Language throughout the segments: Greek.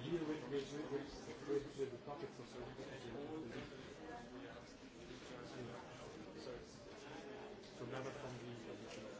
So now from the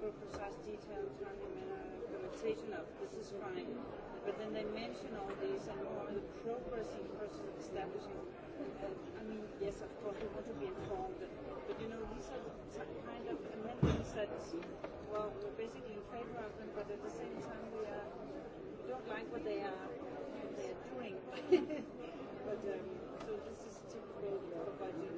for precise detailed and manner implementation of. This is fine. But then they mention all these and more the progress in process of establishing. I mean, yes, of course, we want to be informed. But, you know, these are the kind of amendments that, well, we're basically in favor of them, but at the same time, we, are, don't like what they are, they are doing. but, um, so this is typical for budget.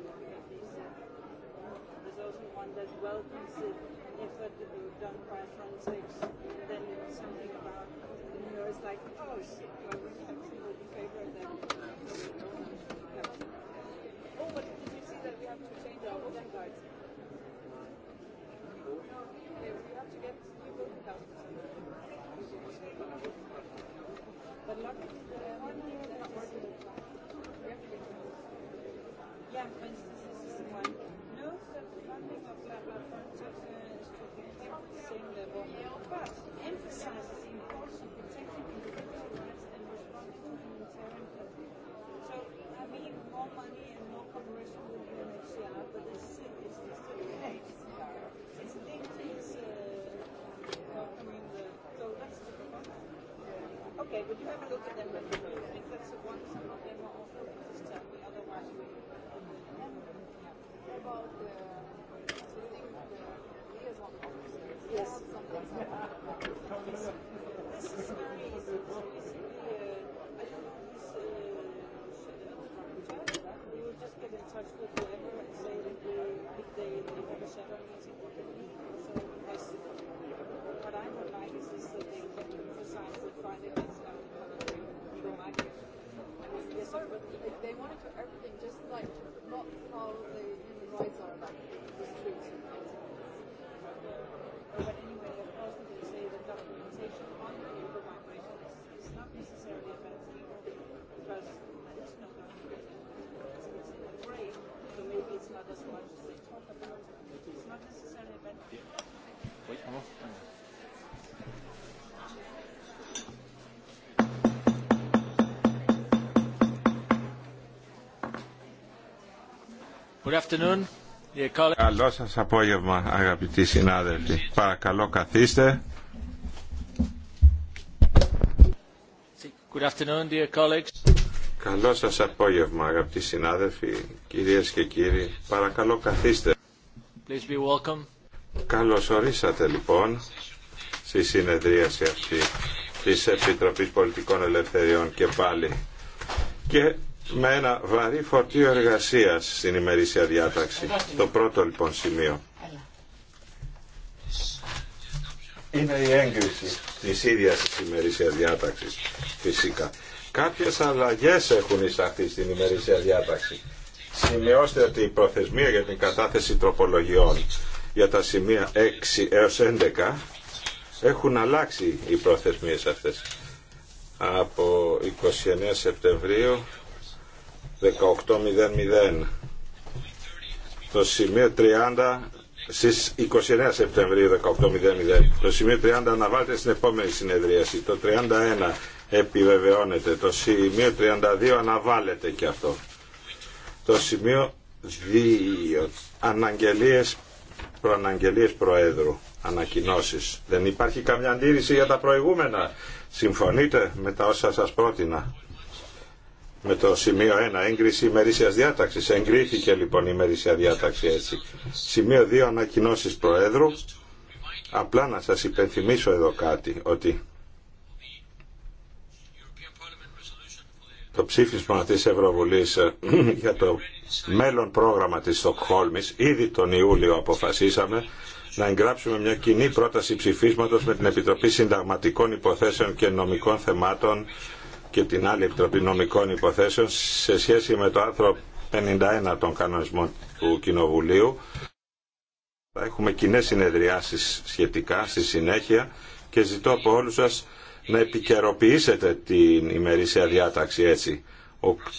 There's also one that welcomes it If it's been done by forensics, then there was something about, you know, it's like, oh shit, well, we have people in favor of that. Oh, but did you see that we have to change our voting rights? We have to get new voting rights. But luckily, the one year that was, yeah, Καλό σα απόγευμα αγαπητοί συνάδελφοι. Παρακαλώ καθίστε. Good afternoon, dear colleagues. Καλό σα απόγευμα αγαπητοί συνάδελφοι, κυρίες και κύριοι. Παρακαλώ καθίστε. Please be welcome. ορίσατε λοιπόν στη συνεδρίαση αυτή τη Επίτροπή Πολιτικών Ελευθεριών και πάλι. Και με ένα βαρύ φορτίο εργασία στην ημερήσια διάταξη. Το πρώτο λοιπόν σημείο. Είναι η έγκριση τη ίδια τη ημερήσια διάταξη φυσικά. Κάποιες αλλαγές έχουν εισαχθεί στην ημερήσια διάταξη. Σημειώστε ότι η προθεσμία για την κατάθεση τροπολογιών για τα σημεία 6 έως 11 έχουν αλλάξει οι προθεσμίες αυτές από 29 Σεπτεμβρίου 18.00 το σημείο 30 στις 29 Σεπτεμβρίου 18.00 το σημείο 30 αναβάλλεται στην επόμενη συνεδρίαση το 31 επιβεβαιώνεται το σημείο 32 αναβάλλεται και αυτό το σημείο 2 αναγγελίες προαναγγελίες Προέδρου ανακοινώσεις δεν υπάρχει καμιά αντίρρηση για τα προηγούμενα συμφωνείτε με τα όσα σας πρότεινα με το σημείο 1, έγκριση ημερήσια διάταξη. Εγκρίθηκε λοιπόν η ημερήσια διάταξη έτσι. Σημείο 2, ανακοινώσει Προέδρου. Απλά να σα υπενθυμίσω εδώ κάτι, ότι το ψήφισμα της Ευρωβουλής ε, για το μέλλον πρόγραμμα τη Στοκχόλμη, ήδη τον Ιούλιο αποφασίσαμε να εγγράψουμε μια κοινή πρόταση ψηφίσματος με την Επιτροπή Συνταγματικών Υποθέσεων και Νομικών Θεμάτων και την άλλη Επιτροπή Νομικών Υποθέσεων σε σχέση με το άρθρο 51 των κανονισμών του Κοινοβουλίου. Θα έχουμε κοινέ συνεδριάσει σχετικά στη συνέχεια και ζητώ από όλου σας να επικαιροποιήσετε την ημερήσια διάταξη έτσι.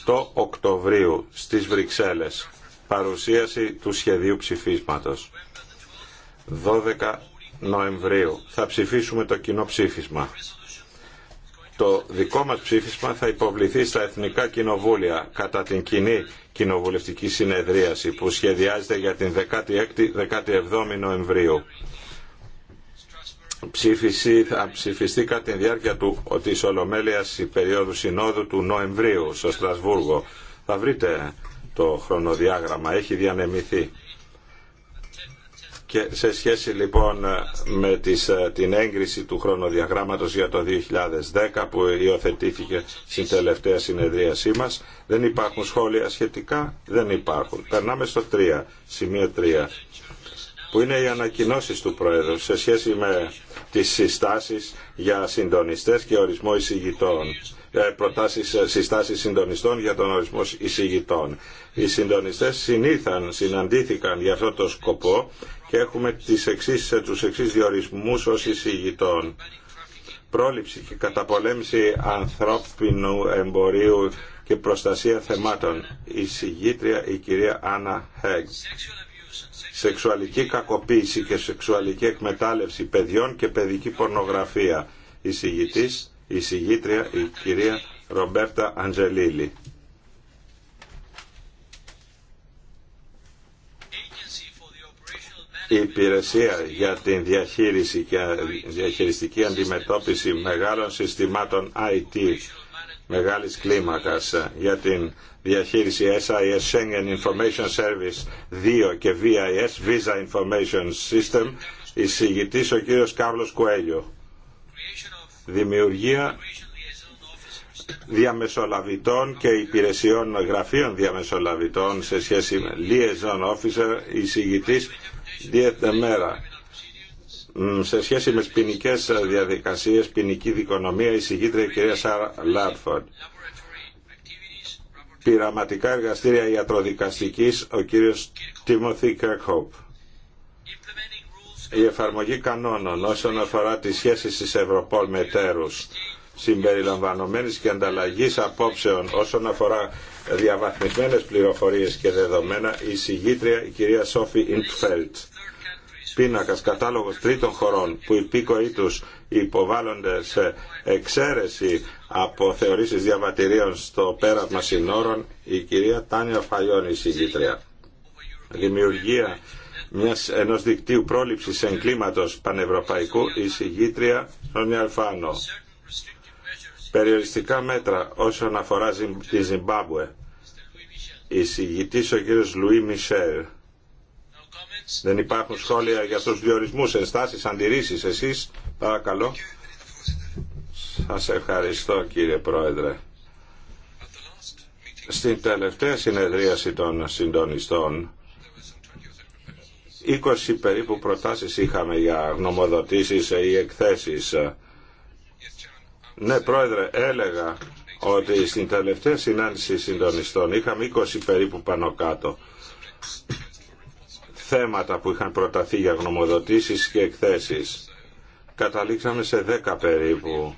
8 Οκτωβρίου στις Βρυξέλλες παρουσίαση του σχεδίου ψηφίσματος. 12 Νοεμβρίου θα ψηφίσουμε το κοινό ψήφισμα. Το δικό μας ψήφισμα θα υποβληθεί στα Εθνικά Κοινοβούλια κατά την κοινή κοινοβουλευτική συνεδρίαση που σχεδιάζεται για την 16η-17η Νοεμβρίου. Ψήφιση θα ψηφιστεί κατά τη διάρκεια του, της Ολομέλειας η περίοδου συνόδου του Νοεμβρίου στο Στρασβούργο. Θα βρείτε το χρονοδιάγραμμα, έχει διανεμηθεί. Και σε σχέση λοιπόν με ε, την έγκριση του χρονοδιαγράμματος για το 2010 που υιοθετήθηκε στην τελευταία συνεδρίασή μας, δεν υπάρχουν σχόλια σχετικά, δεν υπάρχουν. Περνάμε στο 3, σημείο 3 που είναι οι ανακοινώσεις του Πρόεδρου σε σχέση με τις συστάσεις για συντονιστές και ορισμό εισηγητών. Ε, προτάσεις, ε, συστάσεις συντονιστών για τον ορισμό εισηγητών. Οι συντονιστές συνήθαν, συναντήθηκαν για αυτό το σκοπό και έχουμε τις εξής, ε, τους εξής διορισμούς ως εισηγητών. Πρόληψη και καταπολέμηση ανθρώπινου εμπορίου και προστασία θεμάτων. Η η κυρία Άννα Χέγγ. Σεξουαλική κακοποίηση και σεξουαλική εκμετάλλευση παιδιών και παιδική πορνογραφία. Η η συγγήτρια η κυρία Ρομπέρτα Αντζελίλη. Η υπηρεσία για την διαχείριση και διαχειριστική αντιμετώπιση μεγάλων συστημάτων IT μεγάλης κλίμακας για την διαχείριση SIS Schengen Information Service 2 και VIS Visa Information System εισηγητής ο κύριος Καύλος Κουέλιο δημιουργία διαμεσολαβητών και υπηρεσιών γραφείων διαμεσολαβητών σε σχέση με liaison officer, εισηγητής διεθνεμέρα. Σε σχέση με ποινικέ διαδικασίες, ποινική δικονομία, εισηγήτρια κυρία Σάρα Λάρφορντ. Πειραματικά εργαστήρια ιατροδικαστικής, ο κύριος Τίμωθη Κέρκοπ η εφαρμογή κανόνων όσον αφορά τις σχέσεις της Ευρωπόλ με τέρου συμπεριλαμβανομένης και ανταλλαγή απόψεων όσον αφορά διαβαθμισμένες πληροφορίε και δεδομένα η συγγήτρια η κυρία Σόφι Ιντφέλτ πίνακα, κατάλογο τρίτων χωρών που οι πίκοοι του υποβάλλονται σε εξαίρεση από θεωρησει διαβατηρίων στο πέρασμα συνόρων η κυρία Τάνια η συγγήτρια δημιουργία μιας, ενός δικτύου πρόληψης εγκλήματος πανευρωπαϊκού, η συγγήτρια Σόνια Αλφάνο. Περιοριστικά μέτρα όσον αφορά τη Ζιμπάμπουε. Η συγγητής ο κύριος Λουί Μισελ. Δεν υπάρχουν σχόλια για τους διορισμούς, ενστάσεις, αντιρρήσεις. Εσείς, παρακαλώ. Σας ευχαριστώ κύριε Πρόεδρε. Στην τελευταία συνεδρίαση των συντονιστών 20 περίπου προτάσεις είχαμε για γνωμοδοτήσεις ή εκθέσεις. Ναι, Πρόεδρε, έλεγα ότι στην τελευταία συνάντηση συντονιστών είχαμε 20 περίπου πάνω κάτω θέματα που είχαν προταθεί για γνωμοδοτήσεις και εκθέσεις. Καταλήξαμε σε 10 περίπου.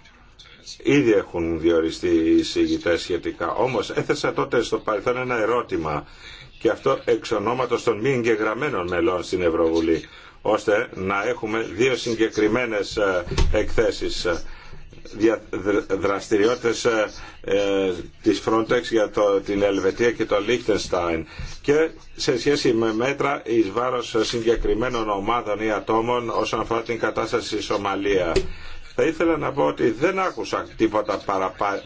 Ήδη έχουν διοριστεί οι συγητές σχετικά. Όμως έθεσα τότε στο παρελθόν ένα ερώτημα και αυτό εξ ονόματος των μη εγγεγραμμένων μελών στην Ευρωβουλή ώστε να έχουμε δύο συγκεκριμένες ε, εκθέσεις ε, δραστηριότητες ε, της Frontex για το, την Ελβετία και το Liechtenstein και σε σχέση με μέτρα εις βάρος συγκεκριμένων ομάδων ή ατόμων όσον αφορά την κατάσταση στη Σομαλία θα ήθελα να πω ότι δεν άκουσα τίποτα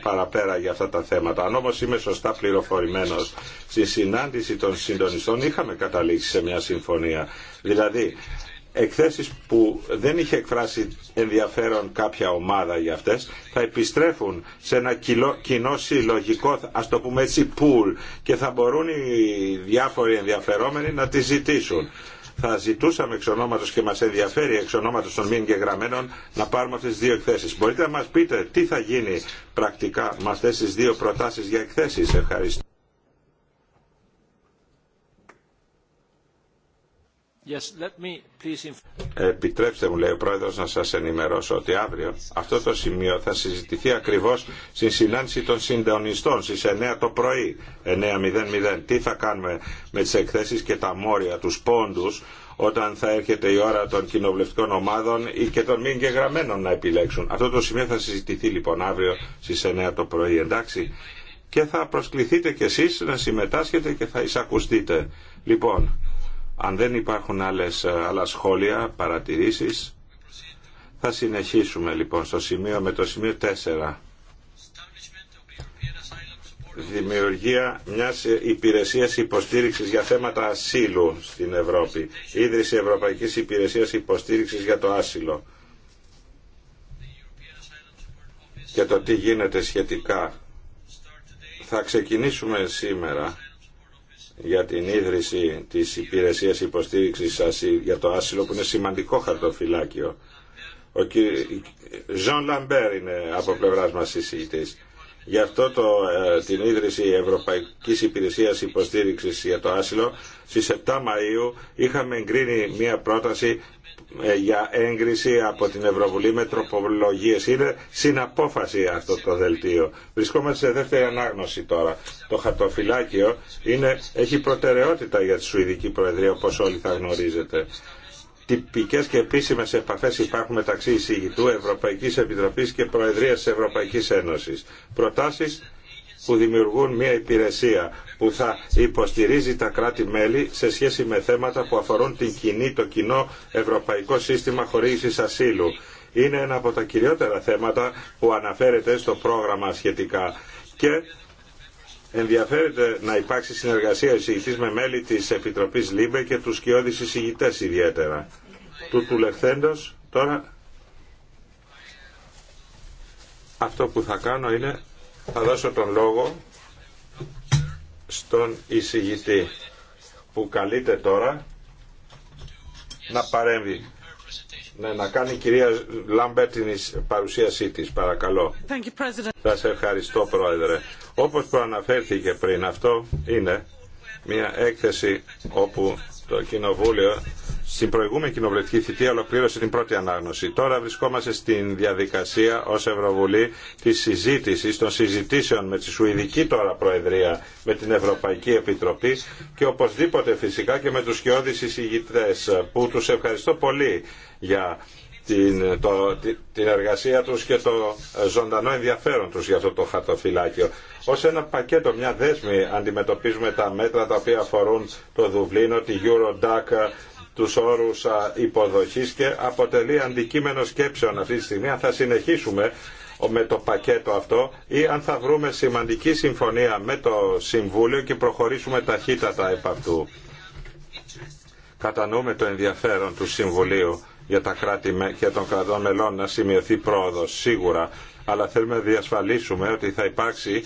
παραπέρα για αυτά τα θέματα. Αν όμως είμαι σωστά πληροφορημένος, στη συνάντηση των συντονιστών είχαμε καταλήξει σε μια συμφωνία. Δηλαδή, εκθέσεις που δεν είχε εκφράσει ενδιαφέρον κάποια ομάδα για αυτές θα επιστρέφουν σε ένα κοινό συλλογικό ας το πούμε έτσι pool και θα μπορούν οι διάφοροι ενδιαφερόμενοι να τις ζητήσουν θα ζητούσαμε εξ ονόματο και μας ενδιαφέρει εξ ονόματο των μη εγγεγραμμένων να πάρουμε αυτέ τις δύο εκθέσει. Μπορείτε να μας πείτε τι θα γίνει πρακτικά με αυτέ τι δύο προτάσεις για εκθέσει. Ευχαριστώ. Επιτρέψτε μου, λέει ο Πρόεδρος, να σας ενημερώσω ότι αύριο αυτό το σημείο θα συζητηθεί ακριβώς στη συνάντηση των συντονιστών στις 9 το πρωί, 9.00. Τι θα κάνουμε με τις εκθέσεις και τα μόρια, τους πόντους, όταν θα έρχεται η ώρα των κοινοβουλευτικών ομάδων ή και των μη εγγεγραμμένων να επιλέξουν. Αυτό το σημείο θα συζητηθεί λοιπόν αύριο στις 9 το πρωί, εντάξει. Και θα προσκληθείτε κι εσείς να συμμετάσχετε και θα εισακουστείτε. Λοιπόν, αν δεν υπάρχουν άλλες, ε, άλλα σχόλια, παρατηρήσεις, θα συνεχίσουμε λοιπόν στο σημείο με το σημείο 4. Δημιουργία μιας υπηρεσίας υποστήριξης για θέματα ασύλου στην Ευρώπη. Ίδρυση Ευρωπαϊκής Υπηρεσίας Υποστήριξης για το Άσυλο. Και το τι γίνεται σχετικά. Θα ξεκινήσουμε σήμερα για την ίδρυση της υπηρεσίας υποστήριξης για το άσυλο που είναι σημαντικό χαρτοφυλάκιο. Ο κ. Ζων Λαμπέρ είναι από πλευρά μα εισηγητή. Γι' αυτό το, ε, την ίδρυση Ευρωπαϊκής Υπηρεσίας Υποστήριξης για το Άσυλο στις 7 Μαΐου είχαμε εγκρίνει μια πρόταση ε, για έγκριση από την Ευρωβουλή με τροπολογίες. Είναι συναπόφαση αυτό το δελτίο. Βρισκόμαστε σε δεύτερη ανάγνωση τώρα. Το χαρτοφυλάκιο είναι, έχει προτεραιότητα για τη Σουηδική Προεδρία όπως όλοι θα γνωρίζετε. Τυπικές και επίσημες επαφές υπάρχουν μεταξύ εισηγητού Ευρωπαϊκής Επιτροπής και Προεδρίας της Ευρωπαϊκής Ένωσης. Προτάσεις που δημιουργούν μια υπηρεσία που θα υποστηρίζει τα κράτη-μέλη σε σχέση με θέματα που αφορούν την το κοινό ευρωπαϊκό σύστημα χορήγησης ασύλου. Είναι ένα από τα κυριότερα θέματα που αναφέρεται στο πρόγραμμα σχετικά. Και ενδιαφέρεται να υπάρξει συνεργασία εισηγητής με μέλη της Επιτροπής ΛΥΜΠΕ και τους σκιώδης εισηγητές ιδιαίτερα. Του του τώρα αυτό που θα κάνω είναι θα δώσω τον λόγο στον εισηγητή που καλείται τώρα να παρέμβει. Ναι, να κάνει η κυρία Λάμπερ την παρουσίασή τη, παρακαλώ. Σα ευχαριστώ, Πρόεδρε. Όπω προαναφέρθηκε πριν, αυτό είναι μια έκθεση όπου το Κοινοβούλιο στην προηγούμενη κοινοβουλευτική θητεία ολοκλήρωσε την πρώτη ανάγνωση. Τώρα βρισκόμαστε στην διαδικασία ω Ευρωβουλή τη συζήτηση, των συζητήσεων με τη Σουηδική τώρα Προεδρία, με την Ευρωπαϊκή Επιτροπή και οπωσδήποτε φυσικά και με του σκιώδει εισηγητέ, που του ευχαριστώ πολύ για την, το, την εργασία τους και το ζωντανό ενδιαφέρον τους για αυτό το χαρτοφυλάκιο. Ως ένα πακέτο, μια δέσμη αντιμετωπίζουμε τα μέτρα τα οποία αφορούν το Δουβλίνο, τη Eurodac, τους όρου υποδοχής και αποτελεί αντικείμενο σκέψεων αυτή τη στιγμή. Αν θα συνεχίσουμε με το πακέτο αυτό ή αν θα βρούμε σημαντική συμφωνία με το Συμβούλιο και προχωρήσουμε ταχύτατα επ' αυτού. Κατανοούμε το ενδιαφέρον του Συμβουλίου για τα κράτη και των κρατών μελών να σημειωθεί πρόοδος σίγουρα, αλλά θέλουμε να διασφαλίσουμε ότι θα υπάρξει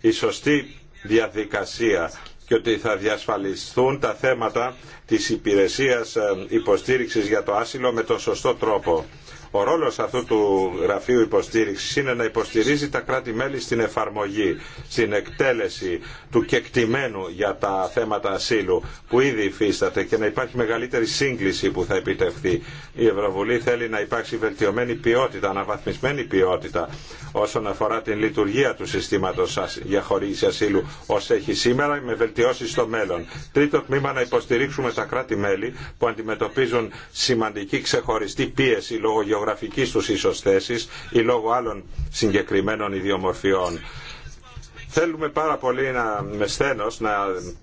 η σωστή διαδικασία και ότι θα διασφαλιστούν τα θέματα της υπηρεσίας ε, υποστήριξης για το άσυλο με τον σωστό τρόπο ο ρόλο αυτού του γραφείου υποστήριξη είναι να υποστηρίζει τα κράτη-μέλη στην εφαρμογή, στην εκτέλεση του κεκτημένου για τα θέματα ασύλου που ήδη υφίσταται και να υπάρχει μεγαλύτερη σύγκληση που θα επιτευχθεί. Η Ευρωβουλή θέλει να υπάρξει βελτιωμένη ποιότητα, αναβαθμισμένη ποιότητα όσον αφορά την λειτουργία του συστήματο για χορήγηση ασύλου ω έχει σήμερα με βελτιώσει στο μέλλον. Τρίτο τμήμα να υποστηρίξουμε τα κράτη-μέλη που αντιμετωπίζουν σημαντική ξεχωριστή πίεση λόγω γεωγραφικής τους ίσως θέσης ή λόγω άλλων συγκεκριμένων ιδιομορφιών. Θέλουμε πάρα πολύ να, με σθένος να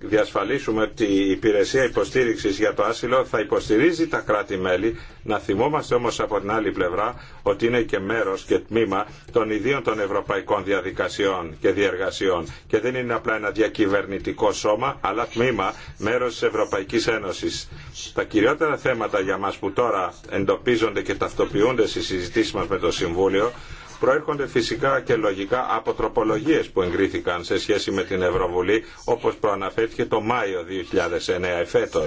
διασφαλίσουμε ότι η υπηρεσία υποστήριξης για το άσυλο θα υποστηρίζει τα κράτη-μέλη. Να θυμόμαστε όμως από την άλλη πλευρά ότι είναι και μέρος και τμήμα των ιδίων των ευρωπαϊκών διαδικασιών και διεργασιών. Και δεν είναι απλά ένα διακυβερνητικό σώμα, αλλά τμήμα μέρος της Ευρωπαϊκής Ένωσης. Τα κυριότερα θέματα για μας που τώρα εντοπίζονται και ταυτοποιούνται στις συζητήσεις μας με το Συμβούλιο προέρχονται φυσικά και λογικά από τροπολογίε που εγκρίθηκαν σε σχέση με την Ευρωβουλή, όπω προαναφέρθηκε το Μάιο 2009 εφέτο.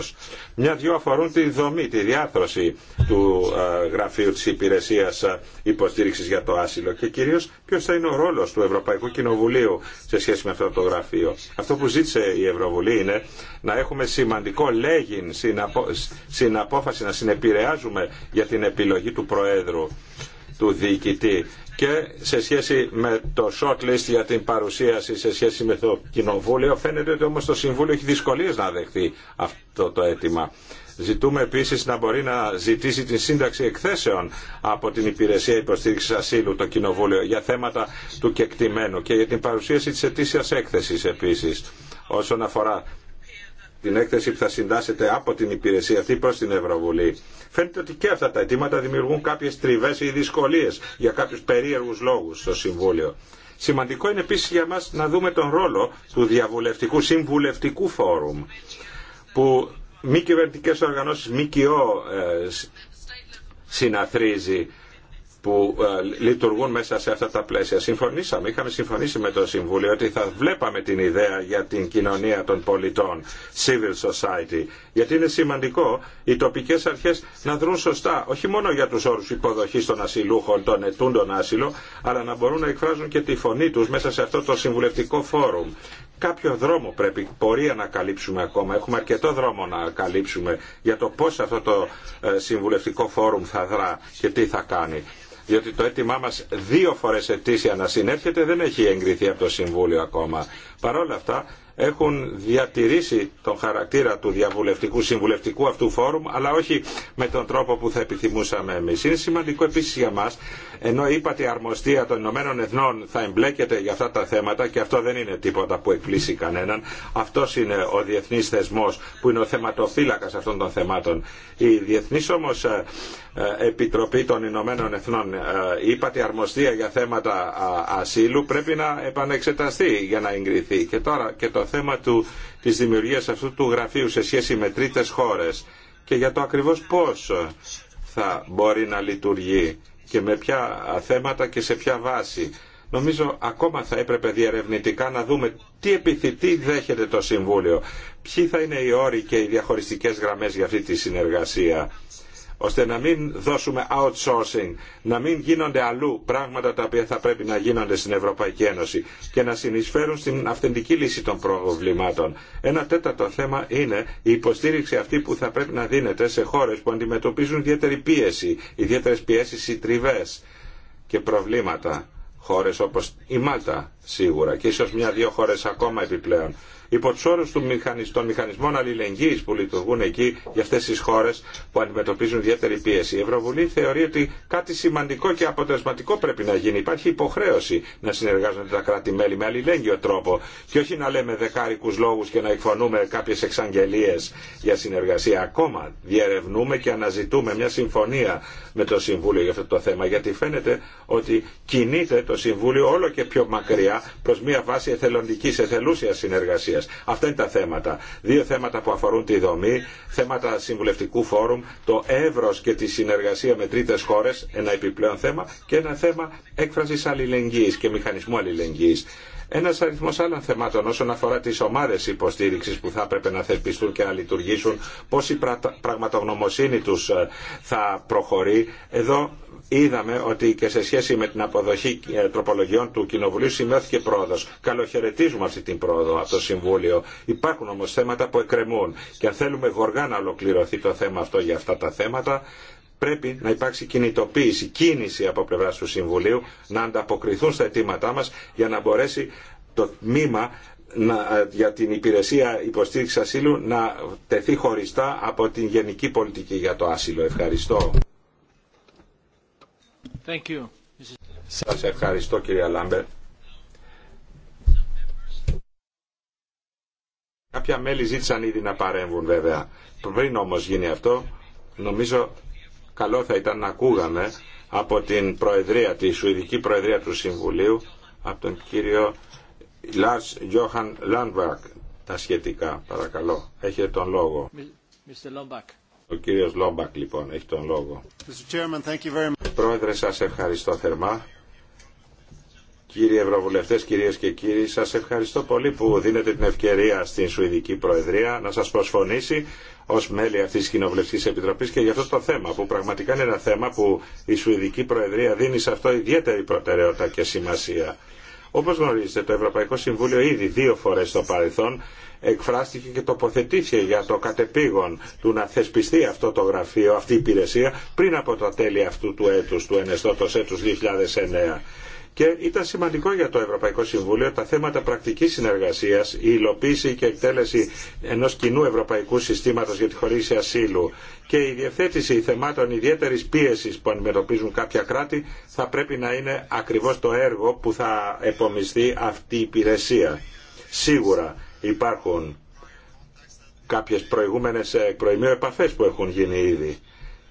Μια-δυο αφορούν τη δομή, τη διάρθρωση του ε, Γραφείου τη Υπηρεσία ε, Υποστήριξη για το Άσυλο και κυρίω ποιο θα είναι ο ρόλο του Ευρωπαϊκού Κοινοβουλίου σε σχέση με αυτό το γραφείο. Αυτό που ζήτησε η Ευρωβουλή είναι να έχουμε σημαντικό λέγην στην απόφαση να συνεπηρεάζουμε για την επιλογή του Προέδρου του διοικητή και σε σχέση με το shortlist για την παρουσίαση σε σχέση με το κοινοβούλιο φαίνεται ότι όμως το Συμβούλιο έχει δυσκολίες να δεχθεί αυτό το αίτημα. Ζητούμε επίσης να μπορεί να ζητήσει την σύνταξη εκθέσεων από την Υπηρεσία Υποστήριξης Ασύλου το Κοινοβούλιο για θέματα του κεκτημένου και για την παρουσίαση της ετήσιας έκθεσης επίσης όσον αφορά την έκθεση που θα συντάσσεται από την υπηρεσία αυτή προ την Ευρωβουλή. Φαίνεται ότι και αυτά τα αιτήματα δημιουργούν κάποιες τριβέ ή δυσκολίε για κάποιου περίεργους λόγους στο Συμβούλιο. Σημαντικό είναι επίση για μας να δούμε τον ρόλο του διαβουλευτικού συμβουλευτικού φόρουμ που μη κυβερνητικέ οργανώσει, μη κοιό, ε, συναθρίζει που ε, λειτουργούν μέσα σε αυτά τα πλαίσια. Συμφωνήσαμε, είχαμε συμφωνήσει με το Συμβούλιο ότι θα βλέπαμε την ιδέα για την κοινωνία των πολιτών, civil society, γιατί είναι σημαντικό οι τοπικές αρχές να δρουν σωστά, όχι μόνο για τους όρους υποδοχής των ασυλούχων, των ετούντων άσυλο, αλλά να μπορούν να εκφράζουν και τη φωνή τους μέσα σε αυτό το συμβουλευτικό φόρουμ. Κάποιο δρόμο πρέπει, πορεία να καλύψουμε ακόμα. Έχουμε αρκετό δρόμο να καλύψουμε για το πώς αυτό το ε, συμβουλευτικό φόρουμ θα δρά και τι θα κάνει διότι το αίτημά μας δύο φορές ετήσια να συνέρχεται δεν έχει εγκριθεί από το Συμβούλιο ακόμα. Παρ' όλα αυτά έχουν διατηρήσει τον χαρακτήρα του διαβουλευτικού συμβουλευτικού αυτού φόρουμ αλλά όχι με τον τρόπο που θα επιθυμούσαμε εμεί. Είναι σημαντικό επίση για μα, ενώ είπατε η αρμοστία των Ηνωμένων Εθνών θα εμπλέκεται για αυτά τα θέματα και αυτό δεν είναι τίποτα που εκπλήσει κανέναν. Αυτό είναι ο διεθνή θεσμό που είναι ο θέματοφύλακα αυτών των θεμάτων. Η διεθνή όμω ε, ε, Επιτροπή των Ηνωμένων Εθνών ε, είπατε αρμοστία για θέματα ασύλου πρέπει να επανεξεταστεί για να εγκριθεί. Και τώρα και το θέμα του, της δημιουργίας αυτού του γραφείου σε σχέση με τρίτες χώρες και για το ακριβώς πώς θα μπορεί να λειτουργεί και με ποια θέματα και σε ποια βάση. Νομίζω ακόμα θα έπρεπε διερευνητικά να δούμε τι επιθυμεί δέχεται το Συμβούλιο, ποιοι θα είναι οι όροι και οι διαχωριστικές γραμμές για αυτή τη συνεργασία ώστε να μην δώσουμε outsourcing, να μην γίνονται αλλού πράγματα τα οποία θα πρέπει να γίνονται στην Ευρωπαϊκή Ένωση και να συνεισφέρουν στην αυθεντική λύση των προβλημάτων. Ένα τέταρτο θέμα είναι η υποστήριξη αυτή που θα πρέπει να δίνεται σε χώρες που αντιμετωπίζουν ιδιαίτερη πίεση, ιδιαίτερες πιέσεις ή τριβές και προβλήματα χώρες όπως η Μάλτα σίγουρα και ίσως μια-δύο χώρες ακόμα επιπλέον υπό του όρου των μηχανισμών αλληλεγγύη που λειτουργούν εκεί για αυτέ τι χώρε που αντιμετωπίζουν ιδιαίτερη πίεση. Η Ευρωβουλή θεωρεί ότι κάτι σημαντικό και αποτελεσματικό πρέπει να γίνει. Υπάρχει υποχρέωση να συνεργάζονται τα κράτη-μέλη με αλληλέγγυο τρόπο και όχι να λέμε δεκάρικου λόγου και να εκφωνούμε κάποιε εξαγγελίε για συνεργασία. Ακόμα διερευνούμε και αναζητούμε μια συμφωνία με το Συμβούλιο για αυτό το θέμα γιατί φαίνεται ότι κινείται το Συμβούλιο όλο και πιο μακριά προ μια βάση εθελοντική, εθελούσια συνεργασία Αυτά είναι τα θέματα. Δύο θέματα που αφορούν τη δομή, θέματα συμβουλευτικού φόρουμ, το εύρος και τη συνεργασία με τρίτες χώρες, ένα επιπλέον θέμα, και ένα θέμα έκφρασης αλληλεγγύης και μηχανισμού αλληλεγγύης. Ένας αριθμός άλλων θεμάτων όσον αφορά τις ομάδες υποστήριξης που θα έπρεπε να θελπιστούν και να λειτουργήσουν, πώς η πραγματογνωμοσύνη τους ε, θα προχωρεί. Εδώ είδαμε ότι και σε σχέση με την αποδοχή ε, τροπολογιών του Κοινοβουλίου σημειώθηκε πρόοδο. Καλοχαιρετίζουμε αυτή την πρόοδο από το Συμβούλιο. Υπάρχουν όμω θέματα που εκκρεμούν και αν θέλουμε γοργά να ολοκληρωθεί το θέμα αυτό για αυτά τα θέματα, πρέπει να υπάρξει κινητοποίηση, κίνηση από πλευρά του Συμβουλίου να ανταποκριθούν στα αιτήματά μα για να μπορέσει το τμήμα να, ε, για την υπηρεσία υποστήριξη ασύλου να τεθεί χωριστά από την γενική πολιτική για το άσυλο. Ευχαριστώ. Thank Σας ευχαριστώ κύριε Λάμπερ. Κάποια μέλη ζήτησαν ήδη να παρέμβουν βέβαια. Πριν όμως γίνει αυτό, νομίζω καλό θα ήταν να ακούγαμε από την Προεδρία, τη Σουηδική Προεδρία του Συμβουλίου, από τον κύριο Λάρς Γιώχαν Λάνβακ, τα σχετικά. Παρακαλώ, έχετε τον λόγο. Mr. Ο κύριος Λόμπακ λοιπόν έχει τον λόγο. Πρόεδρε σας ευχαριστώ θερμά. Κύριοι Ευρωβουλευτές, κυρίες και κύριοι, σας ευχαριστώ πολύ που δίνετε την ευκαιρία στην Σουηδική Προεδρία να σας προσφωνήσει ως μέλη αυτής της Κοινοβουλευτικής Επιτροπής και για αυτό το θέμα που πραγματικά είναι ένα θέμα που η Σουηδική Προεδρία δίνει σε αυτό ιδιαίτερη προτεραιότητα και σημασία. Όπως γνωρίζετε, το Ευρωπαϊκό Συμβούλιο ήδη δύο φορές στο παρελθόν εκφράστηκε και τοποθετήθηκε για το κατεπήγον του να θεσπιστεί αυτό το γραφείο, αυτή η υπηρεσία πριν από τα τέλη αυτού του έτους, του ενεστώτος έτους 2009. Και ήταν σημαντικό για το Ευρωπαϊκό Συμβούλιο τα θέματα πρακτική συνεργασία, η υλοποίηση και εκτέλεση ενό κοινού ευρωπαϊκού συστήματο για τη χορήγηση ασύλου και η διευθέτηση θεμάτων ιδιαίτερη πίεση που αντιμετωπίζουν κάποια κράτη θα πρέπει να είναι ακριβώ το έργο που θα επομιστεί αυτή η υπηρεσία. Σίγουρα υπάρχουν κάποιες προηγούμενες ε, προημείο επαφές που έχουν γίνει ήδη.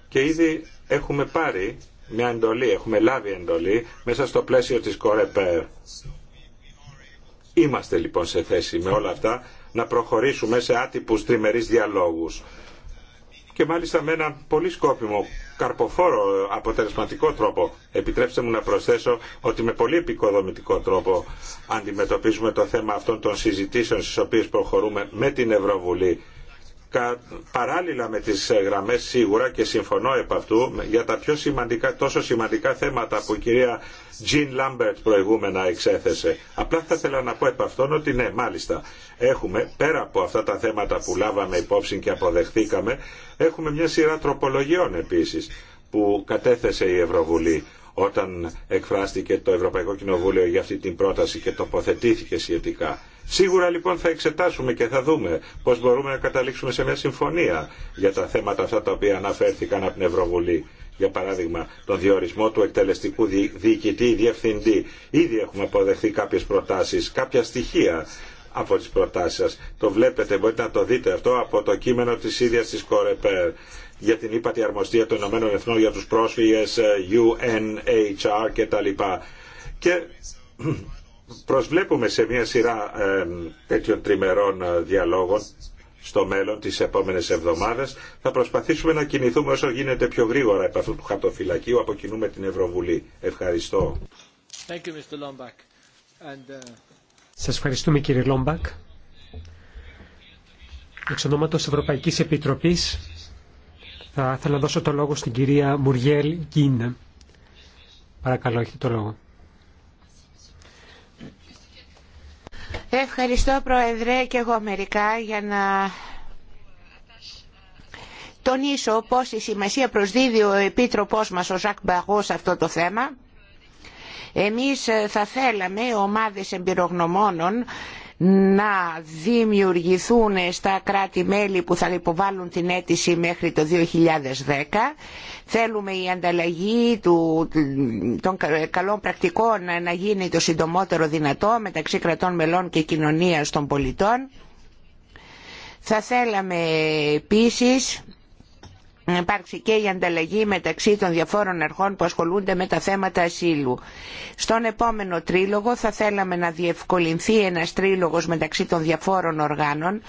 Και ήδη έχουμε πάρει μια εντολή, έχουμε λάβει εντολή μέσα στο πλαίσιο της Κορεπέρ. Είμαστε λοιπόν σε θέση με όλα αυτά να προχωρήσουμε σε άτυπους τριμερείς διαλόγους. Και μάλιστα με ένα πολύ σκόπιμο καρποφόρο αποτελεσματικό τρόπο. Επιτρέψτε μου να προσθέσω ότι με πολύ επικοδομητικό τρόπο αντιμετωπίζουμε το θέμα αυτών των συζητήσεων στις οποίες προχωρούμε με την Ευρωβουλή παράλληλα με τις ε, γραμμές σίγουρα και συμφωνώ επ' αυτού για τα πιο σημαντικά, τόσο σημαντικά θέματα που η κυρία Τζιν Λάμπερτ προηγούμενα εξέθεσε. Απλά θα ήθελα να πω επ' αυτόν ότι ναι, μάλιστα, έχουμε πέρα από αυτά τα θέματα που λάβαμε υπόψη και αποδεχθήκαμε, έχουμε μια σειρά τροπολογιών επίσης που κατέθεσε η Ευρωβουλή όταν εκφράστηκε το Ευρωπαϊκό Κοινοβούλιο για αυτή την πρόταση και τοποθετήθηκε σχετικά Σίγουρα λοιπόν θα εξετάσουμε και θα δούμε πώς μπορούμε να καταλήξουμε σε μια συμφωνία για τα θέματα αυτά τα οποία αναφέρθηκαν από την Ευρωβουλή. Για παράδειγμα, τον διορισμό του εκτελεστικού διοικητή ή διευθυντή. Ήδη έχουμε αποδεχθεί κάποιες προτάσεις, κάποια στοιχεία από τις προτάσεις σας. Το βλέπετε, μπορείτε να το δείτε αυτό από το κείμενο της ίδιας της Κορεπέρ για την ύπατη αρμοστία των Ηνωμένων Εθνών για τους πρόσφυγες, ε, UNHR κτλ. Και προσβλέπουμε σε μια σειρά ε, τέτοιων τριμερών ε, διαλόγων στο μέλλον τις επόμενες εβδομάδες. Θα προσπαθήσουμε να κινηθούμε όσο γίνεται πιο γρήγορα από αυτού του χαρτοφυλακίου. Αποκινούμε την Ευρωβουλή. Ευχαριστώ. Thank uh, Σας ευχαριστούμε κύριε Λόμπακ. Εξ ονόματος Ευρωπαϊκής Επιτροπής θα ήθελα να δώσω το λόγο στην κυρία Μουριέλ Γκίν. Παρακαλώ, έχετε το λόγο. Ευχαριστώ Πρόεδρε και εγώ μερικά για να τονίσω η σημασία προσδίδει ο Επίτροπός μας ο Ζακ Μπαγό σε αυτό το θέμα. Εμείς θα θέλαμε ομάδες εμπειρογνωμόνων να δημιουργηθούν στα κράτη-μέλη που θα υποβάλουν την αίτηση μέχρι το 2010. Θέλουμε η ανταλλαγή του, των καλών πρακτικών να γίνει το συντομότερο δυνατό μεταξύ κρατών μελών και κοινωνίας των πολιτών. Θα θέλαμε επίσης υπάρξει και η ανταλλαγή μεταξύ των διαφόρων αρχών που ασχολούνται με τα θέματα ασύλου. Στον επόμενο τρίλογο θα θέλαμε να διευκολυνθεί ένας τρίλογος μεταξύ των διαφόρων οργάνων.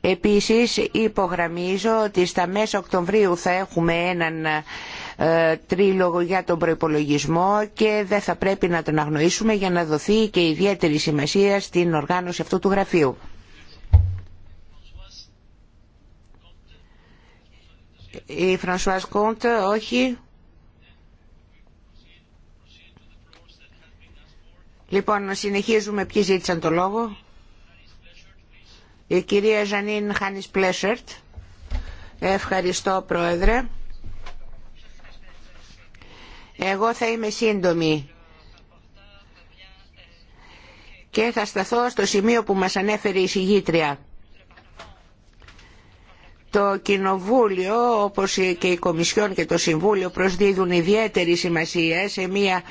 Επίσης υπογραμμίζω ότι στα μέσα Οκτωβρίου θα έχουμε έναν ε, τρίλογο για τον προϋπολογισμό και δεν θα πρέπει να τον αγνοήσουμε για να δοθεί και ιδιαίτερη σημασία στην οργάνωση αυτού του γραφείου. Η Φρανσουάς Κόντ, όχι. Λοιπόν, συνεχίζουμε ποιοι ζήτησαν το λόγο. Η κυρία Ζανίν Χάνης Πλέσσερτ. Ευχαριστώ, Πρόεδρε. Εγώ θα είμαι σύντομη και θα σταθώ στο σημείο που μας ανέφερε η συγγήτρια το Κοινοβούλιο όπως και η Κομισιόν και το Συμβούλιο προσδίδουν ιδιαίτερη σημασία σε μια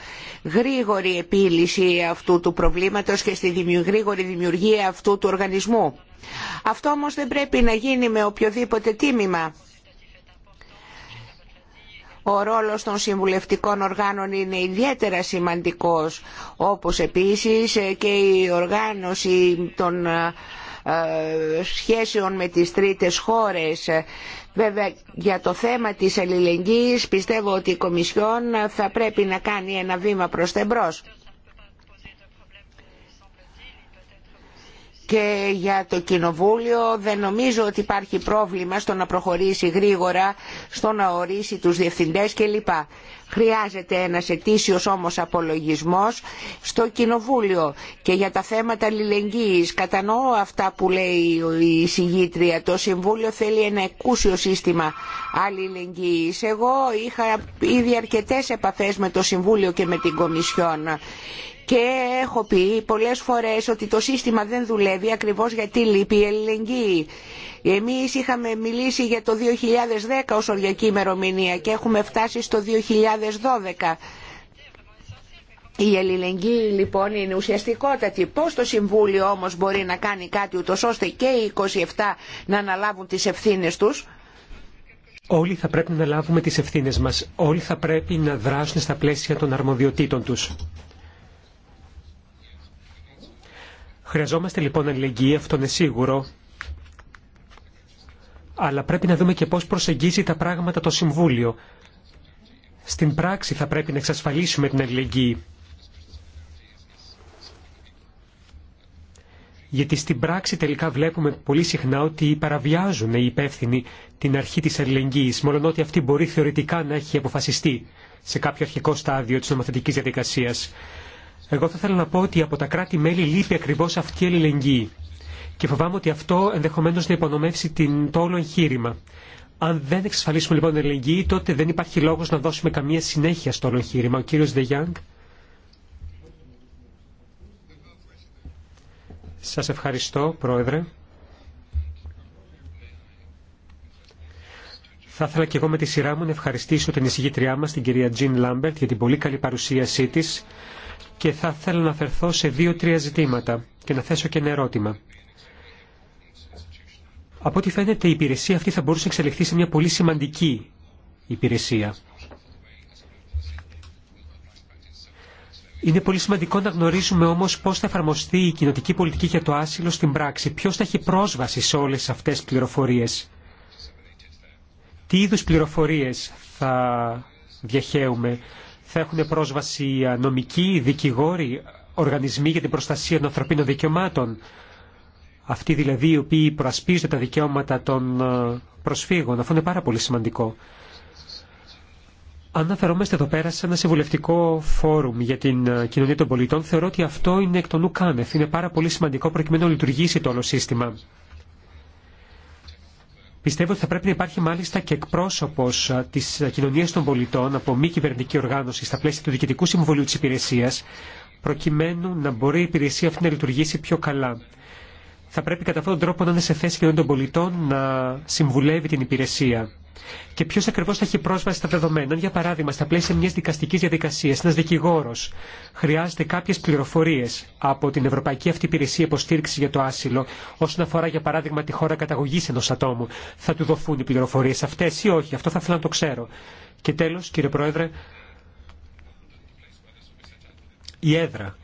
γρήγορη επίλυση αυτού του προβλήματος και στη γρήγορη δημιουργία αυτού του οργανισμού. Αυτό όμως δεν πρέπει να γίνει με οποιοδήποτε τίμημα. Ο ρόλος των συμβουλευτικών οργάνων είναι ιδιαίτερα σημαντικός, όπως επίσης και η οργάνωση των ε, σχέσεων με τις τρίτες χώρες. Βέβαια για το θέμα της αλληλεγγύης πιστεύω ότι η Κομισιόν θα πρέπει να κάνει ένα βήμα προς τα και για το κοινοβούλιο δεν νομίζω ότι υπάρχει πρόβλημα στο να προχωρήσει γρήγορα στο να ορίσει τους διευθυντές κλπ. Χρειάζεται ένας ετήσιος όμως απολογισμός στο Κοινοβούλιο και για τα θέματα αλληλεγγύης. Κατανοώ αυτά που λέει η συγγήτρια. Το Συμβούλιο θέλει ένα εκούσιο σύστημα αλληλεγγύης. Εγώ είχα ήδη αρκετές επαφές με το Συμβούλιο και με την Κομισιόν και έχω πει πολλές φορές ότι το σύστημα δεν δουλεύει ακριβώς γιατί λείπει η ελληνική. Εμείς είχαμε μιλήσει για το 2010 ως οριακή ημερομηνία και έχουμε φτάσει στο 2012. Η ελληνική λοιπόν είναι ουσιαστικότατη. Πώς το Συμβούλιο όμως μπορεί να κάνει κάτι ούτως ώστε και οι 27 να αναλάβουν τις ευθύνες τους. Όλοι θα πρέπει να λάβουμε τις ευθύνες μας. Όλοι θα πρέπει να δράσουν στα πλαίσια των αρμοδιοτήτων τους. Χρειαζόμαστε λοιπόν αλληλεγγύη, αυτό είναι σίγουρο. Αλλά πρέπει να δούμε και πώς προσεγγίζει τα πράγματα το Συμβούλιο. Στην πράξη θα πρέπει να εξασφαλίσουμε την αλληλεγγύη. γιατί στην πράξη τελικά βλέπουμε πολύ συχνά ότι παραβιάζουν οι υπεύθυνοι την αρχή της αλληλεγγύης, μόνο ότι αυτή μπορεί θεωρητικά να έχει αποφασιστεί σε κάποιο αρχικό στάδιο της νομοθετικής διαδικασίας. Εγώ θα ήθελα να πω ότι από τα κράτη-μέλη λείπει ακριβώ αυτή η αλληλεγγύη. Και φοβάμαι ότι αυτό ενδεχομένω να υπονομεύσει την, το όλο εγχείρημα. Αν δεν εξασφαλίσουμε λοιπόν την αλληλεγγύη, τότε δεν υπάρχει λόγο να δώσουμε καμία συνέχεια στο όλο εγχείρημα. Ο κύριο Γιάνγκ. Σας ευχαριστώ, Πρόεδρε. Θα ήθελα και εγώ με τη σειρά μου να ευχαριστήσω την εισηγήτριά μα την κυρία Τζιν Λάμπερτ, για την πολύ καλή παρουσίασή τη και θα ήθελα να αφαιρθώ σε δύο-τρία ζητήματα και να θέσω και ένα ερώτημα. Από ό,τι φαίνεται η υπηρεσία αυτή θα μπορούσε να εξελιχθεί σε μια πολύ σημαντική υπηρεσία. Είναι πολύ σημαντικό να γνωρίζουμε όμω πώ θα εφαρμοστεί η κοινοτική πολιτική για το άσυλο στην πράξη. Ποιο θα έχει πρόσβαση σε όλε αυτέ τι πληροφορίε. Τι είδου πληροφορίε θα διαχέουμε θα έχουν πρόσβαση νομικοί, δικηγόροι, οργανισμοί για την προστασία των ανθρωπίνων δικαιωμάτων. Αυτοί δηλαδή οι οποίοι προασπίζονται τα δικαιώματα των ε, προσφύγων. Αυτό είναι πάρα πολύ σημαντικό. Αναφερόμαστε εδώ πέρα σε ένα συμβουλευτικό φόρουμ για την ε, κοινωνία των πολιτών. Θεωρώ ότι αυτό είναι εκ των ουκάνευ. Είναι πάρα πολύ σημαντικό προκειμένου να λειτουργήσει το όλο σύστημα. Πιστεύω ότι θα πρέπει να υπάρχει μάλιστα και εκπρόσωπο ε, τη ε, κοινωνία των πολιτών από μη κυβερνητική οργάνωση στα πλαίσια του Διοικητικού Συμβουλίου τη Υπηρεσία, προκειμένου να μπορεί η υπηρεσία αυτή να λειτουργήσει πιο καλά θα πρέπει κατά αυτόν τον τρόπο να είναι σε θέση και των πολιτών να συμβουλεύει την υπηρεσία. Και ποιο ακριβώ θα έχει πρόσβαση στα δεδομένα. Για παράδειγμα, στα πλαίσια μια δικαστική διαδικασία, ένα δικηγόρο χρειάζεται κάποιε πληροφορίε από την Ευρωπαϊκή Αυτή Υπηρεσία Υποστήριξη για το Άσυλο, όσον αφορά για παράδειγμα τη χώρα καταγωγή ενό ατόμου. Θα του δοθούν οι πληροφορίε αυτέ ή όχι. Αυτό θα ήθελα να το ξέρω. Και τέλο, κύριε Πρόεδρε, η έδρα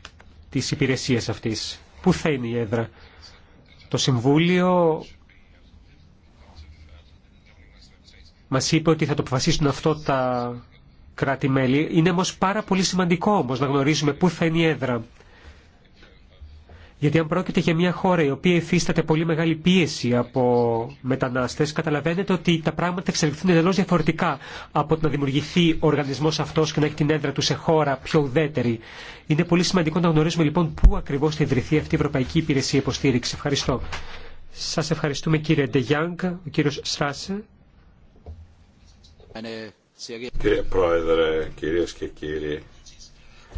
τη υπηρεσία αυτή. Πού θα είναι η έδρα. Το Συμβούλιο μας είπε ότι θα το αποφασίσουν αυτό τα κράτη-μέλη. Είναι όμως πάρα πολύ σημαντικό όμως να γνωρίζουμε πού θα είναι η έδρα. Γιατί αν πρόκειται για μια χώρα η οποία υφίσταται πολύ μεγάλη πίεση από μετανάστε, καταλαβαίνετε ότι τα πράγματα εξελιχθούν εντελώ διαφορετικά από το να δημιουργηθεί ο οργανισμό αυτό και να έχει την έδρα του σε χώρα πιο ουδέτερη. Είναι πολύ σημαντικό να γνωρίζουμε λοιπόν πού ακριβώ θα ιδρυθεί αυτή η Ευρωπαϊκή Υπηρεσία Υποστήριξη. Ευχαριστώ. Σα ευχαριστούμε κύριε Ντεγιάνγκ, ο κύριο Στράσε. Κύριε Πρόεδρε, κυρίε και κύριοι.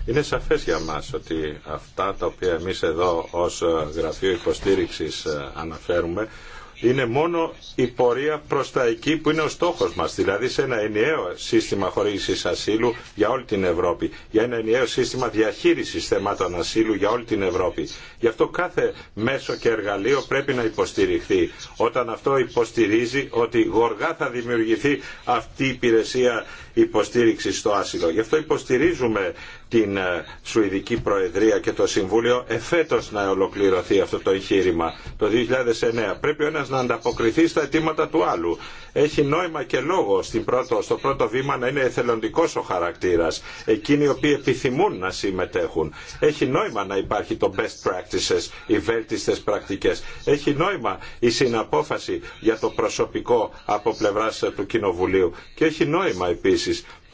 Είναι σαφές για μας ότι αυτά τα οποία εμείς εδώ ως Γραφείο Υποστήριξης ε, αναφέρουμε είναι μόνο η πορεία προς τα εκεί που είναι ο στόχος μας, δηλαδή σε ένα ενιαίο σύστημα χορήγησης ασύλου για όλη την Ευρώπη, για ένα ενιαίο σύστημα διαχείρισης θεμάτων ασύλου για όλη την Ευρώπη. Γι' αυτό κάθε μέσο και εργαλείο πρέπει να υποστηριχθεί, όταν αυτό υποστηρίζει ότι γοργά θα δημιουργηθεί αυτή η υπηρεσία υποστήριξη στο άσυλο. Γι' αυτό υποστηρίζουμε την ε, Σουηδική Προεδρία και το Συμβούλιο εφέτος να ολοκληρωθεί αυτό το εγχείρημα το 2009. Πρέπει ο ένας να ανταποκριθεί στα αιτήματα του άλλου. Έχει νόημα και λόγο στο πρώτο βήμα να είναι εθελοντικός ο χαρακτήρας. Εκείνοι οι οποίοι επιθυμούν να συμμετέχουν. Έχει νόημα να υπάρχει το best practices, οι βέλτιστες πρακτικές. Έχει νόημα η συναπόφαση για το προσωπικό από πλευράς ε, του Κοινοβουλίου. Και έχει νόημα επίσης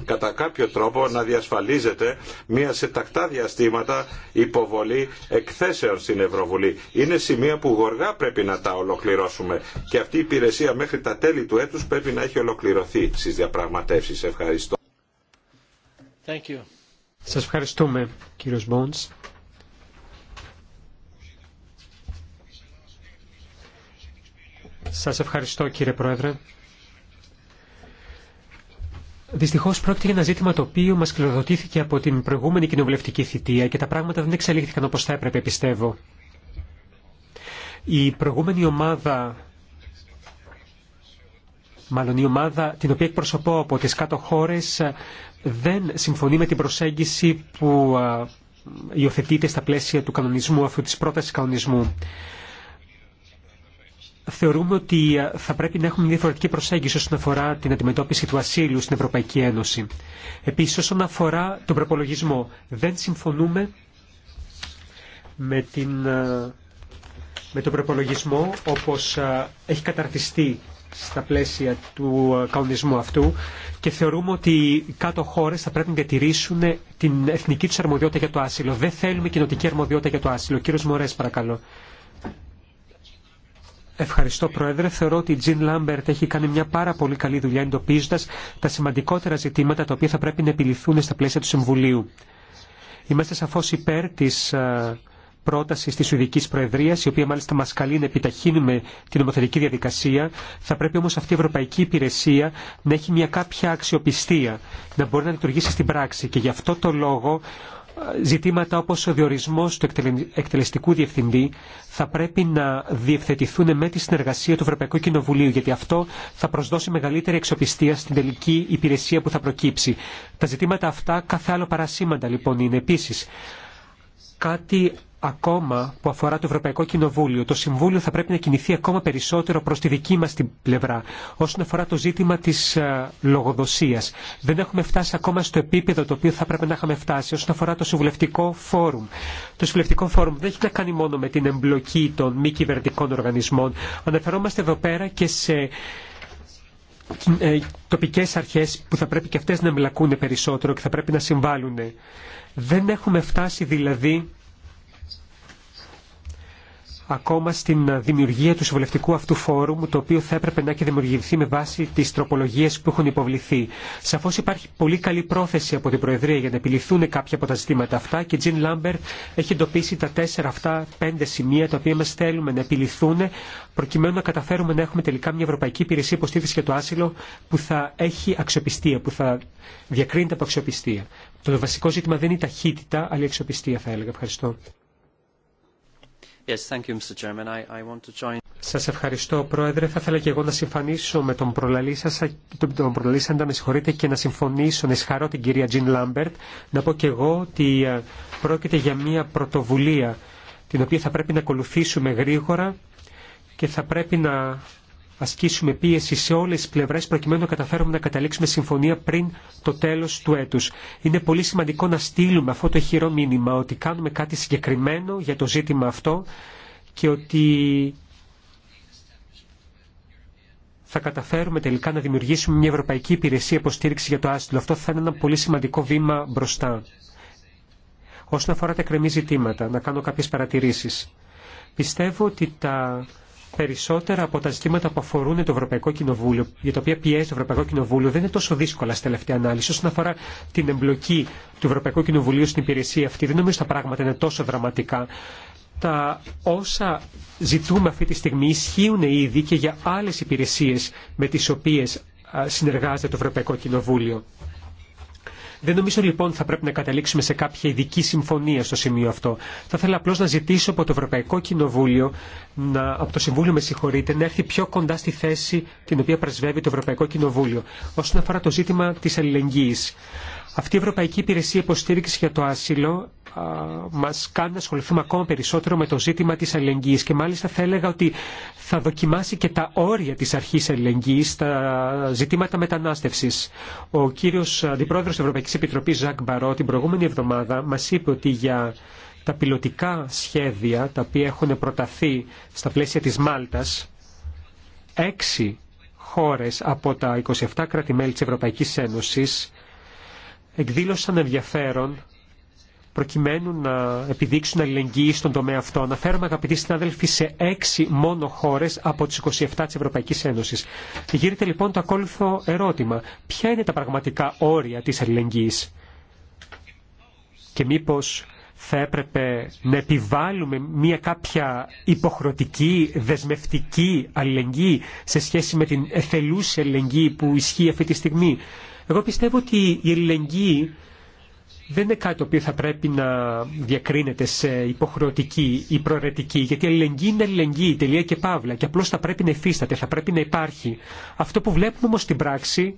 κατά κάποιο τρόπο να διασφαλίζεται μια σε τακτά διαστήματα υποβολή εκθέσεων στην Ευρωβουλή. Είναι σημεία που γοργά πρέπει να τα ολοκληρώσουμε και αυτή η υπηρεσία μέχρι τα τέλη του έτους πρέπει να έχει ολοκληρωθεί στις διαπραγματεύσεις. Ευχαριστώ. Thank Σας ευχαριστούμε κύριος Σας ευχαριστώ κύριε Πρόεδρε. Δυστυχώ πρόκειται για ένα ζήτημα το οποίο μα κληροδοτήθηκε από την προηγούμενη κοινοβουλευτική θητεία και τα πράγματα δεν εξελίχθηκαν όπω θα έπρεπε, πιστεύω. Η προηγούμενη ομάδα, μάλλον η ομάδα την οποία εκπροσωπώ από τι κάτω χώρε, δεν συμφωνεί με την προσέγγιση που υιοθετείται στα πλαίσια του κανονισμού αυτού τη πρόταση κανονισμού θεωρούμε ότι ε, θα πρέπει να έχουμε μια διαφορετική προσέγγιση όσον αφορά την αντιμετώπιση του ασύλου στην Ευρωπαϊκή Ένωση. Επίσης, όσον αφορά τον προπολογισμό, δεν συμφωνούμε με, την, ε, τον προπολογισμό όπως ε, έχει καταρτιστεί στα πλαίσια του κανονισμού αυτού και θεωρούμε ότι οι κάτω χώρες θα πρέπει να διατηρήσουν την εθνική τους αρμοδιότητα για το άσυλο. Δεν θέλουμε κοινοτική αρμοδιότητα για το άσυλο. Κύριος Μωρές, παρακαλώ. Ευχαριστώ, Πρόεδρε. Θεωρώ ότι η Τζιν Λάμπερτ έχει κάνει μια πάρα πολύ καλή δουλειά εντοπίζοντα τα σημαντικότερα ζητήματα τα οποία θα πρέπει να επιληθούν στα πλαίσια του Συμβουλίου. Είμαστε σαφώ υπέρ τη πρόταση τη Σουηδική Προεδρία, η οποία μάλιστα μα καλεί να επιταχύνουμε την νομοθετική διαδικασία. Θα πρέπει όμω αυτή η Ευρωπαϊκή Υπηρεσία να έχει μια κάποια αξιοπιστία, να μπορεί να λειτουργήσει στην πράξη. Και γι' αυτό το λόγο ζητήματα όπως ο διορισμός του εκτελεστικού διευθυντή θα πρέπει να διευθετηθούν με τη συνεργασία του Ευρωπαϊκού Κοινοβουλίου γιατί αυτό θα προσδώσει μεγαλύτερη εξοπιστία στην τελική υπηρεσία που θα προκύψει. Τα ζητήματα αυτά κάθε άλλο παρασήμαντα λοιπόν είναι επίσης. Κάτι ακόμα που αφορά το Ευρωπαϊκό Κοινοβούλιο. Το Συμβούλιο θα πρέπει να κινηθεί ακόμα περισσότερο προς τη δική μας την πλευρά όσον αφορά το ζήτημα της ε, λογοδοσίας. Δεν έχουμε φτάσει ακόμα στο επίπεδο το οποίο θα πρέπει να είχαμε φτάσει όσον αφορά το Συμβουλευτικό Φόρουμ. Το Συμβουλευτικό Φόρουμ δεν έχει να κάνει μόνο με την εμπλοκή των μη κυβερνητικών οργανισμών. Αναφερόμαστε εδώ πέρα και σε ε, τοπικές αρχές που θα πρέπει και αυτές να εμπλακούν περισσότερο και θα πρέπει να συμβάλλουν. Δεν έχουμε φτάσει δηλαδή ακόμα στην δημιουργία του συμβουλευτικού αυτού φόρουμ, το οποίο θα έπρεπε να έχει δημιουργηθεί με βάση τι τροπολογίε που έχουν υποβληθεί. Σαφώ υπάρχει πολύ καλή πρόθεση από την Προεδρία για να επιληθούν κάποια από τα ζητήματα αυτά και η Τζιν Λάμπερτ έχει εντοπίσει τα τέσσερα αυτά πέντε σημεία τα οποία μα θέλουμε να επιληθούν, προκειμένου να καταφέρουμε να έχουμε τελικά μια Ευρωπαϊκή Υπηρεσία Υποστήριξη για το Άσυλο που θα έχει αξιοπιστία, που θα διακρίνεται από αξιοπιστία. Το βασικό ζήτημα δεν είναι η ταχύτητα, αλλά η αξιοπιστία, θα έλεγα. Ευχαριστώ. Σα Σας ευχαριστώ, Πρόεδρε. Θα ήθελα και εγώ να συμφωνήσω με τον προλαλή σα, τον προλαλήσαντα, με συγχωρείτε, και να συμφωνήσω, να συγχαρώ την κυρία Τζιν Λάμπερτ, να πω και εγώ ότι πρόκειται για μια πρωτοβουλία την οποία θα πρέπει να ακολουθήσουμε γρήγορα και θα πρέπει να ασκήσουμε πίεση σε όλες τις πλευρές προκειμένου να καταφέρουμε να καταλήξουμε συμφωνία πριν το τέλος του έτους. Είναι πολύ σημαντικό να στείλουμε αυτό το χειρό μήνυμα ότι κάνουμε κάτι συγκεκριμένο για το ζήτημα αυτό και ότι θα καταφέρουμε τελικά να δημιουργήσουμε μια ευρωπαϊκή υπηρεσία υποστήριξη για το άστιλο. Αυτό θα είναι ένα πολύ σημαντικό βήμα μπροστά. Όσον αφορά τα κρεμή ζητήματα, να κάνω κάποιες παρατηρήσεις. Πιστεύω ότι τα περισσότερα από τα ζητήματα που αφορούν το Ευρωπαϊκό Κοινοβούλιο, για τα οποία πιέζει το Ευρωπαϊκό Κοινοβούλιο, δεν είναι τόσο δύσκολα στη τελευταία ανάλυση. Όσον αφορά την εμπλοκή του Ευρωπαϊκού Κοινοβουλίου στην υπηρεσία αυτή, δεν νομίζω τα πράγματα είναι τόσο δραματικά. Τα όσα ζητούμε αυτή τη στιγμή ισχύουν ήδη και για άλλε υπηρεσίε με τι οποίε συνεργάζεται το Ευρωπαϊκό Κοινοβούλιο. Δεν νομίζω λοιπόν θα πρέπει να καταλήξουμε σε κάποια ειδική συμφωνία στο σημείο αυτό. Θα ήθελα απλώ να ζητήσω από το Ευρωπαϊκό Κοινοβούλιο, να, από το Συμβούλιο με συγχωρείτε, να έρθει πιο κοντά στη θέση την οποία πρεσβεύει το Ευρωπαϊκό Κοινοβούλιο όσον αφορά το ζήτημα τη αλληλεγγύη. Αυτή η Ευρωπαϊκή Υπηρεσία Υποστήριξη για το Άσυλο μας κάνει να ασχοληθούμε ακόμα περισσότερο με το ζήτημα της αλληλεγγύης και μάλιστα θα έλεγα ότι θα δοκιμάσει και τα όρια της αρχής αλληλεγγύης, στα ζητήματα μετανάστευσης. Ο κύριος Αντιπρόεδρος της Ευρωπαϊκής Επιτροπής Ζακ Μπαρό την προηγούμενη εβδομάδα μας είπε ότι για τα πιλωτικά σχέδια τα οποία έχουν προταθεί στα πλαίσια της Μάλτας, έξι χώρες από τα 27 κράτη-μέλη της Ευρωπαϊκής Ένωσης εκδήλωσαν ενδιαφέρον προκειμένου να επιδείξουν αλληλεγγύη στον τομέα αυτό. Αναφέρομαι, αγαπητοί συνάδελφοι, σε έξι μόνο χώρε από τι 27 τη Ευρωπαϊκή Ένωση. Γύρεται λοιπόν το ακόλουθο ερώτημα. Ποια είναι τα πραγματικά όρια τη αλληλεγγύη και μήπω θα έπρεπε να επιβάλλουμε μια κάποια υποχρεωτική, δεσμευτική αλληλεγγύη σε σχέση με την εθελούσια αλληλεγγύη που ισχύει αυτή τη στιγμή. Εγώ πιστεύω ότι η αλληλεγγύη δεν είναι κάτι το οποίο θα πρέπει να διακρίνεται σε υποχρεωτική ή προαιρετική, γιατί η αλληλεγγύη είναι αλληλεγγύη, τελεία και παύλα, και απλώς θα πρέπει να υφίσταται, θα πρέπει να υπάρχει. Αυτό που βλέπουμε όμως στην πράξη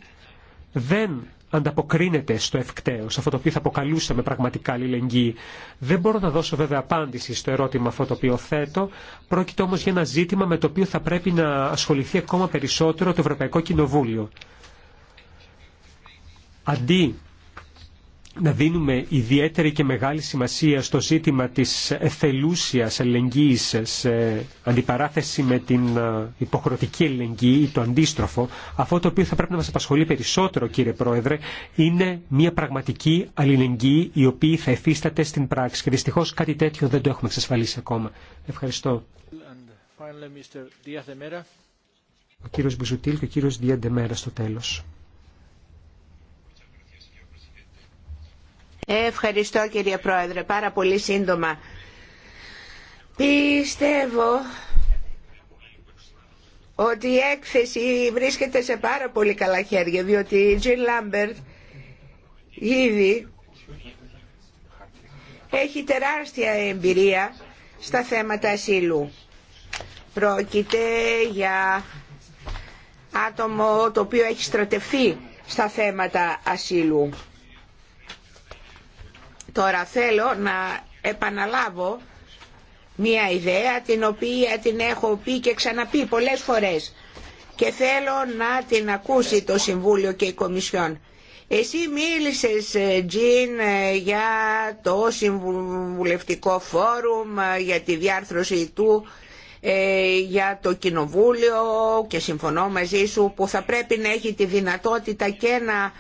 δεν ανταποκρίνεται στο ευκταίο, σε αυτό το οποίο θα αποκαλούσαμε πραγματικά αλληλεγγύη. Δεν μπορώ να δώσω βέβαια απάντηση στο ερώτημα αυτό το οποίο θέτω. Πρόκειται όμως για ένα ζήτημα με το οποίο θα πρέπει να ασχοληθεί ακόμα περισσότερο το Ευρωπαϊκό Κοινοβούλιο. Αντί να δίνουμε ιδιαίτερη και μεγάλη σημασία στο ζήτημα της εθελούσιας ελεγγύης σε αντιπαράθεση με την ε, υποχρεωτική ελεγγύη ή το αντίστροφο, αυτό το οποίο θα πρέπει να μας απασχολεί περισσότερο κύριε Πρόεδρε είναι μια πραγματική αλληλεγγύη η οποία θα εφίσταται στην πράξη και δυστυχώς κάτι τέτοιο δεν το έχουμε εξασφαλίσει ακόμα. Ευχαριστώ. Ο κύριος Μπουζουτήλ και ο κύριος Διαντεμέρα στο τέλος. Ευχαριστώ κύριε Πρόεδρε. Πάρα πολύ σύντομα. Πιστεύω ότι η έκθεση βρίσκεται σε πάρα πολύ καλά χέρια διότι η Τζιν Λάμπερτ ήδη έχει τεράστια εμπειρία στα θέματα ασύλου. Πρόκειται για άτομο το οποίο έχει στρατευθεί στα θέματα ασύλου. Τώρα θέλω να επαναλάβω μια ιδέα την οποία την έχω πει και ξαναπεί πολλές φορές και θέλω να την ακούσει το Συμβούλιο και η Κομισιόν. Εσύ μίλησες, ε, Τζιν, ε, για το Συμβουλευτικό Φόρουμ, ε, για τη διάρθρωση του, για το Κοινοβούλιο και συμφωνώ μαζί σου που θα πρέπει να έχει τη δυνατότητα και να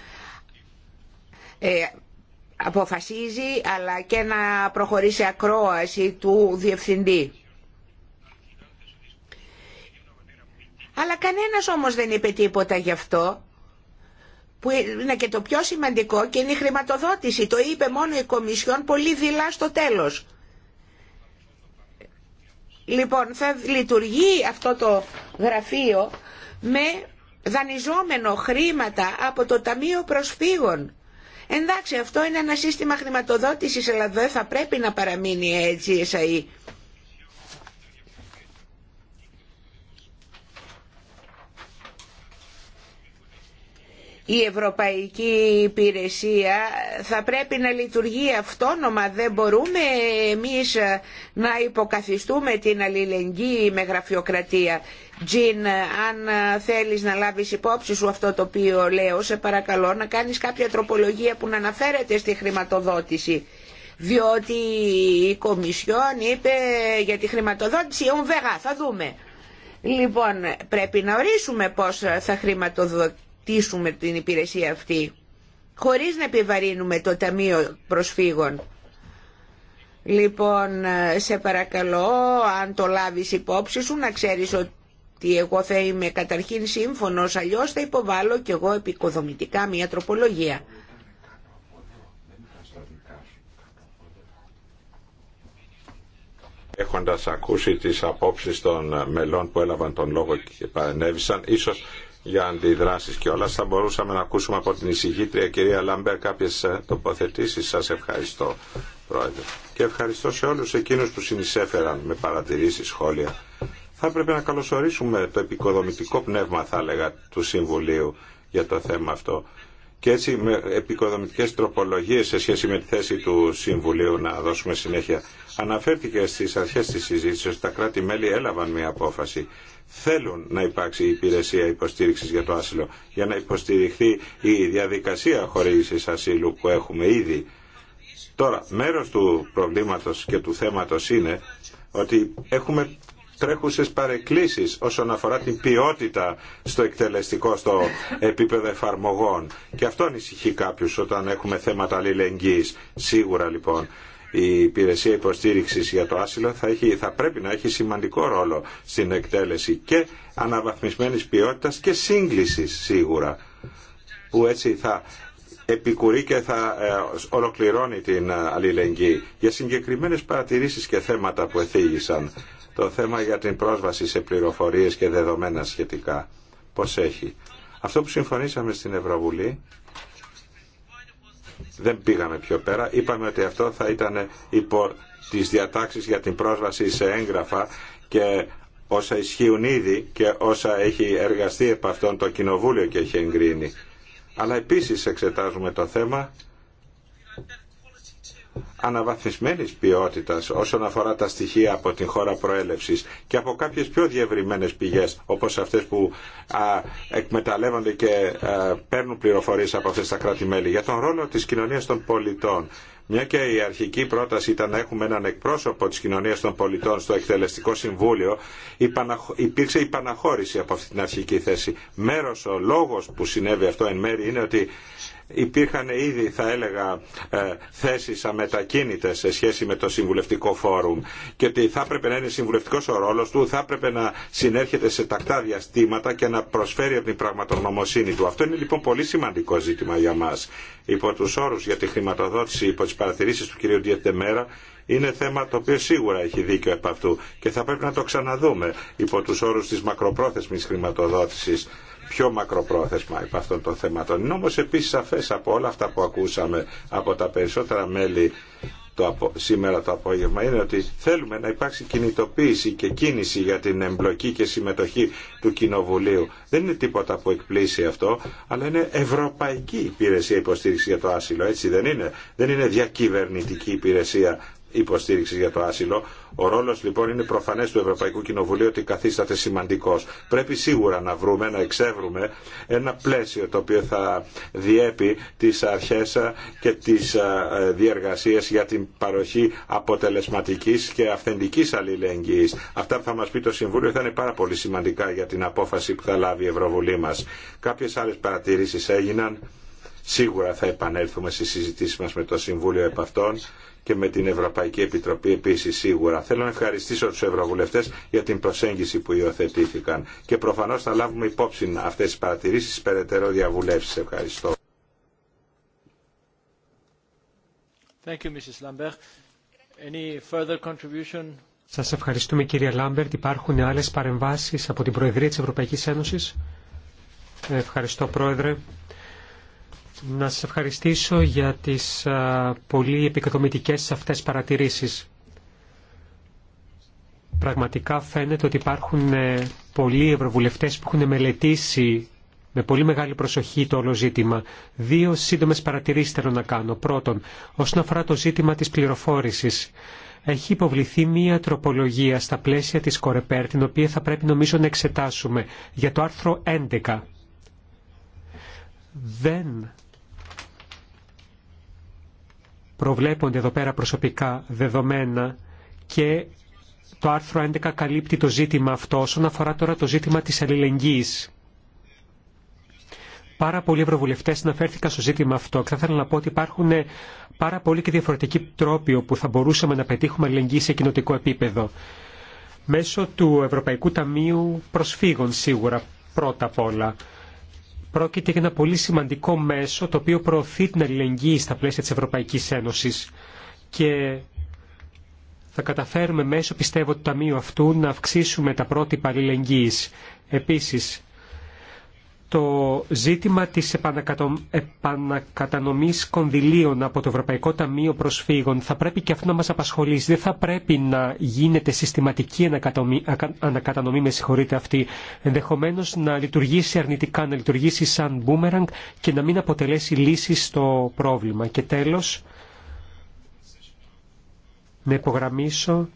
αποφασίζει αλλά και να προχωρήσει ακρόαση του διευθυντή. Αλλά κανένας όμως δεν είπε τίποτα γι' αυτό που είναι και το πιο σημαντικό και είναι η χρηματοδότηση. Το είπε μόνο η Κομισιόν πολύ δειλά στο τέλος. Λοιπόν, θα λειτουργεί αυτό το γραφείο με δανειζόμενο χρήματα από το Ταμείο Προσφύγων. Εντάξει αυτό είναι ένα σύστημα χρηματοδότησης αλλά δεν θα πρέπει να παραμείνει έτσι η η Ευρωπαϊκή Υπηρεσία θα πρέπει να λειτουργεί αυτόνομα. Δεν μπορούμε εμείς να υποκαθιστούμε την αλληλεγγύη με γραφειοκρατία. Τζιν, αν θέλεις να λάβεις υπόψη σου αυτό το οποίο λέω, σε παρακαλώ να κάνεις κάποια τροπολογία που να αναφέρεται στη χρηματοδότηση. Διότι η Κομισιόν είπε για τη χρηματοδότηση, βέγα, θα δούμε». Λοιπόν, πρέπει να ορίσουμε πώς θα χρηματοδοτήσουμε αναπτύσσουμε την υπηρεσία αυτή χωρίς να επιβαρύνουμε το Ταμείο Προσφύγων. Λοιπόν, ε, σε παρακαλώ, αν το λάβεις υπόψη σου, να ξέρεις ότι εγώ θα είμαι καταρχήν σύμφωνος, αλλιώς θα υποβάλω κι εγώ επικοδομητικά μια τροπολογία. έχοντας ακούσει τις απόψεις των μελών που έλαβαν τον λόγο και παρενέβησαν, ίσως για αντιδράσεις και όλα θα μπορούσαμε να ακούσουμε από την εισηγήτρια κυρία Λαμπέρ κάποιες ε, τοποθετήσεις. Σας ευχαριστώ Πρόεδρε. Και ευχαριστώ σε όλους εκείνους που συνεισέφεραν με παρατηρήσεις, σχόλια. Θα έπρεπε να καλωσορίσουμε το επικοδομητικό πνεύμα θα έλεγα του Συμβουλίου για το θέμα αυτό και έτσι με επικοδομητικές τροπολογίες σε σχέση με τη θέση του Συμβουλίου να δώσουμε συνέχεια. Αναφέρθηκε στις αρχές της συζήτησης ότι τα κράτη-μέλη έλαβαν μια απόφαση. Θέλουν να υπάρξει η υπηρεσία υποστήριξης για το άσυλο για να υποστηριχθεί η διαδικασία χορήγησης ασύλου που έχουμε ήδη. Τώρα, μέρος του προβλήματος και του θέματος είναι ότι έχουμε τρέχουσες παρεκκλήσεις όσον αφορά την ποιότητα στο εκτελεστικό, στο επίπεδο εφαρμογών. Και αυτό ανησυχεί κάποιους όταν έχουμε θέματα αλληλεγγύης. Σίγουρα λοιπόν η υπηρεσία υποστήριξης για το άσυλο θα, έχει, θα πρέπει να έχει σημαντικό ρόλο στην εκτέλεση και αναβαθμισμένης ποιότητας και σύγκλησης σίγουρα που έτσι θα επικουρεί και θα ε, ολοκληρώνει την αλληλεγγύη. Για συγκεκριμένες παρατηρήσεις και θέματα που εθίγησαν το θέμα για την πρόσβαση σε πληροφορίες και δεδομένα σχετικά. Πώς έχει. Αυτό που συμφωνήσαμε στην Ευρωβουλή δεν πήγαμε πιο πέρα. Είπαμε ότι αυτό θα ήταν υπό τις διατάξεις για την πρόσβαση σε έγγραφα και όσα ισχύουν ήδη και όσα έχει εργαστεί επ' αυτόν το Κοινοβούλιο και έχει εγκρίνει. Αλλά επίσης εξετάζουμε το θέμα αναβαθμισμένης ποιότητας όσον αφορά τα στοιχεία από την χώρα προέλευσης και από κάποιες πιο διευρυμένες πηγές όπως αυτές που εκμεταλλεύονται και παίρνουν πληροφορίες από αυτές τα κράτη-μέλη για τον ρόλο της κοινωνίας των πολιτών. Μια και η αρχική πρόταση ήταν να έχουμε έναν εκπρόσωπο της κοινωνίας των πολιτών στο εκτελεστικό συμβούλιο, υπήρξε η παναχώρηση από αυτή την αρχική θέση. Μέρος, ο λόγος που συνέβη αυτό εν μέρη είναι ότι υπήρχαν ήδη θα έλεγα ε, θέσεις αμετακίνητες σε σχέση με το συμβουλευτικό φόρουμ και ότι θα έπρεπε να είναι συμβουλευτικός ο ρόλος του, θα έπρεπε να συνέρχεται σε τακτά διαστήματα και να προσφέρει από την πραγματογνωμοσύνη του. Αυτό είναι λοιπόν πολύ σημαντικό ζήτημα για μας. Υπό τους όρους για τη χρηματοδότηση, υπό τις παρατηρήσεις του κ. Διευτεμέρα, είναι θέμα το οποίο σίγουρα έχει δίκιο επ' αυτού και θα πρέπει να το ξαναδούμε υπό τους όρους της μακροπρόθεσμης χρηματοδότησης πιο μακροπρόθεσμα υπ' αυτών των θεμάτων. Είναι όμως επίσης σαφές από όλα αυτά που ακούσαμε από τα περισσότερα μέλη το σήμερα το απόγευμα είναι ότι θέλουμε να υπάρξει κινητοποίηση και κίνηση για την εμπλοκή και συμμετοχή του Κοινοβουλίου. Δεν είναι τίποτα που εκπλήσει αυτό, αλλά είναι ευρωπαϊκή υπηρεσία υποστήριξη για το άσυλο. Έτσι δεν είναι. Δεν είναι διακυβερνητική υπηρεσία υποστήριξη για το άσυλο. Ο ρόλο λοιπόν είναι προφανέ του Ευρωπαϊκού Κοινοβουλίου ότι καθίσταται σημαντικό. Πρέπει σίγουρα να βρούμε, να εξεύρουμε ένα πλαίσιο το οποίο θα διέπει τι αρχέ και τι διεργασίε για την παροχή αποτελεσματική και αυθεντική αλληλεγγύη. Αυτά που θα μα πει το Συμβούλιο θα είναι πάρα πολύ σημαντικά για την απόφαση που θα λάβει η Ευρωβουλή μα. Κάποιε άλλε παρατηρήσει έγιναν. Σίγουρα θα επανέλθουμε στις συζητήσεις μας με το Συμβούλιο επ' αυτών και με την Ευρωπαϊκή Επιτροπή επίσης σίγουρα. Θέλω να ευχαριστήσω τους Ευρωβουλευτές για την προσέγγιση που υιοθετήθηκαν και προφανώς θα λάβουμε υπόψη αυτές τις παρατηρήσεις περαιτέρω διαβουλεύσεις. Ευχαριστώ. Thank you, Mrs. Any Σας ευχαριστούμε κύριε Λάμπερτ. Υπάρχουν άλλες παρεμβάσεις από την Προεδρία της Ευρωπαϊκής Ένωσης. Ευχαριστώ Πρόεδρε να σας ευχαριστήσω για τις πολύ επικοδομητικές αυτές παρατηρήσεις. Πραγματικά φαίνεται ότι υπάρχουν ε, πολλοί ευρωβουλευτές που έχουν μελετήσει με πολύ μεγάλη προσοχή το όλο ζήτημα. Δύο σύντομες παρατηρήσεις θέλω να κάνω. Πρώτον, όσον αφορά το ζήτημα της πληροφόρησης. Έχει υποβληθεί μία τροπολογία στα πλαίσια της Κορεπέρ, την οποία θα πρέπει νομίζω να εξετάσουμε, για το άρθρο 11. Δεν προβλέπονται εδώ πέρα προσωπικά δεδομένα και το άρθρο 11 καλύπτει το ζήτημα αυτό όσον αφορά τώρα το ζήτημα της αλληλεγγύης. Πάρα πολλοί ευρωβουλευτέ αναφέρθηκαν στο ζήτημα αυτό και θα ήθελα να πω ότι υπάρχουν πάρα πολλοί και διαφορετικοί τρόποι όπου θα μπορούσαμε να πετύχουμε αλληλεγγύη σε κοινοτικό επίπεδο. Μέσω του Ευρωπαϊκού Ταμείου Προσφύγων σίγουρα πρώτα απ' όλα πρόκειται για ένα πολύ σημαντικό μέσο το οποίο προωθεί την αλληλεγγύη στα πλαίσια της Ευρωπαϊκής Ένωσης και θα καταφέρουμε μέσω πιστεύω του Ταμείου αυτού να αυξήσουμε τα πρότυπα αλληλεγγύης. Επίσης, το ζήτημα της επανακατανομής κονδυλίων από το Ευρωπαϊκό Ταμείο Προσφύγων θα πρέπει και αυτό να μας απασχολήσει. Δεν θα πρέπει να γίνεται συστηματική ανακατανομή, με συγχωρείτε αυτή, ενδεχομένως να λειτουργήσει αρνητικά, να λειτουργήσει σαν μπούμεραγκ και να μην αποτελέσει λύση στο πρόβλημα. Και τέλος, να υπογραμμίσω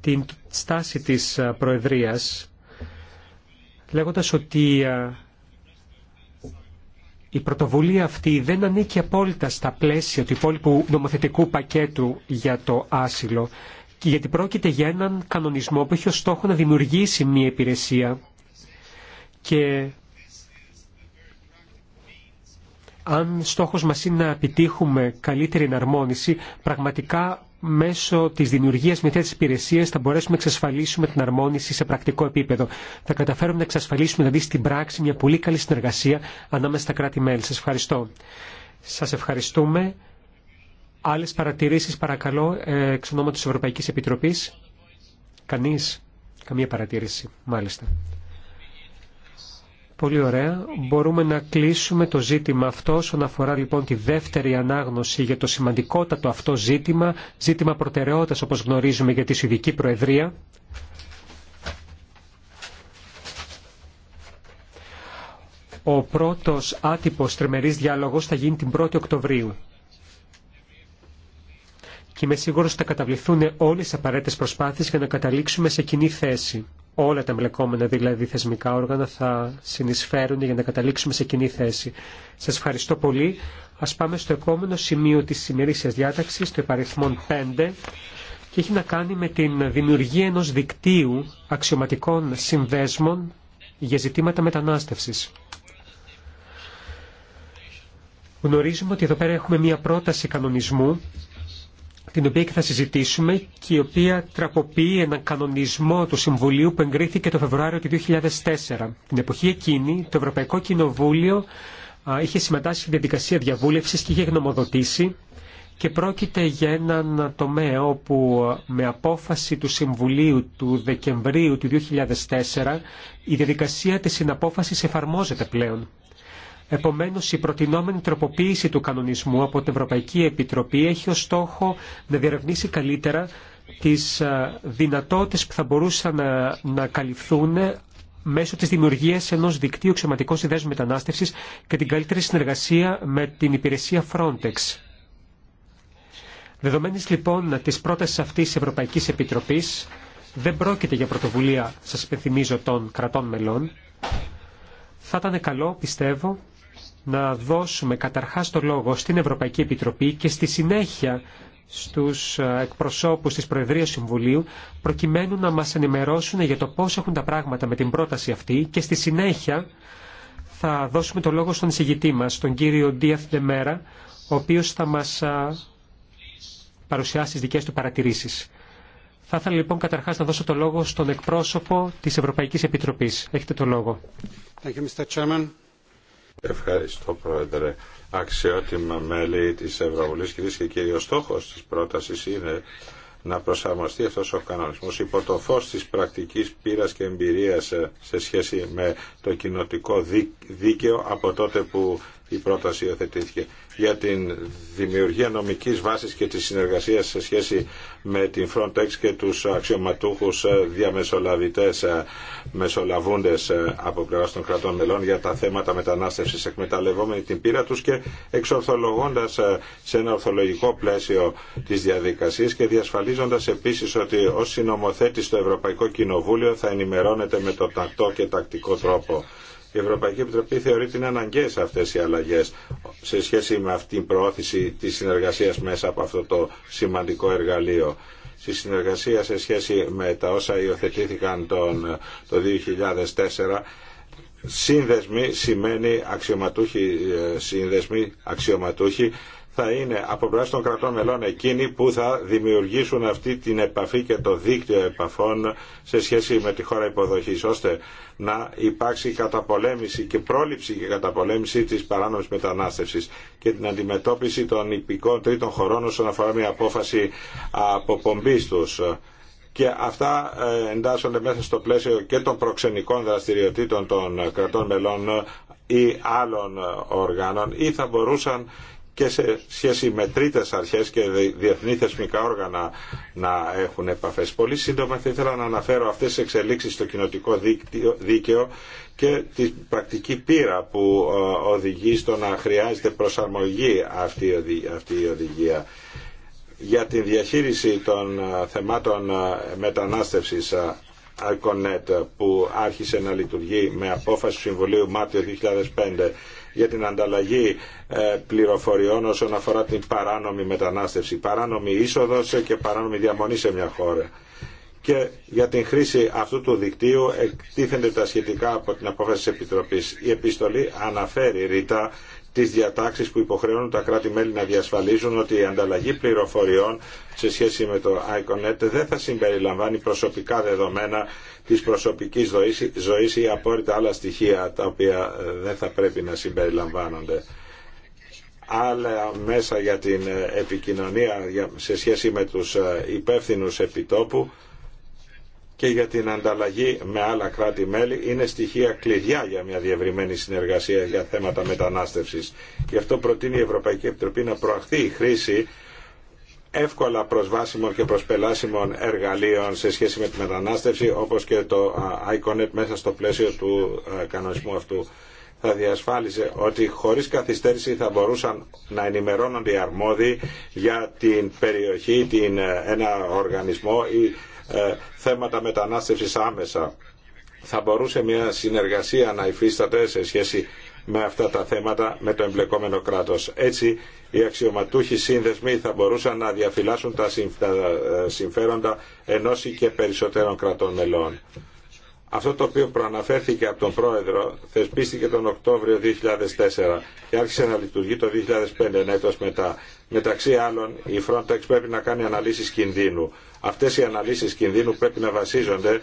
την στάση της ε, Προεδρίας λέγοντας ότι ε, η πρωτοβουλία αυτή δεν ανήκει απόλυτα στα πλαίσια του υπόλοιπου νομοθετικού πακέτου για το άσυλο, γιατί πρόκειται για έναν κανονισμό που έχει ως στόχο να δημιουργήσει μια υπηρεσία και αν στόχος μας είναι να επιτύχουμε καλύτερη εναρμόνιση, πραγματικά μέσω τη δημιουργία μια τέτοια υπηρεσία θα μπορέσουμε να εξασφαλίσουμε την αρμόνιση σε πρακτικό επίπεδο. Θα καταφέρουμε να εξασφαλίσουμε δηλαδή στην πράξη μια πολύ καλή συνεργασία ανάμεσα στα κράτη-μέλη. Σα ευχαριστώ. Σα ευχαριστούμε. Άλλε παρατηρήσει, παρακαλώ, ε, εξ ονόματο Ευρωπαϊκή Επιτροπή. Κανεί. Καμία παρατήρηση. Μάλιστα. Πολύ ωραία. Μπορούμε να κλείσουμε το ζήτημα αυτό όσον αφορά λοιπόν τη δεύτερη ανάγνωση για το σημαντικότατο αυτό ζήτημα, ζήτημα προτεραιότητας όπως γνωρίζουμε για τη Σουηδική Προεδρία. Ο πρώτος άτυπος τριμερής διάλογος θα γίνει την 1η Οκτωβρίου. Και είμαι σίγουρος ότι θα καταβληθούν όλες τις απαραίτητες προσπάθειες για να καταλήξουμε σε κοινή θέση όλα τα εμπλεκόμενα δηλαδή θεσμικά όργανα θα συνεισφέρουν για να καταλήξουμε σε κοινή θέση. Σας ευχαριστώ πολύ. Ας πάμε στο επόμενο σημείο της σημερίσιας διάταξης, το υπαριθμό 5 και έχει να κάνει με την δημιουργία ενός δικτύου αξιωματικών συνδέσμων για ζητήματα μετανάστευσης. Γνωρίζουμε ότι εδώ πέρα έχουμε μία πρόταση κανονισμού την οποία και θα συζητήσουμε και η οποία τραποποιεί έναν κανονισμό του Συμβουλίου που εγκρίθηκε το Φεβρουάριο του 2004. Την εποχή εκείνη το Ευρωπαϊκό Κοινοβούλιο είχε συμμετάσχει στη διαδικασία διαβούλευσης και είχε γνωμοδοτήσει και πρόκειται για έναν τομέα όπου με απόφαση του Συμβουλίου του Δεκεμβρίου του 2004 η διαδικασία της συναπόφασης εφαρμόζεται πλέον. Επομένως, η προτινόμενη τροποποίηση του κανονισμού από την Ευρωπαϊκή Επιτροπή έχει ως στόχο να διερευνήσει καλύτερα τις ε, δυνατότητες που θα μπορούσαν να, καλυφθούν μέσω της δημιουργίας ενός δικτύου εξωματικών συνδέσεων μετανάστευσης και την καλύτερη συνεργασία με την υπηρεσία Frontex. Δεδομένης λοιπόν της πρότασης αυτής της Ευρωπαϊκής Επιτροπής, δεν πρόκειται για πρωτοβουλία, σας υπενθυμίζω, των κρατών μελών, θα ήταν καλό, πιστεύω, να δώσουμε καταρχάς το λόγο στην Ευρωπαϊκή Επιτροπή και στη συνέχεια στους ε, εκπροσώπους της Προεδρίας Συμβουλίου προκειμένου να μας ενημερώσουν για το πώς έχουν τα πράγματα με την πρόταση αυτή και στη συνέχεια θα δώσουμε το λόγο στον εισηγητή μας, τον κύριο Ντίαθ Δεμέρα ο οποίος θα μας ε, παρουσιάσει τις δικές του παρατηρήσεις. Θα ήθελα λοιπόν καταρχάς να δώσω το λόγο στον εκπρόσωπο της Ευρωπαϊκής Επιτροπής. Έχετε το λόγο. Thank Ευχαριστώ Πρόεδρε. Αξιότιμα μέλη της Ευρωβουλής κυρίες και κύριοι, ο στόχος της πρότασης είναι να προσαρμοστεί αυτός ο κανονισμός υπό το φως της πρακτικής πείρας και εμπειρίας σε σχέση με το κοινοτικό δίκαιο από τότε που η πρόταση υιοθετήθηκε για την δημιουργία νομικής βάσης και τη συνεργασία σε σχέση με την Frontex και τους αξιωματούχους διαμεσολαβητές μεσολαβούντες από πλευρά των κρατών μελών για τα θέματα μετανάστευσης εκμεταλλευόμενη την πείρα τους και εξορθολογώντας σε ένα ορθολογικό πλαίσιο τις διαδικασίες και διασφαλίζοντας επίσης ότι ως συνομοθέτης στο Ευρωπαϊκό Κοινοβούλιο θα ενημερώνεται με το τακτό και τακτικό τρόπο. Η Ευρωπαϊκή Επιτροπή θεωρεί ότι είναι αναγκαίες αυτές οι αλλαγές σε σχέση με αυτή την προώθηση της συνεργασίας μέσα από αυτό το σημαντικό εργαλείο στη συνεργασία σε σχέση με τα όσα υιοθετήθηκαν τον, το 2004 σύνδεσμοι σημαίνει αξιωματούχοι, ε, σύνδεσμοι αξιωματούχοι θα είναι από πλευρά των κρατών μελών εκείνοι που θα δημιουργήσουν αυτή την επαφή και το δίκτυο επαφών σε σχέση με τη χώρα υποδοχής, ώστε να υπάρξει καταπολέμηση και πρόληψη και καταπολέμηση της παράνομης μετανάστευσης και την αντιμετώπιση των υπηκών τρίτων χωρών όσον αφορά μια απόφαση αποπομπής τους και αυτά ε, εντάσσονται μέσα στο πλαίσιο και των προξενικών δραστηριοτήτων των κρατών μελών ή άλλων οργάνων ή θα μπορούσαν και σε σχέση με τρίτε αρχέ και διεθνή θεσμικά όργανα να έχουν επαφές. Πολύ σύντομα θα ήθελα να αναφέρω αυτές τι εξελίξεις στο κοινοτικό δίκαιο και την πρακτική πείρα που ε, οδηγεί στο να χρειάζεται προσαρμογή αυτή η οδηγία για τη διαχείριση των ε, θεμάτων ε, μετανάστευσης ICONET που άρχισε να λειτουργεί με απόφαση του Συμβουλίου Μάρτιο 2005 για την ανταλλαγή ε, πληροφοριών όσον αφορά την παράνομη μετανάστευση, παράνομη είσοδο και παράνομη διαμονή σε μια χώρα. Και για την χρήση αυτού του δικτύου εκτίθενται τα σχετικά από την απόφαση της Επιτροπής. Η επιστολή αναφέρει ρητά τι διατάξεις που υποχρεώνουν τα κράτη-μέλη να διασφαλίζουν ότι η ανταλλαγή πληροφοριών σε σχέση με το ICONET δεν θα συμπεριλαμβάνει προσωπικά δεδομένα της προσωπικής ζωής ή απόρριτα άλλα στοιχεία τα οποία ε, δεν θα πρέπει να συμπεριλαμβάνονται άλλα μέσα για την ε, επικοινωνία σε σχέση με τους ε, υπεύθυνους επιτόπου και για την ανταλλαγή με άλλα κράτη-μέλη είναι στοιχεία κλειδιά για μια διευρυμένη συνεργασία για θέματα μετανάστευσης. Γι' αυτό προτείνει η Ευρωπαϊκή Επιτροπή να προαχθεί η χρήση εύκολα προσβάσιμων και προσπελάσιμων εργαλείων σε σχέση με τη μετανάστευση όπως και το ICONET μέσα στο πλαίσιο του κανονισμού αυτού θα διασφάλιζε ότι χωρίς καθυστέρηση θα μπορούσαν να ενημερώνονται οι αρμόδιοι για την περιοχή, την, ε, ένα οργανισμό ή ε, θέματα μετανάστευσης άμεσα. Θα μπορούσε μια συνεργασία να υφίσταται σε σχέση με αυτά τα θέματα με το εμπλεκόμενο κράτος. Έτσι, οι αξιωματούχοι σύνδεσμοι θα μπορούσαν να διαφυλάσσουν τα ε, συμφέροντα ενός και περισσότερων κρατών μελών. Αυτό το οποίο προαναφέρθηκε από τον Πρόεδρο θεσπίστηκε τον Οκτώβριο 2004 και άρχισε να λειτουργεί το 2005, ένα έτος μετά. Μεταξύ άλλων, η Frontex πρέπει να κάνει αναλύσεις κινδύνου. Αυτές οι αναλύσεις κινδύνου πρέπει να βασίζονται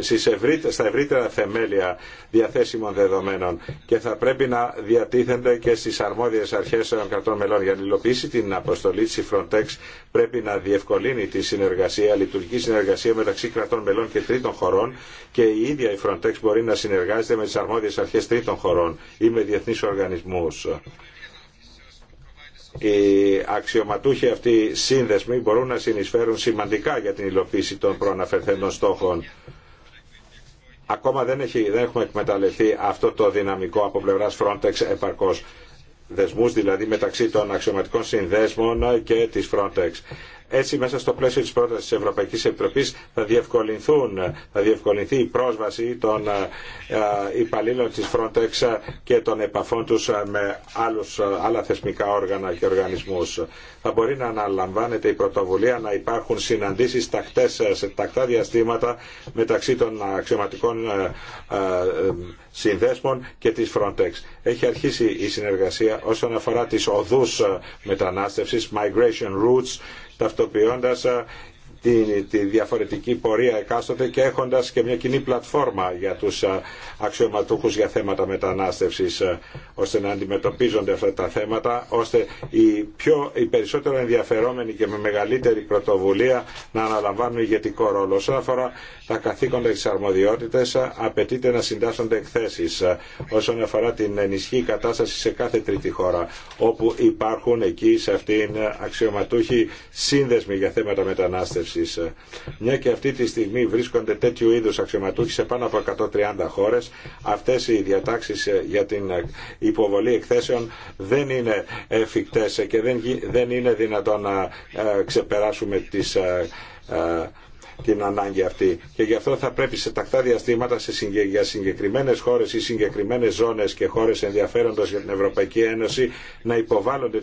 στις ε, στα ευρύτερα θεμέλια διαθέσιμων δεδομένων και θα πρέπει να διατίθενται και στις αρμόδιες αρχές των κρατών μελών. Για να υλοποιήσει την αποστολή της η Frontex πρέπει να διευκολύνει τη συνεργασία, λειτουργική συνεργασία μεταξύ κρατών μελών και τρίτων χωρών και η ίδια η Frontex μπορεί να συνεργάζεται με τις αρμόδιες αρχές τρίτων χωρών ή με διεθνεί οργανισμούς οι αξιωματούχοι αυτοί σύνδεσμοι μπορούν να συνεισφέρουν σημαντικά για την υλοποίηση των προαναφερθέντων στόχων. Ακόμα δεν, δεν έχουμε εκμεταλλευτεί αυτό το δυναμικό από πλευράς Frontex επαρκώς δεσμούς δηλαδή μεταξύ των αξιωματικών συνδέσμων και της Frontex. Έτσι μέσα στο πλαίσιο τη πρόταση τη Ευρωπαϊκή Επιτροπή, θα, διευκολυνθεί η πρόσβαση των ε, υπαλλήλων της Frontex και των επαφών του ε, με άλλους, ε, άλλα θεσμικά όργανα και οργανισμού. Θα μπορεί να αναλαμβάνεται η πρωτοβουλία να υπάρχουν συναντήσεις σε τακτά διαστήματα μεταξύ των αξιωματικών συνδέσμων και της Frontex. Έχει αρχίσει η συνεργασία όσον αφορά τις οδούς μεταναστευση, migration routes, ταυτοποιώντας τη, τη διαφορετική πορεία εκάστοτε και έχοντας και μια κοινή πλατφόρμα για τους αξιωματούχους για θέματα μετανάστευσης ώστε να αντιμετωπίζονται αυτά τα θέματα ώστε οι, πιο, οι περισσότερο ενδιαφερόμενοι και με μεγαλύτερη πρωτοβουλία να αναλαμβάνουν ηγετικό ρόλο. Όσον αφορά τα καθήκοντα της αρμοδιότητες απαιτείται να συντάσσονται εκθέσεις όσον αφορά την ενισχύη κατάσταση σε κάθε τρίτη χώρα όπου υπάρχουν εκεί σε αυτήν αξιωματούχοι σύνδεσμοι για θέματα μετανάστευσης μια και αυτή τη στιγμή βρίσκονται τέτοιου είδου αξιωματούχοι σε πάνω από 130 χώρε, αυτέ οι διατάξει για την υποβολή εκθέσεων δεν είναι εφικτέ και δεν είναι δυνατόν να ε, ξεπεράσουμε τι ε, ε, την ανάγκη αυτή. Και γι' αυτό θα πρέπει σε τακτά διαστήματα σε συγκε... για συγκεκριμένε χώρε ή συγκεκριμένε ζώνε και χώρε ενδιαφέροντο για την Ευρωπαϊκή Ένωση να υποβάλλονται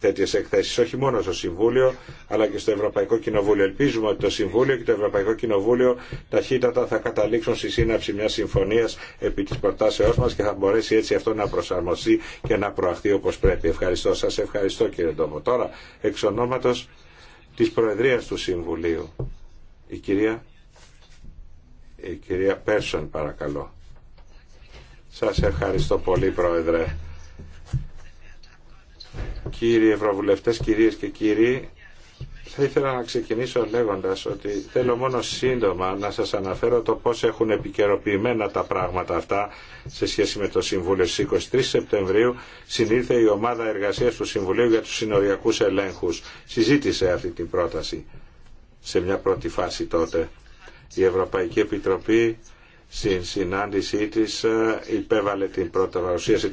τέτοιε εκθέσει. Όχι μόνο στο Συμβούλιο, αλλά και στο Ευρωπαϊκό Κοινοβούλιο. Ελπίζουμε ότι το Συμβούλιο και το Ευρωπαϊκό Κοινοβούλιο ταχύτατα θα καταλήξουν στη σύναψη μια συμφωνία επί τη προτάσεώ μα και θα μπορέσει έτσι αυτό να προσαρμοστεί και να προαχθεί όπω πρέπει. Ευχαριστώ σα. Ευχαριστώ κύριε Ντόμο. Τώρα εξ της του Συμβουλίου. Η κυρία, η Πέρσον παρακαλώ. Σας ευχαριστώ πολύ Πρόεδρε. Κύριοι Ευρωβουλευτές, κυρίες και κύριοι, θα ήθελα να ξεκινήσω λέγοντας ότι θέλω μόνο σύντομα να σας αναφέρω το πώς έχουν επικαιροποιημένα τα πράγματα αυτά σε σχέση με το Συμβούλιο. Στις 23 Σεπτεμβρίου συνήλθε η ομάδα εργασίας του Συμβουλίου για τους συνοριακούς ελέγχους. Συζήτησε αυτή την πρόταση σε μια πρώτη φάση τότε. Η Ευρωπαϊκή Επιτροπή στην συνάντησή της ε, υπέβαλε την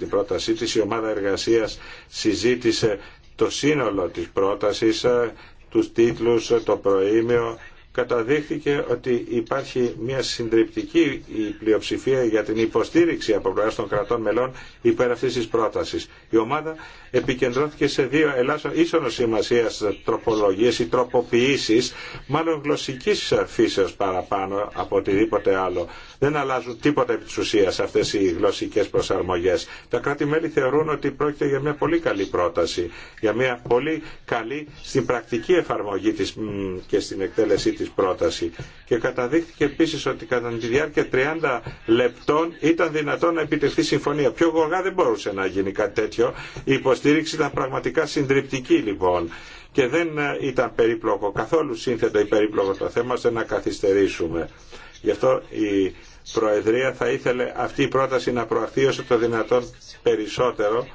πρότασή της. Η ομάδα εργασίας συζήτησε το σύνολο της πρότασης, ε, τους τίτλους, ε, το προήμιο, καταδείχθηκε ότι υπάρχει μια συντριπτική πλειοψηφία για την υποστήριξη από πλευρά των κρατών μελών υπέρ αυτή τη πρόταση. Η ομάδα επικεντρώθηκε σε δύο ελάσσο ίσονο σημασία τροπολογίε ή τροποποιήσει, μάλλον γλωσσική φύσεω παραπάνω από οτιδήποτε άλλο. Δεν αλλάζουν τίποτα επί τη ουσία αυτέ οι γλωσσικέ προσαρμογέ. Τα κράτη-μέλη θεωρούν ότι πρόκειται για μια πολύ καλή πρόταση, για μια πολύ καλή στην πρακτική εφαρμογή και στην εκτέλεσή τη πρόταση και καταδείχθηκε επίσης ότι κατά τη διάρκεια 30 λεπτών ήταν δυνατόν να επιτευχθεί συμφωνία. Πιο γοργά δεν μπορούσε να γίνει κάτι τέτοιο. Η υποστήριξη ήταν πραγματικά συντριπτική λοιπόν και δεν ε, ήταν περίπλοκο, καθόλου σύνθετο ή περίπλοκο το θέμα ώστε να καθυστερήσουμε. Γι' αυτό η Προεδρία θα ήθελε αυτή η πρόταση να προαχθεί όσο το δυνατόν περισσότερο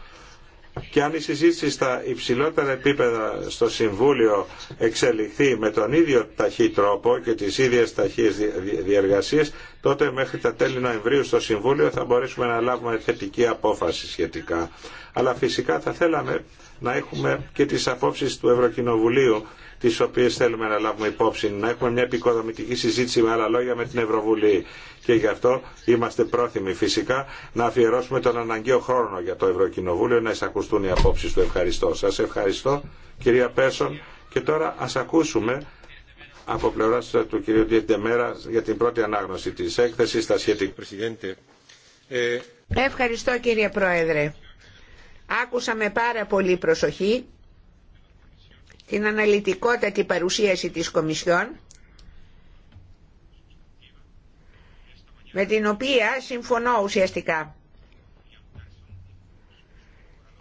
και αν η συζήτηση στα υψηλότερα επίπεδα στο Συμβούλιο εξελιχθεί με τον ίδιο ταχύ τρόπο και τις ίδιες ταχύες διεργασίες, τότε μέχρι τα τέλη Νοεμβρίου στο Συμβούλιο θα μπορέσουμε να λάβουμε θετική απόφαση σχετικά. Αλλά φυσικά θα θέλαμε να έχουμε και τις απόψεις του Ευρωκοινοβουλίου τις οποίες θέλουμε να λάβουμε υπόψη, να έχουμε μια επικοδομητική συζήτηση με άλλα λόγια με την Ευρωβουλή. Και γι' αυτό είμαστε πρόθυμοι φυσικά να αφιερώσουμε τον αναγκαίο χρόνο για το Ευρωκοινοβούλιο να εισακουστούν οι απόψεις του. Ευχαριστώ. Σας ευχαριστώ κυρία Πέσον. Και τώρα ας ακούσουμε από πλευράς του κυρίου μέρα για την πρώτη ανάγνωση της έκθεσης στα σχετικά. Ε, ευχαριστώ κύριε Πρόεδρε. Άκουσα με πάρα πολύ προσοχή την αναλυτικότατη παρουσίαση της Κομισιόν με την οποία συμφωνώ ουσιαστικά.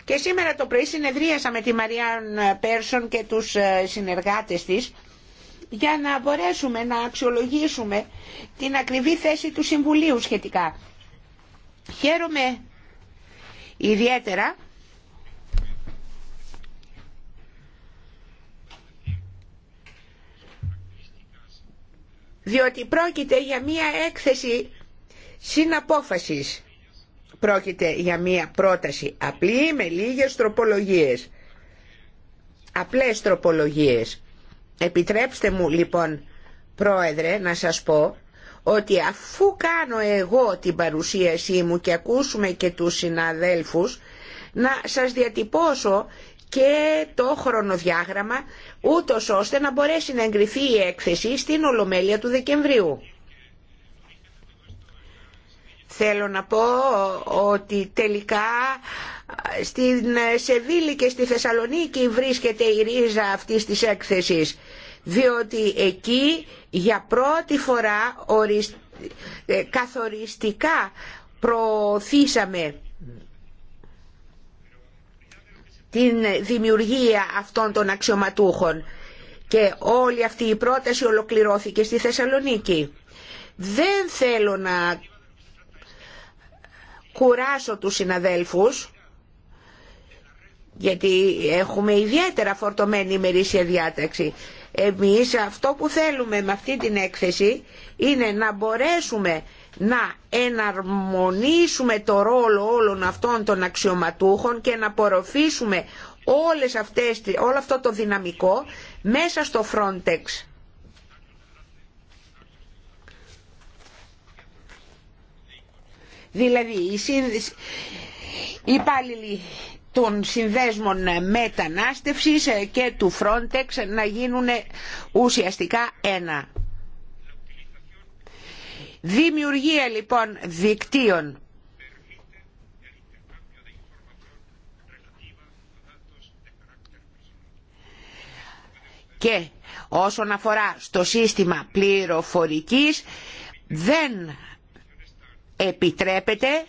Και σήμερα το πρωί συνεδρίασα με τη Μαριάν Πέρσον και τους ε, συνεργάτες της για να μπορέσουμε να αξιολογήσουμε την ακριβή θέση του Συμβουλίου σχετικά. Χαίρομαι ιδιαίτερα διότι πρόκειται για μία έκθεση συναπόφασης. Πρόκειται για μία πρόταση απλή με λίγες τροπολογίες. Απλές τροπολογίες. Επιτρέψτε μου λοιπόν πρόεδρε να σας πω ότι αφού κάνω εγώ την παρουσίασή μου και ακούσουμε και τους συναδέλφους να σας διατυπώσω και το χρονοδιάγραμμα ούτως ώστε να μπορέσει να εγκριθεί η έκθεση στην Ολομέλεια του Δεκεμβρίου. Θέλω να πω ότι τελικά στην Σεβίλη και στη Θεσσαλονίκη βρίσκεται η ρίζα αυτής της έκθεσης, διότι εκεί για πρώτη φορά ε, καθοριστικά προωθήσαμε την δημιουργία αυτών των αξιωματούχων. Και όλη αυτή η πρόταση ολοκληρώθηκε στη Θεσσαλονίκη. Δεν θέλω να κουράσω τους συναδέλφους, γιατί έχουμε ιδιαίτερα φορτωμένη ημερήσια διάταξη. Εμείς αυτό που θέλουμε με αυτή την έκθεση είναι να μπορέσουμε να εναρμονίσουμε το ρόλο όλων αυτών των αξιωματούχων και να απορροφήσουμε όλες αυτές, όλο αυτό το δυναμικό μέσα στο Frontex. Δηλαδή, οι, σύνδεσ... υπάλληλοι των συνδέσμων μετανάστευσης ε, και του Frontex να γίνουν ουσιαστικά ένα. Δημιουργία λοιπόν δικτύων και όσον αφορά στο σύστημα πληροφορικής δεν επιτρέπεται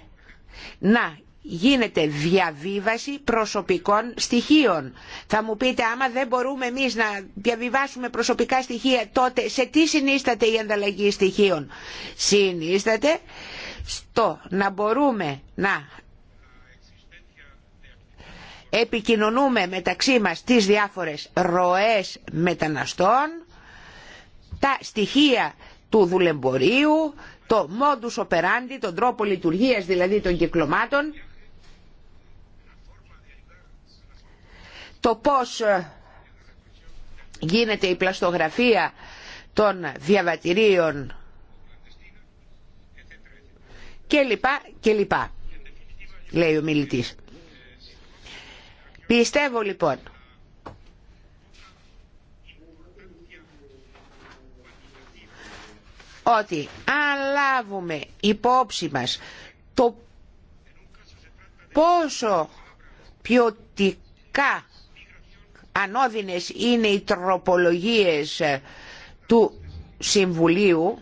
να γίνεται διαβίβαση προσωπικών στοιχείων. Θα μου πείτε άμα δεν μπορούμε εμείς να διαβιβάσουμε προσωπικά στοιχεία τότε σε τι συνίσταται η ανταλλαγή στοιχείων. Συνίσταται στο να μπορούμε να επικοινωνούμε μεταξύ μας τις διάφορες ροές μεταναστών, τα στοιχεία του δουλεμπορίου, το modus operandi, τον τρόπο λειτουργίας δηλαδή των κυκλωμάτων το πώς ε, γίνεται η πλαστογραφία των διαβατηρίων και λοιπά και λοιπά λέει ο μιλητής πιστεύω λοιπόν ότι αν λάβουμε υπόψη μας το πόσο ποιοτικά ανώδυνες είναι οι τροπολογίες ε, του Συμβουλίου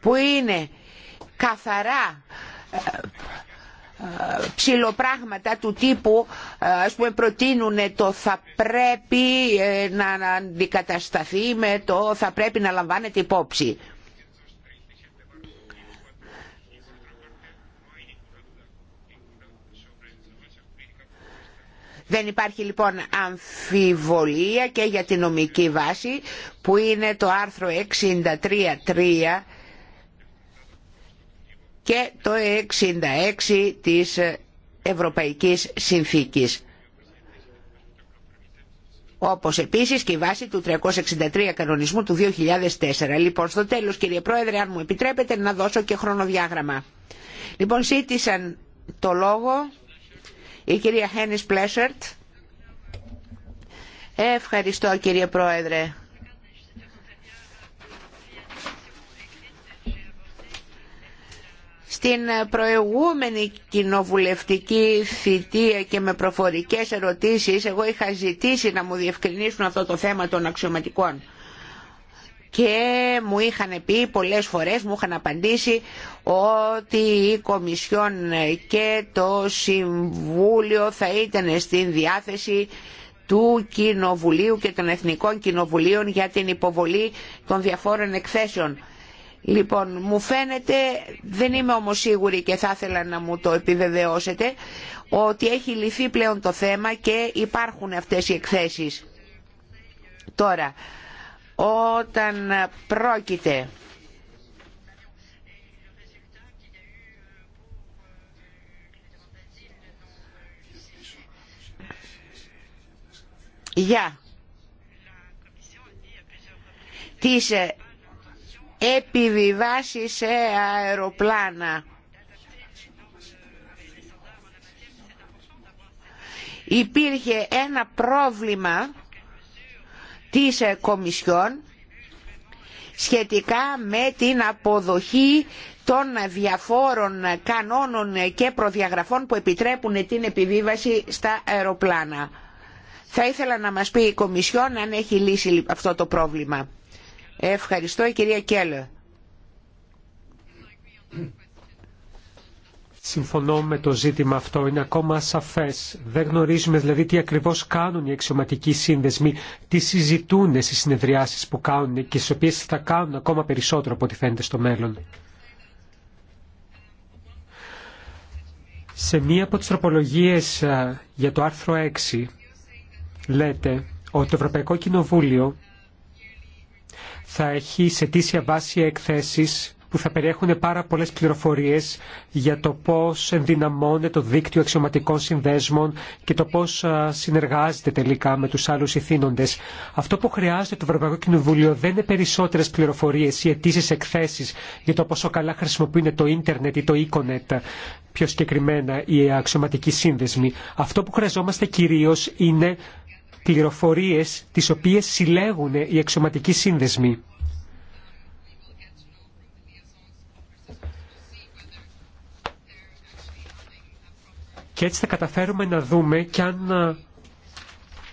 που είναι καθαρά ε, ε, ψηλοπράγματα του τύπου ας πούμε προτείνουν το θα πρέπει να αντικατασταθεί με το θα πρέπει να λαμβάνεται υπόψη. Δεν υπάρχει λοιπόν αμφιβολία και για τη νομική βάση που είναι το άρθρο 63.3 και το 66 της Ευρωπαϊκής Συνθήκης. Όπως επίσης και η βάση του 363 κανονισμού του 2004. Λοιπόν, στο τέλος κύριε Πρόεδρε, αν μου επιτρέπετε να δώσω και χρονοδιάγραμμα. Λοιπόν, ζήτησαν το λόγο η κυρία Χένις Πλέσσερτ. Ευχαριστώ κύριε Πρόεδρε. Στην προηγούμενη κοινοβουλευτική θητεία και με προφορικές ερωτήσεις εγώ είχα ζητήσει να μου διευκρινίσουν αυτό το θέμα των αξιωματικών και μου είχαν πει πολλές φορές, μου είχαν απαντήσει ότι η Κομισιόν και το Συμβούλιο θα ήταν στην διάθεση του Κοινοβουλίου και των Εθνικών Κοινοβουλίων για την υποβολή των διαφόρων εκθέσεων. Λοιπόν, μου φαίνεται, δεν είμαι όμως σίγουρη και θα ήθελα να μου το επιβεβαιώσετε, ότι έχει λυθεί πλέον το θέμα και υπάρχουν αυτές οι εκθέσεις. Τώρα, όταν πρόκειται για τις επιβιβάσεις σε αεροπλάνα. Υπήρχε ένα πρόβλημα της ε, Κομισιόν σχετικά με την αποδοχή των διαφόρων κανόνων και προδιαγραφών που επιτρέπουν την επιβίβαση στα αεροπλάνα. Θα ήθελα να μας πει η Κομισιόν αν έχει λύσει αυτό το πρόβλημα. Ευχαριστώ η κυρία Κέλλε. Συμφωνώ με το ζήτημα αυτό, είναι ακόμα ασαφές. Δεν γνωρίζουμε δηλαδή τι ακριβώς κάνουν οι αξιωματικοί σύνδεσμοι, τι συζητούν στι συνεδριάσεις που κάνουν και στι οποίε θα κάνουν ακόμα περισσότερο από ό,τι φαίνεται στο μέλλον. Σε μία από τι τροπολογίε για το άρθρο 6 λέτε ότι το Ευρωπαϊκό Κοινοβούλιο θα έχει σε τήσια βάση εκθέσεις που θα περιέχουν πάρα πολλές πληροφορίες για το πώς ενδυναμώνεται το δίκτυο αξιωματικών συνδέσμων και το πώς συνεργάζεται τελικά με τους άλλους ηθήνοντες. Αυτό που χρειάζεται το Ευρωπαϊκό Κοινοβούλιο δεν είναι περισσότερες πληροφορίες ή αιτήσει εκθέσεις για το πόσο καλά χρησιμοποιούν το ίντερνετ ή το ίκονετ πιο συγκεκριμένα οι αξιωματικοί σύνδεσμοι. Αυτό που χρειαζόμαστε κυρίως είναι πληροφορίες τις οποίες συλλέγουν οι αξιωματικοί σύνδεσμοι. Και έτσι θα καταφέρουμε να δούμε και αν ε,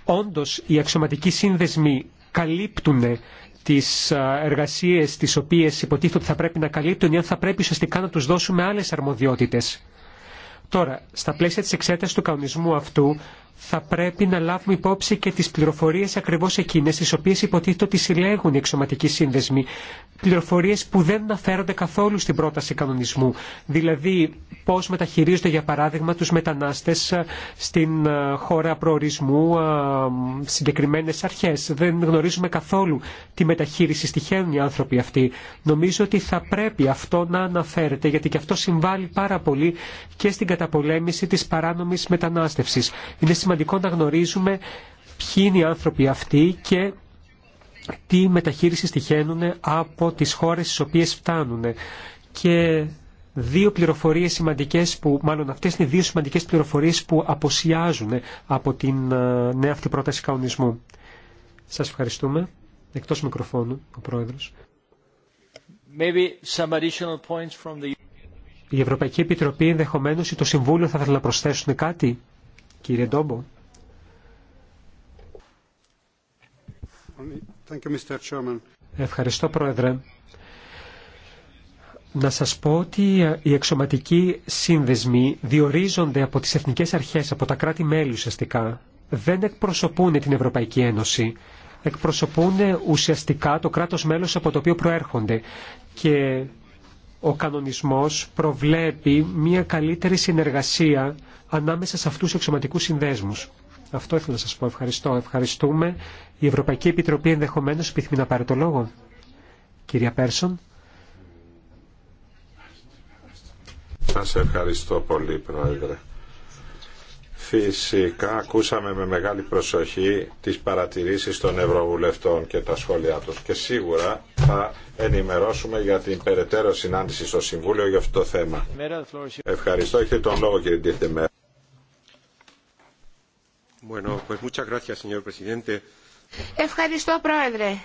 όντως οι αξιωματικοί σύνδεσμοι καλύπτουν τις ε, εργασίες τις οποίες υποτίθεται ότι θα πρέπει να καλύπτουν ή αν θα πρέπει ουσιαστικά να τους δώσουμε άλλες αρμοδιότητες. Τώρα, στα πλαίσια της εξέτασης του κανονισμού αυτού θα πρέπει να λάβουμε υπόψη και τις πληροφορίες ακριβώς εκείνες τις οποίες υποτίθεται ότι συλλέγουν οι εξωματικοί σύνδεσμοι. Πληροφορίες που δεν αναφέρονται καθόλου στην πρόταση κανονισμού. Δηλαδή πώς μεταχειρίζονται για παράδειγμα τους μετανάστες ε, στην ε, χώρα προορισμού ε, συγκεκριμένες αρχές. Δεν γνωρίζουμε καθόλου τη μεταχείριση στοιχαίνουν οι άνθρωποι αυτοί. Νομίζω ότι θα πρέπει αυτό να αναφέρεται γιατί και αυτό συμβάλλει πάρα πολύ και στην καταπολέμηση της παράνομης μετανάστευση σημαντικό να γνωρίζουμε ποιοι είναι οι άνθρωποι αυτοί και τι μεταχείριση τυχαίνουν από τις χώρες στις οποίες φτάνουν. Και δύο πληροφορίες σημαντικές που, μάλλον αυτές είναι δύο σημαντικές πληροφορίες που αποσιάζουν από την ε, νέα αυτή πρόταση καονισμού. Σας ευχαριστούμε. Εκτός μικροφώνου, ο Πρόεδρος. Maybe some additional points from the... Η Ευρωπαϊκή Επιτροπή ενδεχομένως ή το Συμβούλιο θα ήθελα να προσθέσουν κάτι. Κύριε Ντόμπο. Ευχαριστώ, Πρόεδρε. Να σας πω ότι ε, οι εξωματικοί σύνδεσμοι διορίζονται από τις εθνικές αρχές, από τα κράτη-μέλη ουσιαστικά. Δεν εκπροσωπούν την Ευρωπαϊκή Ένωση. Εκπροσωπούν ουσιαστικά το κράτος μέλος από το οποίο προέρχονται. Και ο κανονισμός προβλέπει μια καλύτερη συνεργασία ανάμεσα σε αυτούς τους εξωματικούς συνδέσμους. Αυτό ήθελα να σας πω. Ευχαριστώ. Ευχαριστούμε. Η Ευρωπαϊκή Επιτροπή ενδεχομένως επιθυμεί να πάρει το λόγο. Κυρία Πέρσον. Σας ευχαριστώ πολύ, Πρόεδρε. Φυσικά ακούσαμε με μεγάλη προσοχή τις παρατηρήσεις των Ευρωβουλευτών και τα σχόλιά τους και σίγουρα θα ενημερώσουμε για την περαιτέρω συνάντηση στο Συμβούλιο για αυτό το θέμα. Ευχαριστώ. Έχετε τον λόγο κύριε presidente. Ευχαριστώ Πρόεδρε.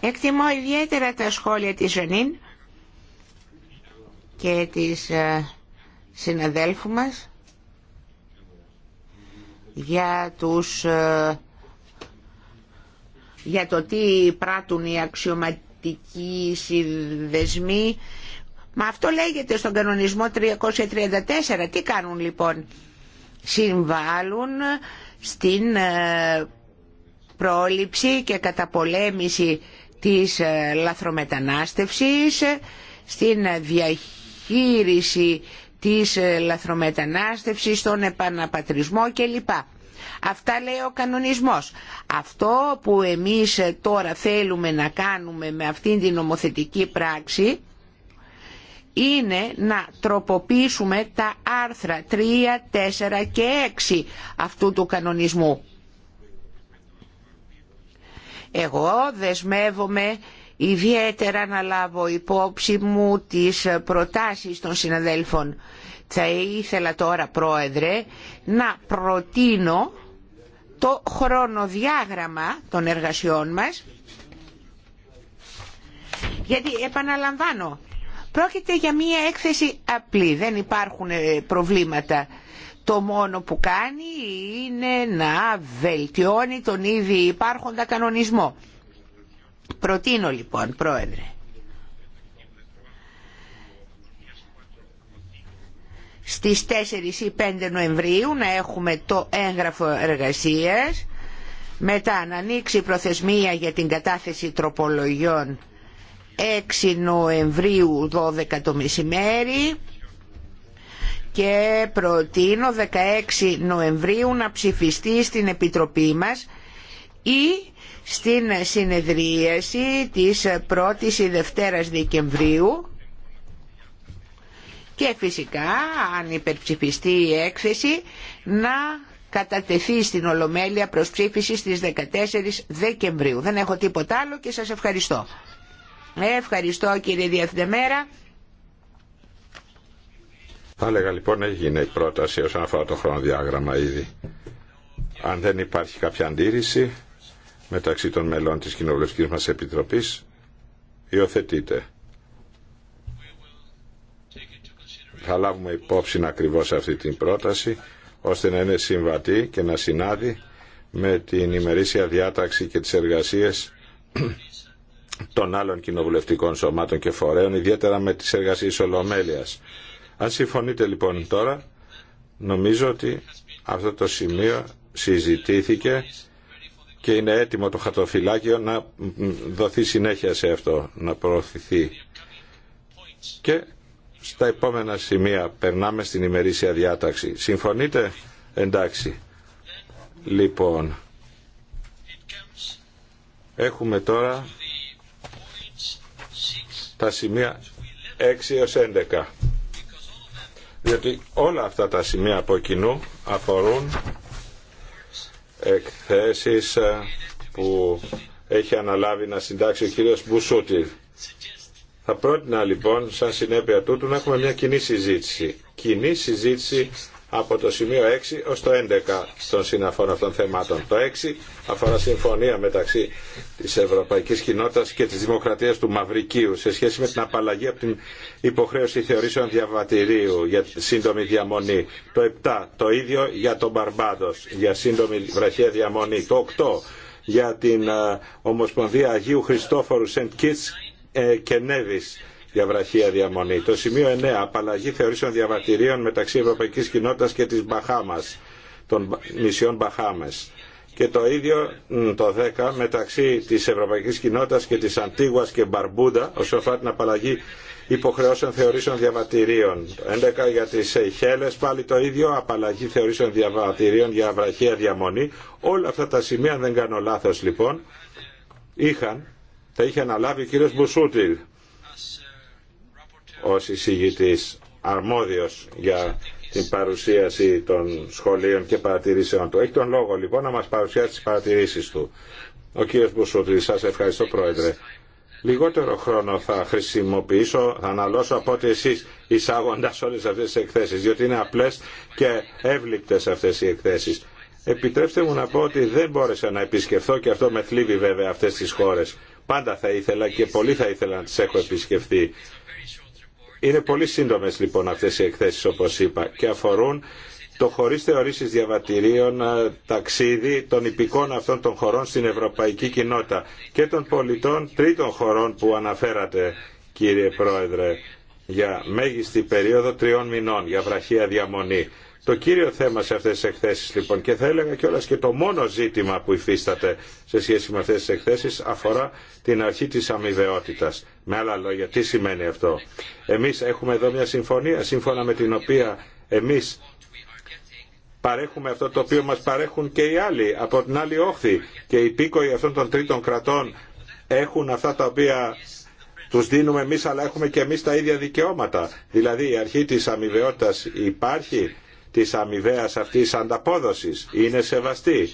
Εκτιμώ ιδιαίτερα τα σχόλια της Ζωνίν και της ε, συναδέλφου μας για, τους, ε, για το τι πράττουν οι αξιωματικοί συνδεσμοί. Μα αυτό λέγεται στον κανονισμό 334. Τι κάνουν λοιπόν. Συμβάλλουν στην ε, πρόληψη και καταπολέμηση της ε, λαθρομετανάστευσης, στην διαχείριση της ε, λαθρομετανάστευσης, τον επαναπατρισμό κλπ. Αυτά λέει ο κανονισμός. Αυτό που εμείς ε, τώρα θέλουμε να κάνουμε με αυτήν την νομοθετική πράξη είναι να τροποποιήσουμε τα άρθρα 3, 4 και 6 αυτού του κανονισμού. Εγώ δεσμεύομαι ιδιαίτερα να λάβω υπόψη μου τις προτάσεις των συναδέλφων. Θα ήθελα τώρα, Πρόεδρε, να προτείνω το χρονοδιάγραμμα των εργασιών μας, γιατί επαναλαμβάνω, πρόκειται για μία έκθεση απλή, δεν υπάρχουν ε, προβλήματα. Το μόνο που κάνει είναι να βελτιώνει τον ήδη υπάρχοντα κανονισμό. Προτείνω λοιπόν, Πρόεδρε, στις 4 ή 5 Νοεμβρίου να έχουμε το έγγραφο εργασίας, μετά να ανοίξει η προθεσμία για την κατάθεση τροπολογιών 6 Νοεμβρίου 12 το μεσημέρι και προτείνω 16 Νοεμβρίου να ψηφιστεί στην Επιτροπή μας ή στην συνεδρίαση της 1ης ή Δευτέρας Δεκεμβρίου και φυσικά αν υπερψηφιστεί η έκθεση να κατατεθεί στην Ολομέλεια προς ψήφιση στις 14 Δεκεμβρίου. Δεν έχω τίποτα άλλο και σας ευχαριστώ. Ευχαριστώ κύριε Διευθυντεμέρα. Θα έλεγα λοιπόν έγινε η πρόταση όσον αφορά το χρονοδιάγραμμα ήδη. Αν δεν υπάρχει κάποια αντίρρηση μεταξύ των μελών της Κοινοβουλευτικής μας Επιτροπής υιοθετείται. Θα λάβουμε υπόψη ακριβώς αυτή την πρόταση ώστε να είναι συμβατή και να συνάδει με την ημερήσια διάταξη και τις εργασίες των άλλων κοινοβουλευτικών σωμάτων και φορέων, ιδιαίτερα με τις εργασίες Ολομέλειας. Αν συμφωνείτε λοιπόν τώρα, νομίζω ότι αυτό το σημείο συζητήθηκε και είναι έτοιμο το χαρτοφυλάκιο να δοθεί συνέχεια σε αυτό, να προωθηθεί. Και στα επόμενα σημεία περνάμε στην ημερήσια διάταξη. Συμφωνείτε? Εντάξει. Λοιπόν, έχουμε τώρα τα σημεία 6 έως 11. Διότι όλα αυτά τα σημεία από κοινού αφορούν εκθέσεις ε, που έχει αναλάβει να συντάξει ο κύριος Μπουσούτιλ. Θα πρότεινα λοιπόν, σαν συνέπεια τούτου, να έχουμε μια κοινή συζήτηση. Κοινή συζήτηση από το σημείο 6 ως το 11 των συναφών αυτών θεμάτων. Το 6 αφορά συμφωνία μεταξύ της Ευρωπαϊκής Κοινότητας και της Δημοκρατίας του Μαυρικίου σε σχέση με την απαλλαγή από την υποχρέωση θεωρήσεων διαβατηρίου για σύντομη διαμονή. Το 7 το ίδιο για τον Μπαρμπάντος για σύντομη βραχία διαμονή. Το 8 για την ε, Ομοσπονδία Αγίου Χριστόφορου Σεντ Κίτς ε, και Νέβης για διαμονή. Το σημείο 9. Απαλλαγή θεωρήσεων διαβατηρίων μεταξύ Ευρωπαϊκής Κοινότητας και της Μπαχάμας, των νησιών Μπαχάμες. Και το ίδιο το 10 μεταξύ της Ευρωπαϊκής Κοινότητας και της Αντίγουας και Μπαρμπούντα όσον αφορά την απαλλαγή υποχρεώσεων θεωρήσεων διαβατηρίων. 11 για τις Σεϊχέλες πάλι το ίδιο, απαλλαγή θεωρήσεων διαβατηρίων για βραχία διαμονή. Όλα αυτά τα σημεία, δεν κάνω λάθο λοιπόν, είχαν, τα είχε αναλάβει ο κύριος Μπουσούτιλ ως εισηγητής αρμόδιος για την παρουσίαση των σχολείων και παρατηρήσεων του. Έχει τον λόγο λοιπόν να μας παρουσιάσει τις παρατηρήσεις του. Ο κύριος Μπουσούτη, σας ευχαριστώ πρόεδρε. Λιγότερο χρόνο θα χρησιμοποιήσω, θα αναλώσω από ότι εσείς εισάγοντας όλες αυτές τις εκθέσεις, διότι είναι απλές και εύληπτες αυτές οι εκθέσεις. Επιτρέψτε μου να πω ότι δεν μπόρεσα να επισκεφθώ και αυτό με θλίβει βέβαια αυτές τις χώρε. Πάντα θα ήθελα και πολύ θα ήθελα να τις έχω επισκεφθεί. Είναι πολύ σύντομε λοιπόν αυτές οι εκθέσεις όπως είπα και αφορούν το χωρί θεωρήσει διαβατηρίων ταξίδι των υπηκών αυτών των χωρών στην ευρωπαϊκή κοινότητα και των πολιτών τρίτων χωρών που αναφέρατε κύριε Πρόεδρε για μέγιστη περίοδο τριών μηνών για βραχία διαμονή. Το κύριο θέμα σε αυτές τις εκθέσεις λοιπόν και θα έλεγα κιόλας και το μόνο ζήτημα που υφίσταται σε σχέση με αυτές τις εκθέσεις αφορά την αρχή της αμοιβαιότητας. Με άλλα λόγια, τι σημαίνει αυτό. Εμείς έχουμε εδώ μια συμφωνία σύμφωνα με την οποία εμείς παρέχουμε αυτό το οποίο μας παρέχουν και οι άλλοι από την άλλη όχθη και οι πίκοοι αυτών των τρίτων κρατών έχουν αυτά τα οποία τους δίνουμε εμείς αλλά έχουμε και εμείς τα ίδια δικαιώματα. Δηλαδή η αρχή της αμοιβαιότητας υπάρχει της αμοιβαίας αυτής ανταπόδοσης είναι σεβαστή.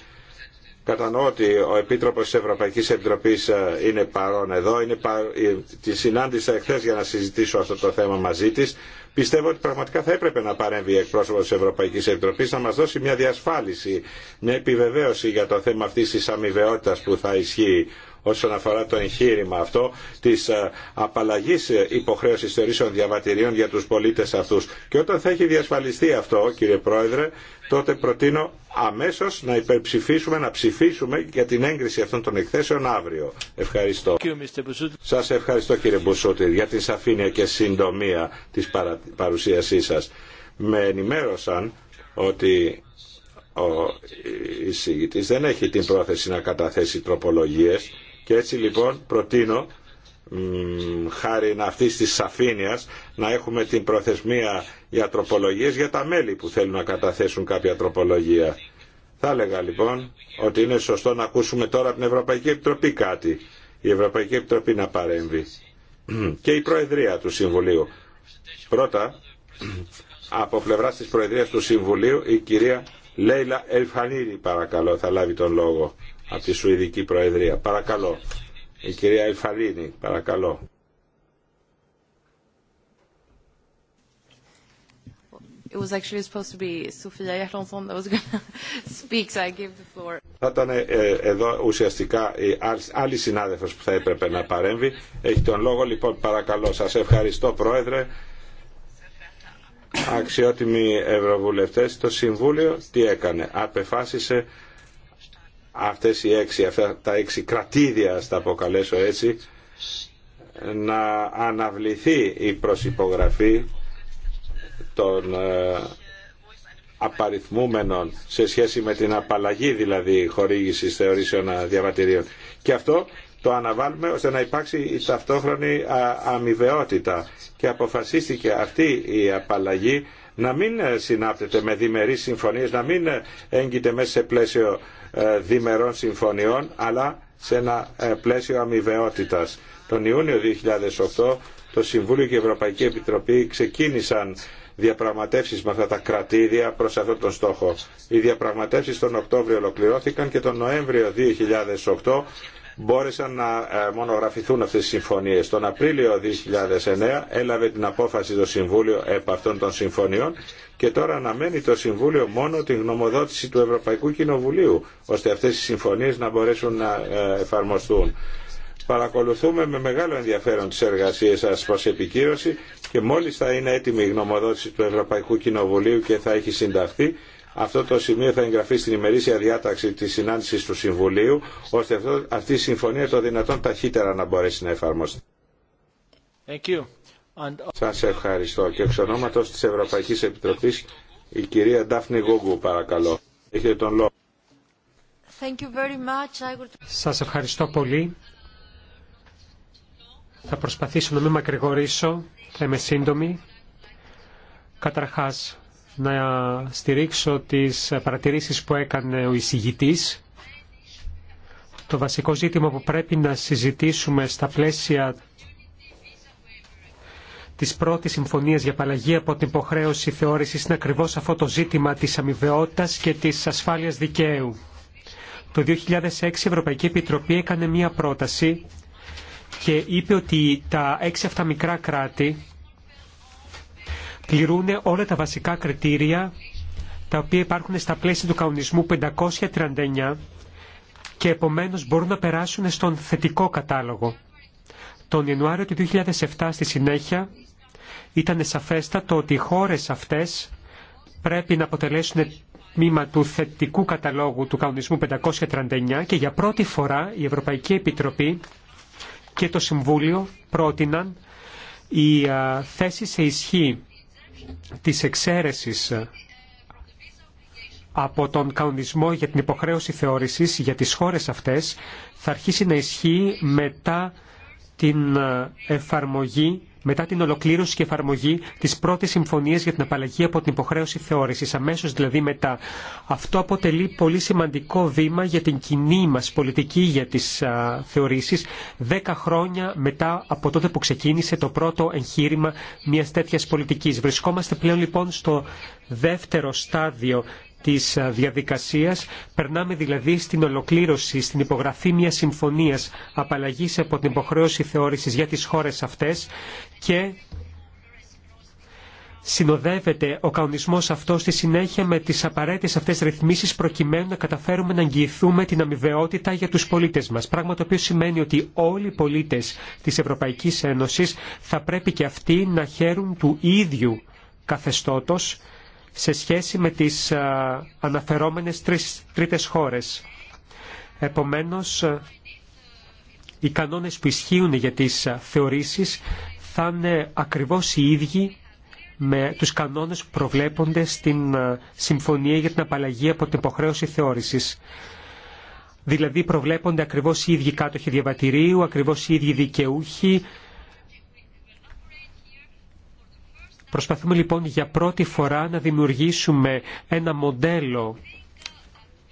Κατανοώ ότι ο Επίτροπος της Ευρωπαϊκής Επιτροπής ε, είναι παρόν εδώ, είναι πα... Ε, τη συνάντησα εχθές για να συζητήσω αυτό το θέμα μαζί της. Πιστεύω ότι πραγματικά θα έπρεπε να παρέμβει εκπρόσωπο της Ευρωπαϊκής Επιτροπής να μας δώσει μια διασφάλιση, μια επιβεβαίωση για το θέμα αυτής της αμοιβαιότητας που θα ισχύει όσον αφορά το εγχείρημα αυτό της ε, απαλλαγής υποχρέωσης θεωρήσεων διαβατηρίων για τους πολίτες αυτούς. Και όταν θα έχει διασφαλιστεί αυτό, κύριε Πρόεδρε, τότε προτείνω αμέσως να υπερψηφίσουμε, να ψηφίσουμε για την έγκριση αυτών των εκθέσεων αύριο. Ευχαριστώ. Σας ευχαριστώ κύριε Μπουσούτη για την σαφήνεια και συντομία της παρουσίασής σας. Με ενημέρωσαν ότι ο εισηγητής δεν έχει την πρόθεση να καταθέσει τροπολογίες και έτσι λοιπόν προτείνω χάρη αυτής της σαφήνειας να έχουμε την προθεσμία για τροπολογίες για τα μέλη που θέλουν να καταθέσουν κάποια τροπολογία. Θα έλεγα λοιπόν ότι είναι σωστό να ακούσουμε τώρα την Ευρωπαϊκή Επιτροπή κάτι. Η Ευρωπαϊκή Επιτροπή να παρέμβει. Και η Προεδρία του Συμβουλίου. Πρώτα, από πλευρά της Προεδρίας του Συμβουλίου, η κυρία Λέιλα Ελφανίδη παρακαλώ θα λάβει τον λόγο από τη Σουηδική Προεδρία. Παρακαλώ. Η κυρία Ελφαλίνη, παρακαλώ. Θα ήταν ε, ε, εδώ ουσιαστικά η άλλη συνάδελφος που θα έπρεπε να παρέμβει. Έχει τον λόγο. Λοιπόν, παρακαλώ. Σας ευχαριστώ, Πρόεδρε. Αξιότιμοι Ευρωβουλευτές, το Συμβούλιο τι έκανε. Απεφάσισε αυτές οι έξι, τα έξι κρατήδια, στα αποκαλέσω έτσι, να αναβληθεί η προσυπογραφή των ε, απαριθμούμενων σε σχέση με την απαλλαγή δηλαδή χορήγησης θεωρήσεων διαβατηρίων. Και αυτό το αναβάλουμε ώστε να υπάρξει η ταυτόχρονη αμοιβαιότητα και αποφασίστηκε αυτή η απαλλαγή να μην ε, συνάπτεται με διμερείς συμφωνίες, να μην ε, έγκυται μέσα σε πλαίσιο ε, διμερών συμφωνιών, αλλά σε ένα πλαίσιο αμοιβαιότητας. Τον Ιούνιο 2008 το Συμβούλιο και η Ευρωπαϊκή Επιτροπή ξεκίνησαν διαπραγματεύσεις με αυτά τα κρατήδια προς αυτόν τον στόχο. Οι διαπραγματεύσεις τον Οκτώβριο ολοκληρώθηκαν και τον Νοέμβριο 2008 μπόρεσαν να ε, μονογραφηθούν αυτές οι συμφωνίες. Τον Απρίλιο 2009 έλαβε την απόφαση το Συμβούλιο επ' αυτών των συμφωνιών και τώρα αναμένει το Συμβούλιο μόνο την γνωμοδότηση του Ευρωπαϊκού Κοινοβουλίου ώστε αυτές οι συμφωνίες να μπορέσουν να ε, εφαρμοστούν. Παρακολουθούμε με μεγάλο ενδιαφέρον τις εργασίες σας προς επικύρωση και μόλις θα είναι έτοιμη η γνωμοδότηση του Ευρωπαϊκού Κοινοβουλίου και θα έχει συνταχθεί αυτό το σημείο θα εγγραφεί στην ημερήσια διάταξη της συνάντησης του Συμβουλίου, ώστε αυτό, αυτή η συμφωνία το δυνατόν ταχύτερα να μπορέσει να εφαρμοστεί. Thank Σας ευχαριστώ. Και εξ ονόματος της Ευρωπαϊκής Επιτροπής, η κυρία Ντάφνη Γόγκου, παρακαλώ. Έχετε τον λόγο. Thank Σας ευχαριστώ πολύ. Θα προσπαθήσω να μην μακρηγορήσω, θα είμαι σύντομη. Καταρχάς, να στηρίξω τις παρατηρήσεις που έκανε ο εισηγητής. Το βασικό ζήτημα που πρέπει να συζητήσουμε στα πλαίσια της πρώτης συμφωνίας για απαλλαγή από την υποχρέωση θεώρησης είναι ακριβώς αυτό το ζήτημα της αμοιβαιότητας και της ασφάλειας δικαίου. Το 2006 η Ευρωπαϊκή Επιτροπή έκανε μία πρόταση και είπε ότι τα έξι αυτά μικρά κράτη κληρούν όλα τα βασικά κριτήρια τα οποία υπάρχουν στα πλαίσια του κανονισμού 539 και επομένως μπορούν να περάσουν στον θετικό κατάλογο. Τον Ιανουάριο του 2007 στη συνέχεια ήταν σαφέστατο ότι οι χώρες αυτές πρέπει να αποτελέσουν τμήμα του θετικού καταλόγου του κανονισμού 539 και για πρώτη φορά η Ευρωπαϊκή Επιτροπή και το Συμβούλιο πρότειναν η θέση σε ισχύ της εξαίρεσης ε, από τον κανονισμό για την υποχρέωση θεώρησης για τις χώρες αυτές θα αρχίσει να ισχύει μετά την ε, εφαρμογή μετά την ολοκλήρωση και εφαρμογή τη πρώτη συμφωνία για την απαλλαγή από την υποχρέωση θεώρηση, αμέσω δηλαδή μετά. Αυτό αποτελεί πολύ σημαντικό βήμα για την κοινή μα πολιτική για τι θεωρήσει, δέκα χρόνια μετά από τότε που ξεκίνησε το πρώτο εγχείρημα μια τέτοια πολιτική. Βρισκόμαστε πλέον λοιπόν στο δεύτερο στάδιο της διαδικασίας. Περνάμε δηλαδή στην ολοκλήρωση, στην υπογραφή μιας συμφωνίας απαλλαγής από την υποχρέωση θεώρησης για τις χώρες αυτές και συνοδεύεται ο κανονισμός αυτός στη συνέχεια με τις απαραίτητες αυτές ρυθμίσεις προκειμένου να καταφέρουμε να αγγιηθούμε την αμοιβαιότητα για τους πολίτες μας. Πράγμα το οποίο σημαίνει ότι όλοι οι πολίτες της Ευρωπαϊκής Ένωσης θα πρέπει και αυτοί να χαίρουν του ίδιου καθεστώτος σε σχέση με τις αναφερόμενες τρεις, τρίτες χώρες. Επομένως, οι κανόνες που ισχύουν για τις θεωρήσεις θα είναι ακριβώς οι ίδιοι με τους κανόνες που προβλέπονται στην Συμφωνία για την Απαλλαγή από την Υποχρέωση Θεώρησης. Δηλαδή προβλέπονται ακριβώς οι ίδιοι κάτοχοι διαβατηρίου, ακριβώς οι ίδιοι δικαιούχοι, Προσπαθούμε λοιπόν για πρώτη φορά να δημιουργήσουμε ένα μοντέλο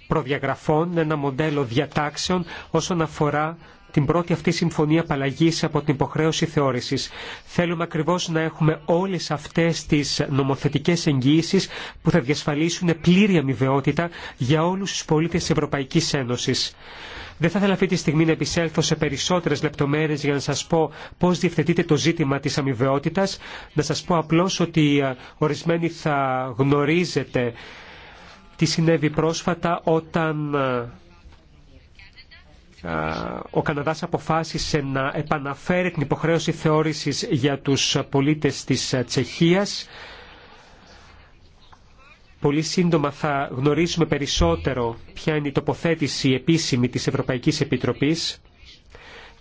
προδιαγραφών, ένα μοντέλο διατάξεων όσον αφορά την πρώτη αυτή συμφωνία απαλλαγή από την υποχρέωση θεώρηση. Θέλουμε ακριβώ να έχουμε όλε αυτέ τι νομοθετικέ εγγυήσει που θα διασφαλίσουν πλήρη αμοιβαιότητα για όλου τους πολίτε τη Ευρωπαϊκή Ένωση. Δεν θα ήθελα αυτή τη στιγμή να επισέλθω σε περισσότερες λεπτομέρειες για να σας πω πώς διευθετείτε το ζήτημα της αμοιβαιότητας. Να σας πω απλώς ότι ε, ορισμένοι θα γνωρίζετε τι συνέβη πρόσφατα όταν ε, ε, ο Καναδάς αποφάσισε να επαναφέρει την υποχρέωση θεώρησης για τους πολίτες της Τσεχίας πολύ σύντομα θα γνωρίσουμε περισσότερο ποια είναι η τοποθέτηση επίσημη της Ευρωπαϊκής Επιτροπής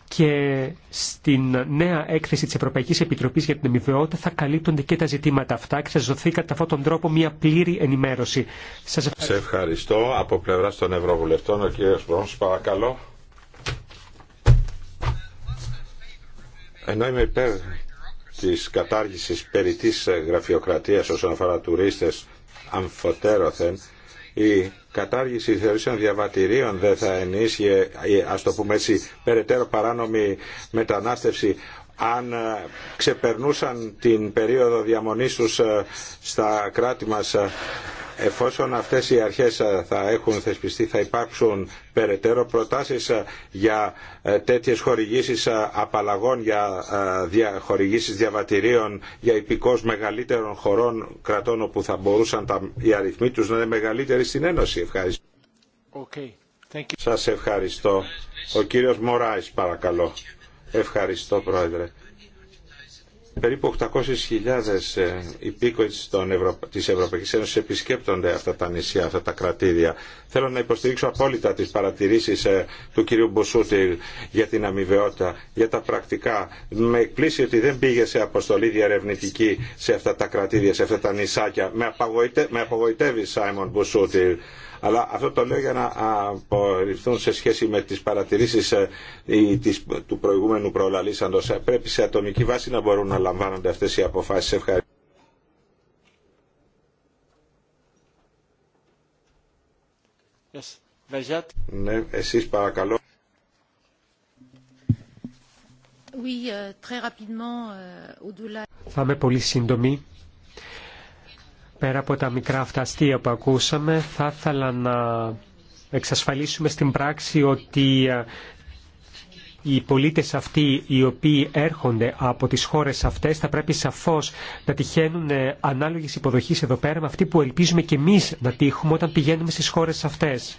και στην νέα έκθεση της Ευρωπαϊκής Επιτροπής για την Εμιβαιότητα θα καλύπτονται και τα ζητήματα αυτά και θα ζωθεί κατά αυτόν τον τρόπο μια πλήρη ενημέρωση. Σας ευχαριστώ. Σε ευχαριστώ. Από πλευρά των Ευρωβουλευτών, ο κύριος Μπρόνς, παρακαλώ. Ενώ είμαι υπέρ της κατάργησης περί της γραφειοκρατίας όσον αφορά τουρίστες αμφωτέρωθεν η κατάργηση θεωρήσεων διαβατηρίων δεν θα ενίσχυε, ας το πούμε έτσι, περαιτέρω παράνομη μετανάστευση αν ε, ξεπερνούσαν την περίοδο διαμονής τους ε, στα κράτη μας ε, εφόσον αυτές οι αρχές ε, θα έχουν θεσπιστεί θα υπάρξουν περαιτέρω προτάσεις ε, για ε, τέτοιες χορηγήσεις απαλλαγών για χορηγήσεις διαβατηρίων για υπηκός μεγαλύτερων χωρών κρατών όπου θα μπορούσαν τα, οι αριθμοί τους να είναι μεγαλύτεροι στην Ένωση. Ευχαριστώ. Thank you. Σας ευχαριστώ. Ο κύριος Μωράης παρακαλώ. Ευχαριστώ πρόεδρε. Περίπου 800.000 ε, υπήκοοι Ευρω... της Ευρωπαϊκής Ένωσης επισκέπτονται αυτά τα νησιά, αυτά τα κρατήδια. Θέλω να υποστηρίξω απόλυτα τις παρατηρήσεις ε, του κυρίου Μπουσούτη για την αμοιβαιότητα, για τα πρακτικά. Με εκπλήσει ότι δεν πήγε σε αποστολή διαρευνητική σε αυτά τα κρατήδια, σε αυτά τα νησάκια. Με, με απογοητεύει Σάιμον Μπουσούτη αλλά αυτό το λέω για να απορριφθούν σε σχέση με τις παρατηρήσεις ε, του προηγούμενου προλαλήσαντος. Ε, πρέπει σε ατομική βάση να μπορούν να λαμβάνονται αυτές οι αποφάσεις. Ευχαριστώ. Ναι, εσείς παρακαλώ. Euh, euh, Θα είμαι πολύ σύντομη Πέρα από τα μικρά αυτά αστεία που ακούσαμε, θα ήθελα να εξασφαλίσουμε στην πράξη ότι ε, οι πολίτες αυτοί οι οποίοι έρχονται από τις χώρες αυτές θα πρέπει σαφώς να τυχαίνουν ε, ανάλογης υποδοχής εδώ πέρα με αυτή που ελπίζουμε και εμείς να τύχουμε όταν πηγαίνουμε στις χώρες αυτές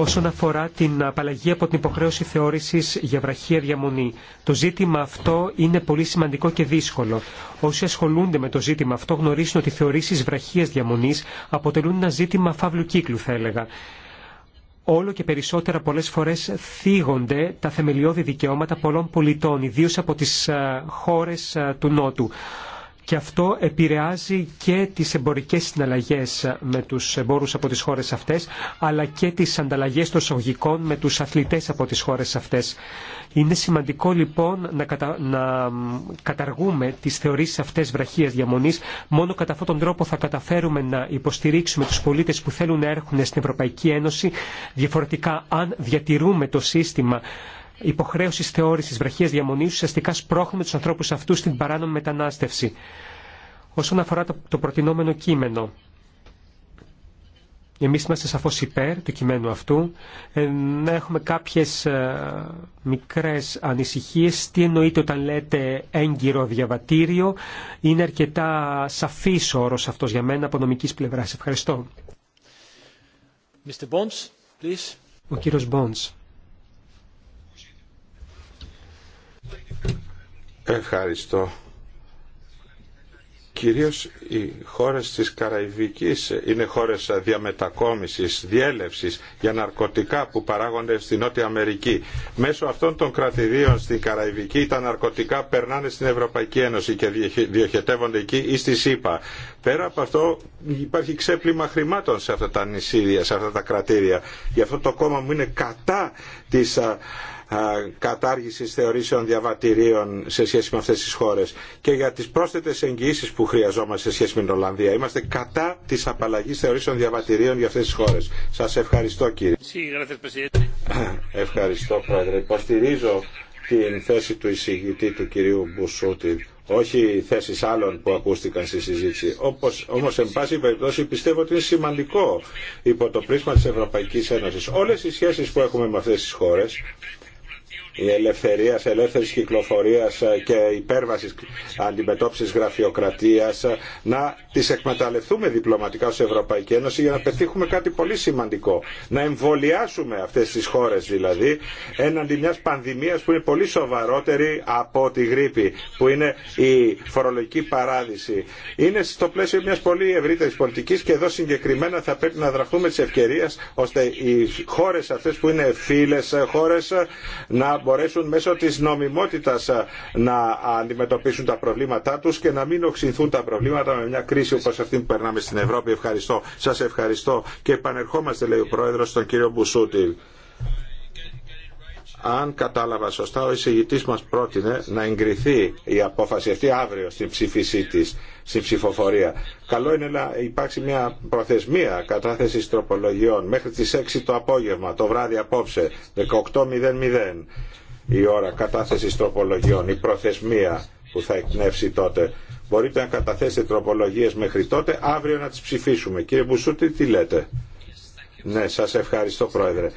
όσον αφορά την απαλλαγή από την υποχρέωση θεώρησης για βραχία διαμονή. Το ζήτημα αυτό είναι πολύ σημαντικό και δύσκολο. Όσοι ασχολούνται με το ζήτημα αυτό γνωρίζουν ότι θεωρήσεις βραχίας διαμονής αποτελούν ένα ζήτημα φαύλου κύκλου θα έλεγα όλο και περισσότερα πολλές φορές θίγονται τα θεμελιώδη δικαιώματα πολλών πολιτών, ιδίως από τις ε, χώρες ε, του Νότου και αυτό επηρεάζει και τις εμπορικές συναλλαγές με τους εμπόρους από τις χώρες αυτές, αλλά και τις ανταλλαγές των σογγικών με τους αθλητές από τις χώρες αυτές. Είναι σημαντικό λοιπόν να, να καταργούμε τις θεωρήσεις αυτές βραχίας διαμονής. Μόνο κατά αυτόν τον τρόπο θα καταφέρουμε να υποστηρίξουμε τους πολίτες που θέλουν να έρχονται στην Ευρωπαϊκή Ένωση. Διαφορετικά, αν διατηρούμε το σύστημα υποχρέωση θεώρηση βραχία διαμονή, ουσιαστικά σπρώχνουμε του ανθρώπου αυτού στην παράνομη μετανάστευση. Όσον αφορά το προτινόμενο κείμενο, εμείς είμαστε σαφώ υπέρ του κειμένου αυτού, ε, να έχουμε κάποιες ε, μικρές ανησυχίε Τι εννοείται όταν λέτε έγκυρο διαβατήριο, είναι αρκετά σαφής ο όρος αυτός για μένα από νομική πλευρά. Ευχαριστώ. Mr. Bonds, please. Ο κύριος Ευχαριστώ. Κυρίως οι χώρες της Καραϊβικής είναι χώρες διαμετακόμισης, διέλευσης για ναρκωτικά που παράγονται στην Νότια Αμερική. Μέσω αυτών των κρατηδίων στην Καραϊβική τα ναρκωτικά περνάνε στην Ευρωπαϊκή Ένωση και διοχετεύονται εκεί ή στη ΣΥΠΑ. Πέρα από αυτό υπάρχει ξέπλυμα χρημάτων σε αυτά τα νησίδια, σε αυτά τα κρατήρια. Γι' αυτό το κόμμα μου είναι κατά της Κατάργηση θεωρήσεων διαβατηρίων σε σχέση με αυτέ τι χώρε και για τι πρόσθετε εγγυήσει που χρειαζόμαστε σε σχέση με την Ολλανδία. Είμαστε κατά τη απαλλαγή θεωρήσεων διαβατηρίων για αυτέ τι χώρε. Σα ευχαριστώ κύριε. Ευχαριστώ πρόεδρε. Υποστηρίζω την θέση του εισηγητή του κυρίου Μπουσούτη όχι θέσει άλλων που ακούστηκαν στη συζήτηση. Όμω, όμως, εν πάση περιπτώσει, πιστεύω ότι είναι σημαντικό υπό το πρίσμα τη Ευρωπαϊκή Ένωση. Όλε οι σχέσει που έχουμε με αυτέ τι χώρε η ελευθερία, ελεύθερη κυκλοφορία και η υπέρβαση αντιμετώπιση γραφειοκρατία, να τι εκμεταλλευτούμε διπλωματικά ω Ευρωπαϊκή Ένωση για να πετύχουμε κάτι πολύ σημαντικό. Να εμβολιάσουμε αυτέ τι χώρε δηλαδή έναντι μια πανδημία που είναι πολύ σοβαρότερη από τη γρήπη, που είναι η φορολογική παράδειση. Είναι στο πλαίσιο μια πολύ ευρύτερη πολιτική και εδώ συγκεκριμένα θα πρέπει να δραχτούμε τη ευκαιρία ώστε οι χώρε αυτέ που είναι φίλε χώρε να μπορέσουν μέσω της νομιμότητας ε, να αντιμετωπίσουν τα προβλήματά τους και να μην οξυνθούν τα προβλήματα με μια κρίση όπως αυτή που περνάμε στην Ευρώπη. Ευχαριστώ. Σας ευχαριστώ και επανερχόμαστε λέει ο Πρόεδρος στον κύριο Μπουσούτιλ. Αν κατάλαβα σωστά, ο εισηγητή μα πρότεινε να εγκριθεί η απόφαση αυτή αύριο στην ψήφισή τη, στην ψηφοφορία. Καλό είναι να υπάρξει μια προθεσμία κατάθεση τροπολογιών μέχρι τι 6 το απόγευμα, το βράδυ απόψε, 18.00 η ώρα κατάθεση τροπολογιών, η προθεσμία που θα εκπνεύσει τότε. Μπορείτε να καταθέσετε τροπολογίες μέχρι τότε, αύριο να τις ψηφίσουμε. Κύριε Μπουσούτη, τι λέτε. Ναι, σας ευχαριστώ Πρόεδρε.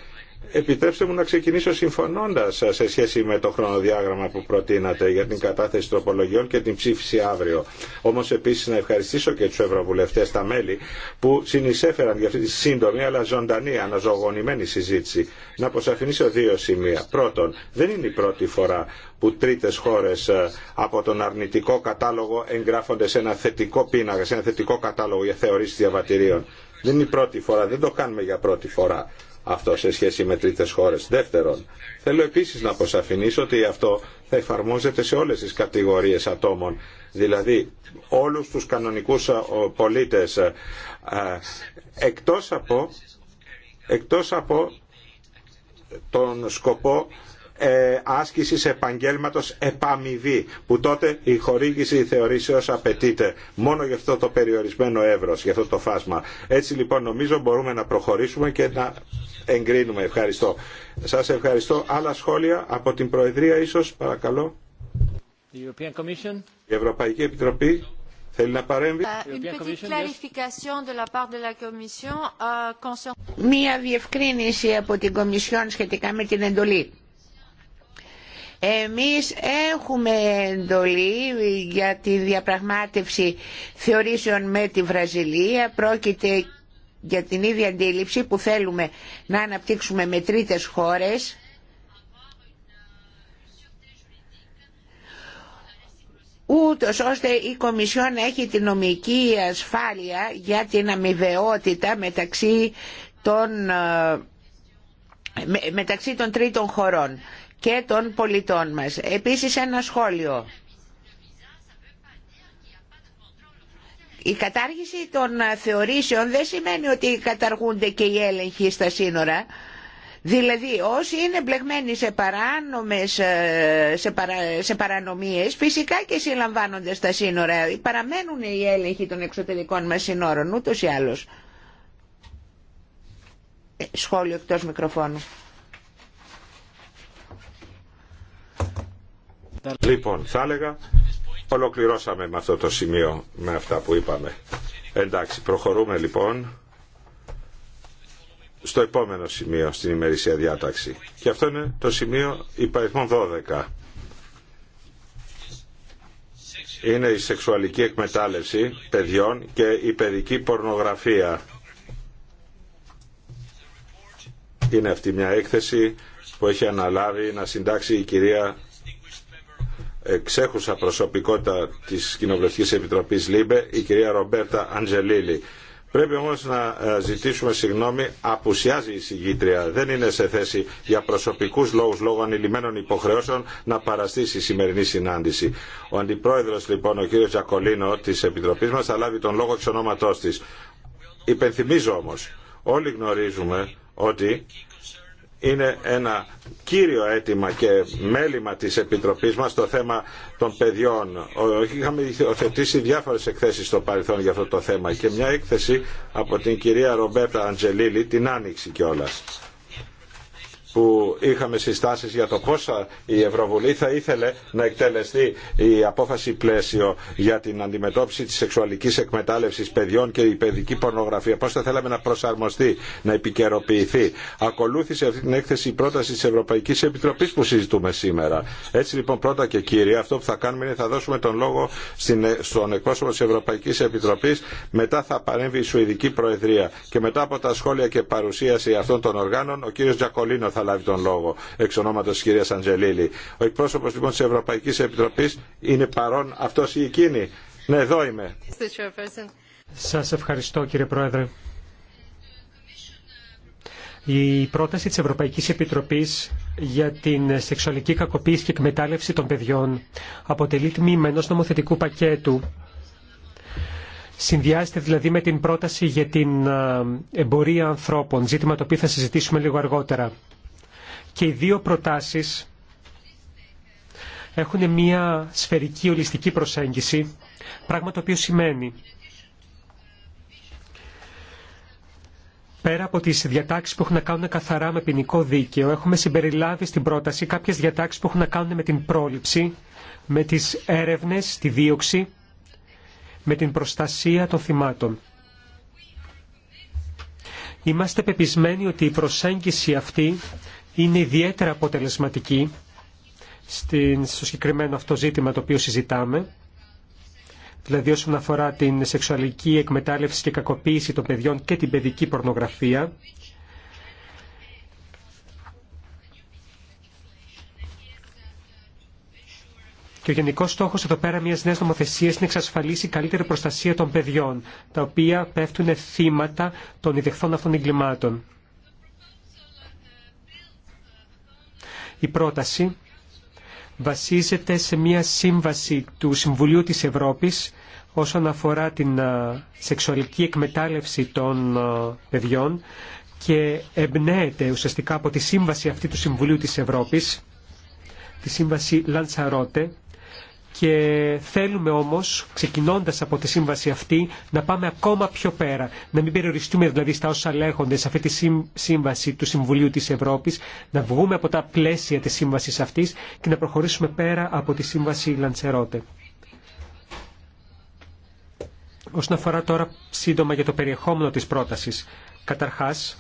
Επιτρέψτε μου να ξεκινήσω συμφωνώντα σε σχέση με το χρονοδιάγραμμα που προτείνατε για την κατάθεση τροπολογιών και την ψήφιση αύριο. Όμω επίση να ευχαριστήσω και του Ευρωβουλευτέ, τα μέλη, που συνεισέφεραν για αυτή τη σύντομη αλλά ζωντανή αναζωογονημένη συζήτηση. Να αποσαφηνίσω δύο σημεία. Πρώτον, δεν είναι η πρώτη φορά που τρίτε χώρε ε, από τον αρνητικό κατάλογο εγγράφονται σε ένα θετικό πίνακα, σε ένα θετικό κατάλογο για θεωρήσει διαβατηρίων. Δεν είναι η πρώτη φορά, δεν το κάνουμε για πρώτη φορά αυτό σε σχέση με τρίτες χώρες. Δεύτερον, θέλω επίσης να αποσαφηνίσω ότι αυτό θα εφαρμόζεται σε όλες τις κατηγορίες ατόμων, δηλαδή όλους τους κανονικούς πολίτες, εκτός από, εκτός από τον σκοπό ε, άσκησης επαγγέλματος επαμοιβή που τότε η χορήγηση θεωρήσεως απαιτείται μόνο για αυτό το περιορισμένο εύρος, για αυτό το φάσμα. Έτσι λοιπόν νομίζω μπορούμε να προχωρήσουμε και να εγκρίνουμε. Ευχαριστώ. Σα ευχαριστώ. Άλλα σχόλια από την Προεδρία ίσω παρακαλώ. Η Ευρωπαϊκή Επιτροπή θέλει να παρέμβει. Ε, euh, Μία διευκρίνηση από την Κομισιόν σχετικά με την εντολή. Εμείς έχουμε εντολή για τη διαπραγμάτευση θεωρήσεων με τη Βραζιλία. Πρόκειται για την ίδια αντίληψη που θέλουμε να αναπτύξουμε με τρίτες χώρες ούτως ώστε η Κομισιόν να έχει την νομική ασφάλεια για την αμοιβαιότητα μεταξύ των, ε, μεταξύ των τρίτων χωρών και των πολιτών μας. Επίσης ένα σχόλιο. Η κατάργηση των θεωρήσεων δεν σημαίνει ότι καταργούνται και οι έλεγχοι στα σύνορα. Δηλαδή όσοι είναι μπλεγμένοι σε, παράνομες, ε, σε, παρα, σε παρανομίες φυσικά και συλλαμβάνονται στα σύνορα. Παραμένουν οι έλεγχοι των εξωτερικών μας σύνορων ούτως ή άλλως. Ε, σχόλιο εκτός μικροφώνου. Λοιπόν, θα έλεγα Ολοκληρώσαμε με αυτό το σημείο, με αυτά που είπαμε. Εντάξει, προχωρούμε λοιπόν στο επόμενο σημείο στην ημερησία διάταξη. Και αυτό είναι το σημείο υπαριθμών 12. Είναι η σεξουαλική εκμετάλλευση παιδιών και η παιδική πορνογραφία. Είναι αυτή μια έκθεση που έχει αναλάβει να συντάξει η κυρία εξέχουσα προσωπικότητα της Κοινοβουλευτικής Επιτροπής ΛΥΜΠΕ, η κυρία Ρομπέρτα Αντζελίλη. Πρέπει όμως να ε, ζητήσουμε συγγνώμη, απουσιάζει η συγγήτρια, δεν είναι σε θέση για προσωπικούς λόγους λόγω ανηλυμένων υποχρεώσεων να παραστήσει η σημερινή συνάντηση. Ο Αντιπρόεδρος λοιπόν, ο κύριος Τζακολίνο της Επιτροπής μας θα λάβει τον λόγο εξ ονόματός της. Υπενθυμίζω όμως, όλοι γνωρίζουμε ότι είναι ένα κύριο αίτημα και μέλημα της Επιτροπής μας το θέμα των παιδιών. Είχαμε υιοθετήσει διάφορες εκθέσεις στο παρελθόν για αυτό το θέμα και μια έκθεση από την κυρία Ρομπέρτα Αντζελίλη την άνοιξη κιόλας που είχαμε συστάσεις για το πόσα η Ευρωβουλή θα ήθελε να εκτελεστεί η απόφαση πλαίσιο για την αντιμετώπιση της σεξουαλικής εκμετάλλευσης παιδιών και η παιδική πορνογραφία, πώς θα θέλαμε να προσαρμοστεί, να επικαιροποιηθεί. Ακολούθησε αυτή την έκθεση η πρόταση της Ευρωπαϊκής Επιτροπής που συζητούμε σήμερα. Έτσι λοιπόν πρώτα και κύριε αυτό που θα κάνουμε είναι θα δώσουμε τον λόγο ε, στον εκπρόσωπο της Ευρωπαϊκής Επιτροπής, μετά θα παρέμβει η Σουηδική Προεδρία και μετά από τα σχόλια και παρουσίαση αυτών των οργάνων, ο κύριος Τζακολίνο λάβει τον λόγο εξ ονόματο κυρία Αντζελίλη. Ο εκπρόσωπο λοιπόν τη Ευρωπαϊκή Επιτροπή είναι παρόν αυτό ή εκείνη. Ναι, εδώ είμαι. Σα ευχαριστώ κύριε Πρόεδρε. Η πρόταση της Ευρωπαϊκής Επιτροπής για την σεξουαλική κακοποίηση και εκμετάλλευση των παιδιών αποτελεί τμήμα ενός νομοθετικού πακέτου. Συνδυάζεται δηλαδή με την πρόταση για την ε, εμπορία ανθρώπων, ζήτημα το οποίο θα συζητήσουμε λίγο αργότερα και οι δύο προτάσεις έχουν μια σφαιρική ολιστική προσέγγιση, πράγμα το οποίο σημαίνει Πέρα από τις διατάξεις που έχουν να κάνουν καθαρά με ποινικό δίκαιο, έχουμε συμπεριλάβει στην πρόταση κάποιες διατάξεις που έχουν να κάνουν με την πρόληψη, με τις έρευνες, τη δίωξη, με την προστασία των θυμάτων. Είμαστε πεπισμένοι ότι η προσέγγιση αυτή είναι ιδιαίτερα αποτελεσματική στο συγκεκριμένο αυτό ζήτημα το οποίο συζητάμε, δηλαδή όσον αφορά την σεξουαλική εκμετάλλευση και κακοποίηση των παιδιών και την παιδική πορνογραφία, Και ο γενικό στόχος εδώ πέρα μια νέας νομοθεσία είναι να εξασφαλίσει καλύτερη προστασία των παιδιών, τα οποία πέφτουν θύματα των ιδεχθών αυτών εγκλημάτων. Η πρόταση βασίζεται σε μια σύμβαση του Συμβουλίου της Ευρώπης όσον αφορά την σεξουαλική εκμετάλλευση των παιδιών και εμπνέεται ουσιαστικά από τη σύμβαση αυτή του Συμβουλίου της Ευρώπης, τη σύμβαση Λαντσαρότε, και θέλουμε όμως, ξεκινώντας από τη σύμβαση αυτή, να πάμε ακόμα πιο πέρα. Να μην περιοριστούμε δηλαδή στα όσα λέγονται σε αυτή τη σύμβαση του Συμβουλίου της Ευρώπης, να βγούμε από τα πλαίσια της σύμβασης αυτής και να προχωρήσουμε πέρα από τη σύμβαση Λαντσερότε. Όσον αφορά τώρα σύντομα για το περιεχόμενο της πρότασης. Καταρχάς,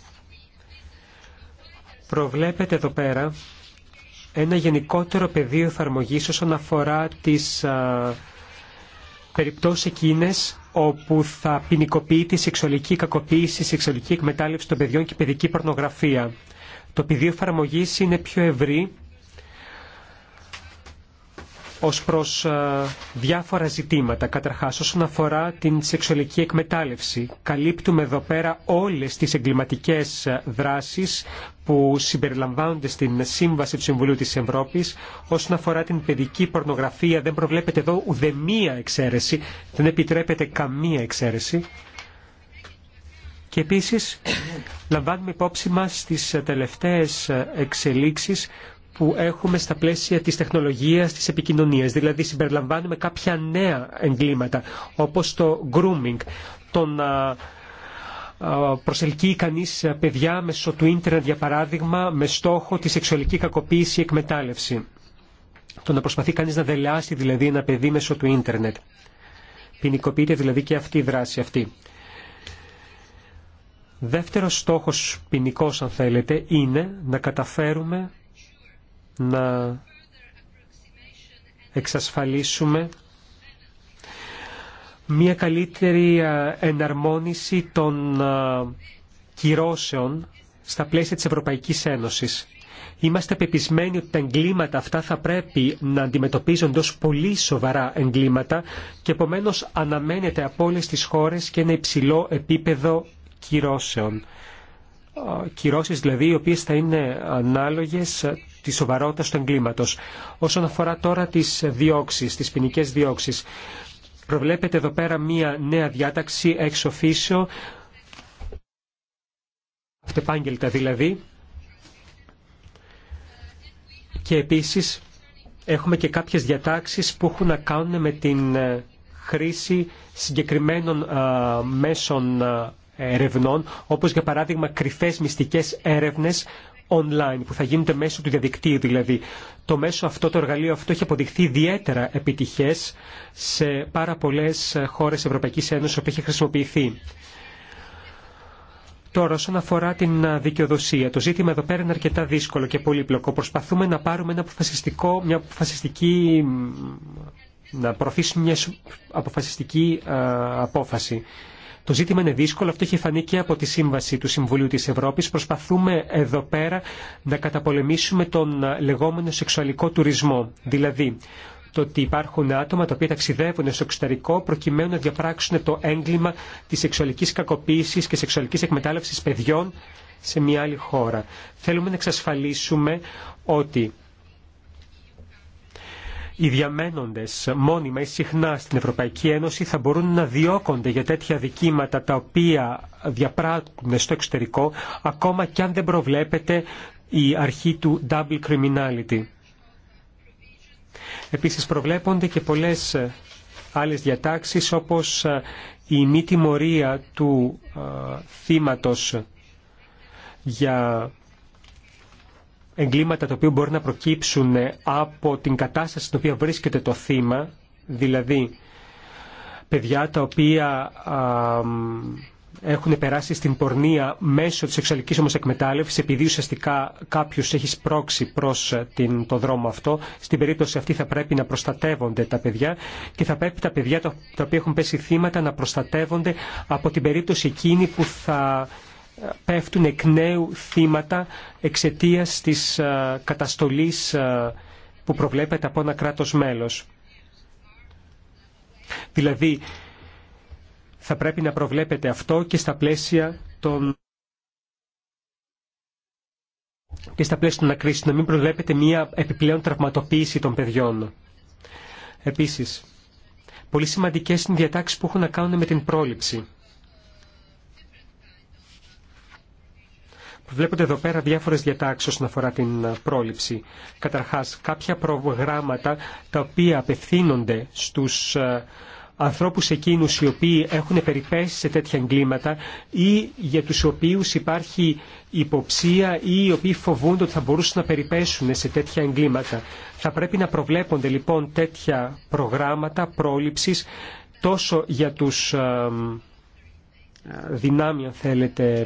προβλέπεται εδώ πέρα ένα γενικότερο πεδίο εφαρμογή όσον αφορά τις α, περιπτώσεις εκείνες όπου θα ποινικοποιεί τη σεξουαλική κακοποίηση, η σεξουαλική εκμετάλλευση των παιδιών και η παιδική πορνογραφία. Το πεδίο εφαρμογή είναι πιο ευρύ ως προς ε, διάφορα ζητήματα. Καταρχάς, όσον αφορά την σεξουαλική εκμετάλλευση, καλύπτουμε εδώ πέρα όλες τις εγκληματικές ε, δράσεις που συμπεριλαμβάνονται στην Σύμβαση του Συμβουλίου της Ευρώπης. Όσον αφορά την παιδική πορνογραφία, δεν προβλέπεται εδώ μία εξαίρεση, δεν επιτρέπεται καμία εξαίρεση. Και επίσης λαμβάνουμε υπόψη μας τις ε, τελευταίες εξελίξεις που έχουμε στα πλαίσια της τεχνολογίας, της επικοινωνίας. Δηλαδή συμπεριλαμβάνουμε κάποια νέα εγκλήματα, όπως το grooming, το να προσελκύει κανείς παιδιά μέσω του ίντερνετ, για παράδειγμα, με στόχο τη σεξουαλική κακοποίηση ή εκμετάλλευση. Το να προσπαθεί κανείς να δελεάσει δηλαδή ένα παιδί μέσω του ίντερνετ. Ποινικοποιείται δηλαδή και αυτή η δράση αυτή. Δεύτερος στόχος ποινικό αν θέλετε, είναι να καταφέρουμε να εξασφαλίσουμε μια καλύτερη εναρμόνιση των κυρώσεων στα πλαίσια της Ευρωπαϊκής Ένωσης. Είμαστε πεπισμένοι ότι τα εγκλήματα αυτά θα πρέπει να αντιμετωπίζονται ως πολύ σοβαρά εγκλήματα και επομένως αναμένεται από όλες τις χώρες και ένα υψηλό επίπεδο κυρώσεων κυρώσεις δηλαδή οι οποίες θα είναι ανάλογες ε, τη σοβαρότητα του εγκλήματο. Όσον αφορά τώρα τι διώξει, τι ποινικέ διώξει, προβλέπεται εδώ πέρα μία νέα διάταξη εξ officio, αυτεπάγγελτα δηλαδή, και επίσης έχουμε και κάποιες διατάξεις που έχουν να κάνουν με την ε, χρήση συγκεκριμένων ε, μέσων ερευνών, όπως για παράδειγμα κρυφές μυστικές έρευνες online που θα γίνονται μέσω του διαδικτύου δηλαδή. Το μέσο αυτό, το εργαλείο αυτό έχει αποδειχθεί ιδιαίτερα επιτυχές σε πάρα πολλές χώρες Ευρωπαϊκής Ένωσης που έχει χρησιμοποιηθεί. Τώρα, όσον αφορά την δικαιοδοσία, το ζήτημα εδώ πέρα είναι αρκετά δύσκολο και πολύπλοκο. Προσπαθούμε να πάρουμε ένα μια αποφασιστική, να προωθήσουμε μια αποφασιστική ε, απόφαση. Το ζήτημα είναι δύσκολο, αυτό έχει φανεί και από τη σύμβαση του Συμβουλίου της Ευρώπης. Προσπαθούμε εδώ πέρα να καταπολεμήσουμε τον λεγόμενο σεξουαλικό τουρισμό. Δηλαδή, το ότι υπάρχουν άτομα τα οποία ταξιδεύουν στο εξωτερικό προκειμένου να διαπράξουν το έγκλημα της σεξουαλικής κακοποίησης και σεξουαλικής εκμετάλλευσης παιδιών σε μια άλλη χώρα. Θέλουμε να εξασφαλίσουμε ότι οι διαμένοντες μόνιμα ή συχνά στην Ευρωπαϊκή Ένωση θα μπορούν να διώκονται για τέτοια δικήματα τα οποία διαπράττουν στο εξωτερικό ακόμα και αν δεν προβλέπεται η αρχή του double criminality. Επίσης προβλέπονται και πολλές άλλες διατάξεις όπως ε, η μη τιμωρία του ε, θύματος για εγκλήματα τα οποία μπορεί να προκύψουν από την κατάσταση στην οποία βρίσκεται το θύμα, δηλαδή παιδιά τα οποία έχουν περάσει στην πορνεία μέσω της σεξουαλικής όμως εκμετάλλευσης επειδή ουσιαστικά κάποιος έχει σπρώξει προς ε, την, το δρόμο αυτό. Στην περίπτωση αυτή θα πρέπει να προστατεύονται τα παιδιά και θα πρέπει τα παιδιά τα οποία έχουν πέσει θύματα να προστατεύονται από την περίπτωση εκείνη που θα πέφτουν εκ νέου θύματα εξαιτίας της ε, καταστολής ε, που προβλέπεται από ένα κράτος μέλος. Δηλαδή, θα πρέπει να προβλέπεται αυτό και στα πλαίσια των και στα των ακρίσεων, να μην προβλέπεται μία επιπλέον τραυματοποίηση των παιδιών. Επίσης, πολύ σημαντικές είναι οι διατάξεις που έχουν να κάνουν με την πρόληψη. Βλέπονται εδώ πέρα διάφορες διατάξεις όσον αφορά την ε, πρόληψη. Καταρχάς, κάποια προγράμματα τα οποία απευθύνονται στους ε, ανθρώπους εκείνους οι οποίοι έχουν περιπέσει σε τέτοια εγκλήματα ή για τους οποίους υπάρχει υποψία ή οι οποίοι φοβούνται ότι θα μπορούσαν να περιπέσουν σε τέτοια εγκλήματα. Θα πρέπει να προβλέπονται λοιπόν τέτοια προγράμματα πρόληψης τόσο για τους ε, δυνάμει αν θέλετε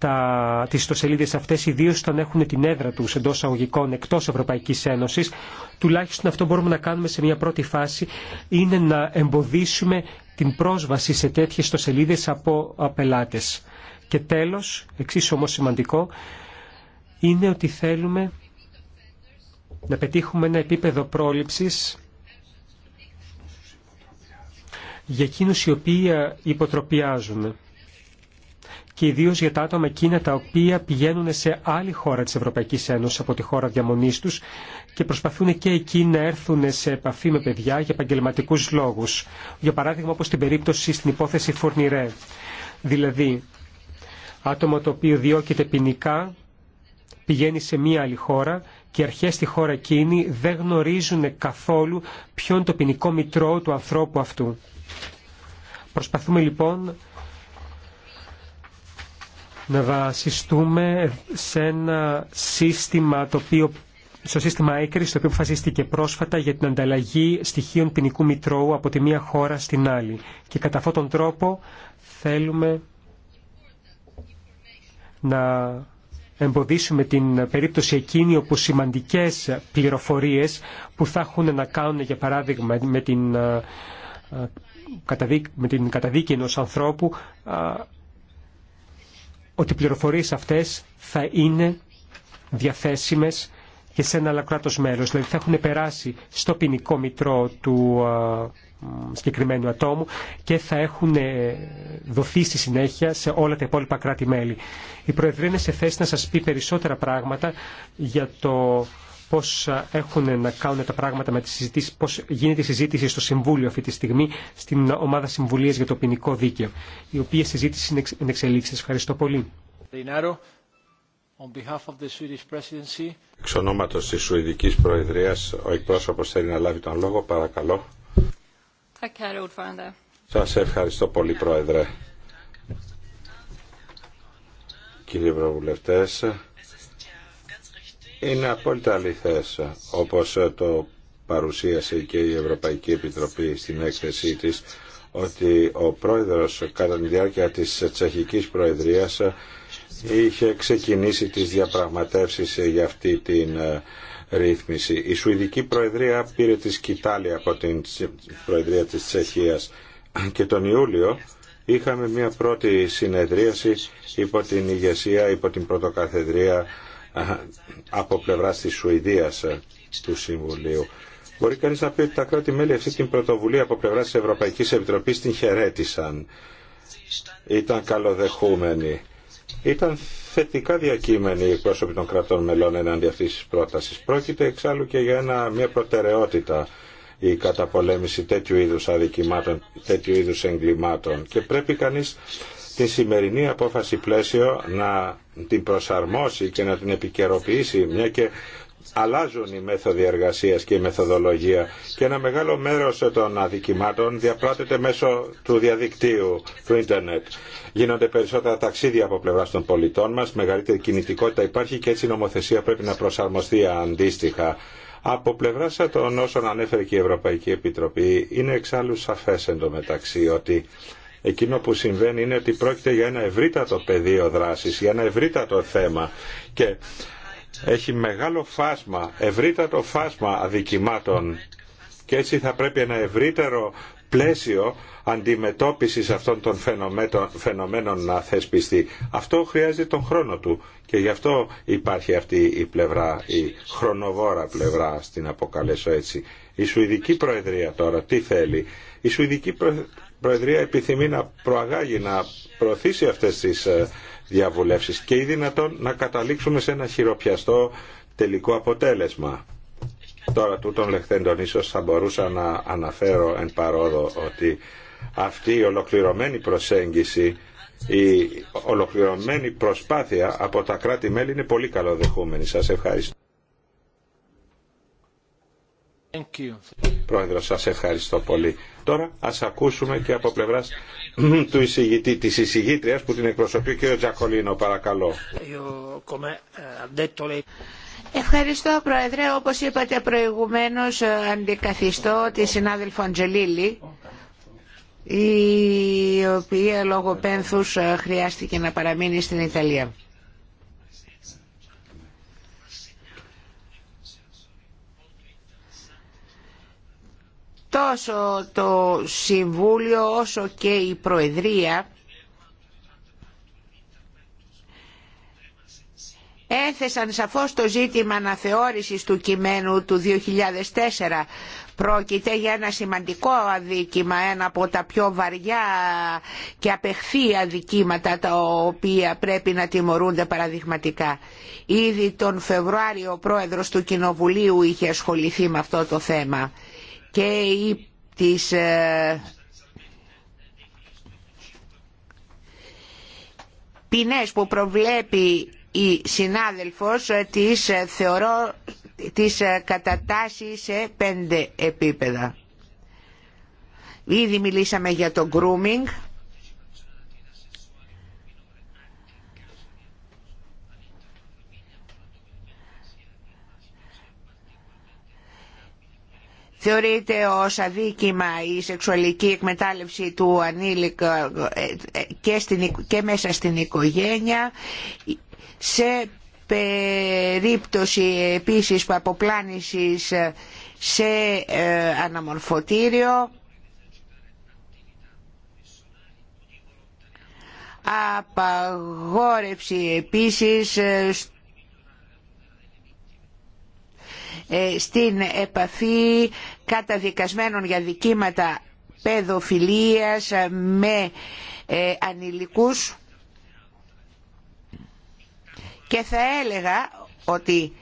τα, τις ιστοσελίδες αυτές, ιδίως όταν έχουν την έδρα τους εντός αγωγικών εκτός Ευρωπαϊκής Ένωσης, τουλάχιστον αυτό μπορούμε να κάνουμε σε μια πρώτη φάση, είναι να εμποδίσουμε την πρόσβαση σε τέτοιες ιστοσελίδες από απελάτες. Και τέλος, εξίσου όμως σημαντικό, είναι ότι θέλουμε να πετύχουμε ένα επίπεδο πρόληψης για εκείνους οι οποίοι υποτροπιάζουν και ιδίω για τα άτομα εκείνα τα οποία πηγαίνουν σε άλλη χώρα τη Ευρωπαϊκή Ένωση από τη χώρα διαμονή του και προσπαθούν και εκεί να έρθουν σε επαφή με παιδιά για επαγγελματικού λόγου. Για παράδειγμα, όπω στην περίπτωση στην υπόθεση Φορνιρέ. Δηλαδή, άτομο το οποίο διώκεται ποινικά πηγαίνει σε μία άλλη χώρα και οι αρχές στη χώρα εκείνη δεν γνωρίζουν καθόλου ποιο είναι το ποινικό μητρό του ανθρώπου αυτού. Προσπαθούμε λοιπόν να βασιστούμε σε ένα σύστημα το οποίο στο σύστημα έκρηση, το οποίο αποφασίστηκε πρόσφατα για την ανταλλαγή στοιχείων ποινικού μητρώου από τη μία χώρα στην άλλη. Και κατά αυτόν τον τρόπο θέλουμε να εμποδίσουμε την περίπτωση εκείνη όπου σημαντικές πληροφορίες που θα έχουν να κάνουν για παράδειγμα με την, ε, με την καταδίκη ενός ανθρώπου ότι οι πληροφορίες αυτές θα είναι διαθέσιμες και σε ένα άλλο κράτος μέλος. Δηλαδή θα έχουν περάσει στο ποινικό μητρό του συγκεκριμένου ατόμου και θα έχουν ε, δοθεί στη συνέχεια σε όλα τα υπόλοιπα κράτη-μέλη. Η Προεδρία είναι σε θέση να σας πει περισσότερα πράγματα για το Πώ έχουν να κάνουν τα πράγματα με τις συζητήσει, πώς γίνεται η συζήτηση στο Συμβούλιο αυτή τη στιγμή στην ομάδα συμβουλίας για το ποινικό δίκαιο, η οποία συζήτηση είναι εξελίξη. Ευχαριστώ πολύ. Εξ ονόματο τη Σουηδικής Προεδρίας, ο εκπρόσωπο θέλει να λάβει τον λόγο, παρακαλώ. Σα ευχαριστώ πολύ, Πρόεδρε. Κυρίε Προβουλευτές... Είναι απόλυτα αληθές όπως το παρουσίασε και η Ευρωπαϊκή Επιτροπή στην έκθεσή της ότι ο πρόεδρος κατά τη διάρκεια της τσεχικής προεδρίας είχε ξεκινήσει τις διαπραγματεύσεις για αυτή την ε, ρύθμιση. Η Σουηδική Προεδρία πήρε τη σκητάλη από την Προεδρία της Τσεχίας και τον Ιούλιο είχαμε μια πρώτη συνεδρίαση υπό την ηγεσία, υπό την πρωτοκαθεδρία από πλευράς της Σουηδίας ε, του Συμβουλίου. Μπορεί κανείς να πει ότι τα κράτη-μέλη αυτή την πρωτοβουλία από πλευράς της Ευρωπαϊκής Επιτροπής την χαιρέτησαν. Ήταν καλοδεχούμενοι. Ήταν θετικά διακείμενοι οι εκπρόσωποι των κρατών μελών ενάντια αυτής της πρότασης. Πρόκειται εξάλλου και για ένα, μια προτεραιότητα η καταπολέμηση τέτοιου είδους αδικημάτων, τέτοιου είδους εγκλημάτων. Και πρέπει κανείς στην σημερινή απόφαση πλαίσιο να την προσαρμόσει και να την επικαιροποιήσει μια και αλλάζουν οι μέθοδοι εργασίας και η μεθοδολογία και ένα μεγάλο μέρος των αδικημάτων διαπράττεται μέσω του διαδικτύου, του ίντερνετ. Γίνονται περισσότερα ταξίδια από πλευρά των πολιτών μας, μεγαλύτερη κινητικότητα υπάρχει και έτσι η νομοθεσία πρέπει να προσαρμοστεί αντίστοιχα. Από πλευρά των όσων ανέφερε και η Ευρωπαϊκή Επιτροπή, είναι εξάλλου σαφές εντωμεταξύ ότι Εκείνο που συμβαίνει είναι ότι πρόκειται για ένα ευρύτατο πεδίο δράσης, για ένα ευρύτατο θέμα και έχει μεγάλο φάσμα, ευρύτατο φάσμα αδικημάτων και έτσι θα πρέπει ένα ευρύτερο πλαίσιο αντιμετώπισης αυτών των φαινομένων να θεσπιστεί. Αυτό χρειάζεται τον χρόνο του και γι' αυτό υπάρχει αυτή η πλευρά, η χρονοβόρα πλευρά στην αποκαλέσω έτσι. Η Σουηδική Προεδρία τώρα τι θέλει. Η Σουηδική Προεδρία επιθυμεί να προαγάγει, να προωθήσει αυτές τις ε, διαβουλεύσεις και ή δυνατόν να καταλήξουμε σε ένα χειροπιαστό τελικό αποτέλεσμα. Τώρα τούτων λεχθέντων ίσως θα μπορούσα να αναφέρω εν παρόδο ότι αυτή η ολοκληρωμένη προσέγγιση, η ολοκληρωμένη προσπάθεια από τα κράτη-μέλη είναι πολύ καλοδεχούμενη. Σας ευχαριστώ. Πρόεδρε, σα ευχαριστώ πολύ. Τώρα ας ακούσουμε και από πλευράς του εισηγητή, της εισηγήτριας που την εκπροσωπεί ο Τζακολίνο, παρακαλώ. Ευχαριστώ Πρόεδρε, όπως είπατε προηγουμένως αντικαθιστώ τη συνάδελφο Αντζελίλη η οποία λόγω πένθους χρειάστηκε να παραμείνει στην Ιταλία. τόσο το Συμβούλιο όσο και η Προεδρία έθεσαν σαφώς το ζήτημα αναθεώρησης του κειμένου του 2004. Πρόκειται για ένα σημαντικό αδίκημα, ένα από τα πιο βαριά και απεχθή αδικήματα τα οποία πρέπει να τιμωρούνται παραδειγματικά. Ήδη τον Φεβρουάριο ο πρόεδρος του Κοινοβουλίου είχε ασχοληθεί με αυτό το θέμα και η, της, ε, ποινές που προβλέπει η συνάδελφος ε, τι ε, θεωρώ τις κατατάσσει σε πέντε επίπεδα. Ήδη μιλήσαμε για το grooming. θεωρείται ως αδίκημα η σεξουαλική εκμετάλλευση του ανήλικου ε, ε, και, στην, μέσα στην οικογένεια σε περίπτωση επίσης αποπλάνησης σε ε, αναμορφωτήριο απαγόρευση επίσης Ε, στην επαφή καταδικασμένων για δικήματα παιδοφιλίας ε, με ε, ανηλικούς και θα έλεγα ότι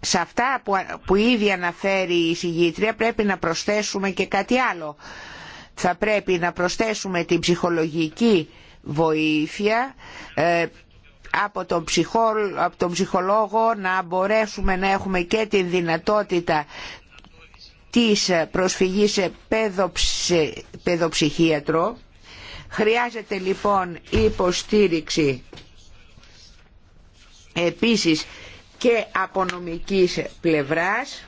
σε αυτά που ήδη αναφέρει η συγγήτρια πρέπει να προσθέσουμε και κάτι άλλο. Θα πρέπει να προσθέσουμε την ψυχολογική βοήθεια από τον, ψυχολόγο να μπορέσουμε να έχουμε και την δυνατότητα της προσφυγής σε παιδοψυχίατρο. Χρειάζεται λοιπόν υποστήριξη επίσης και από νομικής πλευράς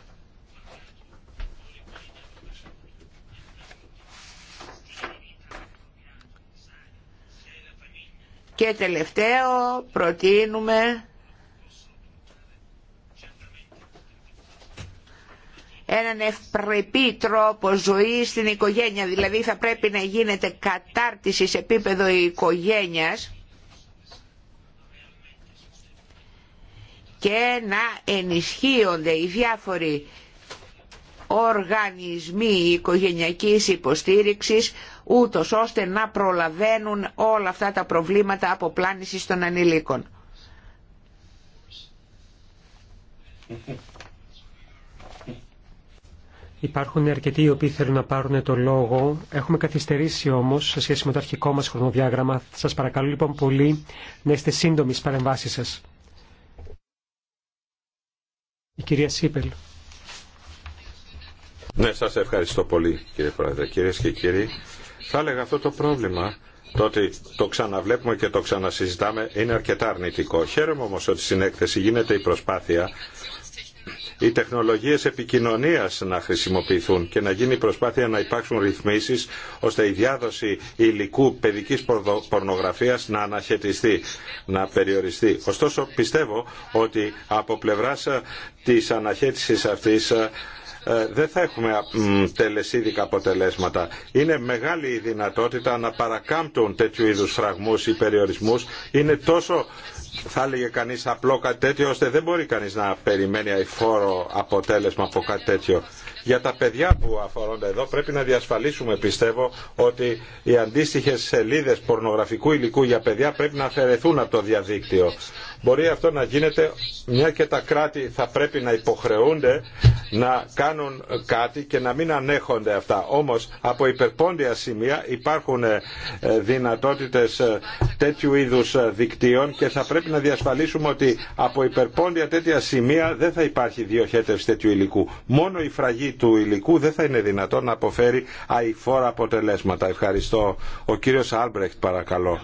Και τελευταίο προτείνουμε έναν ευπρεπή τρόπο ζωής στην οικογένεια. Δηλαδή θα πρέπει να γίνεται κατάρτιση σε επίπεδο οικογένειας και να ενισχύονται οι διάφοροι οργανισμοί οικογενειακής υποστήριξης ούτως ώστε να προλαβαίνουν όλα αυτά τα προβλήματα αποπλάνησης των ανηλίκων. Υπάρχουν αρκετοί οι οποίοι θέλουν να πάρουν το λόγο. Έχουμε καθυστερήσει όμω σε σχέση με το αρχικό μα χρονοδιάγραμμα. Σα παρακαλώ λοιπόν πολύ να είστε σύντομοι στι παρεμβάσει σα. Η κυρία Σίπελ. Ναι, σας ευχαριστώ πολύ κύριε Πρόεδρε. Κυρίες και κύριοι, θα έλεγα αυτό το πρόβλημα το ότι το ξαναβλέπουμε και το ξανασυζητάμε είναι αρκετά αρνητικό. Χαίρομαι όμως ότι στην έκθεση γίνεται η προσπάθεια οι τεχνολογίες επικοινωνίας να χρησιμοποιηθούν και να γίνει η προσπάθεια να υπάρξουν ρυθμίσεις ώστε η διάδοση υλικού παιδικής πορνογραφίας να αναχαιτιστεί, να περιοριστεί. Ωστόσο πιστεύω ότι από πλευράς ε, της αναχέτησης αυτής ε, ε, δεν θα έχουμε τελεσίδικα αποτελέσματα. Είναι μεγάλη η δυνατότητα να παρακάμπτουν τέτοιου είδους φραγμούς ή περιορισμούς. Είναι τόσο θα έλεγε κανείς απλό κάτι τέτοιο ώστε δεν μπορεί κανείς να περιμένει αηφόρο αποτέλεσμα από κάτι τέτοιο. Για τα παιδιά που αφορώνται εδώ πρέπει να διασφαλίσουμε πιστεύω ότι οι αντίστοιχε σελίδε πορνογραφικού υλικού για παιδιά πρέπει να αφαιρεθούν από το διαδίκτυο. Μπορεί αυτό να γίνεται μια και τα κράτη θα πρέπει να υποχρεούνται να κάνουν κάτι και να μην ανέχονται αυτά. Όμως από υπερπόντια σημεία υπάρχουν ε, δυνατότητες ε, τέτοιου είδους ε, δικτύων και θα πρέπει να διασφαλίσουμε ότι από υπερπόντια τέτοια σημεία δεν θα υπάρχει διοχέτευση τέτοιου υλικού. Μόνο η φραγή του υλικού δεν θα είναι δυνατόν να αποφέρει αηφόρα αποτελέσματα. Ευχαριστώ. Ο κύριος Άλμπρεχτ παρακαλώ.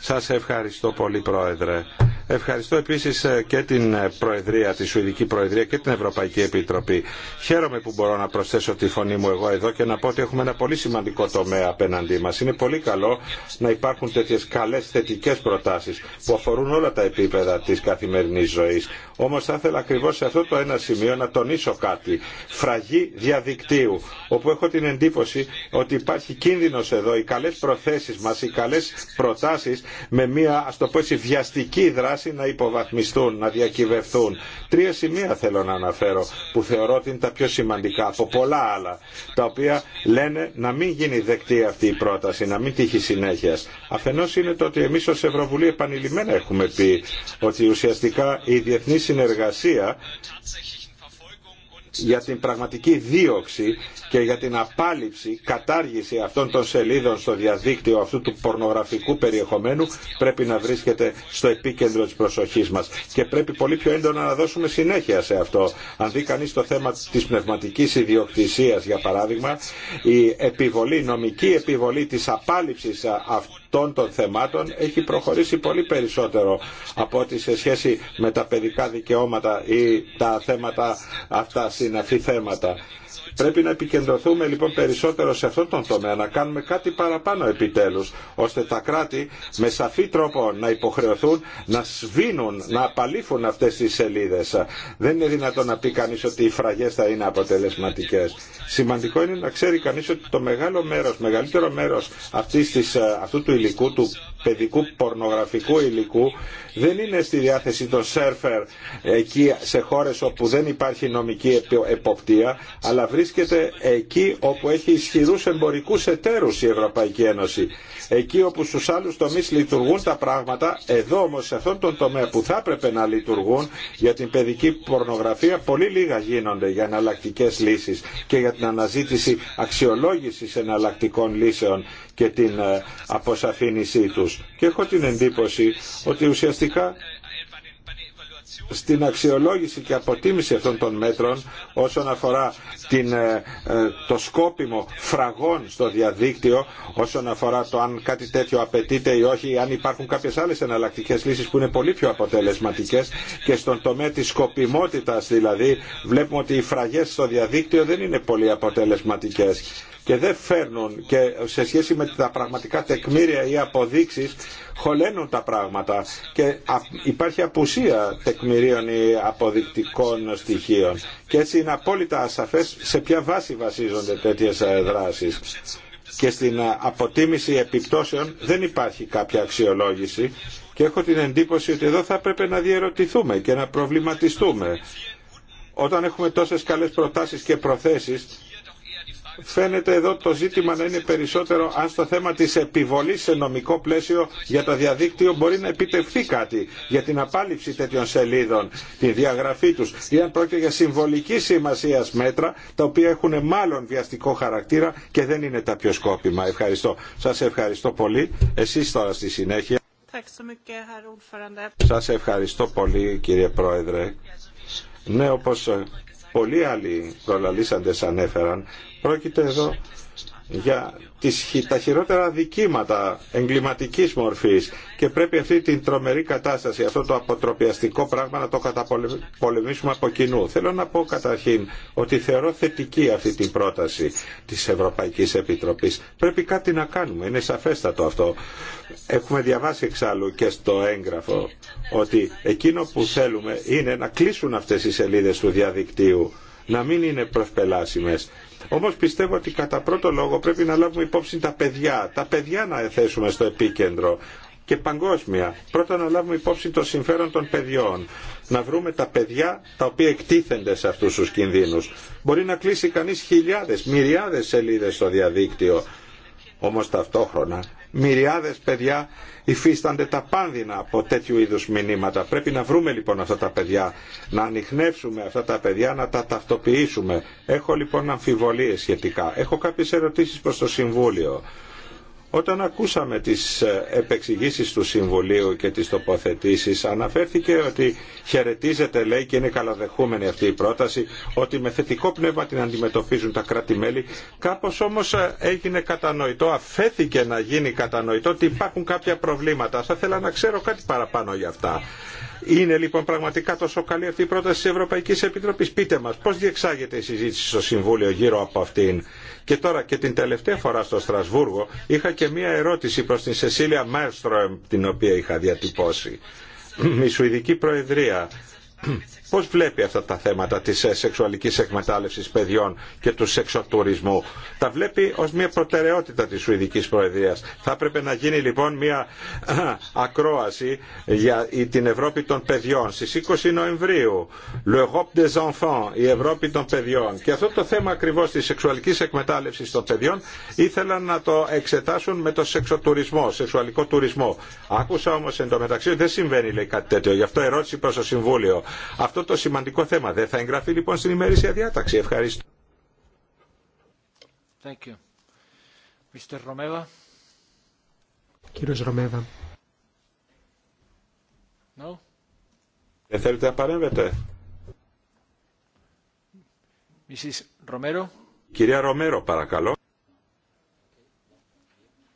Σας ευχαριστώ πολύ Πρόεδρε. Ευχαριστώ επίσης ε, και την ε, Προεδρία, τη Σουηδική Προεδρία και την Ευρωπαϊκή Επιτροπή. Χαίρομαι που μπορώ να προσθέσω τη φωνή μου εγώ εδώ και να πω ότι έχουμε ένα πολύ σημαντικό τομέα απέναντί μας. Είναι πολύ καλό να υπάρχουν τέτοιες καλές θετικές προτάσεις που αφορούν όλα τα επίπεδα της καθημερινής ζωής. Όμως θα ήθελα ακριβώς σε αυτό το ένα σημείο να τονίσω κάτι. Φραγή διαδικτύου, όπου έχω την εντύπωση ότι υπάρχει κίνδυνος εδώ, οι καλές προθέσεις μας, οι καλές προτάσεις με μια, ας το πω έτσι, βιαστική δράση να υποβαθμιστούν, να διακυβευθούν. Τρία σημεία θέλω να αναφέρω που θεωρώ ότι είναι τα πιο σημαντικά από πολλά άλλα, τα οποία λένε να μην γίνει δεκτή αυτή η πρόταση, να μην τύχει συνέχεια. Αφενό είναι το ότι εμεί ω Ευρωβουλή επανειλημμένα έχουμε πει ότι ουσιαστικά η διεθνή συνεργασία για την πραγματική δίωξη και για την απάλληψη, κατάργηση αυτών των σελίδων στο διαδίκτυο αυτού του πορνογραφικού περιεχομένου πρέπει να βρίσκεται στο επίκεντρο της προσοχής μας και πρέπει πολύ πιο έντονα να δώσουμε συνέχεια σε αυτό. Αν δει κανείς το θέμα της πνευματικής ιδιοκτησίας για παράδειγμα, η επιβολή, νομική επιβολή της απάλληψης αυτού αυτών των θεμάτων έχει προχωρήσει πολύ περισσότερο από ό,τι σε σχέση με τα παιδικά δικαιώματα ή τα θέματα αυτά, συναφή θέματα. Πρέπει να επικεντρωθούμε λοιπόν περισσότερο σε αυτόν τον τομέα, να κάνουμε κάτι παραπάνω επιτέλους, ώστε τα κράτη με σαφή τρόπο να υποχρεωθούν να σβήνουν, να απαλήφουν αυτές τις σελίδες. Δεν είναι δυνατόν να πει κανείς ότι οι φραγές θα είναι αποτελεσματικές. Σημαντικό είναι να ξέρει κανείς ότι το μεγάλο μέρος, μεγαλύτερο μέρος ε, αυτού του υλικού, του παιδικού πορνογραφικού υλικού δεν είναι στη διάθεση των σερφερ εκεί σε χώρες όπου δεν υπάρχει νομική εποπτεία, αλλά βρίσκεται εκεί όπου έχει ισχυρούς εμπορικούς εταίρους η Ευρωπαϊκή Ένωση. Εκεί όπου στους άλλους τομείς λειτουργούν τα πράγματα, εδώ όμως σε αυτόν τον τομέα που θα έπρεπε να λειτουργούν για την παιδική πορνογραφία, πολύ λίγα γίνονται για εναλλακτικέ λύσεις και για την αναζήτηση αξιολόγησης εναλλακτικών λύσεων και την ε, αποσαφήνισή τους. Και έχω την εντύπωση ότι ουσιαστικά στην αξιολόγηση και αποτίμηση αυτών των μέτρων όσον αφορά την, ε, ε, το σκόπιμο φραγών στο διαδίκτυο, όσον αφορά το αν κάτι τέτοιο απαιτείται ή όχι, αν υπάρχουν κάποιες άλλες εναλλακτικές λύσεις που είναι πολύ πιο αποτελεσματικές και στον τομέα της σκοπιμότητας δηλαδή βλέπουμε ότι οι φραγές στο διαδίκτυο δεν είναι πολύ αποτελεσματικές και δεν φέρνουν και σε σχέση με τα πραγματικά τεκμήρια ή αποδείξεις χωλένουν τα πράγματα και υπάρχει απουσία τεκμηρίων ή αποδεικτικών στοιχείων και έτσι είναι απόλυτα ασαφές σε ποια βάση βασίζονται τέτοιες ε, δράσεις και στην ε, αποτίμηση επιπτώσεων δεν υπάρχει κάποια αξιολόγηση και έχω την εντύπωση ότι εδώ θα έπρεπε να διερωτηθούμε και να προβληματιστούμε. Όταν έχουμε τόσες καλές προτάσεις και προθέσεις φαίνεται εδώ το ζήτημα να είναι περισσότερο αν στο θέμα της επιβολής σε νομικό πλαίσιο για το διαδίκτυο μπορεί να επιτευχθεί κάτι για την απάλληψη τέτοιων σελίδων, τη διαγραφή τους ή αν πρόκειται για συμβολική σημασία μέτρα τα οποία έχουν μάλλον βιαστικό χαρακτήρα και δεν είναι τα πιο σκόπιμα. Ευχαριστώ. Σας ευχαριστώ πολύ. Εσείς τώρα στη συνέχεια. Σας ευχαριστώ πολύ κύριε Πρόεδρε. Ναι, όπως πολλοί άλλοι προλαλήσαντες ανέφεραν, Πρόκειται εδώ για τα χειρότερα δικήματα εγκληματικής μορφής και πρέπει αυτή την τρομερή κατάσταση, αυτό το αποτροπιαστικό πράγμα να το καταπολεμήσουμε από κοινού. Θέλω να πω καταρχήν ότι θεωρώ θετική αυτή την πρόταση της Ευρωπαϊκής Επιτροπής. Πρέπει κάτι να κάνουμε, είναι σαφέστατο αυτό. Έχουμε διαβάσει εξάλλου και στο έγγραφο ότι εκείνο που θέλουμε είναι να κλείσουν αυτές οι σελίδες του διαδικτύου να μην είναι προσπελάσιμες όμως πιστεύω ότι κατά πρώτο λόγο πρέπει να λάβουμε υπόψη τα παιδιά. Τα παιδιά να θέσουμε στο επίκεντρο και παγκόσμια. Πρώτα να λάβουμε υπόψη το συμφέρον των παιδιών. Να βρούμε τα παιδιά τα οποία εκτίθενται σε αυτούς τους κινδύνους. Μπορεί να κλείσει κανείς χιλιάδες, μυριάδες σελίδες στο διαδίκτυο. Όμως ταυτόχρονα Μυριάδες παιδιά υφίστανται τα πάνδυνα από τέτοιου είδους μηνύματα. Πρέπει να βρούμε λοιπόν αυτά τα παιδιά, να ανοιχνεύσουμε αυτά τα παιδιά, να τα ταυτοποιήσουμε. Έχω λοιπόν αμφιβολίες σχετικά. Έχω κάποιες ερωτήσεις προς το Συμβούλιο. Όταν ακούσαμε τις ε, επεξηγήσεις του Συμβουλίου και τις τοποθετήσεις αναφέρθηκε ότι χαιρετίζεται λέει και είναι καλαδεχούμενη αυτή η πρόταση ότι με θετικό πνεύμα την αντιμετωπίζουν τα κράτη-μέλη κάπως όμως ε, έγινε κατανοητό, αφέθηκε να γίνει κατανοητό ότι υπάρχουν κάποια προβλήματα. Θα ήθελα να ξέρω κάτι παραπάνω για αυτά. Είναι λοιπόν πραγματικά τόσο καλή αυτή η πρόταση της Ευρωπαϊκής Επιτροπής. Πείτε μας πώς διεξάγεται η συζήτηση στο Συμβούλιο γύρω από αυτήν και τώρα και την τελευταία φορά στο Στρασβούργο είχα και μία ερώτηση προς την Σεσίλια Μάρστροεμ την οποία είχα διατυπώσει. Η Σουηδική Προεδρία πώς βλέπει αυτά τα θέματα της ε, σεξουαλικής εκμετάλλευσης παιδιών και του σεξοτουρισμού. Τα βλέπει ως μια προτεραιότητα της Σουηδικής Προεδρίας. Θα έπρεπε να γίνει λοιπόν μια ε, ακρόαση για την Ευρώπη των παιδιών στις 20 Νοεμβρίου. L'Europe des enfants, η Ευρώπη των παιδιών. Και αυτό το θέμα ακριβώς της σεξουαλικής εκμετάλλευσης των παιδιών ήθελαν να το εξετάσουν με το σεξοτουρισμό, σεξουαλικό τουρισμό. Άκουσα όμως εντωμεταξύ δεν συμβαίνει λέει κάτι τέτοιο. Γι' αυτό ερώτηση προς το Συμβούλιο αυτό το σημαντικό θέμα. Δεν θα εγγραφεί λοιπόν στην ημερήσια διάταξη. Ευχαριστώ. Thank you. Mr. Romeva. Κύριος No. Δεν θέλετε να παρέμβετε. Mrs. Romero. Κυρία Ρομέρο, παρακαλώ.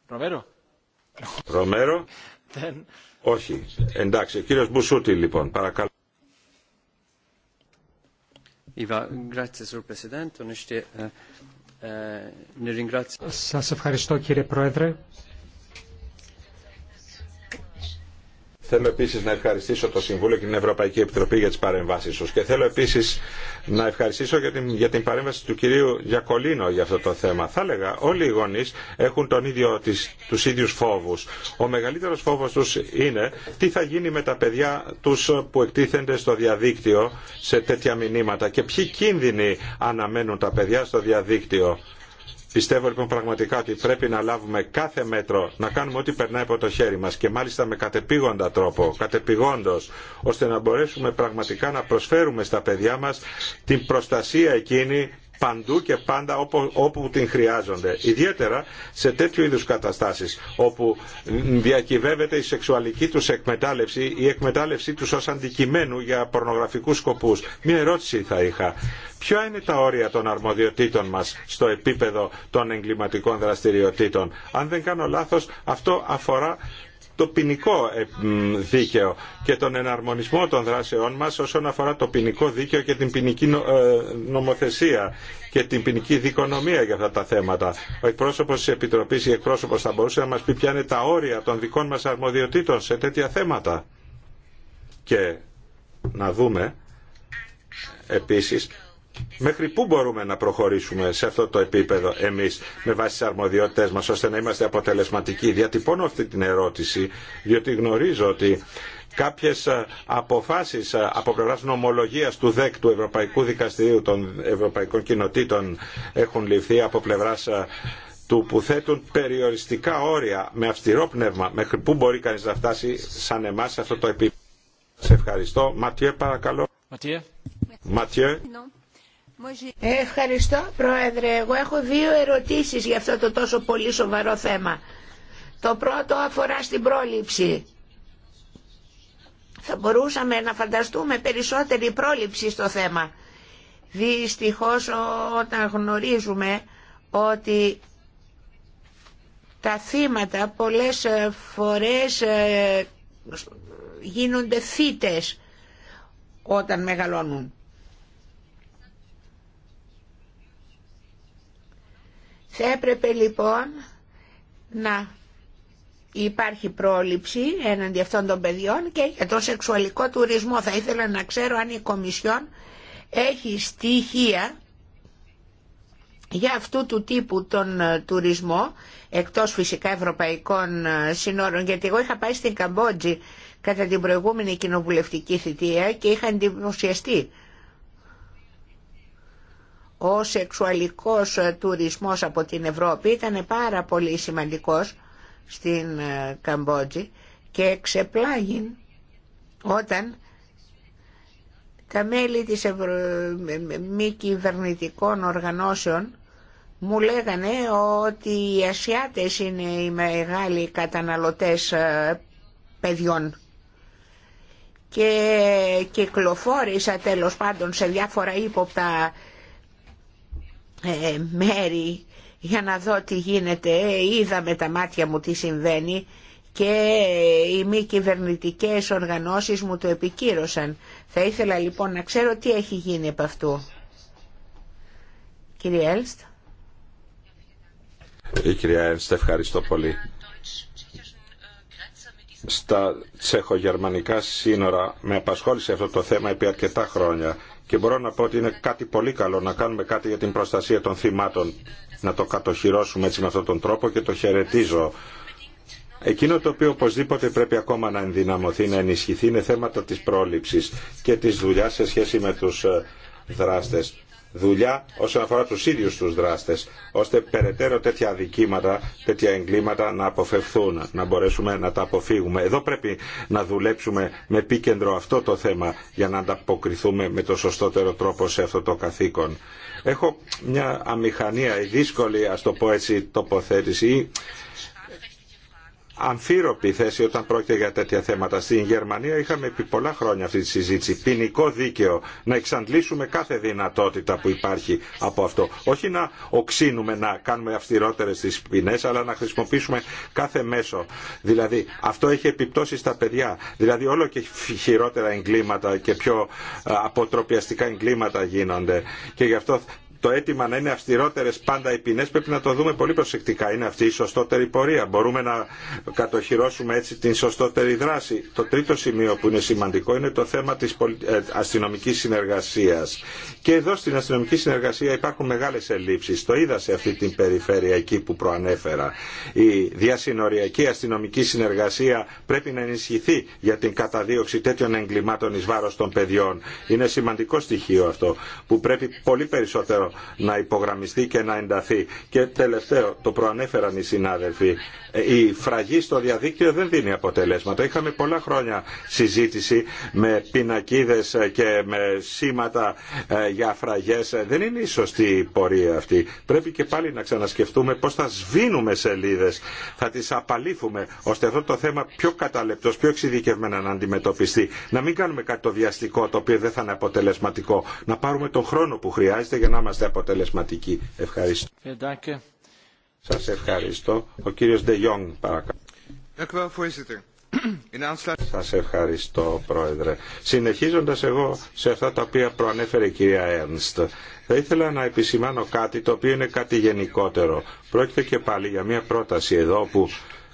Ρομέρο. Ρομέρο. Then... Όχι. Εντάξει, κύριος Μπουσούτη λοιπόν, παρακαλώ. Eh, eh, Σας ευχαριστώ κύριε Πρόεδρε. Θέλω επίση να ευχαριστήσω το Συμβούλιο και την Ευρωπαϊκή Επιτροπή για τι παρεμβάσει του. Και θέλω επίση να ευχαριστήσω για την, για την παρέμβαση του κυρίου Γιακολίνο για αυτό το θέμα. Θα έλεγα όλοι οι γονεί έχουν τον ίδιο, του ίδιου φόβου. Ο μεγαλύτερο φόβο του είναι τι θα γίνει με τα παιδιά του που εκτίθενται στο διαδίκτυο σε τέτοια μηνύματα και ποιοι κίνδυνοι αναμένουν τα παιδιά στο διαδίκτυο Πιστεύω λοιπόν πραγματικά ότι πρέπει να λάβουμε κάθε μέτρο, να κάνουμε ό,τι περνάει από το χέρι μας και μάλιστα με κατεπήγοντα τρόπο, κατεπηγόντος, ώστε να μπορέσουμε πραγματικά να προσφέρουμε στα παιδιά μας την προστασία εκείνη παντού και πάντα όπου, την χρειάζονται. Ιδιαίτερα σε τέτοιου είδους καταστάσεις όπου διακυβεύεται η σεξουαλική τους εκμετάλλευση ή η εκμετάλλευσή τους ως αντικειμένου για πορνογραφικούς σκοπούς. Μία ερώτηση θα είχα. Ποια είναι τα όρια των αρμοδιοτήτων μας στο επίπεδο των εγκληματικών δραστηριοτήτων. Αν δεν κάνω λάθος αυτό αφορά το ποινικό ε, δίκαιο και τον εναρμονισμό των δράσεών μας όσον αφορά το ποινικό δίκαιο και την ποινική ε, νομοθεσία και την ποινική δικονομία για αυτά τα θέματα. Ο εκπρόσωπος της Επιτροπής ή εκπρόσωπος θα μπορούσε να μας πει ποια είναι τα όρια των δικών μας αρμοδιοτήτων σε τέτοια θέματα. Και να δούμε επίσης Μέχρι πού μπορούμε να προχωρήσουμε σε αυτό το επίπεδο εμείς με βάση τις αρμοδιότητες μας ώστε να είμαστε αποτελεσματικοί. Διατυπώνω αυτή την ερώτηση διότι γνωρίζω ότι κάποιες ε, αποφάσεις ε, από πλευρά νομολογίας του ΔΕΚ του Ευρωπαϊκού Δικαστηρίου των Ευρωπαϊκών Κοινοτήτων έχουν ληφθεί από πλευράς ε, του που θέτουν περιοριστικά όρια με αυστηρό πνεύμα μέχρι πού μπορεί κανείς να φτάσει σαν εμάς σε αυτό το επίπεδο. Σε ευχαριστώ. Ματιέ παρακαλώ. Ματιέ. Ναι. Ευχαριστώ Πρόεδρε. Εγώ έχω δύο ερωτήσεις για αυτό το τόσο πολύ σοβαρό θέμα. Το πρώτο αφορά στην πρόληψη. Θα μπορούσαμε να φανταστούμε περισσότερη πρόληψη στο θέμα. Δυστυχώς όταν γνωρίζουμε ότι τα θύματα πολλές φορές ε, γίνονται θύτες όταν μεγαλώνουν. Θα έπρεπε λοιπόν να υπάρχει πρόληψη έναντι αυτών των παιδιών και για τον σεξουαλικό τουρισμό. Θα ήθελα να ξέρω αν η Κομισιόν έχει στοιχεία για αυτού του τύπου τον ε, τουρισμό, εκτός φυσικά ευρωπαϊκών ε, συνόρων, γιατί εγώ είχα πάει στην Καμπότζη κατά την προηγούμενη κοινοβουλευτική θητεία και είχα εντυπωσιαστεί ο σεξουαλικός ε, τουρισμός από την Ευρώπη ήταν πάρα πολύ σημαντικός στην ε, Καμπότζη και ξεπλάγει όταν τα μέλη της Ευρω... Ε, μη κυβερνητικών οργανώσεων μου λέγανε ότι οι Ασιάτες είναι οι μεγάλοι καταναλωτές παιδιών και κυκλοφόρησα τέλος πάντων σε διάφορα ύποπτα ε, μέρη για να δω τι γίνεται. Είδα με τα μάτια μου τι συμβαίνει και οι μη κυβερνητικέ οργανώσεις μου το επικύρωσαν. Θα ήθελα λοιπόν να ξέρω τι έχει γίνει από αυτού. Κύριε Έλστ. Η ε, κυρία Έλστ, ευχαριστώ πολύ. Στα τσεχογερμανικά σύνορα με απασχόλησε αυτό το θέμα επί αρκετά χρόνια και μπορώ να πω ότι είναι κάτι πολύ καλό να κάνουμε κάτι για την προστασία των θυμάτων, να το κατοχυρώσουμε έτσι με αυτόν τον τρόπο και το χαιρετίζω. Εκείνο το οποίο οπωσδήποτε πρέπει ακόμα να ενδυναμωθεί, να ενισχυθεί είναι θέματα της πρόληψης και της δουλειάς σε σχέση με τους ε, δράστες δουλειά όσον αφορά τους ίδιους τους δράστες, ώστε περαιτέρω τέτοια αδικήματα, τέτοια εγκλήματα να αποφευθούν, να μπορέσουμε να τα αποφύγουμε. Εδώ πρέπει να δουλέψουμε με επίκεντρο αυτό το θέμα για να ανταποκριθούμε με το σωστότερο τρόπο σε αυτό το καθήκον. Έχω μια αμηχανία, δύσκολη ας το πω έτσι τοποθέτηση αμφίροπη θέση όταν πρόκειται για τέτοια θέματα. Στην Γερμανία είχαμε επί πολλά χρόνια αυτή τη συζήτηση. Ποινικό δίκαιο. Να εξαντλήσουμε κάθε δυνατότητα που υπάρχει από αυτό. Όχι να οξύνουμε, να κάνουμε αυστηρότερες τις ποινές, αλλά να χρησιμοποιήσουμε κάθε μέσο. Δηλαδή, αυτό έχει επιπτώσει στα παιδιά. Δηλαδή, όλο και χειρότερα εγκλήματα και πιο ε, αποτροπιαστικά εγκλήματα γίνονται. Και γι' αυτό το αίτημα να είναι αυστηρότερες πάντα οι ποινές πρέπει να το δούμε πολύ προσεκτικά. Είναι αυτή η σωστότερη πορεία. Μπορούμε να κατοχυρώσουμε έτσι την σωστότερη δράση. Το τρίτο σημείο που είναι σημαντικό είναι το θέμα της ε, αστυνομικής συνεργασίας. Και εδώ στην αστυνομική συνεργασία υπάρχουν μεγάλε ελλείψεις. Το είδα σε αυτή την περιφέρεια εκεί που προανέφερα. Η διασυνοριακή αστυνομική συνεργασία πρέπει να ενισχυθεί για την καταδίωξη τέτοιων εγκλημάτων ει βάρο των παιδιών. Είναι σημαντικό στοιχείο αυτό που πρέπει πολύ περισσότερο να υπογραμμιστεί και να ενταθεί. Και τελευταίο, το προανέφεραν οι συνάδελφοι, η φραγή στο διαδίκτυο δεν δίνει αποτελέσματα. Είχαμε πολλά χρόνια συζήτηση με πινακίδε και με σήματα ε, για φραγές δεν είναι η σωστή πορεία αυτή. Πρέπει και πάλι να ξανασκεφτούμε πώς θα σβήνουμε σελίδες, θα τις απαλήφουμε ώστε αυτό το θέμα πιο καταλεπτός, πιο εξειδικευμένα να αντιμετωπιστεί. Να μην κάνουμε κάτι το βιαστικό το οποίο δεν θα είναι αποτελεσματικό. Να πάρουμε τον χρόνο που χρειάζεται για να είμαστε αποτελεσματικοί. Ευχαριστώ. Σας ευχαριστώ. Ο κύριος Ντεγιόν παρακαλώ. Σας ευχαριστώ Πρόεδρε. Συνεχίζοντας εγώ σε αυτά τα οποία προανέφερε η κυρία Έρνστ, θα ήθελα να επισημάνω κάτι το οποίο είναι κάτι γενικότερο. Πρόκειται και πάλι για μια πρόταση εδώ που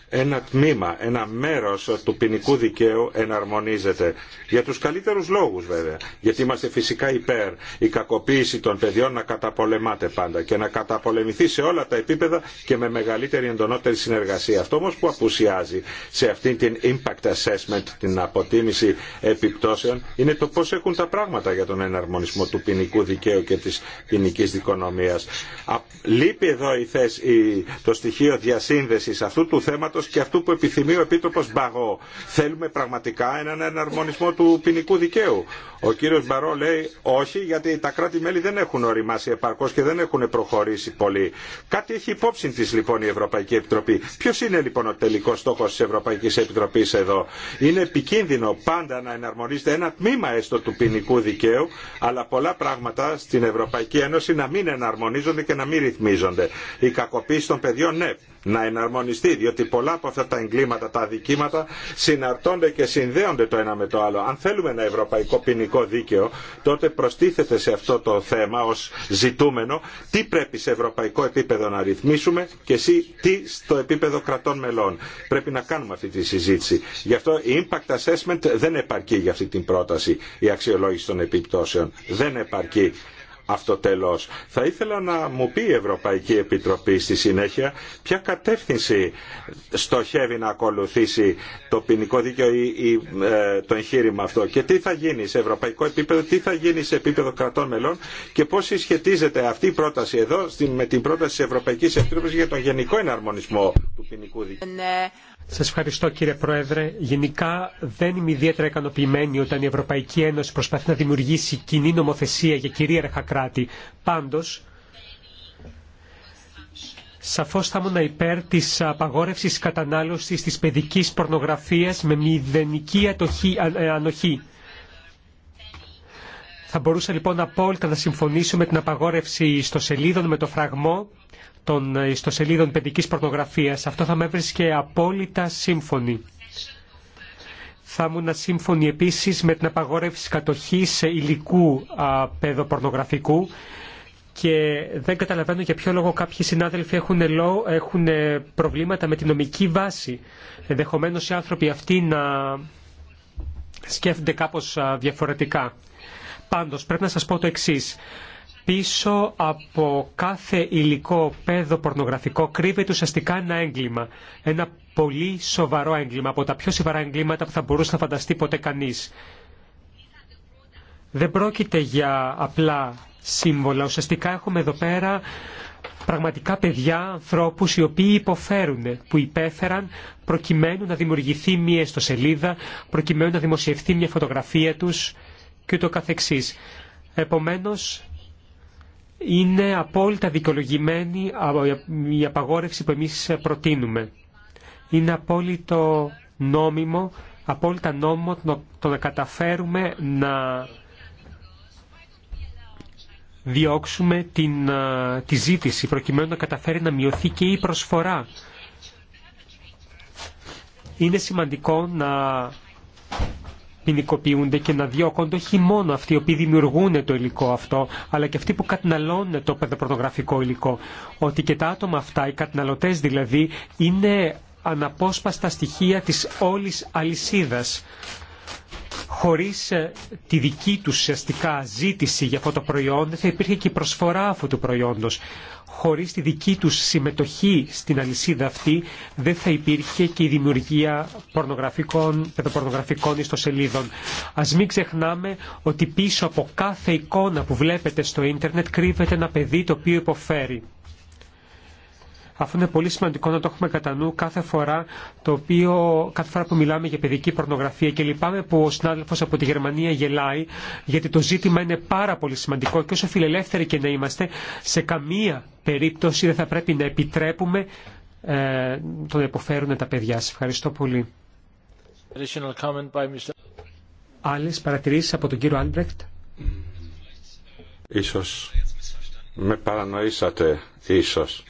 ένα τμήμα, ένα μέρος του ποινικού δικαίου εναρμονίζεται. Για τους καλύτερους λόγους βέβαια. Γιατί είμαστε φυσικά υπέρ η κακοποίηση των παιδιών να καταπολεμάται πάντα και να καταπολεμηθεί σε όλα τα επίπεδα και με μεγαλύτερη εντονότερη συνεργασία. Αυτό όμως που απουσιάζει σε αυτή την impact assessment, την αποτίμηση επιπτώσεων, είναι το πώς έχουν τα πράγματα για τον εναρμονισμό του ποινικού δικαίου και της ποινική δικονομίας. Λείπει εδώ η θέση, το στοιχείο διασύνδεσης αυτού του θέματος και αυτού που επιθυμεί ο Επίτροπος Μπαγό. Θέλουμε πραγματικά έναν εναρμονισμό του ποινικού δικαίου. Ο κύριος Μπαρό λέει όχι γιατί τα κράτη-μέλη δεν έχουν οριμάσει επαρκώς και δεν έχουν προχωρήσει πολύ. Κάτι έχει υπόψη τη λοιπόν η Ευρωπαϊκή Επιτροπή. Ποιο είναι λοιπόν ο τελικό στόχο τη Ευρωπαϊκή Επιτροπής εδώ. Είναι επικίνδυνο πάντα να εναρμονίζεται ένα τμήμα έστω του ποινικού δικαίου αλλά πολλά πράγματα στην Ευρωπαϊκή Ένωση να μην εναρμονίζονται και να μην ρυθμίζονται. Η κακοποίηση των παιδιών ναι να εναρμονιστεί διότι πολλά από αυτά τα εγκλήματα, τα αδικήματα συναρτώνται και συνδέονται το ένα με το άλλο. Αν θέλουμε ένα ευρωπαϊκό ποινικό δίκαιο τότε προστίθεται σε αυτό το θέμα ως ζητούμενο τι πρέπει σε ευρωπαϊκό επίπεδο να ρυθμίσουμε και εσύ τι στο επίπεδο κρατών μελών. Πρέπει να κάνουμε αυτή τη συζήτηση. Γι' αυτό η impact assessment δεν επαρκεί για αυτή την πρόταση η αξιολόγηση των επιπτώσεων. Δεν επαρκεί αυτό Θα ήθελα να μου πει η Ευρωπαϊκή Επιτροπή στη συνέχεια ποια κατεύθυνση στοχεύει να ακολουθήσει το ποινικό δίκαιο ή, ε, το εγχείρημα αυτό και τι θα γίνει σε ευρωπαϊκό επίπεδο, τι θα γίνει σε επίπεδο κρατών μελών και πώς συσχετίζεται αυτή η πρόταση εδώ με την πρόταση της Ευρωπαϊκής Επιτροπής για τον γενικό εναρμονισμό του ποινικού δικαίου. Ναι, σας ευχαριστώ κύριε Πρόεδρε. Γενικά δεν είμαι ιδιαίτερα ικανοποιημένη όταν η Ευρωπαϊκή Ένωση προσπαθεί να δημιουργήσει κοινή νομοθεσία για κυρίαρχα κράτη. Πάντως, σαφώ θα ήμουν υπέρ τη απαγόρευσης κατανάλωση τη παιδική πορνογραφία με μηδενική ε, ανοχή. Θα μπορούσα λοιπόν απόλυτα να συμφωνήσω με την απαγόρευση στο σελίδων με το φραγμό των ιστοσελίδων παιδικής πορνογραφίας. Αυτό θα με έβρισκε απόλυτα σύμφωνη. Θα ήμουν σύμφωνη επίσης με την απαγόρευση κατοχής υλικού παιδοπορνογραφικού και δεν καταλαβαίνω για ποιο λόγο κάποιοι συνάδελφοι έχουν, έχουν προβλήματα με την νομική βάση. Ενδεχομένως οι άνθρωποι αυτοί να σκέφτονται κάπως διαφορετικά. Πάντως πρέπει να σας πω το εξής πίσω από κάθε υλικό παιδο πορνογραφικό κρύβεται ουσιαστικά ένα έγκλημα. Ένα πολύ σοβαρό έγκλημα, από τα πιο σοβαρά έγκληματα που θα μπορούσε να φανταστεί ποτέ κανείς. Δεν πρόκειται για απλά σύμβολα. Ουσιαστικά έχουμε εδώ πέρα πραγματικά παιδιά, ανθρώπους οι οποίοι υποφέρουν, που υπέφεραν προκειμένου να δημιουργηθεί μία ιστοσελίδα, προκειμένου να δημοσιευθεί μια φωτογραφία τους και ούτω καθεξής. Επομένως, είναι απόλυτα δικαιολογημένη η απαγόρευση που εμείς προτείνουμε. Είναι απόλυτο νόμιμο, απόλυτα νόμιμο το να καταφέρουμε να διώξουμε την, τη ζήτηση προκειμένου να καταφέρει να μειωθεί και η προσφορά. Είναι σημαντικό να ποινικοποιούνται και να διώκονται όχι μόνο αυτοί οι οποίοι δημιουργούν το υλικό αυτό, αλλά και αυτοί που καταναλώνουν το παιδοπορτογραφικό υλικό. Ότι και τα άτομα αυτά, οι καταναλωτέ δηλαδή, είναι αναπόσπαστα στοιχεία της όλης αλυσίδας χωρίς ε, τη δική τους ουσιαστικά ζήτηση για αυτό το προϊόν δεν θα υπήρχε και η προσφορά αυτού του προϊόντος. Χωρίς τη δική τους συμμετοχή στην αλυσίδα αυτή δεν θα υπήρχε και η δημιουργία πορνογραφικών, παιδοπορνογραφικών ιστοσελίδων. Ας μην ξεχνάμε ότι πίσω από κάθε εικόνα που βλέπετε στο ίντερνετ κρύβεται ένα παιδί το οποίο υποφέρει. Αυτό είναι πολύ σημαντικό να το έχουμε κατά νου κάθε φορά, το οποίο, κάθε φορά που μιλάμε για παιδική πορνογραφία και λυπάμαι που ο συνάδελφο από τη Γερμανία γελάει, γιατί το ζήτημα είναι πάρα πολύ σημαντικό και όσο φιλελεύθεροι και να είμαστε, σε καμία περίπτωση δεν θα πρέπει να επιτρέπουμε ε, το να υποφέρουν τα παιδιά. σα. ευχαριστώ πολύ. Άλλε παρατηρήσει από τον κύριο Άλμπρεκτ. Ίσως. Με παρανοήσατε. Ίσως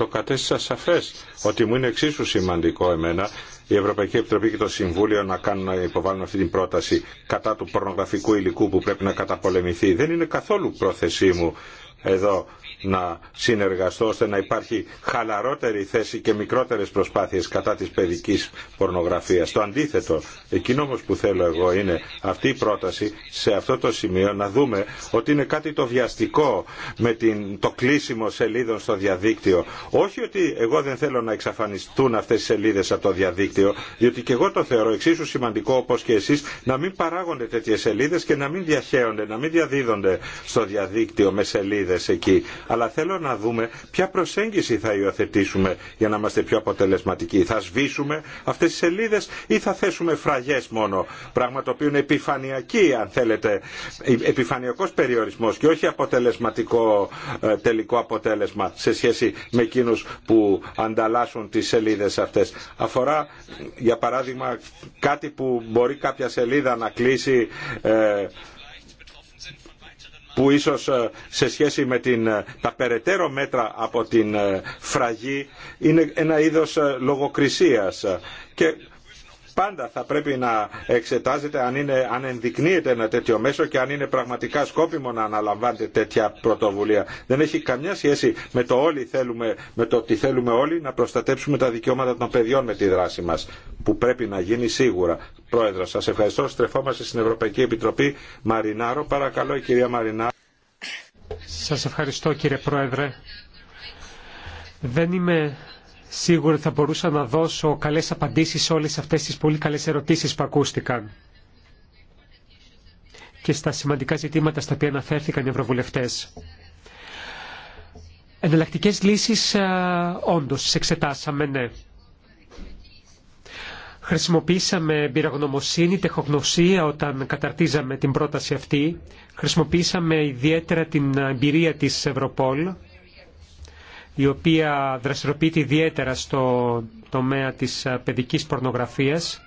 το κατέστησα σαφές ότι μου είναι εξίσου σημαντικό εμένα η Ευρωπαϊκή Επιτροπή και το Συμβούλιο να κάνουν να υποβάλουν αυτή την πρόταση κατά του πορνογραφικού υλικού που πρέπει να καταπολεμηθεί. Δεν είναι καθόλου πρόθεσή μου εδώ να συνεργαστώ ώστε να υπάρχει χαλαρότερη θέση και μικρότερες προσπάθειες κατά της παιδικής πορνογραφίας. Το αντίθετο, εκείνο όμως που θέλω εγώ είναι αυτή η πρόταση σε αυτό το σημείο να δούμε ότι είναι κάτι το βιαστικό με την, το κλείσιμο σελίδων στο διαδίκτυο. Όχι ότι εγώ δεν θέλω να εξαφανιστούν αυτές οι σελίδες από το διαδίκτυο, διότι και εγώ το θεωρώ εξίσου σημαντικό όπως και εσείς να μην παράγονται τέτοιες σελίδες και να μην διαχέονται, να μην διαδίδονται στο διαδίκτυο με σελίδες εκεί αλλά θέλω να δούμε ποια προσέγγιση θα υιοθετήσουμε για να είμαστε πιο αποτελεσματικοί. Θα σβήσουμε αυτέ τι σελίδε ή θα θέσουμε φραγέ μόνο. Πράγμα το οποίο είναι επιφανειακή, αν θέλετε, επιφανειακό περιορισμό και όχι αποτελεσματικό ε, τελικό αποτέλεσμα σε σχέση με εκείνου που ανταλλάσσουν τι σελίδε αυτέ. Αφορά, για παράδειγμα, κάτι που μπορεί κάποια σελίδα να κλείσει. Ε, που ίσως ε, σε σχέση με την, ε, τα περαιτέρω μέτρα από την ε, φραγή είναι ένα είδος λογοκρισίας πάντα θα πρέπει να εξετάζεται αν, είναι, ενδεικνύεται ένα τέτοιο μέσο και αν είναι πραγματικά σκόπιμο να αναλαμβάνετε τέτοια πρωτοβουλία. Δεν έχει καμιά σχέση με το, θέλουμε, με το ότι θέλουμε όλοι να προστατέψουμε τα δικαιώματα των παιδιών με τη δράση μας, που πρέπει να γίνει σίγουρα. Πρόεδρο, σας ευχαριστώ. Στρεφόμαστε στην Ευρωπαϊκή Επιτροπή. Μαρινάρο, παρακαλώ η κυρία Μαρινάρο. Σας ευχαριστώ κύριε Πρόεδρε. Δεν είμαι Σίγουρα θα μπορούσα να δώσω καλές απαντήσεις σε όλες αυτές τις πολύ καλές ερωτήσεις που ακούστηκαν και στα σημαντικά ζητήματα στα οποία αναφέρθηκαν οι ευρωβουλευτές. Εναλλακτικές λύσεις όντως εξετάσαμε, ναι. Χρησιμοποίησαμε πυραγνωμοσύνη, τεχνογνωσία όταν καταρτίζαμε την πρόταση αυτή. Χρησιμοποίησαμε ιδιαίτερα την εμπειρία της Ευρωπόλ η οποία δραστηριοποιείται ιδιαίτερα στο τομέα της ε, παιδικής πορνογραφίας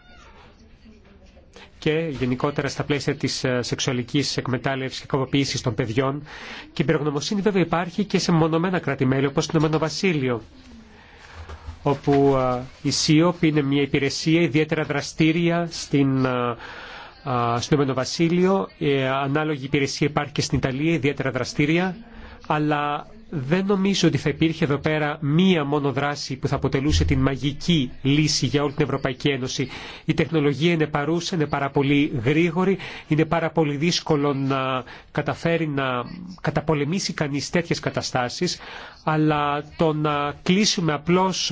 και γενικότερα στα πλαίσια της ε, σεξουαλικής εκμετάλλευσης και κακοποίησης των παιδιών. Και η πυρογνωμοσύνη βέβαια υπάρχει και σε μονομένα κράτη-μέλη όπως το Ηνωμένο όπου ε, η ΣΥΟΠ είναι μια υπηρεσία ιδιαίτερα δραστήρια στην, στο Ηνωμένο Ανάλογη υπηρεσία υπάρχει και στην Ιταλία, ιδιαίτερα δραστήρια. Αλλά δεν νομίζω ότι θα υπήρχε εδώ πέρα μία μόνο δράση που θα αποτελούσε την μαγική λύση για όλη την Ευρωπαϊκή Ένωση. Η τεχνολογία είναι παρούσα, είναι πάρα πολύ γρήγορη, είναι πάρα πολύ δύσκολο να καταφέρει να καταπολεμήσει κανείς τέτοιες καταστάσεις, αλλά το να κλείσουμε απλώς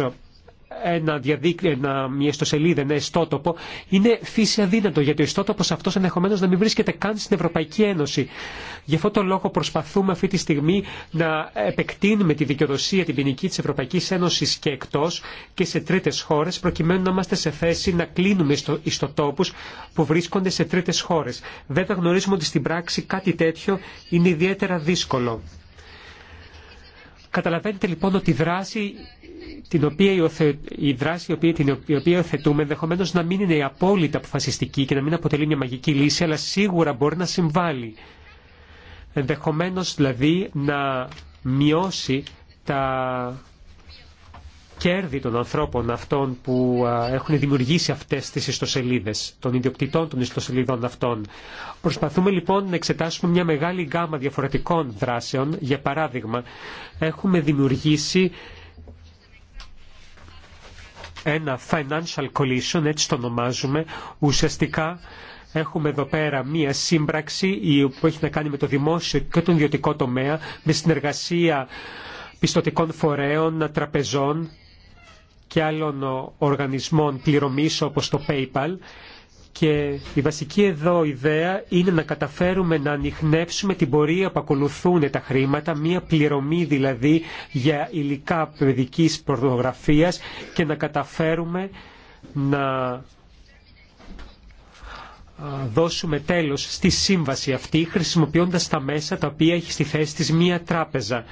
ένα διαδίκτυο, ένα, μια ιστοσελίδα, ένα ιστότοπο, είναι φύση αδύνατο, γιατί ο ιστότοπος αυτός ενδεχομένω να μην βρίσκεται καν στην Ευρωπαϊκή Ένωση. Γι' αυτό το λόγο προσπαθούμε αυτή τη στιγμή να επεκτείνουμε τη δικαιοδοσία, την ποινική της Ευρωπαϊκής Ένωσης και εκτός και σε τρίτες χώρες, προκειμένου να είμαστε σε θέση να κλείνουμε ιστο, ιστοτόπους που βρίσκονται σε τρίτες χώρες. Βέβαια γνωρίζουμε ότι στην πράξη κάτι τέτοιο είναι ιδιαίτερα δύσκολο. Καταλαβαίνετε λοιπόν ότι η δράση την οποία η δράση η την οποία υιοθετούμε ενδεχομένω να μην είναι απόλυτα αποφασιστική και να μην αποτελεί μια μαγική λύση, αλλά σίγουρα μπορεί να συμβάλλει. Ενδεχομένω δηλαδή να μειώσει τα κέρδη των ανθρώπων αυτών που έχουν δημιουργήσει αυτές τις ιστοσελίδες, των ιδιοκτητών των ιστοσελίδων αυτών. Προσπαθούμε λοιπόν να εξετάσουμε μια μεγάλη γκάμα διαφορετικών δράσεων. Για παράδειγμα, έχουμε δημιουργήσει ένα financial collision, έτσι το ονομάζουμε, ουσιαστικά έχουμε εδώ πέρα μία σύμπραξη που έχει να κάνει με το δημόσιο και τον ιδιωτικό τομέα, με συνεργασία πιστοτικών φορέων, τραπεζών και άλλων οργανισμών πληρωμής όπως το PayPal και η βασική εδώ ιδέα είναι να καταφέρουμε να ανοιχνεύσουμε την πορεία που ακολουθούν τα χρήματα, μία πληρωμή δηλαδή για υλικά παιδικής πορνογραφίας και να καταφέρουμε να δώσουμε τέλος στη σύμβαση αυτή χρησιμοποιώντας τα μέσα τα οποία έχει στη θέση της μία τράπεζα.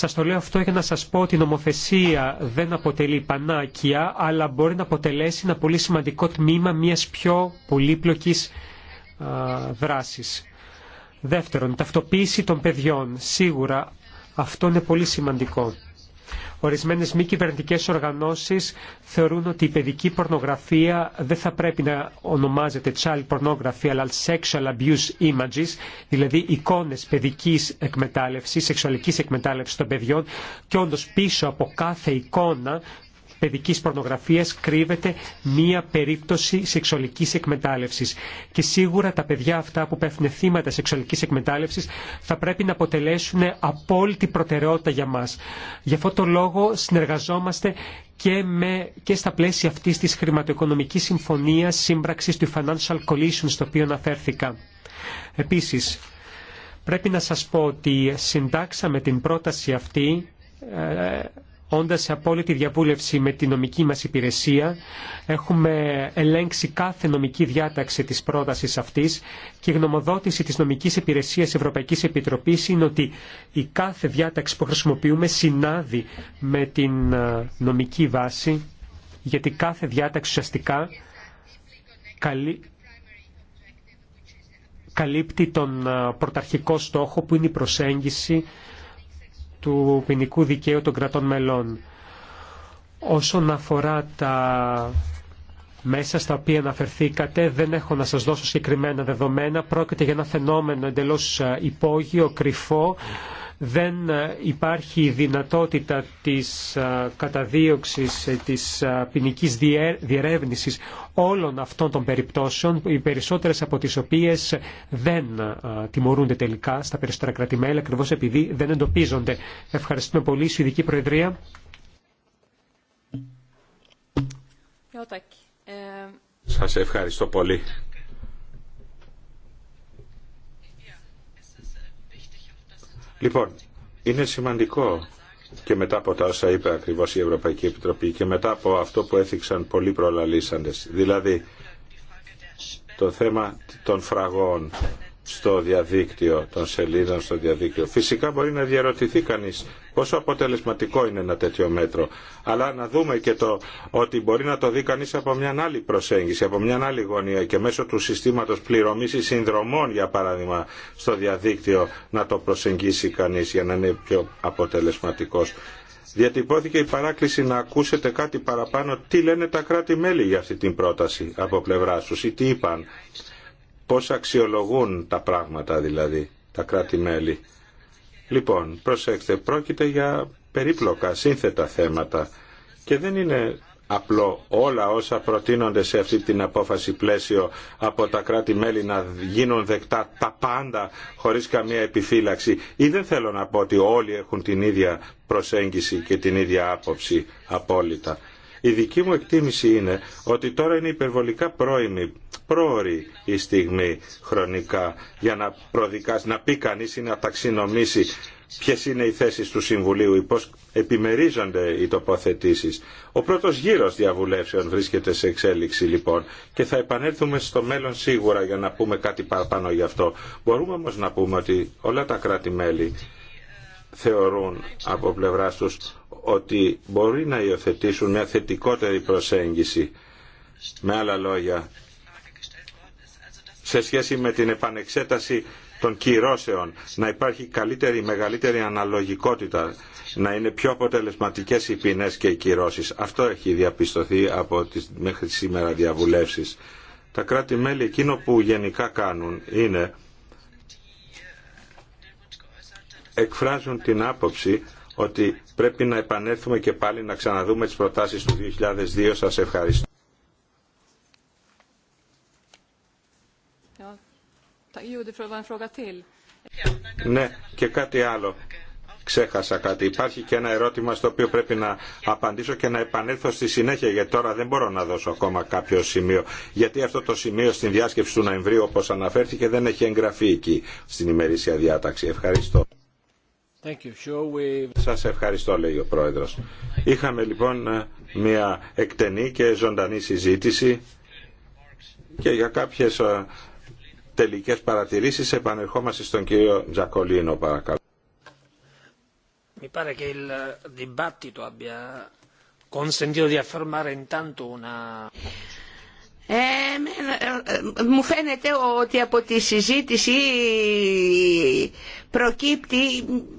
Σας το λέω αυτό για να σας πω ότι η νομοθεσία δεν αποτελεί πανάκια, αλλά μπορεί να αποτελέσει ένα πολύ σημαντικό τμήμα μιας πιο πολύπλοκης δράσης. Δεύτερον, ταυτοποίηση των παιδιών. Σίγουρα αυτό είναι πολύ σημαντικό. Ορισμένε μη κυβερνητικέ οργανώσει θεωρούν ότι η παιδική πορνογραφία δεν θα πρέπει να ονομάζεται child pornography αλλά sexual abuse images, δηλαδή εικόνε παιδική εκμετάλλευση, σεξουαλική εκμετάλλευση των παιδιών και όντω πίσω από κάθε εικόνα παιδικής πορνογραφίας κρύβεται μία περίπτωση σεξουαλικής εκμετάλλευσης. Και σίγουρα τα παιδιά αυτά που πέφτουν θύματα σεξουαλικής εκμετάλλευσης θα πρέπει να αποτελέσουν απόλυτη προτεραιότητα για μας. Γι' αυτό το λόγο συνεργαζόμαστε και, με, και στα πλαίσια αυτής της χρηματοοικονομικής συμφωνίας σύμπραξης του Financial Coalition στο οποίο αναφέρθηκα. Επίσης, πρέπει να σας πω ότι συντάξαμε την πρόταση αυτή ε, όντας σε απόλυτη διαβούλευση με τη νομική μας υπηρεσία, έχουμε ελέγξει κάθε νομική διάταξη της πρότασης αυτής και η γνωμοδότηση της νομικής υπηρεσίας Ευρωπαϊκής Επιτροπής είναι ότι η κάθε διάταξη που χρησιμοποιούμε συνάδει με την ε, νομική βάση, γιατί κάθε διάταξη ουσιαστικά καλύπτει τον ε, πρωταρχικό στόχο που είναι η προσέγγιση του ποινικού δικαίου των κρατών μελών. Όσον αφορά τα μέσα στα οποία αναφερθήκατε, δεν έχω να σας δώσω συγκεκριμένα δεδομένα. Πρόκειται για ένα φαινόμενο εντελώς ε, υπόγειο, κρυφό, δεν ε, υπάρχει δυνατότητα της ε, καταδίωξης, ε, της ποινική διερεύνησης όλων αυτών των περιπτώσεων, οι περισσότερες από τις οποίες δεν τιμωρούνται τελικά στα περισσότερα κρατημέλα, ακριβώ επειδή δεν εντοπίζονται. Ευχαριστούμε πολύ, Σουηδική Προεδρία. Σας ευχαριστώ πολύ. Λοιπόν, είναι σημαντικό και μετά από τα όσα είπε ακριβώς η Ευρωπαϊκή Επιτροπή και μετά από αυτό που έθιξαν πολλοί προλαλήσαντες, δηλαδή το θέμα των φραγών στο διαδίκτυο, των σελίδων στο διαδίκτυο. Φυσικά μπορεί να διαρωτηθεί κανείς πόσο αποτελεσματικό είναι ένα τέτοιο μέτρο. Αλλά να δούμε και το ότι μπορεί να το δει κανεί από μια άλλη προσέγγιση, από μια άλλη γωνία και μέσω του συστήματο πληρωμή ή συνδρομών, για παράδειγμα, στο διαδίκτυο να το προσεγγίσει κανεί για να είναι πιο αποτελεσματικό. Διατυπώθηκε η παράκληση να ακούσετε κάτι παραπάνω τι λένε τα κράτη-μέλη για αυτή την πρόταση από πλευρά του ή τι είπαν. Πώς αξιολογούν τα πράγματα δηλαδή τα κράτη-μέλη. Λοιπόν, προσέξτε, πρόκειται για περίπλοκα, σύνθετα θέματα και δεν είναι απλό όλα όσα προτείνονται σε αυτή την απόφαση πλαίσιο από τα κράτη-μέλη να γίνουν δεκτά τα πάντα χωρίς καμία επιφύλαξη ή δεν θέλω να πω ότι όλοι έχουν την ίδια προσέγγιση και την ίδια άποψη απόλυτα. Η δική μου εκτίμηση είναι ότι τώρα είναι υπερβολικά πρόημη πρόωρη η στιγμή χρονικά για να, να πει κανείς ή να ταξινομήσει ποιε είναι οι θέσεις του Συμβουλίου ή πώς επιμερίζονται οι τοποθετήσεις. Ο πρώτος γύρος διαβουλεύσεων βρίσκεται σε εξέλιξη λοιπόν και θα επανέλθουμε στο μέλλον σίγουρα για να πούμε κάτι παραπάνω γι' αυτό. Μπορούμε όμως να πούμε ότι όλα τα κράτη-μέλη θεωρούν από πλευρά τους ότι μπορεί να υιοθετήσουν μια θετικότερη προσέγγιση. Με άλλα λόγια, σε σχέση με την επανεξέταση των κυρώσεων, να υπάρχει καλύτερη, μεγαλύτερη αναλογικότητα, να είναι πιο αποτελεσματικές οι ποινές και οι κυρώσεις. Αυτό έχει διαπιστωθεί από τις μέχρι σήμερα διαβουλεύσεις. Τα κράτη-μέλη εκείνο που γενικά κάνουν είναι εκφράζουν την άποψη ότι πρέπει να επανέλθουμε και πάλι να ξαναδούμε τις προτάσεις του 2002. Σας ευχαριστώ. Ναι, και κάτι άλλο. Ξέχασα κάτι. Υπάρχει και ένα ερώτημα στο οποίο πρέπει να απαντήσω και να επανέλθω στη συνέχεια, γιατί τώρα δεν μπορώ να δώσω ακόμα κάποιο σημείο. Γιατί αυτό το σημείο στην διάσκεψη του Νοεμβρίου, όπως αναφέρθηκε, δεν έχει εγγραφεί εκεί στην ημερήσια διάταξη. Ευχαριστώ. Σας ευχαριστώ λέει ο Πρόεδρος. Είχαμε λοιπόν μια εκτενή και ζωντανή συζήτηση και για κάποιες ε, τελικές παρατηρήσεις επανερχόμαστε στον κύριο Τζακολίνο παρακαλώ. Mi pare che il ε, dibattito abbia consentito di affermare intanto una ε, ε, ε, μου φαίνεται ότι από τη συζήτηση προκύπτει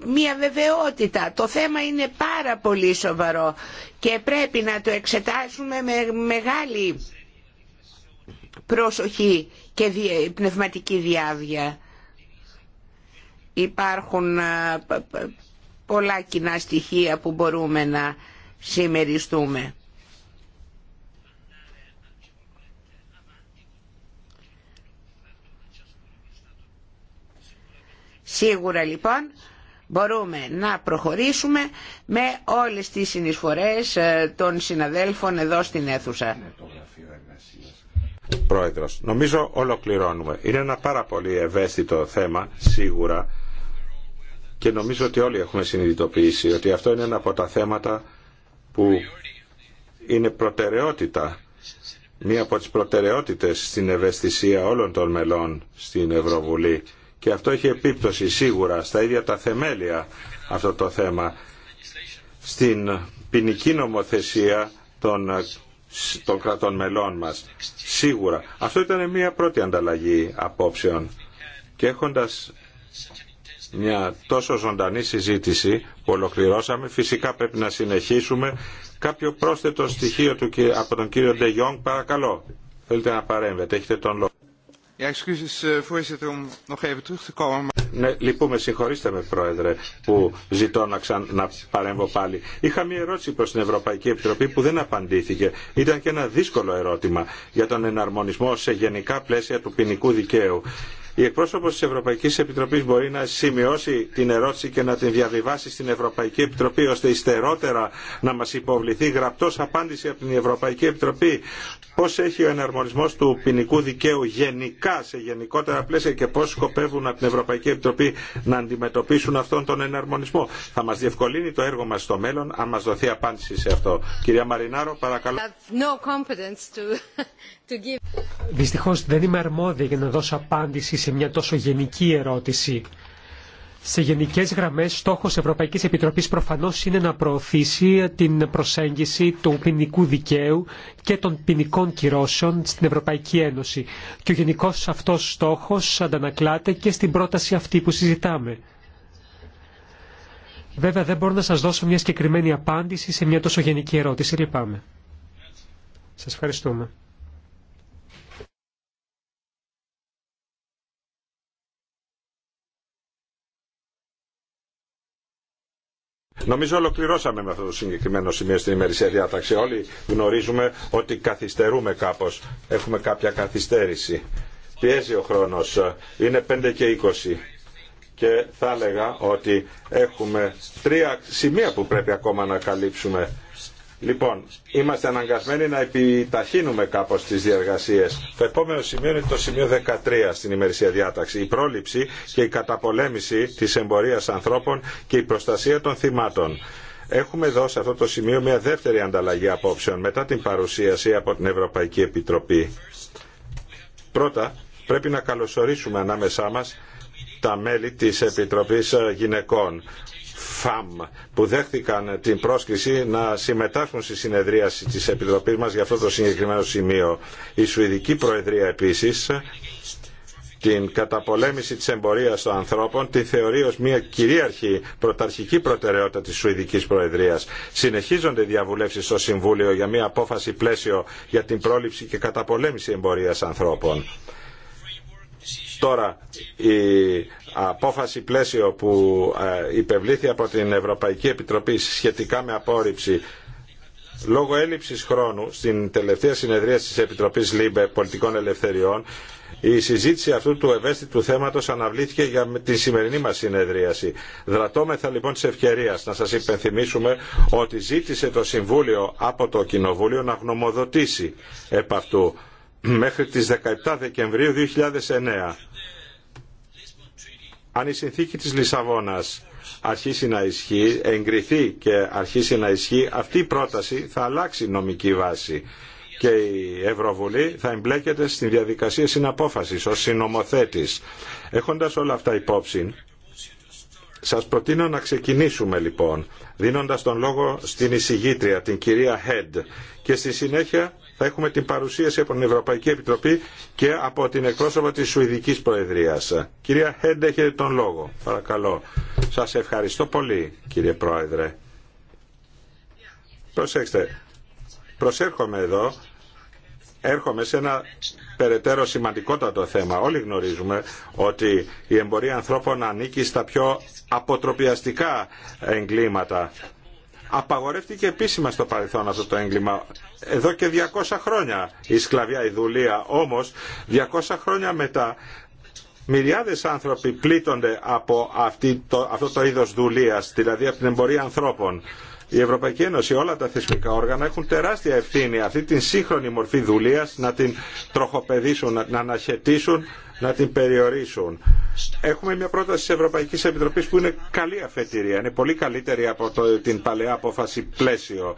μία βεβαιότητα. Το θέμα είναι πάρα πολύ σοβαρό και πρέπει να το εξετάσουμε με μεγάλη προσοχή και πνευματική διάβια. Υπάρχουν πολλά κοινά στοιχεία που μπορούμε να συμμεριστούμε. Σίγουρα λοιπόν μπορούμε να προχωρήσουμε με όλες τις συνεισφορές ε, των συναδέλφων εδώ στην αίθουσα. Πρόεδρος, νομίζω ολοκληρώνουμε. Είναι ένα πάρα πολύ ευαίσθητο θέμα, σίγουρα, και νομίζω ότι όλοι έχουμε συνειδητοποιήσει ότι αυτό είναι ένα από τα θέματα που είναι προτεραιότητα, μία από τις προτεραιότητες στην ευαισθησία όλων των μελών στην Ευρωβουλή και αυτό έχει επίπτωση σίγουρα στα ίδια τα θεμέλια αυτό το θέμα. Στην ποινική νομοθεσία των, των κρατών μελών μας. Σίγουρα. Αυτό ήταν μια πρώτη ανταλλαγή απόψεων. Και έχοντας μια τόσο ζωντανή συζήτηση που ολοκληρώσαμε, φυσικά πρέπει να συνεχίσουμε. Κάποιο πρόσθετο στοιχείο του, από τον κύριο Ντεγιόγκ, παρακαλώ. Θέλετε να παρέμβετε, έχετε τον λόγο. Ναι, λυπούμε, συγχωρήστε με πρόεδρε που ζητώ να, να παρέμβω πάλι. Είχα μια ερώτηση προς την Ευρωπαϊκή Επιτροπή που δεν απαντήθηκε. Ήταν και ένα δύσκολο ερώτημα για τον εναρμονισμό σε γενικά πλαίσια του ποινικού δικαίου. Η εκπρόσωπος της Ευρωπαϊκής Επιτροπής μπορεί να σημειώσει την ερώτηση και να την διαβιβάσει στην Ευρωπαϊκή Επιτροπή ώστε υστερότερα να μας υποβληθεί γραπτός απάντηση από την Ευρωπαϊκή Επιτροπή πώς έχει ο εναρμονισμός του ποινικού δικαίου γενικά σε γενικότερα πλαίσια και πώς σκοπεύουν από την Ευρωπαϊκή Επιτροπή να αντιμετωπίσουν αυτόν τον εναρμονισμό. Θα μας διευκολύνει το έργο μας στο μέλλον αν μας δοθεί απάντηση σε αυτό. Κυρία Μαρινάρο, παρακαλώ. Δυστυχώς δεν είμαι αρμόδια για να δώσω απάντηση σε μια τόσο γενική ερώτηση. Σε γενικέ γραμμέ, στόχο Ευρωπαϊκής Επιτροπής προφανώς είναι να προωθήσει την προσέγγιση του ποινικού δικαίου και των ποινικών κυρώσεων στην Ευρωπαϊκή Ένωση. Και ο γενικός αυτό στόχο αντανακλάται και στην πρόταση αυτή που συζητάμε. Βέβαια, δεν μπορώ να σας δώσω μια συγκεκριμένη απάντηση σε μια τόσο γενική ερώτηση. Λυπάμαι. Σα ευχαριστούμε. Νομίζω ολοκληρώσαμε με αυτό το συγκεκριμένο σημείο στην ημερησία διάταξη. Όλοι γνωρίζουμε ότι καθυστερούμε κάπως. Έχουμε κάποια καθυστέρηση. Πιέζει ο χρόνος. Είναι 5 και 20 και θα έλεγα ότι έχουμε τρία σημεία που πρέπει ακόμα να καλύψουμε Λοιπόν, είμαστε αναγκασμένοι να επιταχύνουμε κάπως τις διαργασίες. Το επόμενο σημείο είναι το σημείο 13 στην ημερησία διάταξη. Η πρόληψη και η καταπολέμηση της εμπορίας ανθρώπων και η προστασία των θυμάτων. Έχουμε εδώ σε αυτό το σημείο μια δεύτερη ανταλλαγή απόψεων μετά την παρουσίαση από την Ευρωπαϊκή Επιτροπή. Πρώτα, πρέπει να καλωσορίσουμε ανάμεσά μας τα μέλη της Επιτροπής Γυναικών ΦΑΜ που δέχτηκαν την πρόσκληση να συμμετάσχουν στη συνεδρίαση της Επιτροπής μας για αυτό το συγκεκριμένο σημείο. Η Σουηδική Προεδρία επίσης την καταπολέμηση της εμπορίας των ανθρώπων τη θεωρεί ως μια κυρίαρχη πρωταρχική προτεραιότητα της Σουηδικής Προεδρίας. Συνεχίζονται διαβουλεύσεις στο Συμβούλιο για μια απόφαση πλαίσιο για την πρόληψη και καταπολέμηση εμπορίας ανθρώπων. Τώρα, η απόφαση πλαίσιο που ε, υπευλήθη από την Ευρωπαϊκή Επιτροπή σχετικά με απόρριψη λόγω έλλειψης χρόνου στην τελευταία συνεδρία της Επιτροπής ΛΥΜΠΕ Πολιτικών Ελευθεριών η συζήτηση αυτού του ευαίσθητου θέματος αναβλήθηκε για τη σημερινή μας συνεδρίαση. Δρατώμεθα λοιπόν της ευκαιρίας να σας υπενθυμίσουμε ότι ζήτησε το Συμβούλιο από το Κοινοβούλιο να γνωμοδοτήσει επ' αυτού μέχρι τις 17 Δεκεμβρίου 2009. Αν η συνθήκη της Λισαβόνας αρχίσει να ισχύει, εγκριθεί και αρχίσει να ισχύει, αυτή η πρόταση θα αλλάξει νομική βάση και η Ευρωβουλή θα εμπλέκεται στη διαδικασία συναπόφασης ως συνομοθέτης. Έχοντας όλα αυτά υπόψη, σας προτείνω να ξεκινήσουμε λοιπόν, δίνοντας τον λόγο στην εισηγήτρια, την κυρία Χέντ, και στη συνέχεια θα έχουμε την παρουσίαση από την Ευρωπαϊκή Επιτροπή και από την εκπρόσωπο της Σουηδικής Προεδρίας. Κυρία Χέντε, έχετε τον λόγο. Παρακαλώ. Σας ευχαριστώ πολύ, κύριε Πρόεδρε. Προσέξτε, προσέρχομαι εδώ, έρχομαι σε ένα περαιτέρω σημαντικότατο θέμα. Όλοι γνωρίζουμε ότι η εμπορία ανθρώπων ανήκει στα πιο αποτροπιαστικά εγκλήματα Απαγορεύτηκε επίσημα στο παρελθόν αυτό το έγκλημα. Εδώ και 200 χρόνια η σκλαβιά, η δουλεία. Όμως 200 χρόνια μετά Μιλιάδες άνθρωποι πλήττονται από αυτή το, αυτό το είδος δουλείας, δηλαδή από την εμπορία ανθρώπων. Η Ευρωπαϊκή Ένωση, όλα τα θεσμικά όργανα έχουν τεράστια ευθύνη αυτή την σύγχρονη μορφή δουλείας να την τροχοπεδίσουν, να αναχαιτήσουν, να την περιορίσουν. Έχουμε μια πρόταση τη Ευρωπαϊκή Επιτροπής που είναι καλή αφετηρία, είναι πολύ καλύτερη από την παλαιά απόφαση πλαίσιο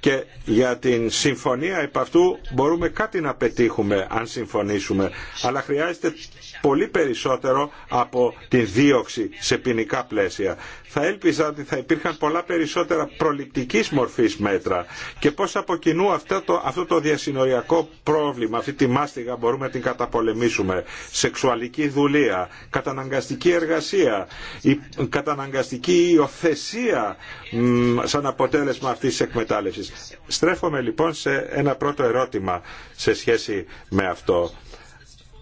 και για την συμφωνία επ' αυτού μπορούμε κάτι να πετύχουμε αν συμφωνήσουμε αλλά χρειάζεται πολύ περισσότερο από την δίωξη σε ποινικά πλαίσια θα έλπιζα ότι θα υπήρχαν πολλά περισσότερα προληπτικής μορφής μέτρα και πώς από κοινού αυτό το, αυτό το διασυνοριακό πρόβλημα, αυτή τη μάστιγα μπορούμε να την καταπολεμήσουμε. Σεξουαλική δουλεία, καταναγκαστική εργασία, η καταναγκαστική υιοθεσία σαν αποτέλεσμα αυτής της εκμετάλλευσης. Στρέφομαι λοιπόν σε ένα πρώτο ερώτημα σε σχέση με αυτό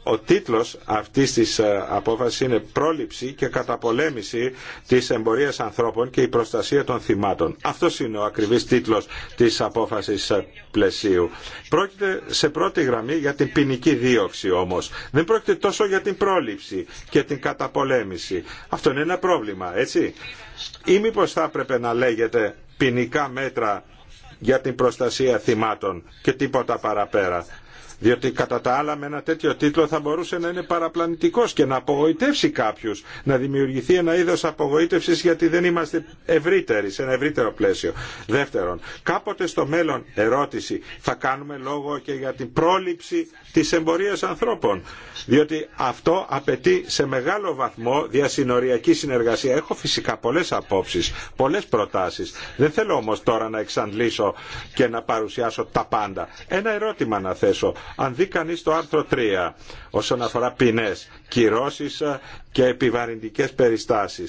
ο τίτλος αυτής της ε, απόφασης είναι «Πρόληψη και καταπολέμηση της εμπορίας ανθρώπων και η προστασία των θυμάτων». Αυτό είναι ο ακριβής τίτλος της απόφασης ε, πλαισίου. Πρόκειται σε πρώτη γραμμή για την ποινική δίωξη όμως. Δεν πρόκειται τόσο για την πρόληψη και την καταπολέμηση. Αυτό είναι ένα πρόβλημα, έτσι. Ή μήπω θα έπρεπε να λέγεται ποινικά μέτρα για την προστασία θυμάτων και τίποτα παραπέρα. Διότι κατά τα άλλα με ένα τέτοιο τίτλο θα μπορούσε να είναι παραπλανητικός και να απογοητεύσει κάποιους, να δημιουργηθεί ένα είδος απογοήτευσης γιατί δεν είμαστε ευρύτεροι, σε ένα ευρύτερο πλαίσιο. Δεύτερον, κάποτε στο μέλλον ερώτηση θα κάνουμε λόγο και για την πρόληψη της εμπορίας ανθρώπων. Διότι αυτό απαιτεί σε μεγάλο βαθμό διασυνοριακή συνεργασία. Έχω φυσικά πολλές απόψεις, πολλές προτάσεις. Δεν θέλω όμως τώρα να εξαντλήσω και να παρουσιάσω τα πάντα. Ένα ερώτημα να θέσω. Αν δει κανεί το άρθρο 3 όσον αφορά ποινέ, κυρώσει και επιβαρυντικέ περιστάσει,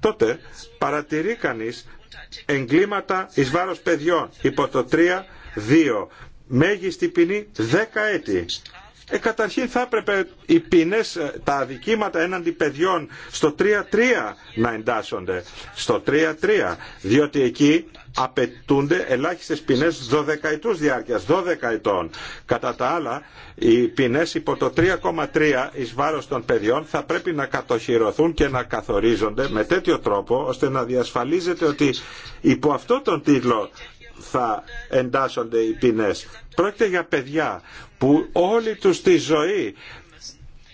τότε παρατηρεί κανεί εγκλήματα ει βάρο παιδιών υπό το 3-2 μέγιστη ποινή 10 έτη ε, καταρχήν θα έπρεπε οι ποινές, ε, τα αδικήματα έναντι παιδιών στο 3-3 να εντάσσονται. Στο 3-3, διότι εκεί απαιτούνται ελάχιστες ποινές 12 διάρκειας, 12 ετών. Κατά τα άλλα, οι ποινές υπό το 3,3 εις βάρος των παιδιών θα πρέπει να κατοχυρωθούν και να καθορίζονται με τέτοιο τρόπο ώστε να διασφαλίζεται ότι υπό αυτό τον τίτλο θα εντάσσονται οι ποινές. Πρόκειται για παιδιά που όλη τους τη ζωή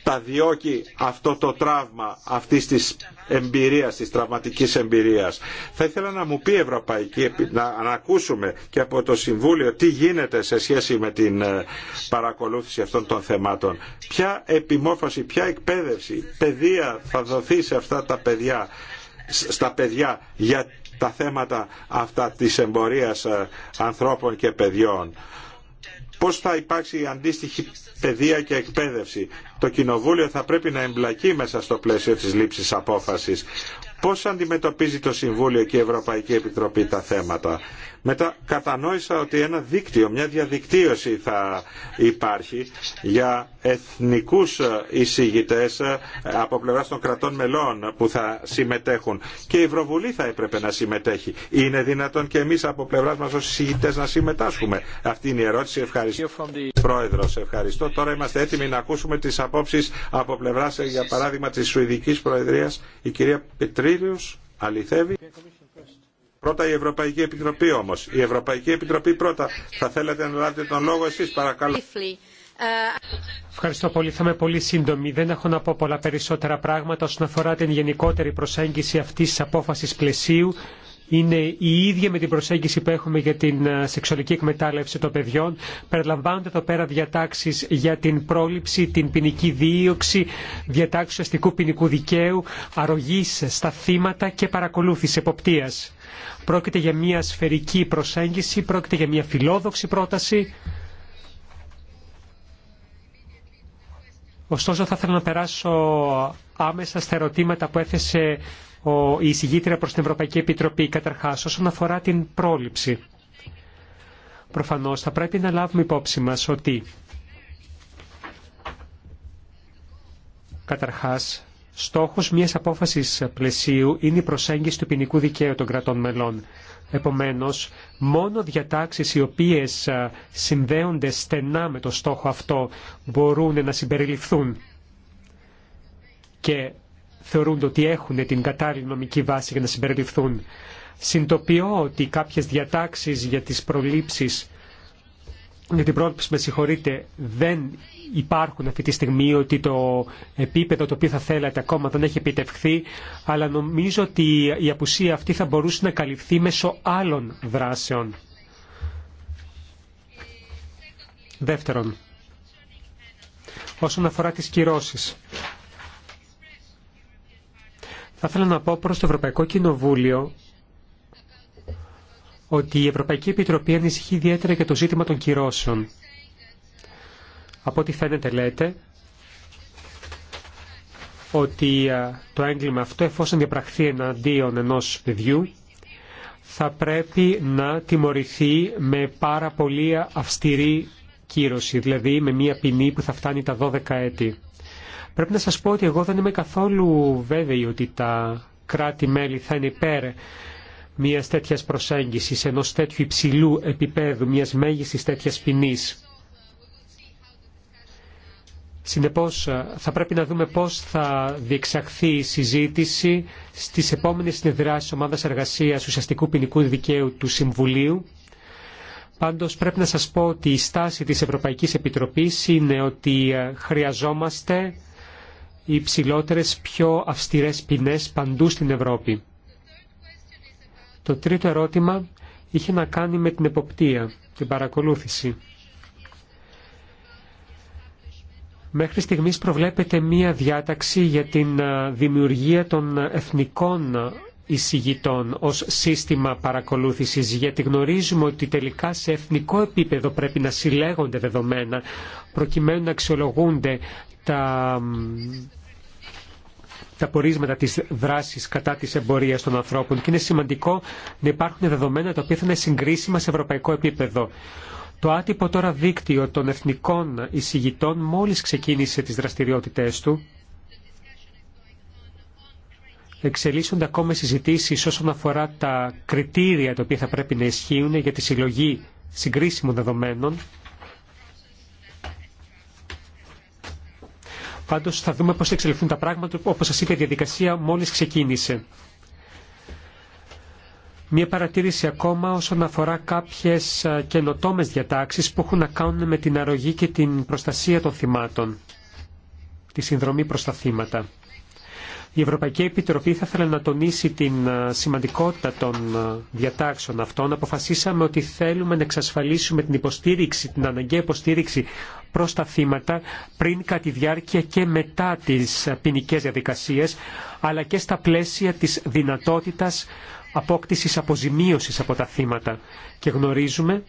τα διώκει αυτό το τραύμα αυτής της εμπειρίας, της τραυματικής εμπειρίας. Θα ήθελα να μου πει η Ευρωπαϊκή, να ανακούσουμε και από το Συμβούλιο τι γίνεται σε σχέση με την ε, παρακολούθηση αυτών των θεμάτων. Ποια επιμόρφωση, ποια εκπαίδευση, παιδεία θα δοθεί σε αυτά τα παιδιά στα παιδιά για τα θέματα αυτά της εμπορίας ε, ανθρώπων και παιδιών. Πώς θα υπάρξει η αντίστοιχη παιδεία και εκπαίδευση. Το Κοινοβούλιο θα πρέπει να εμπλακεί μέσα στο πλαίσιο της λήψης απόφασης. Πώς αντιμετωπίζει το Συμβούλιο και η Ευρωπαϊκή Επιτροπή τα θέματα. Μετά κατανόησα ότι ένα δίκτυο, μια διαδικτύωση θα υπάρχει για εθνικούς εισηγητές ε, από πλευράς των κρατών μελών που θα συμμετέχουν. Και η Ευρωβουλή θα έπρεπε να συμμετέχει. Είναι δυνατόν και εμείς από πλευράς μας ως εισηγητές να συμμετάσχουμε. Αυτή είναι η ερώτηση. Ευχαριστώ. Πρόεδρος, ευχαριστώ. Τώρα είμαστε έτοιμοι να ακούσουμε τις απόψεις από πλευράς, ε, για παράδειγμα, της Σουηδικής Προεδρίας. Η κυρία Πετρίλιος αληθεύει. Πρώτα η Ευρωπαϊκή Επιτροπή όμω, Η Ευρωπαϊκή Επιτροπή πρώτα. Θα θέλετε να λάβετε τον λόγο εσείς παρακαλώ. Ευχαριστώ πολύ. Θα είμαι πολύ σύντομη. Δεν έχω να πω πολλά περισσότερα πράγματα όσον αφορά την γενικότερη προσέγγιση αυτή τη απόφαση πλαισίου. Είναι η ίδια με την προσέγγιση που έχουμε για την ε, σεξουαλική εκμετάλλευση των παιδιών. Περιλαμβάνονται εδώ πέρα διατάξει για την πρόληψη, την ποινική δίωξη, διατάξει αστικού ποινικού δικαίου, αρρωγή στα θύματα και παρακολούθηση εποπτεία. Πρόκειται για μια σφαιρική προσέγγιση, πρόκειται για μια φιλόδοξη πρόταση. Ωστόσο θα ήθελα να περάσω άμεσα στα ερωτήματα που έθεσε η εισηγήτρια προς την Ευρωπαϊκή Επιτροπή καταρχάς όσον αφορά την πρόληψη. Προφανώς θα πρέπει να λάβουμε υπόψη μας ότι καταρχάς Στόχος μιας απόφασης πλαισίου είναι η προσέγγιση του ποινικού δικαίου των κρατών μελών. Επομένω, μόνο διατάξεις οι οποίες συνδέονται στενά με το στόχο αυτό μπορούν να συμπεριληφθούν και θεωρούνται ότι έχουν την κατάλληλη νομική βάση για να συμπεριληφθούν. Συντοπιώ ότι κάποιες διατάξεις για τις προλήψεις για την πρόληψη, με δεν υπάρχουν αυτή τη στιγμή, ότι το επίπεδο το οποίο θα θέλατε ακόμα δεν έχει επιτευχθεί, αλλά νομίζω ότι η απουσία αυτή θα μπορούσε να καλυφθεί μέσω άλλων δράσεων. Δεύτερον, όσον αφορά τις κυρώσεις. Θα ήθελα να πω προς το Ευρωπαϊκό Κοινοβούλιο ότι η Ευρωπαϊκή Επιτροπή ανησυχεί ιδιαίτερα για το ζήτημα των κυρώσεων. Από ό,τι φαίνεται λέτε ότι το έγκλημα αυτό εφόσον διαπραχθεί εναντίον ενός παιδιού θα πρέπει να τιμωρηθεί με πάρα πολύ αυστηρή κύρωση, δηλαδή με μια ποινή που θα φτάνει τα 12 έτη. Πρέπει να σας πω ότι εγώ δεν είμαι καθόλου βέβαιη ότι τα κράτη-μέλη θα είναι υπέρ μιας τέτοιας προσέγγισης, ενός τέτοιου υψηλού επίπεδου, μιας μέγιστης τέτοιας ποινής. Συνεπώς ε, θα πρέπει να δούμε πώς θα διεξαχθεί η συζήτηση στις επόμενες συνεδράσεις Ομάδας Εργασίας Ουσιαστικού Ποινικού Δικαίου του Συμβουλίου. Πάντως πρέπει να σας πω ότι η στάση της Ευρωπαϊκής Επιτροπής είναι ότι ε, χρειαζόμαστε οι ψηλότερες, πιο αυστηρές ποινές παντού στην Ευρώπη. Το τρίτο ερώτημα είχε να κάνει με την εποπτεία, την παρακολούθηση. Μέχρι στιγμής προβλέπεται μία διάταξη για την ε, δημιουργία των εθνικών εισηγητών ως σύστημα παρακολούθησης γιατί γνωρίζουμε ότι τελικά σε εθνικό επίπεδο πρέπει να συλλέγονται δεδομένα προκειμένου να αξιολογούνται τα, τα πορίσματα της δράσης κατά της εμπορίας των ανθρώπων και είναι σημαντικό να υπάρχουν δεδομένα τα οποία θα είναι συγκρίσιμα σε ευρωπαϊκό επίπεδο. Το άτυπο τώρα δίκτυο των εθνικών εισηγητών μόλις ξεκίνησε τις δραστηριότητές του. Εξελίσσονται ακόμα συζητήσει όσον αφορά τα κριτήρια τα οποία θα πρέπει να ισχύουν για τη συλλογή συγκρίσιμων δεδομένων. Πάντως θα δούμε πώς θα εξελιχθούν τα πράγματα, όπως σας είπε η διαδικασία μόλις ξεκίνησε. Μία παρατήρηση ακόμα όσον αφορά κάποιες καινοτόμες διατάξεις που έχουν να κάνουν με την αρρωγή και την προστασία των θυμάτων, τη συνδρομή προς τα θύματα. Η Ευρωπαϊκή Επιτροπή θα ήθελε να τονίσει την σημαντικότητα των διατάξεων αυτών. Αποφασίσαμε ότι θέλουμε να εξασφαλίσουμε την υποστήριξη, την αναγκαία υποστήριξη προς τα θύματα πριν, κατά τη διάρκεια και μετά τις ποινικέ διαδικασίες, αλλά και στα πλαίσια της δυνατότητας απόκτησης αποζημίωσης από τα θύματα. Και γνωρίζουμε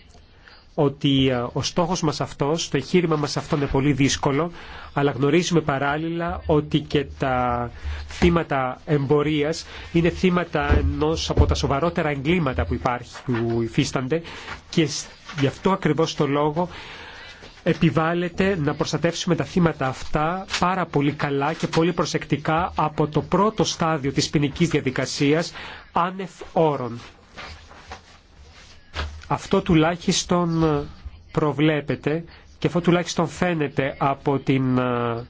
ότι ε, ο στόχος μας αυτός, το εγχείρημα μας αυτό είναι πολύ δύσκολο, αλλά γνωρίζουμε παράλληλα ότι και τα θύματα εμπορίας είναι θύματα ενός από τα σοβαρότερα εγκλήματα που υπάρχει, που υφίστανται και γι' αυτό ακριβώς το λόγο επιβάλλεται να προστατεύσουμε τα θύματα αυτά πάρα πολύ καλά και πολύ προσεκτικά από το πρώτο στάδιο της ποινική διαδικασίας άνευ όρων. Αυτό τουλάχιστον προβλέπεται και αυτό τουλάχιστον φαίνεται από την ε,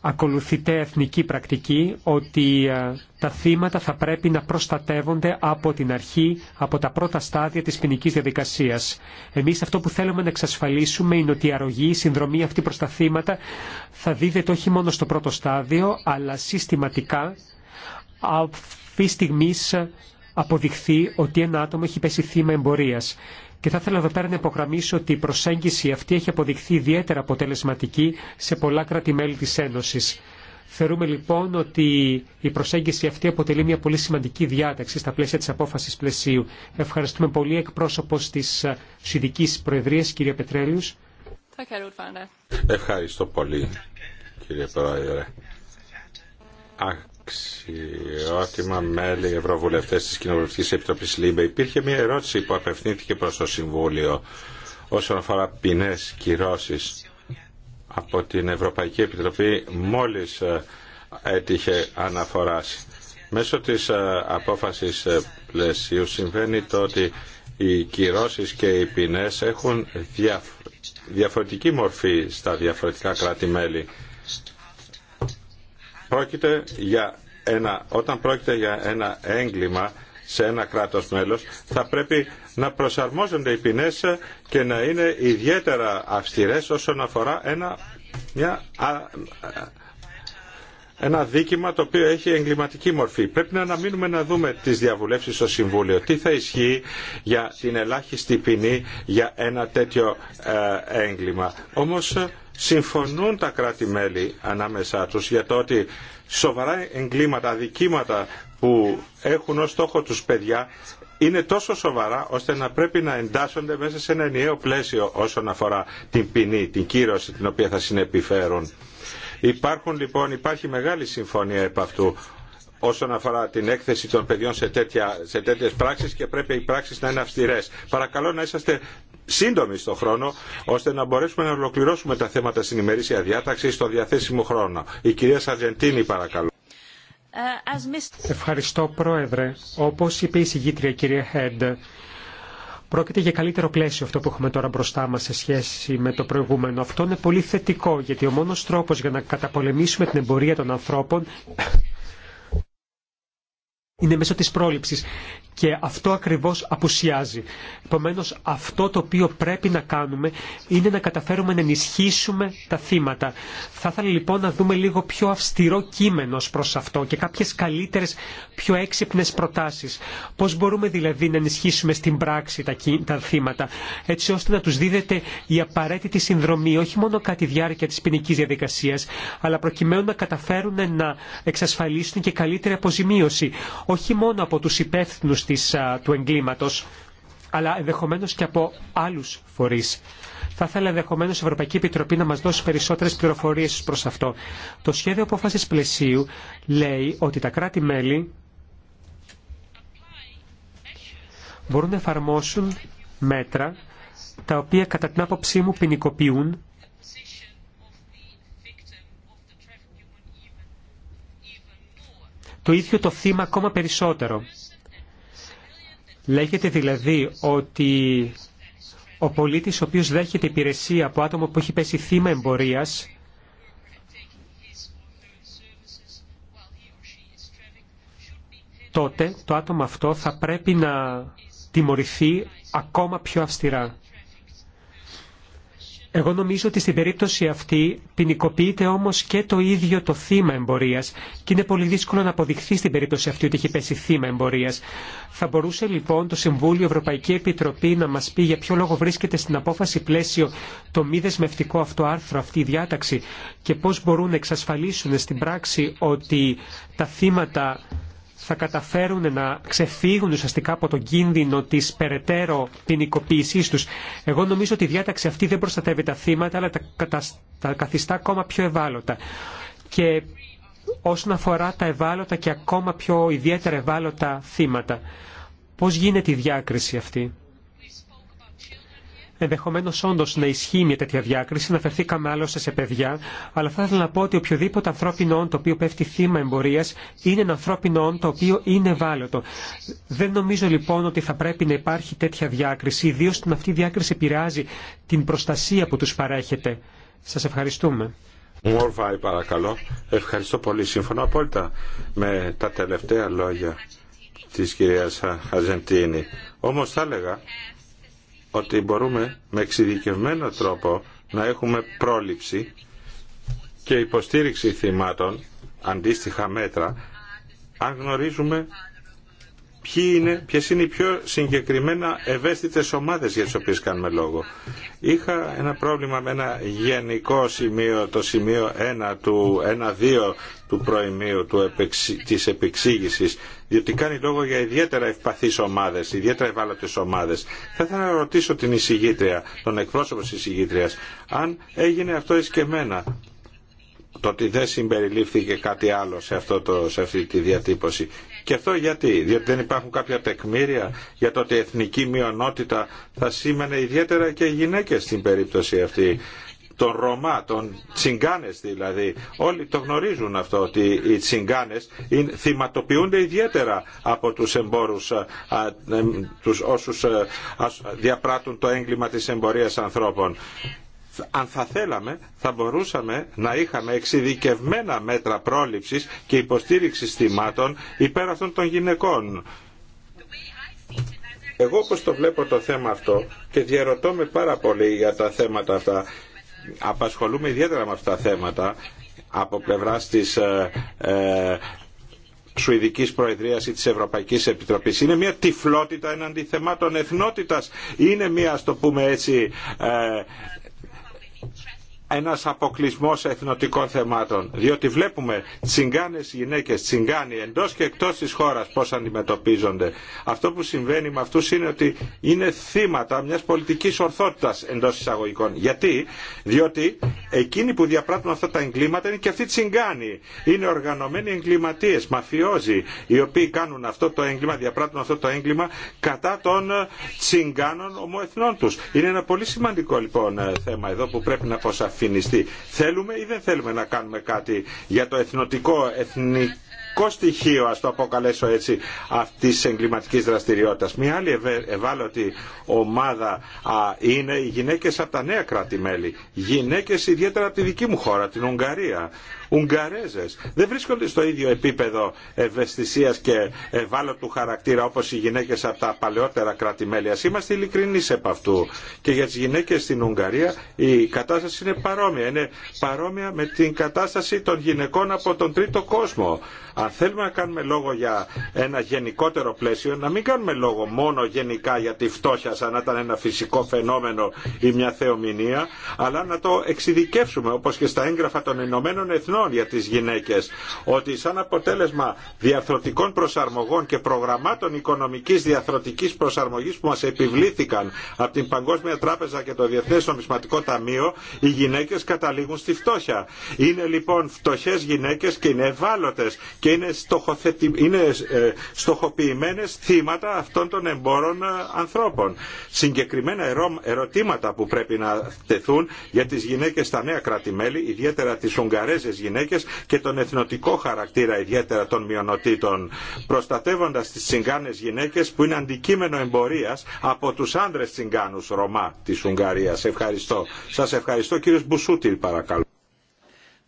ακολουθείται εθνική πρακτική ότι ε, τα θύματα θα πρέπει να προστατεύονται από την αρχή, από τα πρώτα στάδια της ποινική διαδικασίας. Εμείς αυτό που θέλουμε να εξασφαλίσουμε είναι ότι η αρρωγή, η συνδρομή αυτή προς τα θύματα θα δίδεται όχι μόνο στο πρώτο στάδιο, αλλά συστηματικά αυτή στιγμή αποδειχθεί ότι ένα άτομο έχει πέσει θύμα εμπορία. Και θα ήθελα εδώ πέρα να υπογραμμίσω ότι η προσέγγιση αυτή έχει αποδειχθεί ιδιαίτερα αποτελεσματική σε πολλά κράτη-μέλη της Ένωση. Θεωρούμε λοιπόν ότι η προσέγγιση αυτή αποτελεί μια πολύ σημαντική διάταξη στα πλαίσια της απόφασης πλαισίου. Ευχαριστούμε πολύ εκπρόσωπο τη ε, Σουηδική προεδρία, κυρία Πετρέλου. Ευχαριστώ πολύ, κύριε Πρόεδρε αξιότιμα μέλη ευρωβουλευτέ τη Κοινοβουλευτική Επιτροπή ΛΥΜΠΕ. Υπήρχε μια ερώτηση που απευθύνθηκε προ το Συμβούλιο όσον αφορά ποινέ κυρώσει από την Ευρωπαϊκή Επιτροπή μόλι ε, έτυχε αναφορά. Μέσω τη ε, απόφαση ε, πλαισίου συμβαίνει το ότι οι κυρώσεις και οι ποινές έχουν διαφορετική μορφή στα διαφορετικά κράτη-μέλη. Πρόκειται για ένα, όταν πρόκειται για ένα έγκλημα σε ένα κράτος μέλος θα πρέπει να προσαρμόζονται οι ποινές και να είναι ιδιαίτερα αυστηρές όσον αφορά ένα, μια, ένα δίκημα το οποίο έχει εγκληματική μορφή. Πρέπει να αναμείνουμε να δούμε τις διαβουλεύσεις στο Συμβούλιο. Τι θα ισχύει για την ελάχιστη ποινή για ένα τέτοιο ε, έγκλημα. Όμως συμφωνούν τα κράτη-μέλη ανάμεσά τους για το ότι σοβαρά εγκλήματα, αδικήματα που έχουν ως στόχο τους παιδιά είναι τόσο σοβαρά ώστε να πρέπει να εντάσσονται μέσα σε ένα ενιαίο πλαίσιο όσον αφορά την ποινή, την κύρωση την οποία θα συνεπιφέρουν. Υπάρχουν λοιπόν, υπάρχει μεγάλη συμφωνία επ' αυτού όσον αφορά την έκθεση των παιδιών σε, τέτοια, σε τέτοιες πράξεις και πρέπει οι πράξεις να είναι αυστηρές. Παρακαλώ να είσαστε σύντομη στο χρόνο, ώστε να μπορέσουμε να ολοκληρώσουμε τα θέματα στην ημερήσια διάταξη στο διαθέσιμο χρόνο. Η κυρία Σαρζεντίνη, παρακαλώ. Ε, Ευχαριστώ, Πρόεδρε. Όπως είπε η συγγήτρια κυρία Χέντ, Πρόκειται για καλύτερο πλαίσιο αυτό που έχουμε τώρα μπροστά μα σε σχέση με το προηγούμενο. Αυτό είναι πολύ θετικό, γιατί ο μόνο τρόπο για να καταπολεμήσουμε την εμπορία των ανθρώπων είναι μέσω της πρόληψης και αυτό ακριβώς απουσιάζει. Επομένως αυτό το οποίο πρέπει να κάνουμε είναι να καταφέρουμε να ενισχύσουμε τα θύματα. Θα ήθελα λοιπόν να δούμε λίγο πιο αυστηρό κείμενο προς αυτό και κάποιες καλύτερες πιο έξυπνες προτάσεις. Πώς μπορούμε δηλαδή να ενισχύσουμε στην πράξη τα θύματα έτσι ώστε να τους δίδεται η απαραίτητη συνδρομή όχι μόνο κατά τη διάρκεια της ποινική διαδικασίας αλλά προκειμένου να καταφέρουν να εξασφαλίσουν και καλύτερη αποζημίωση όχι μόνο από τους υπεύθυνου του εγκλήματος, αλλά ενδεχομένως και από άλλους φορείς. Θα ήθελα ενδεχομένω η Ευρωπαϊκή Επιτροπή να μα δώσει περισσότερε πληροφορίε προ αυτό. Το σχέδιο απόφαση πλαισίου λέει ότι τα κράτη-μέλη μπορούν να εφαρμόσουν μέτρα τα οποία κατά την άποψή μου ποινικοποιούν το ίδιο το θύμα ακόμα περισσότερο. Λέγεται δηλαδή ότι ο πολίτης ο οποίος δέχεται υπηρεσία από άτομο που έχει πέσει θύμα εμπορίας τότε το άτομο αυτό θα πρέπει να τιμωρηθεί ακόμα πιο αυστηρά. Εγώ νομίζω ότι στην περίπτωση αυτή ποινικοποιείται όμως και το ίδιο το θύμα εμπορίας και είναι πολύ δύσκολο να αποδειχθεί στην περίπτωση αυτή ότι έχει πέσει θύμα εμπορίας. Θα μπορούσε λοιπόν το Συμβούλιο Ευρωπαϊκή Επιτροπή να μας πει για ποιο λόγο βρίσκεται στην απόφαση πλαίσιο το μη δεσμευτικό αυτό άρθρο, αυτή η διάταξη και πώς μπορούν να εξασφαλίσουν στην πράξη ότι τα θύματα θα καταφέρουν να ξεφύγουν ουσιαστικά από τον κίνδυνο τη περαιτέρω ποινικοποίηση του. Εγώ νομίζω ότι η διάταξη αυτή δεν προστατεύει τα θύματα, αλλά τα καθιστά ακόμα πιο ευάλωτα. Και όσον αφορά τα ευάλωτα και ακόμα πιο ιδιαίτερα ευάλωτα θύματα. Πώς γίνεται η διάκριση αυτή. Ενδεχομένω όντω να ισχύει μια τέτοια διάκριση, αναφερθήκαμε άλλωστε σε παιδιά, αλλά θα ήθελα να πω ότι οποιοδήποτε ανθρώπινο όν το οποίο πέφτει θύμα εμπορία είναι ένα ανθρώπινο όν το οποίο είναι ευάλωτο. Δεν νομίζω λοιπόν ότι θα πρέπει να υπάρχει τέτοια διάκριση, ιδίω όταν αυτή η διάκριση επηρεάζει την προστασία που του παρέχεται. Σα ευχαριστούμε. Μουρβάη, παρακαλώ. Ευχαριστώ πολύ. Συμφωνώ απόλυτα με τα τελευταία λόγια της κυρίας Αζεντίνη. Όμως θα έλεγα ότι μπορούμε με εξειδικευμένο τρόπο να έχουμε πρόληψη και υποστήριξη θυμάτων, αντίστοιχα μέτρα, αν γνωρίζουμε ποιοι είναι, ποιες είναι οι πιο συγκεκριμένα ευαίσθητες ομάδες για τις οποίες κάνουμε λόγο. Είχα ένα πρόβλημα με ένα γενικό σημείο, το σημείο 1 του 1-2 του προημείου του, της επεξήγησης, διότι κάνει λόγο για ιδιαίτερα ευπαθείς ομάδες, ιδιαίτερα ευάλωτες ομάδες. Θα ήθελα να ρωτήσω την εισηγήτρια, τον εκπρόσωπο της εισηγήτριας, αν έγινε αυτό εσκεμένα το ότι δεν συμπεριλήφθηκε κάτι άλλο σε, αυτό το, σε αυτή τη διατύπωση. Και αυτό γιατί, διότι δεν υπάρχουν κάποια τεκμήρια για το ότι η εθνική μειονότητα θα σήμαινε ιδιαίτερα και οι γυναίκες στην περίπτωση αυτή τον Ρωμά, τον Τσιγκάνες δηλαδή. Όλοι το γνωρίζουν αυτό ότι οι Τσιγκάνες θυματοποιούνται ιδιαίτερα από τους εμπόρους, τους όσους ε, διαπράττουν το έγκλημα της εμπορίας ανθρώπων αν θα θέλαμε θα μπορούσαμε να είχαμε εξειδικευμένα μέτρα πρόληψης και υποστήριξης θυμάτων υπέρ αυτών των γυναικών. Εγώ όπως το βλέπω το θέμα αυτό και διαρωτώ με πάρα πολύ για τα θέματα αυτά, απασχολούμε ιδιαίτερα με αυτά τα θέματα από πλευράς της ε, ε, Σουηδική Προεδρία ή τη Ευρωπαϊκή Επιτροπή. Είναι μια τυφλότητα εναντί θεμάτων εθνότητα. Είναι μια, α το πούμε έτσι, ε, Υπότιτλοι ένας αποκλεισμός εθνοτικών θεμάτων. Διότι βλέπουμε τσιγκάνες γυναίκες, τσιγκάνοι εντός και εκτός της χώρας πώς αντιμετωπίζονται. Αυτό που συμβαίνει με αυτούς είναι ότι είναι θύματα μιας πολιτικής ορθότητας εντός εισαγωγικών. Γιατί, διότι εκείνοι που διαπράττουν αυτά τα εγκλήματα είναι και αυτοί τσιγκάνοι. Είναι οργανωμένοι εγκληματίες, μαφιόζοι, οι οποίοι κάνουν αυτό το έγκλημα, διαπράττουν αυτό το έγκλημα κατά των ε, τσιγκάνων ομοεθνών τους. Είναι ένα πολύ σημαντικό λοιπόν ε, θέμα εδώ που πρέπει να Θέλουμε ή δεν θέλουμε να κάνουμε κάτι για το εθνοτικό, εθνικό στοιχείο, α το αποκαλέσω έτσι, αυτή τη εγκληματική δραστηριότητα. Μια άλλη ευάλωτη ομάδα α, είναι οι γυναίκε από τα νέα κράτη-μέλη. Γυναίκε ιδιαίτερα από τη δική μου χώρα, την Ουγγαρία. Ουγγαρέζε. δεν βρίσκονται στο ίδιο επίπεδο ευαισθησία και ευάλωτου χαρακτήρα όπω οι γυναίκε από τα παλαιότερα κράτη-μέλη. Είμαστε ειλικρινεί επ' αυτού. Και για τι γυναίκε στην Ουγγαρία η κατάσταση είναι παρόμοια. Είναι παρόμοια με την κατάσταση των γυναικών από τον τρίτο κόσμο. Αν θέλουμε να κάνουμε λόγο για ένα γενικότερο πλαίσιο, να μην κάνουμε λόγο μόνο γενικά για τη φτώχεια σαν να ήταν ένα φυσικό φαινόμενο ή μια θεομηνία, αλλά να το εξειδικεύσουμε όπως και στα έγγραφα των Ηνωμένων Εθνών για τις γυναίκες ότι σαν αποτέλεσμα διαθροτικών προσαρμογών και προγραμμάτων οικονομικής διαθροτικής προσαρμογής που μας επιβλήθηκαν από την Παγκόσμια Τράπεζα και το Διεθνές Ομισματικό Ταμείο οι γυναίκες καταλήγουν στη φτώχεια. Είναι λοιπόν φτωχές γυναίκες και είναι ευάλωτες και είναι, στοχοθετη... είναι ε, στοχοποιημένες θύματα αυτών των εμπόρων ε, ανθρώπων. Συγκεκριμένα ερωτήματα που πρέπει να τεθούν για τις γυναίκες στα νέα ιδιαίτερα τις Ουγγαρέζες γυναίκες γυναίκες και τον εθνοτικό χαρακτήρα ιδιαίτερα των μειονοτήτων, προστατεύοντα τι τσιγκάνε γυναίκε, που είναι αντικείμενο εμπορία από του άντρε τσιγκάνου Ρωμά τη Ουγγαρία. Ευχαριστώ. Σα ευχαριστώ κύριο Μπουσούτιλ παρακαλώ.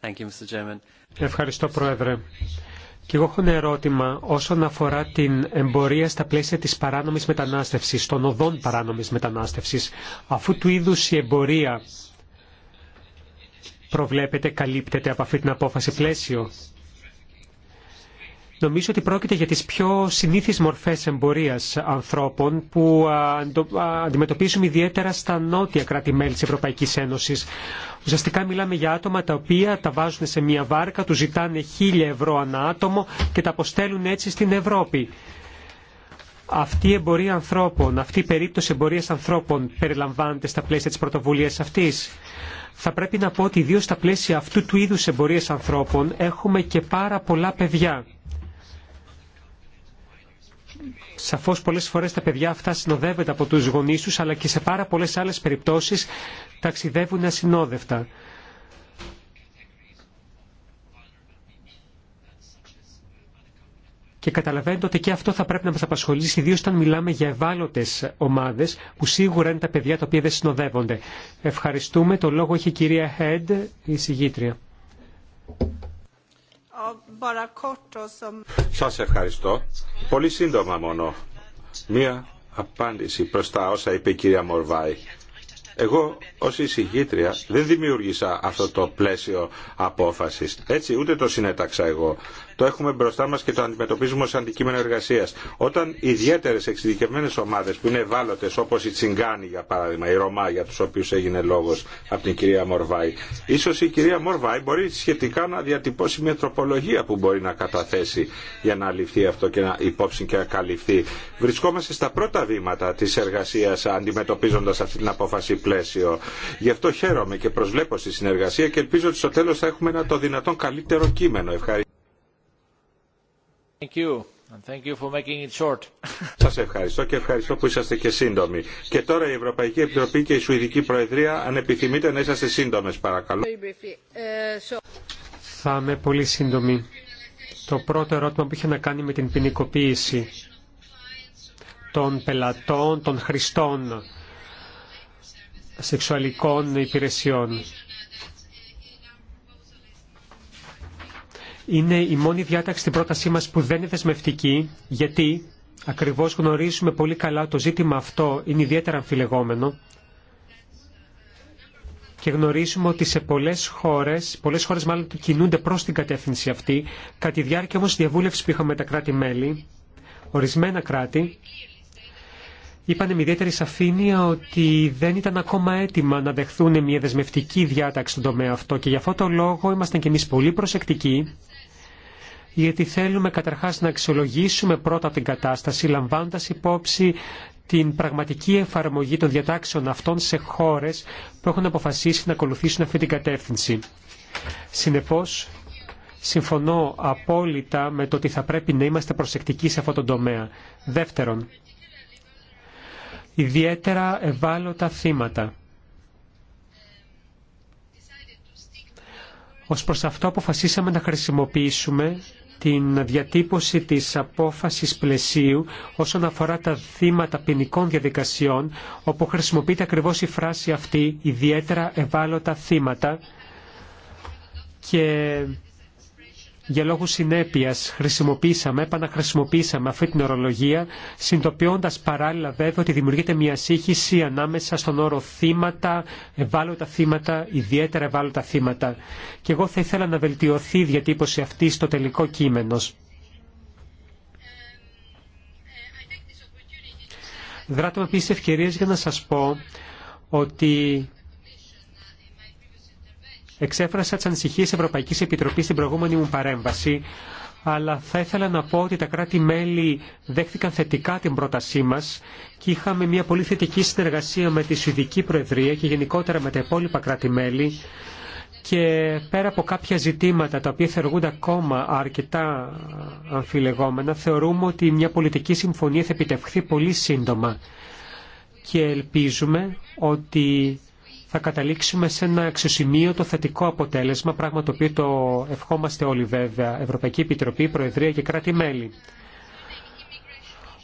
Thank you, Mr. Chairman. Ευχαριστώ Πρόεδρε. Και εγώ έχω ένα ερώτημα όσον αφορά την εμπορία στα πλαίσια της παράνομης μετανάστευσης, των οδών παράνομης μετανάστευσης. Αφού του είδους η εμπορία προβλέπετε, καλύπτεται από αυτή την απόφαση πλαίσιο. Νομίζω ότι πρόκειται για τις πιο συνήθεις μορφές εμπορίας ανθρώπων που αντιμετωπίζουμε ιδιαίτερα στα νότια κράτη-μέλη της Ευρωπαϊκής Ένωσης. Ουσιαστικά μιλάμε για άτομα τα οποία τα βάζουν σε μια βάρκα, του ζητάνε χίλια ευρώ ανά άτομο και τα αποστέλουν έτσι στην Ευρώπη. Αυτή η εμπορία ανθρώπων, αυτή η περίπτωση εμπορίας ανθρώπων περιλαμβάνεται στα πλαίσια της πρωτοβουλίας αυτής θα πρέπει να πω ότι ιδίω στα πλαίσια αυτού του είδους εμπορίες ανθρώπων έχουμε και πάρα πολλά παιδιά. Σαφώς πολλές φορές τα παιδιά αυτά συνοδεύονται από τους γονείς τους, αλλά και σε πάρα πολλές άλλες περιπτώσεις ταξιδεύουν ασυνόδευτα. και καταλαβαίνετε ότι και αυτό θα πρέπει να μα απασχολήσει, ιδίω όταν μιλάμε για ευάλωτε ομάδες, που σίγουρα είναι τα παιδιά τα οποία δεν συνοδεύονται. Ευχαριστούμε. Το λόγο έχει η κυρία Χέντ, η συγγήτρια. Σας ευχαριστώ. Πολύ σύντομα μόνο. Μία απάντηση προς τα όσα είπε η κυρία Μορβάη. Εγώ ως εισηγήτρια δεν δημιούργησα αυτό το πλαίσιο απόφασης. Έτσι ούτε το συνέταξα εγώ το έχουμε μπροστά μα και το αντιμετωπίζουμε ως αντικείμενο εργασία. Όταν ιδιαίτερε εξειδικευμένε ομάδε που είναι ευάλωτε, όπω οι Τσιγκάνοι για παράδειγμα, οι Ρωμά για του οποίου έγινε λόγο από την κυρία Μορβάη, ίσω η κυρία Μορβάη μπορεί σχετικά να διατυπώσει μια τροπολογία που μπορεί να καταθέσει για να ληφθεί αυτό και να υπόψη και να καλυφθεί. Βρισκόμαστε στα πρώτα βήματα τη εργασία, αντιμετωπίζοντα αυτή την απόφαση πλαίσιο. Γι' αυτό χαίρομαι και προσβλέπω στη συνεργασία και ελπίζω ότι στο τέλο θα έχουμε ένα το δυνατόν καλύτερο κείμενο. Ευχαριστώ. Thank Σας ευχαριστώ και ευχαριστώ που είσαστε και σύντομοι. Και τώρα η Ευρωπαϊκή Επιτροπή και η Σουηδική Προεδρία, αν επιθυμείτε να είσαστε σύντομες παρακαλώ. Ε, Θα είμαι πολύ σύντομη. Το πρώτο ερώτημα που είχε να κάνει με την ποινικοποίηση των πελατών, των χρηστών σεξουαλικών υπηρεσιών. είναι η μόνη διάταξη στην πρότασή μας που δεν είναι δεσμευτική, γιατί ακριβώς γνωρίζουμε πολύ καλά το ζήτημα αυτό είναι ιδιαίτερα αμφιλεγόμενο και γνωρίζουμε ότι σε πολλές χώρες, πολλές χώρες μάλλον κινούνται προς την κατεύθυνση αυτή, κατά τη διάρκεια όμως διαβούλευση που είχαμε με τα κράτη-μέλη, ορισμένα κράτη, είπαν με ιδιαίτερη σαφήνεια ότι δεν ήταν ακόμα έτοιμα να δεχθούν μια δεσμευτική διάταξη στον τομέα αυτό και γι' αυτό το λόγο ήμασταν κι εμείς πολύ προσεκτικοί γιατί θέλουμε καταρχάς να αξιολογήσουμε πρώτα την κατάσταση, λαμβάνοντας υπόψη την πραγματική εφαρμογή των διατάξεων αυτών σε χώρες που έχουν αποφασίσει να ακολουθήσουν αυτή την κατεύθυνση. Συνεπώς, συμφωνώ απόλυτα με το ότι θα πρέπει να είμαστε προσεκτικοί σε αυτόν τον τομέα. Δεύτερον, ιδιαίτερα ευάλωτα θύματα. Ως προς αυτό αποφασίσαμε να χρησιμοποιήσουμε την διατύπωση της απόφασης πλαισίου όσον αφορά τα θύματα ποινικών διαδικασιών, όπου χρησιμοποιείται ακριβώς η φράση αυτή, ιδιαίτερα ευάλωτα θύματα, και για λόγους συνέπειας χρησιμοποίησαμε, επαναχρησιμοποίησαμε αυτή την ορολογία, συνειδητοποιώντας παράλληλα βέβαια ότι δημιουργείται μια σύγχυση ανάμεσα στον όρο θύματα, ευάλωτα θύματα, ιδιαίτερα ευάλωτα θύματα. Και εγώ θα ήθελα να βελτιωθεί η διατύπωση αυτή στο τελικό κείμενο. Δράτω με επίσης για να σας πω ότι Εξέφρασα τι ανησυχίε Ευρωπαϊκή Επιτροπή στην προηγούμενη μου παρέμβαση, αλλά θα ήθελα να πω ότι τα κράτη-μέλη δέχτηκαν θετικά την πρότασή μα και είχαμε μια πολύ θετική συνεργασία με τη Σουηδική Προεδρία και γενικότερα με τα υπόλοιπα κράτη-μέλη και πέρα από κάποια ζητήματα τα οποία θεωρούνται ακόμα αρκετά αμφιλεγόμενα, θεωρούμε ότι μια πολιτική συμφωνία θα επιτευχθεί πολύ σύντομα και ελπίζουμε ότι θα καταλήξουμε σε ένα εξωσημείωτο θετικό αποτέλεσμα, πράγμα το οποίο το ευχόμαστε όλοι βέβαια, Ευρωπαϊκή Επιτροπή, Προεδρία και κράτη-μέλη.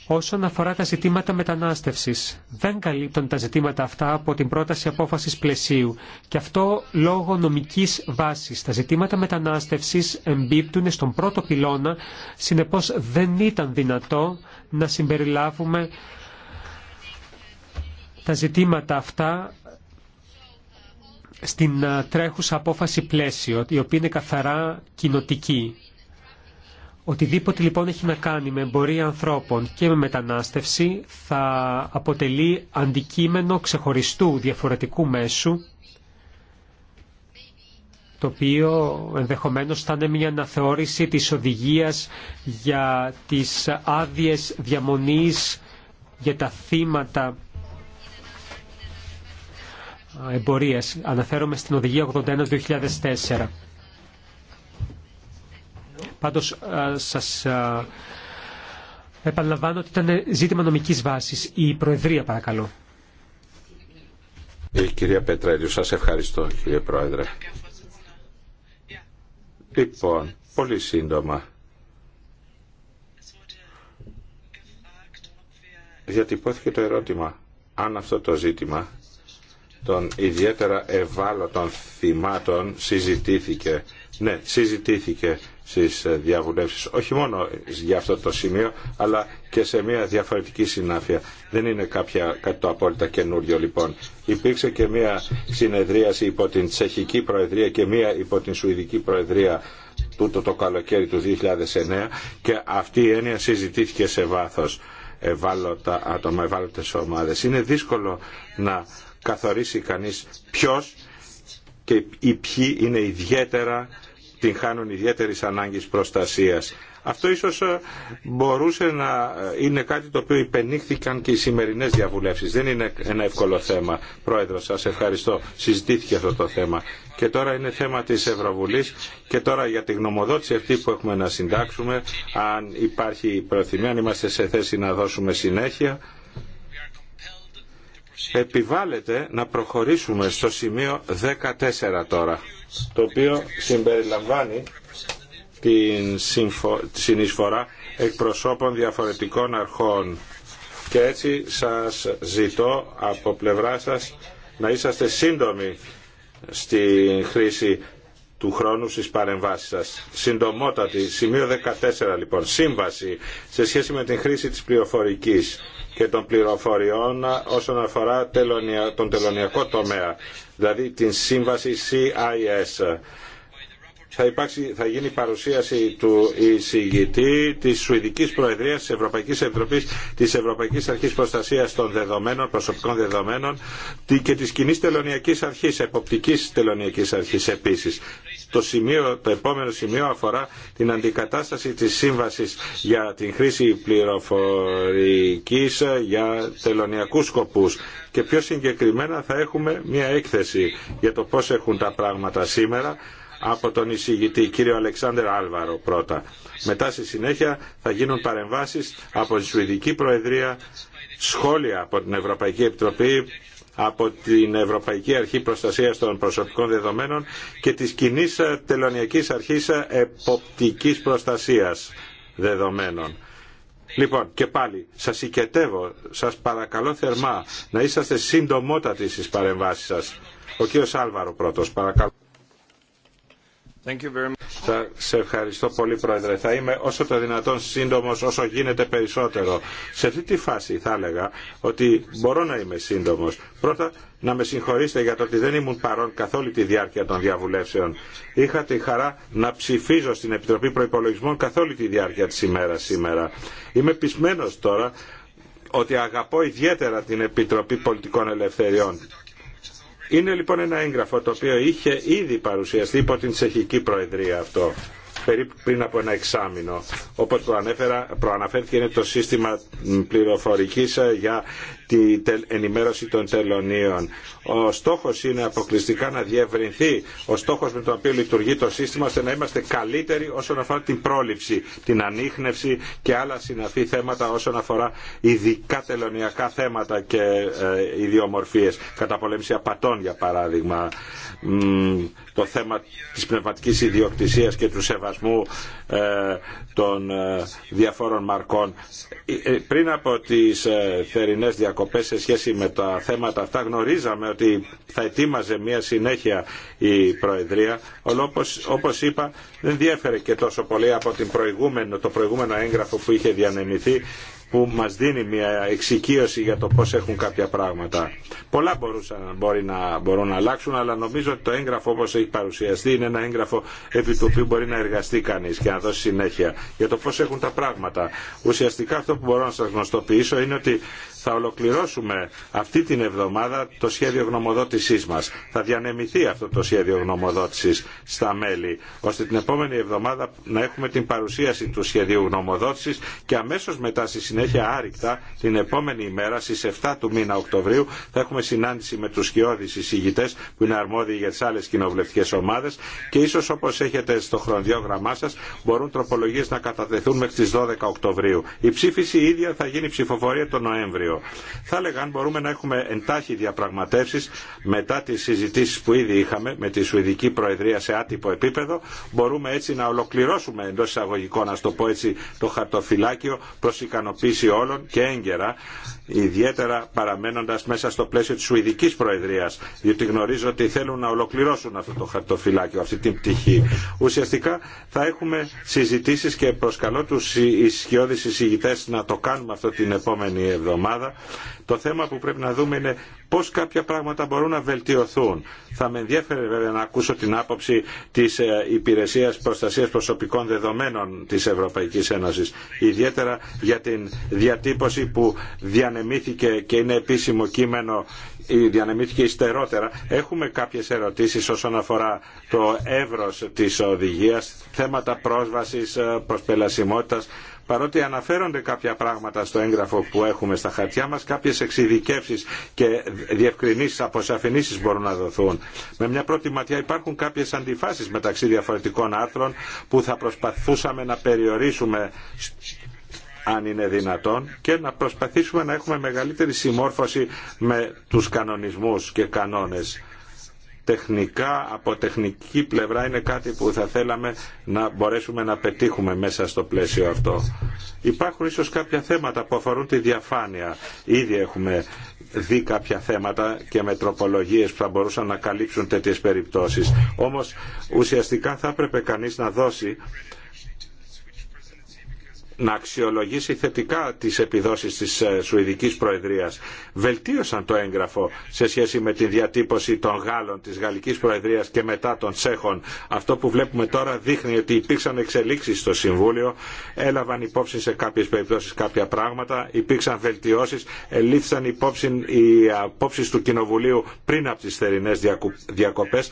Όσον αφορά τα ζητήματα μετανάστευση, δεν καλύπτουν τα ζητήματα αυτά από την πρόταση απόφαση πλαισίου και αυτό λόγω νομική βάση. Τα ζητήματα μετανάστευση εμπίπτουν στον πρώτο πυλώνα, συνεπώ δεν ήταν δυνατό να συμπεριλάβουμε τα ζητήματα αυτά στην ε, τρέχουσα απόφαση πλαίσιο, η οποία είναι καθαρά κοινοτική. Οτιδήποτε λοιπόν έχει να κάνει με εμπορία ανθρώπων και με μετανάστευση θα αποτελεί αντικείμενο ξεχωριστού διαφορετικού μέσου το οποίο ενδεχομένως θα είναι μια αναθεώρηση της οδηγίας για τις άδειες διαμονής για τα θύματα εμπορίας. Αναφέρομαι στην οδηγία 81-2004. Πάντω σας επαναλαμβάνω ότι ήταν ζήτημα νομική βάση, Η Προεδρία παρακαλώ. Η ε, κυρία Πετρέλιου, σας ευχαριστώ κύριε Πρόεδρε. Λοιπόν, πολύ σύντομα. Διατυπώθηκε το ερώτημα αν αυτό το ζήτημα των ιδιαίτερα ευάλωτων θυμάτων συζητήθηκε. Ναι, συζητήθηκε στις ε, διαβουλεύσεις, όχι μόνο για αυτό το σημείο, αλλά και σε μια διαφορετική συνάφεια. Δεν είναι κάποια, κάτι το απόλυτα καινούριο λοιπόν. Υπήρξε και μια συνεδρίαση υπό την Τσεχική Προεδρία και μια υπό την Σουηδική Προεδρία τούτο το καλοκαίρι του 2009 και αυτή η έννοια συζητήθηκε σε βάθος ευάλωτα άτομα, ευάλωτες ομάδες. Είναι δύσκολο να καθορίσει κανείς ποιος και οι ποιοι είναι ιδιαίτερα, την χάνουν ιδιαίτερης ανάγκης προστασίας. Αυτό ίσως ε, μπορούσε να ε, είναι κάτι το οποίο υπενήχθηκαν και οι σημερινές διαβουλεύσεις. Δεν είναι ένα εύκολο θέμα. Πρόεδρο, σας ευχαριστώ. Συζητήθηκε αυτό το θέμα. Και τώρα είναι θέμα της Ευρωβουλής και τώρα για τη γνωμοδότηση αυτή που έχουμε να συντάξουμε, αν υπάρχει προθυμία, αν είμαστε σε θέση να δώσουμε συνέχεια επιβάλλεται να προχωρήσουμε στο σημείο 14 τώρα, το οποίο συμπεριλαμβάνει την συνεισφορά εκπροσώπων διαφορετικών αρχών. Και έτσι σας ζητώ από πλευρά σας να είσαστε σύντομοι στη χρήση του χρόνου στις παρεμβάσεις σας. Συντομότατη, σημείο 14 λοιπόν, σύμβαση σε σχέση με την χρήση της πληροφορικής και των πληροφοριών όσον αφορά τον τελωνιακό τομέα, δηλαδή την σύμβαση CIS θα, θα γίνει παρουσίαση του εισηγητή τη Σουηδική Προεδρία, τη Ευρωπαϊκή Επιτροπής τη Ευρωπαϊκή Αρχή Προστασία των Δεδομένων, Προσωπικών Δεδομένων και τη κοινή Τελωνιακή αρχή, εποπτική Τελωνιακή αρχή. επίσης. Το, το επόμενο σημείο αφορά την αντικατάσταση της σύμβασης για την χρήση πληροφορικής για τελωνιακούς σκοπούς και πιο συγκεκριμένα θα έχουμε μια έκθεση για το πώς έχουν τα πράγματα σήμερα από τον εισηγητή κύριο Αλεξάνδρ Άλβαρο πρώτα. Μετά στη συνέχεια θα γίνουν παρεμβάσεις από τη Σουηδική Προεδρία, σχόλια από την Ευρωπαϊκή Επιτροπή, από την Ευρωπαϊκή Αρχή Προστασίας των Προσωπικών Δεδομένων και της κοινή τελωνιακής αρχής εποπτικής προστασίας δεδομένων. Λοιπόν, και πάλι, σας οικετεύω, σας παρακαλώ θερμά να είσαστε συντομότατοι στις παρεμβάσεις σας. Ο κύριος Άλβαρο πρώτο, παρακαλώ. Θα σε ευχαριστώ πολύ Πρόεδρε. Θα είμαι όσο το δυνατόν σύντομος όσο γίνεται περισσότερο. Σε αυτή τη φάση θα έλεγα ότι μπορώ να είμαι σύντομος. Πρώτα να με συγχωρήσετε για το ότι δεν ήμουν παρόν καθ' όλη τη διάρκεια των διαβουλεύσεων. Είχα τη χαρά να ψηφίζω στην Επιτροπή Προπολογισμών καθ' όλη τη διάρκεια τη ημέρα σήμερα. Είμαι πισμένος τώρα ότι αγαπώ ιδιαίτερα την Επιτροπή Πολιτικών Ελευθεριών είναι λοιπόν ένα έγγραφο το οποίο είχε ήδη παρουσιαστεί υπό την Τσεχική Προεδρία αυτό περίπου πριν από ένα εξάμεινο. Όπως προαναφέρθηκε είναι το σύστημα πληροφορικής ε, για την ενημέρωση των τελωνίων. Ο στόχος είναι αποκλειστικά να διευρυνθεί ο στόχος με τον οποίο λειτουργεί το σύστημα ώστε να είμαστε καλύτεροι όσον αφορά την πρόληψη, την ανείχνευση και άλλα συναφή θέματα όσον αφορά ειδικά τελωνιακά θέματα και ε, ιδιομορφίες. Καταπολέμηση απατών για παράδειγμα, το θέμα της πνευματικής ιδιοκτησίας και του σεβασμού ε, των ε, διαφόρων μαρκών. Πριν από τις θερινές διακοπές σε σχέση με τα θέματα αυτά. Γνωρίζαμε ότι θα ετοίμαζε μια συνέχεια η Προεδρία. Όπως, όπως είπα δεν διέφερε και τόσο πολύ από την προηγούμενο, το προηγούμενο έγγραφο που είχε διανεμηθεί που μας δίνει μια εξοικείωση για το πώς έχουν κάποια πράγματα. Πολλά μπορούσαν, μπορεί να, μπορούν να αλλάξουν, αλλά νομίζω ότι το έγγραφο όπως έχει παρουσιαστεί είναι ένα έγγραφο επί του οποίου μπορεί να εργαστεί κανείς και να δώσει συνέχεια για το πώς έχουν τα πράγματα. Ουσιαστικά αυτό που μπορώ να σας γνωστοποιήσω είναι ότι θα ολοκληρώσουμε αυτή την εβδομάδα το σχέδιο γνωμοδότησής μας. Θα διανεμηθεί αυτό το σχέδιο γνωμοδότησης στα μέλη, ώστε την επόμενη εβδομάδα να έχουμε την παρουσίαση του σχεδίου γνωμοδότησης και αμέσως μετά στη συνέχεια συνέχεια άρρηκτα την επόμενη ημέρα στις 7 του μήνα Οκτωβρίου θα έχουμε συνάντηση με τους σκιώδεις εισηγητές που είναι αρμόδιοι για τις άλλες κοινοβουλευτικές ομάδες και ίσως όπως έχετε στο χρονδιόγραμμά σας μπορούν τροπολογίες να κατατεθούν μέχρι 12 Οκτωβρίου. Η ψήφιση ίδια θα γίνει ψηφοφορία τον Νοέμβριο. Θα έλεγα αν μπορούμε να έχουμε εντάχει διαπραγματεύσεις μετά τις συζητήσεις που ήδη είχαμε με τη Σουηδική Προεδρία σε άτυπο επίπεδο μπορούμε έτσι να ολοκληρώσουμε εισαγωγικών να το πω έτσι το χαρτοφυλάκιο φύση όλων και έγκαιρα ιδιαίτερα παραμένοντας μέσα στο πλαίσιο της Σουηδικής Προεδρίας, διότι γνωρίζω ότι θέλουν να ολοκληρώσουν αυτό το χαρτοφυλάκιο, αυτή την πτυχή. Ουσιαστικά θα έχουμε συζητήσεις και προσκαλώ τους ισχυώδεις εισηγητές να το κάνουμε αυτό την επόμενη εβδομάδα. Το θέμα που πρέπει να δούμε είναι πώς κάποια πράγματα μπορούν να βελτιωθούν. Θα με ενδιαφέρει βέβαια να ακούσω την άποψη της ε, Υπηρεσίας Προστασίας Προσωπικών Δεδομένων της Ευρωπαϊκής Ένωσης, ιδιαίτερα για την διατύπωση που διανεμήθηκε και είναι επίσημο κείμενο ή διανεμήθηκε υστερότερα. Έχουμε κάποιες ερωτήσεις όσον αφορά το εύρος της οδηγίας, θέματα πρόσβασης, ε, προσπελασιμότητας. Παρότι αναφέρονται κάποια πράγματα στο έγγραφο που έχουμε στα χαρτιά μας, κάποιες εξειδικεύσεις και διευκρινήσεις, αποσαφηνήσεις μπορούν να δοθούν. Με μια πρώτη ματιά υπάρχουν κάποιες αντιφάσεις μεταξύ διαφορετικών άρθρων που θα προσπαθούσαμε να περιορίσουμε αν είναι δυνατόν και να προσπαθήσουμε να έχουμε μεγαλύτερη συμμόρφωση με τους κανονισμούς και κανόνες. Τεχνικά, από τεχνική πλευρά είναι κάτι που θα θέλαμε να μπορέσουμε να πετύχουμε μέσα στο πλαίσιο αυτό. Υπάρχουν ίσως κάποια θέματα που αφορούν τη διαφάνεια. Ήδη έχουμε δει κάποια θέματα και με που θα μπορούσαν να καλύψουν τέτοιες περιπτώσεις. Όμως ουσιαστικά θα έπρεπε κανείς να δώσει να αξιολογήσει θετικά τις επιδόσεις της ε, Σουηδικής Προεδρίας. Βελτίωσαν το έγγραφο σε σχέση με τη διατύπωση των Γάλλων της Γαλλικής Προεδρίας και μετά των Τσέχων. Αυτό που βλέπουμε τώρα δείχνει ότι υπήρξαν εξελίξεις στο Συμβούλιο, έλαβαν υπόψη σε κάποιες περιπτώσεις κάποια πράγματα, υπήρξαν βελτιώσεις, ελήφθησαν υπόψη οι απόψει του Κοινοβουλίου πριν από τις θερινές διακοπές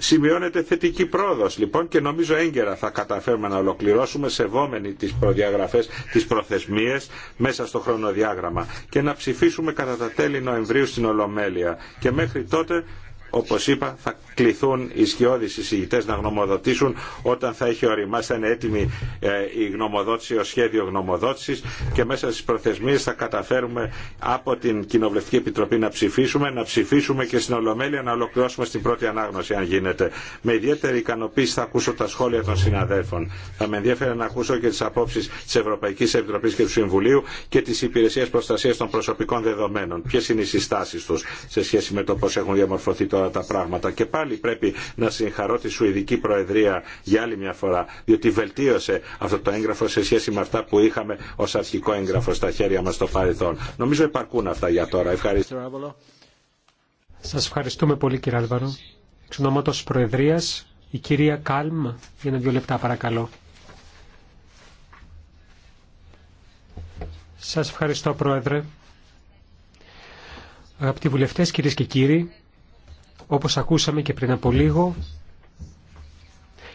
Σημειώνεται θετική πρόοδος λοιπόν και νομίζω έγκαιρα θα καταφέρουμε να ολοκληρώσουμε σεβόμενοι τις προδιαγραφές, τις προθεσμίες μέσα στο χρονοδιάγραμμα και να ψηφίσουμε κατά τα τέλη Νοεμβρίου στην Ολομέλεια και μέχρι τότε όπως είπα θα κληθούν οι σκιώδεις εισηγητές να γνωμοδοτήσουν όταν θα έχει οριμάσει, θα είναι έτοιμη ε, η γνωμοδότηση, ο σχέδιο γνωμοδότησης και μέσα στις προθεσμίες θα καταφέρουμε από την Κοινοβουλευτική Επιτροπή να ψηφίσουμε, να ψηφίσουμε και στην Ολομέλεια να ολοκληρώσουμε στην πρώτη ανάγνωση αν γίνεται. Με ιδιαίτερη ικανοποίηση θα ακούσω τα σχόλια των συναδέλφων. Θα με ενδιαφέρει να ακούσω και τις απόψεις της Ευρωπαϊκής Επιτροπής και του Συμβουλίου και τη υπηρεσία Προστασίας των Προσωπικών Δεδομένων. Ποιες είναι οι συστάσεις τους σε σχέση με το έχουν διαμορφωθεί τώρα τα πράγματα. Και πάλι πρέπει να συγχαρώ τη Σουηδική Προεδρία για άλλη μια φορά, διότι βελτίωσε αυτό το έγγραφο σε σχέση με αυτά που είχαμε ω αρχικό έγγραφο στα χέρια μα στο παρελθόν. Νομίζω υπαρκούν αυτά για τώρα. Ευχαριστώ. Σα ευχαριστούμε πολύ κύριε Άλβαρο. Εξ ονόματο Προεδρία, η κυρία Κάλμ, για ένα δύο λεπτά παρακαλώ. Σας ευχαριστώ Πρόεδρε. Αγαπητοί βουλευτές, κυρίες και κύριοι, όπως ακούσαμε και πριν από λίγο,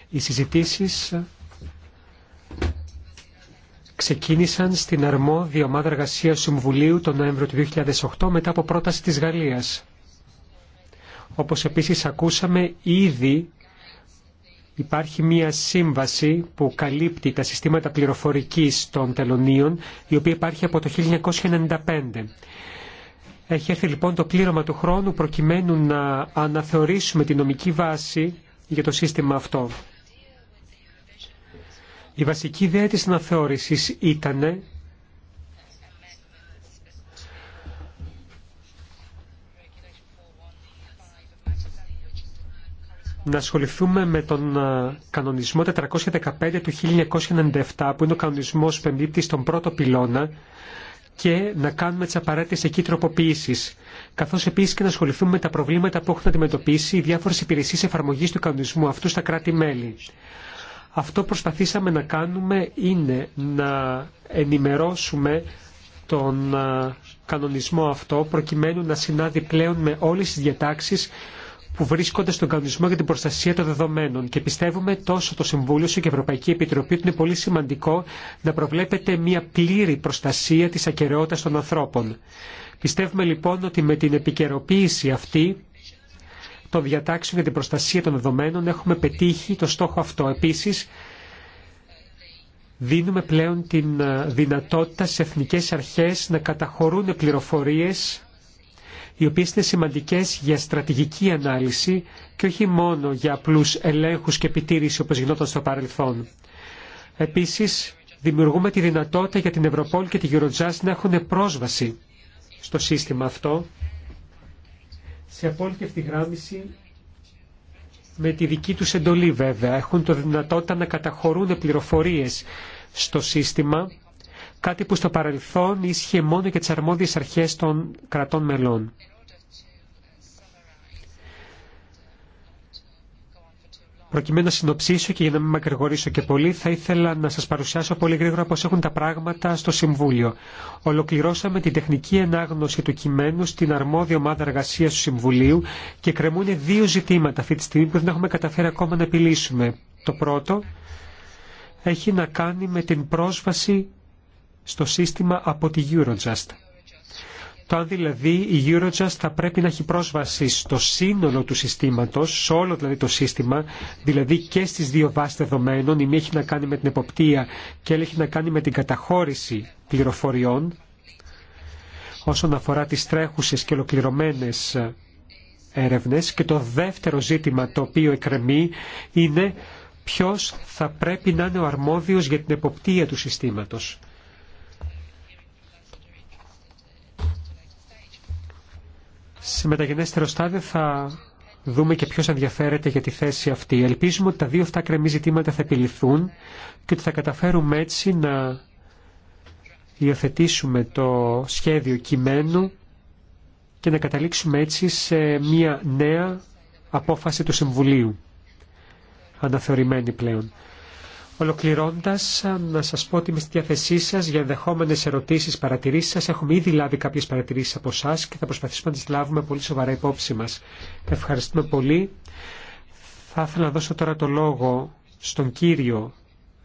οι συζητήσεις ξεκίνησαν στην αρμόδια ομάδα εργασίας Συμβουλίου τον Νοέμβριο του 2008 μετά από πρόταση της Γαλλίας. Όπως επίσης ακούσαμε, ήδη υπάρχει μία σύμβαση που καλύπτει τα συστήματα πληροφορικής των τελωνίων, η οποία υπάρχει από το 1995. Έχει έρθει λοιπόν το πλήρωμα του χρόνου προκειμένου να αναθεωρήσουμε τη νομική βάση για το σύστημα αυτό. Η βασική ιδέα της αναθεώρησης ήταν να ασχοληθούμε με τον κανονισμό 415 του 1997 που είναι ο κανονισμός που εμπίπτει στον πρώτο πυλώνα και να κάνουμε τι απαραίτητε εκεί τροποποιήσει. Καθώ επίση και να ασχοληθούμε με τα προβλήματα που έχουν αντιμετωπίσει οι διάφορε υπηρεσίε εφαρμογή του κανονισμού αυτού στα κράτη-μέλη. Αυτό που προσπαθήσαμε να κάνουμε είναι να ενημερώσουμε τον κανονισμό αυτό προκειμένου να συνάδει πλέον με όλες τις διατάξεις που βρίσκονται στον κανονισμό για την προστασία των δεδομένων και πιστεύουμε τόσο το Συμβούλιο όσο και η Ευρωπαϊκή Επιτροπή ότι είναι πολύ σημαντικό να προβλέπεται μια πλήρη προστασία της ακαιρεότητας των ανθρώπων. Πιστεύουμε λοιπόν ότι με την επικαιροποίηση αυτή των διατάξεων για την προστασία των δεδομένων έχουμε πετύχει το στόχο αυτό. Επίσης, δίνουμε πλέον την ε, δυνατότητα σε εθνικές αρχές να καταχωρούν πληροφορίες οι οποίες είναι σημαντικές για στρατηγική ανάλυση και όχι μόνο για απλούς ελέγχους και επιτήρηση όπως γινόταν στο παρελθόν. Επίσης, δημιουργούμε τη δυνατότητα για την Ευρωπόλ και τη Eurojust να έχουν πρόσβαση στο σύστημα αυτό σε απόλυτη ευθυγράμμιση με τη δική τους εντολή βέβαια. Έχουν τη δυνατότητα να καταχωρούν πληροφορίες στο σύστημα κάτι που στο παρελθόν ίσχυε μόνο για τις αρμόδιες αρχές των κρατών μελών. Προκειμένου να συνοψίσω και για να μην μακρηγορήσω και πολύ, θα ήθελα να σας παρουσιάσω πολύ γρήγορα πώς έχουν τα πράγματα στο Συμβούλιο. Ολοκληρώσαμε την τεχνική ενάγνωση του κειμένου στην αρμόδια ομάδα εργασία του Συμβουλίου και κρεμούν δύο ζητήματα αυτή τη στιγμή που δεν έχουμε καταφέρει ακόμα να επιλύσουμε. Το πρώτο έχει να κάνει με την πρόσβαση στο σύστημα από τη Eurojust. Το αν δηλαδή η Eurojust θα πρέπει να έχει πρόσβαση στο σύνολο του συστήματος, σε όλο δηλαδή το σύστημα, δηλαδή και στις δύο βάσεις δεδομένων, η μία έχει να κάνει με την εποπτεία και η άλλη έχει να κάνει με την καταχώρηση πληροφοριών, όσον αφορά τις τρέχουσες και ολοκληρωμένε έρευνες. Και το δεύτερο ζήτημα το οποίο εκκρεμεί είναι ποιος θα πρέπει να είναι ο αρμόδιος για την εποπτεία του συστήματος. Σε μεταγενέστερο στάδιο θα δούμε και ποιο ενδιαφέρεται για τη θέση αυτή. Ελπίζουμε ότι τα δύο αυτά κρεμή ζητήματα θα επιληθούν και ότι θα καταφέρουμε έτσι να υιοθετήσουμε το σχέδιο κειμένου και να καταλήξουμε έτσι σε μια νέα απόφαση του Συμβουλίου, αναθεωρημένη πλέον. Ολοκληρώνοντα, να σα πω ότι είμαι στη διάθεσή σα για ενδεχόμενε ερωτήσει, παρατηρήσει σα. Έχουμε ήδη λάβει κάποιε παρατηρήσει από εσά και θα προσπαθήσουμε να τι λάβουμε πολύ σοβαρά υπόψη μα. Ευχαριστούμε πολύ. Θα ήθελα να δώσω τώρα το λόγο στον κύριο,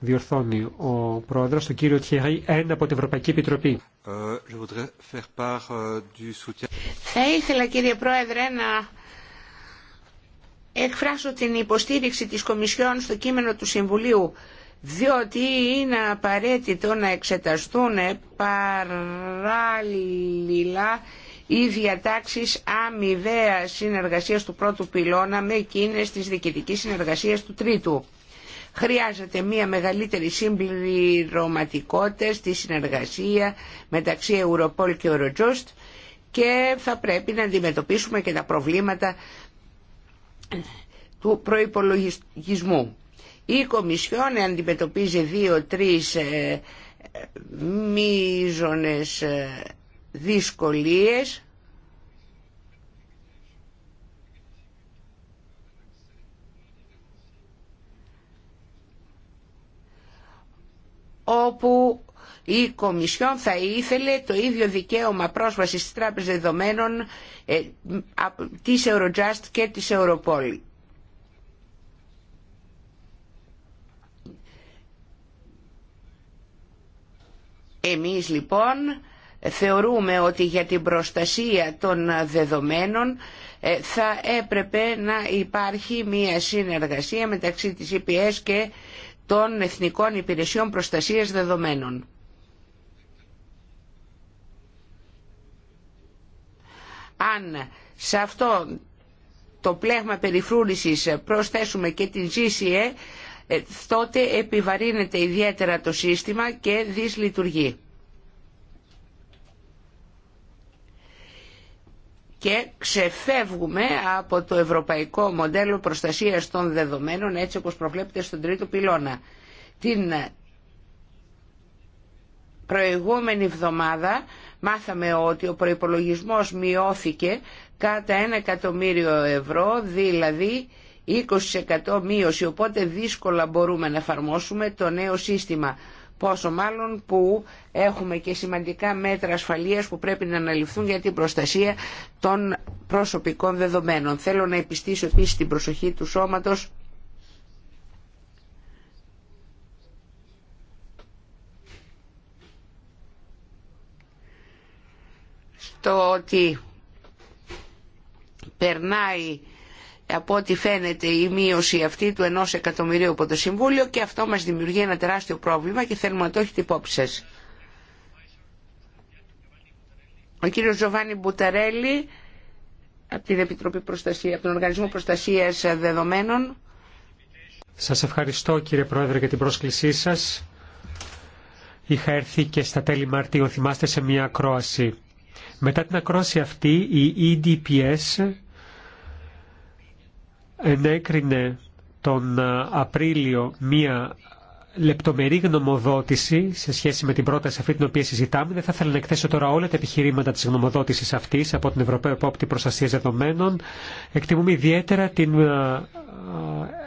διορθώνει ο πρόεδρο, τον κύριο Τιερή, ένα από την Ευρωπαϊκή Επιτροπή. Ε, ε, θα ήθελα, κύριε Πρόεδρε, να εκφράσω την υποστήριξη της Κομισιόν στο κείμενο του Συμβουλίου διότι είναι απαραίτητο να εξεταστούν παράλληλα οι διατάξεις αμοιβαία συνεργασίας του πρώτου πυλώνα με εκείνες της διοικητικής συνεργασίας του τρίτου. Χρειάζεται μια μεγαλύτερη συμπληρωματικότητα στη συνεργασία μεταξύ Europol και Eurojust και θα πρέπει να αντιμετωπίσουμε και τα προβλήματα του προϋπολογισμού. Η Κομισιόν αντιμετωπίζει δύο-τρεις ε, μίζωνες ε, δυσκολίες όπου η Κομισιόν θα ήθελε το ίδιο δικαίωμα πρόσβασης στις τράπεζες δεδομένων ε, της Eurojust και της Europol. Εμείς λοιπόν θεωρούμε ότι για την προστασία των δεδομένων ε, θα έπρεπε να υπάρχει μια συνεργασία μεταξύ της EPS και των Εθνικών Υπηρεσιών Προστασίας Δεδομένων. Αν σε αυτό το πλέγμα περιφρούρησης προσθέσουμε και την GCE ε, τότε επιβαρύνεται ιδιαίτερα το σύστημα και δυσλειτουργεί. και ξεφεύγουμε από το ευρωπαϊκό μοντέλο προστασίας των δεδομένων έτσι όπως προβλέπεται στον τρίτο πυλώνα. Την προηγούμενη εβδομάδα μάθαμε ότι ο προϋπολογισμός μειώθηκε κατά ένα εκατομμύριο ευρώ, δηλαδή 20% μείωση, οπότε δύσκολα μπορούμε να εφαρμόσουμε το νέο σύστημα. Πόσο μάλλον που έχουμε και σημαντικά μέτρα ασφαλείας που πρέπει να αναλυφθούν για την προστασία των προσωπικών δεδομένων. Θέλω να επιστήσω επίσης την προσοχή του σώματος στο ότι περνάει από ό,τι φαίνεται η μείωση αυτή του ενός εκατομμυρίου από το Συμβούλιο και αυτό μας δημιουργεί ένα τεράστιο πρόβλημα και θέλουμε να το έχετε υπόψη σας. Ο κύριος Ζωβάνι Μπουταρέλη από την Επιτροπή Προστασία, από τον Οργανισμό Προστασίας Δεδομένων. Σας ευχαριστώ κύριε Πρόεδρε για την πρόσκλησή σας. Είχα έρθει και στα τέλη Μαρτίου, θυμάστε, σε μια ακρόαση. Μετά την ακρόαση αυτή, η EDPS ενέκρινε τον ε, Απρίλιο μία λεπτομερή γνωμοδότηση σε σχέση με την πρόταση αυτή την οποία συζητάμε. Δεν θα ήθελα να εκθέσω τώρα όλα τα επιχειρήματα τη γνωμοδότηση αυτή από την Ευρωπαίου Επόπτη Προστασία Δεδομένων. Εκτιμούμε ιδιαίτερα την ε,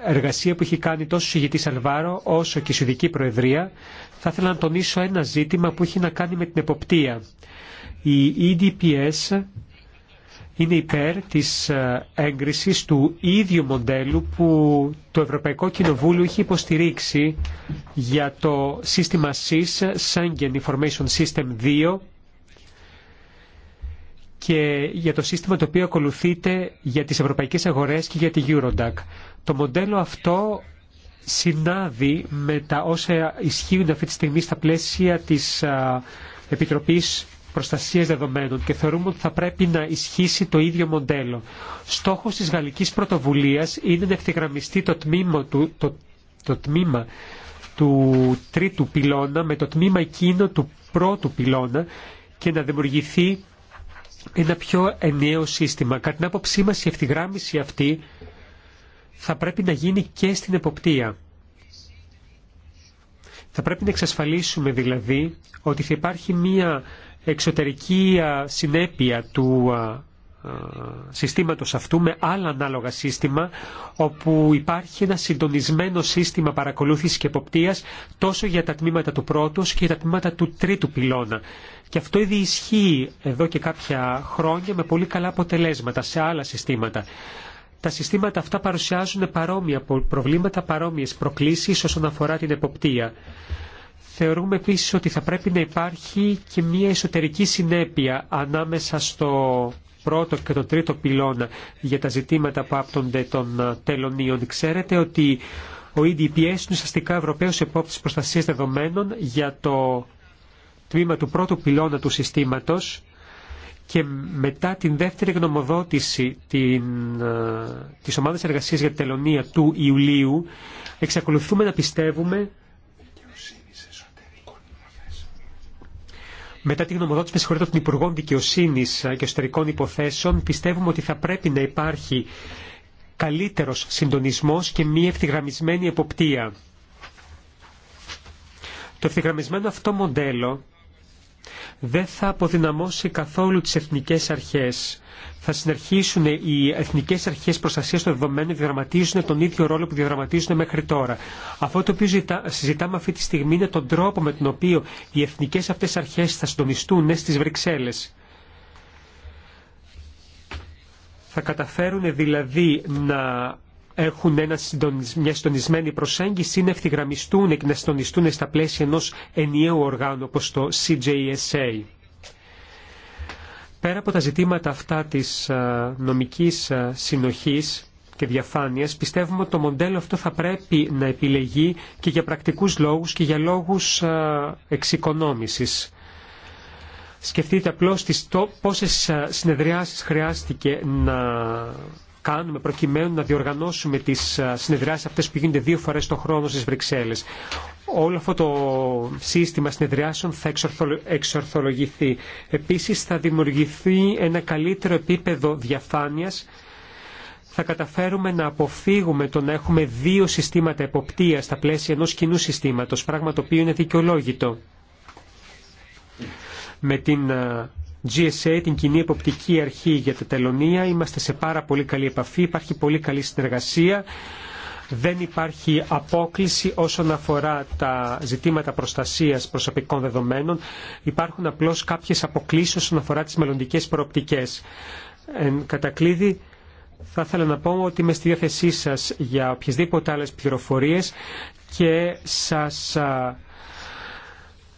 εργασία που έχει κάνει τόσο ο συγητή Αλβάρο όσο και η Σουδική Προεδρία. Θα ήθελα να τονίσω ένα ζήτημα που έχει να κάνει με την εποπτεία. Η EDPS είναι υπέρ της ε, έγκρισης του ίδιου μοντέλου που το Ευρωπαϊκό Κοινοβούλιο είχε υποστηρίξει για το σύστημα SIS, Schengen Information System 2, και για το σύστημα το οποίο ακολουθείται για τις ευρωπαϊκές αγορές και για τη Eurodac. Το μοντέλο αυτό συνάδει με τα όσα ισχύουν αυτή τη στιγμή στα πλαίσια της ε, Επιτροπής προστασίας δεδομένων και θεωρούμε ότι θα πρέπει να ισχύσει το ίδιο μοντέλο. Στόχος της γαλλικής πρωτοβουλίας είναι να ευθυγραμμιστεί το τμήμα του, το, του τρίτου πυλώνα με το τμήμα εκείνο του πρώτου πυλώνα και να δημιουργηθεί ένα πιο ενιαίο σύστημα. Κατά την άποψή μας η ευθυγράμμιση αυτή θα πρέπει να γίνει και στην εποπτεία. Θα πρέπει να εξασφαλίσουμε δηλαδή ότι θα υπάρχει μία εξωτερική συνέπεια του συστήματος αυτού με άλλα ανάλογα σύστημα όπου υπάρχει ένα συντονισμένο σύστημα παρακολούθησης και εποπτείας τόσο για τα τμήματα του πρώτου και για τα τμήματα του τρίτου πυλώνα. Και αυτό ήδη ισχύει εδώ και κάποια χρόνια με πολύ καλά αποτελέσματα σε άλλα συστήματα. Τα συστήματα αυτά παρουσιάζουν παρόμοια προβλήματα, παρόμοιες προκλήσεις όσον αφορά την εποπτεία. Θεωρούμε επίσης ότι θα πρέπει να υπάρχει και μια εσωτερική συνέπεια ανάμεσα στο πρώτο και το τρίτο πυλώνα για τα ζητήματα που άπτονται των ε, τελωνίων. Ξέρετε ότι ο EDPS είναι ουσιαστικά Ευρωπαίος Επόπτης Προστασίας Δεδομένων για το τμήμα του πρώτου πυλώνα του συστήματος και μετά την δεύτερη γνωμοδότηση την, ε, της Ομάδας Εργασίας για τη Τελωνία του Ιουλίου εξακολουθούμε να πιστεύουμε Μετά τη γνωμοδότηση με συγχωρείτε των Υπουργών Δικαιοσύνη και Εσωτερικών Υποθέσεων, πιστεύουμε ότι θα πρέπει να υπάρχει καλύτερο συντονισμό και μία ευθυγραμμισμένη εποπτεία. Το ευθυγραμμισμένο αυτό μοντέλο δεν θα αποδυναμώσει καθόλου τις εθνικές αρχές. Θα συνεχίσουν οι εθνικές αρχές προστασίας των δεδομένων διαδραματίζουν τον ίδιο ρόλο που διαδραματίζουν μέχρι τώρα. Αυτό το οποίο συζητάμε αυτή τη στιγμή είναι τον τρόπο με τον οποίο οι εθνικές αυτές αρχές θα συντονιστούν ε, στις Βρυξέλλες. Θα καταφέρουν δηλαδή να έχουν ένα μια συντονισμένη προσέγγιση ή να ευθυγραμμιστούν και να συντονιστούν στα πλαίσια ενός ενιαίου οργάνου όπως το CJSA. Πέρα από τα ζητήματα αυτά της νομικής συνοχής και διαφάνειας, πιστεύουμε ότι το μοντέλο αυτό θα πρέπει να επιλεγεί και για πρακτικούς λόγους και για λόγους εξοικονόμησης. Σκεφτείτε απλώς τις, το, πόσες συνεδριάσεις χρειάστηκε να κάνουμε προκειμένου να διοργανώσουμε τις συνεδριάσεις αυτές που γίνονται δύο φορές το χρόνο στις Βρυξέλλες. Όλο αυτό το σύστημα συνεδριάσεων θα εξορθολογηθεί. Επίσης θα δημιουργηθεί ένα καλύτερο επίπεδο διαφάνειας θα καταφέρουμε να αποφύγουμε το να έχουμε δύο συστήματα εποπτεία στα πλαίσια ενό κοινού συστήματο, πράγμα το οποίο είναι δικαιολόγητο. Με την GSA, την Κοινή Εποπτική Αρχή για τα Τελωνία. Είμαστε σε πάρα πολύ καλή επαφή, υπάρχει πολύ καλή συνεργασία. Δεν υπάρχει απόκληση όσον αφορά τα ζητήματα προστασίας προσωπικών δεδομένων. Υπάρχουν απλώς κάποιες αποκλήσεις όσον αφορά τις μελλοντικέ προοπτικές. Εν κατακλείδη, θα ήθελα να πω ότι είμαι στη διάθεσή σας για οποιασδήποτε άλλες πληροφορίες και σας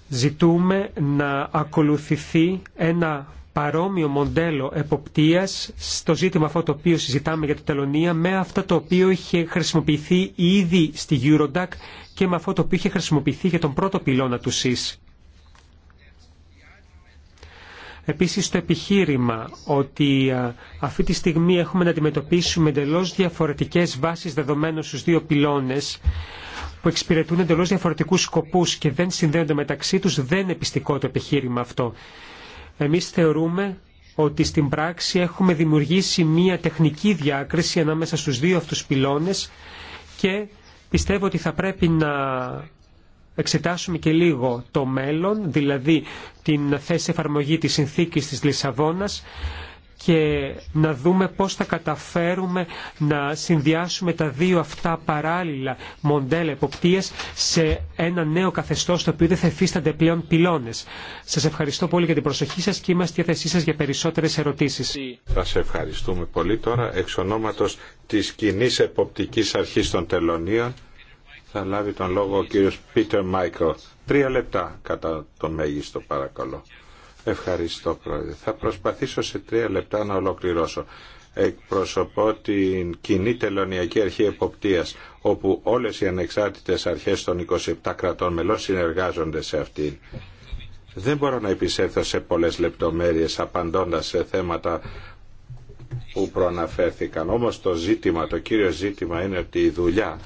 ζητούμε να ακολουθηθεί ένα παρόμοιο μοντέλο εποπτείας στο ζήτημα αυτό το οποίο συζητάμε για την Τελωνία με αυτό το οποίο είχε χρησιμοποιηθεί ήδη στη Eurodac και με αυτό το οποίο είχε χρησιμοποιηθεί για τον πρώτο πυλώνα του ΣΥΣ. Επίσης το επιχείρημα ότι αυτή τη στιγμή έχουμε να αντιμετωπίσουμε εντελώ διαφορετικές βάσεις δεδομένων στους δύο πυλώνες που εξυπηρετούν εντελώ διαφορετικού σκοπού και δεν συνδέονται μεταξύ του, δεν είναι πιστικό το επιχείρημα αυτό. Εμεί θεωρούμε ότι στην πράξη έχουμε δημιουργήσει μία τεχνική διάκριση ανάμεσα στους δύο αυτούς πυλώνες και πιστεύω ότι θα πρέπει να εξετάσουμε και λίγο το μέλλον, δηλαδή την θέση εφαρμογή της συνθήκης της Λισαβόνας, και να δούμε πώς θα καταφέρουμε να συνδυάσουμε τα δύο αυτά παράλληλα μοντέλα εποπτείας σε ένα νέο καθεστώς το οποίο δεν θα εφίστανται πλέον πυλώνες. Σας ευχαριστώ πολύ για την προσοχή σας και είμαστε στη θέση σας για περισσότερες ερωτήσεις. Σας ευχαριστούμε πολύ τώρα εξ ονόματος της κοινή εποπτικής αρχής των τελωνίων θα λάβει τον λόγο ο κύριος Πίτερ Μάικρο. Τρία λεπτά κατά το μέγιστο παρακαλώ. Ευχαριστώ πρόεδρε. Θα προσπαθήσω σε τρία λεπτά να ολοκληρώσω. Εκπροσωπώ την κοινή τελωνιακή αρχή εποπτείας, όπου όλες οι ανεξάρτητες αρχές των 27 κρατών μελών συνεργάζονται σε αυτήν. Δεν μπορώ να επισέλθω σε πολλές λεπτομέρειες απαντώντας σε θέματα που προαναφέρθηκαν. Όμως το ζήτημα, το κύριο ζήτημα είναι ότι η δουλειά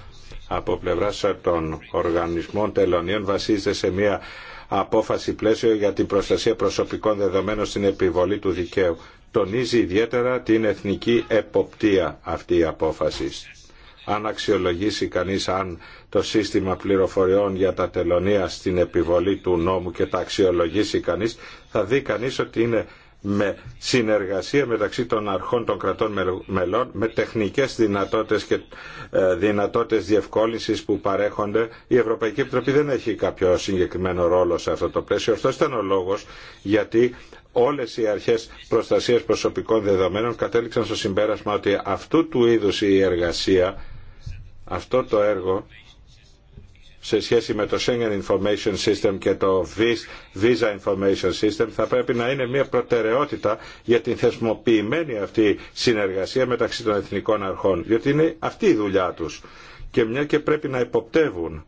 από πλευράς των οργανισμών τελωνίων βασίζεται σε μια απόφαση πλαίσιο για την προστασία προσωπικών δεδομένων στην επιβολή του δικαίου. Τονίζει ιδιαίτερα την εθνική εποπτεία αυτή η απόφαση. Αν αξιολογήσει κανείς αν το σύστημα πληροφοριών για τα τελωνία στην επιβολή του νόμου και τα αξιολογήσει κανείς, θα δει κανείς ότι είναι με συνεργασία μεταξύ των αρχών των κρατών μελών, με τεχνικές δυνατότητες και ε, δυνατότητες διευκόλυνσης που παρέχονται. Η Ευρωπαϊκή Επιτροπή δεν έχει κάποιο συγκεκριμένο ρόλο σε αυτό το πλαίσιο. Αυτό ήταν ο λόγος γιατί όλες οι αρχές προστασίας προσωπικών δεδομένων κατέληξαν στο συμπέρασμα ότι αυτού του είδους η εργασία, αυτό το έργο σε σχέση με το Schengen Information System και το Visa Information System θα πρέπει να είναι μια προτεραιότητα για την θεσμοποιημένη αυτή συνεργασία μεταξύ των εθνικών αρχών, διότι είναι αυτή η δουλειά τους. Και μια και πρέπει να υποπτεύουν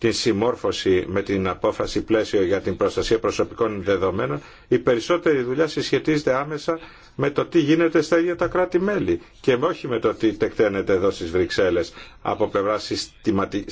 τη συμμόρφωση με την απόφαση πλαίσιο για την προστασία προσωπικών δεδομένων, η περισσότερη δουλειά συσχετίζεται άμεσα με το τι γίνεται στα ίδια τα κράτη-μέλη και όχι με το τι τεκταίνεται εδώ στις Βρυξέλλες από πλευρά συστηματι...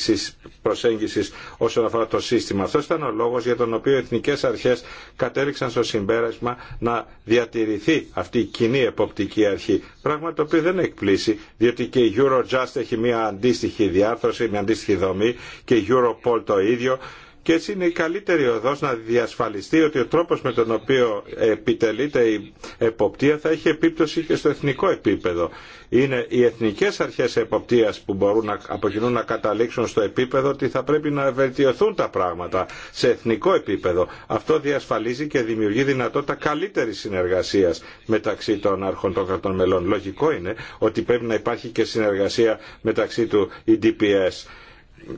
προσέγγισης όσον αφορά το σύστημα. Αυτό ήταν ο λόγος για τον οποίο οι εθνικές αρχές κατέληξαν στο συμπέρασμα να διατηρηθεί αυτή η κοινή εποπτική αρχή. Πράγμα το οποίο δεν εκπλήσει, διότι και η Eurojust έχει μια αντίστοιχη διάρθρωση, μια αντίστοιχη δομή και η Euro το ίδιο και έτσι είναι η καλύτερη οδός να διασφαλιστεί ότι ο τρόπος με τον οποίο επιτελείται η εποπτεία θα έχει επίπτωση και στο εθνικό επίπεδο. Είναι οι εθνικές αρχές εποπτείας που μπορούν να, αποκοινούν να καταλήξουν στο επίπεδο ότι θα πρέπει να βελτιωθούν τα πράγματα σε εθνικό επίπεδο. Αυτό διασφαλίζει και δημιουργεί δυνατότητα καλύτερη συνεργασίας μεταξύ των αρχών των κρατών μελών. Λογικό είναι ότι πρέπει να υπάρχει και συνεργασία μεταξύ του EDPS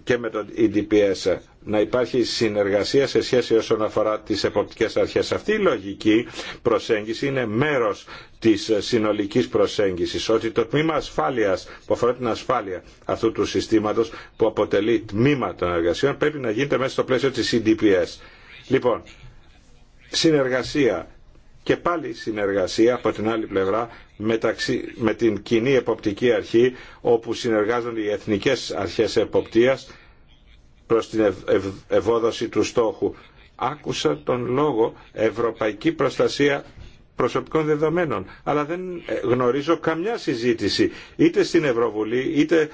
και με το EDPS να υπάρχει συνεργασία σε σχέση όσον αφορά τις εποπτικές αρχές. Αυτή η λογική προσέγγιση είναι μέρος της συνολικής προσέγγισης, ότι το τμήμα ασφάλειας που αφορά την ασφάλεια αυτού του συστήματος που αποτελεί τμήμα των εργασιών πρέπει να γίνεται μέσα στο πλαίσιο της EDPS. Λοιπόν, συνεργασία και πάλι συνεργασία από την άλλη πλευρά με την κοινή εποπτική αρχή όπου συνεργάζονται οι εθνικές αρχές εποπτείας προς την ευόδοση του στόχου. Άκουσα τον λόγο Ευρωπαϊκή Προστασία προσωπικών δεδομένων. Αλλά δεν ε, γνωρίζω καμιά συζήτηση είτε στην Ευρωβουλή είτε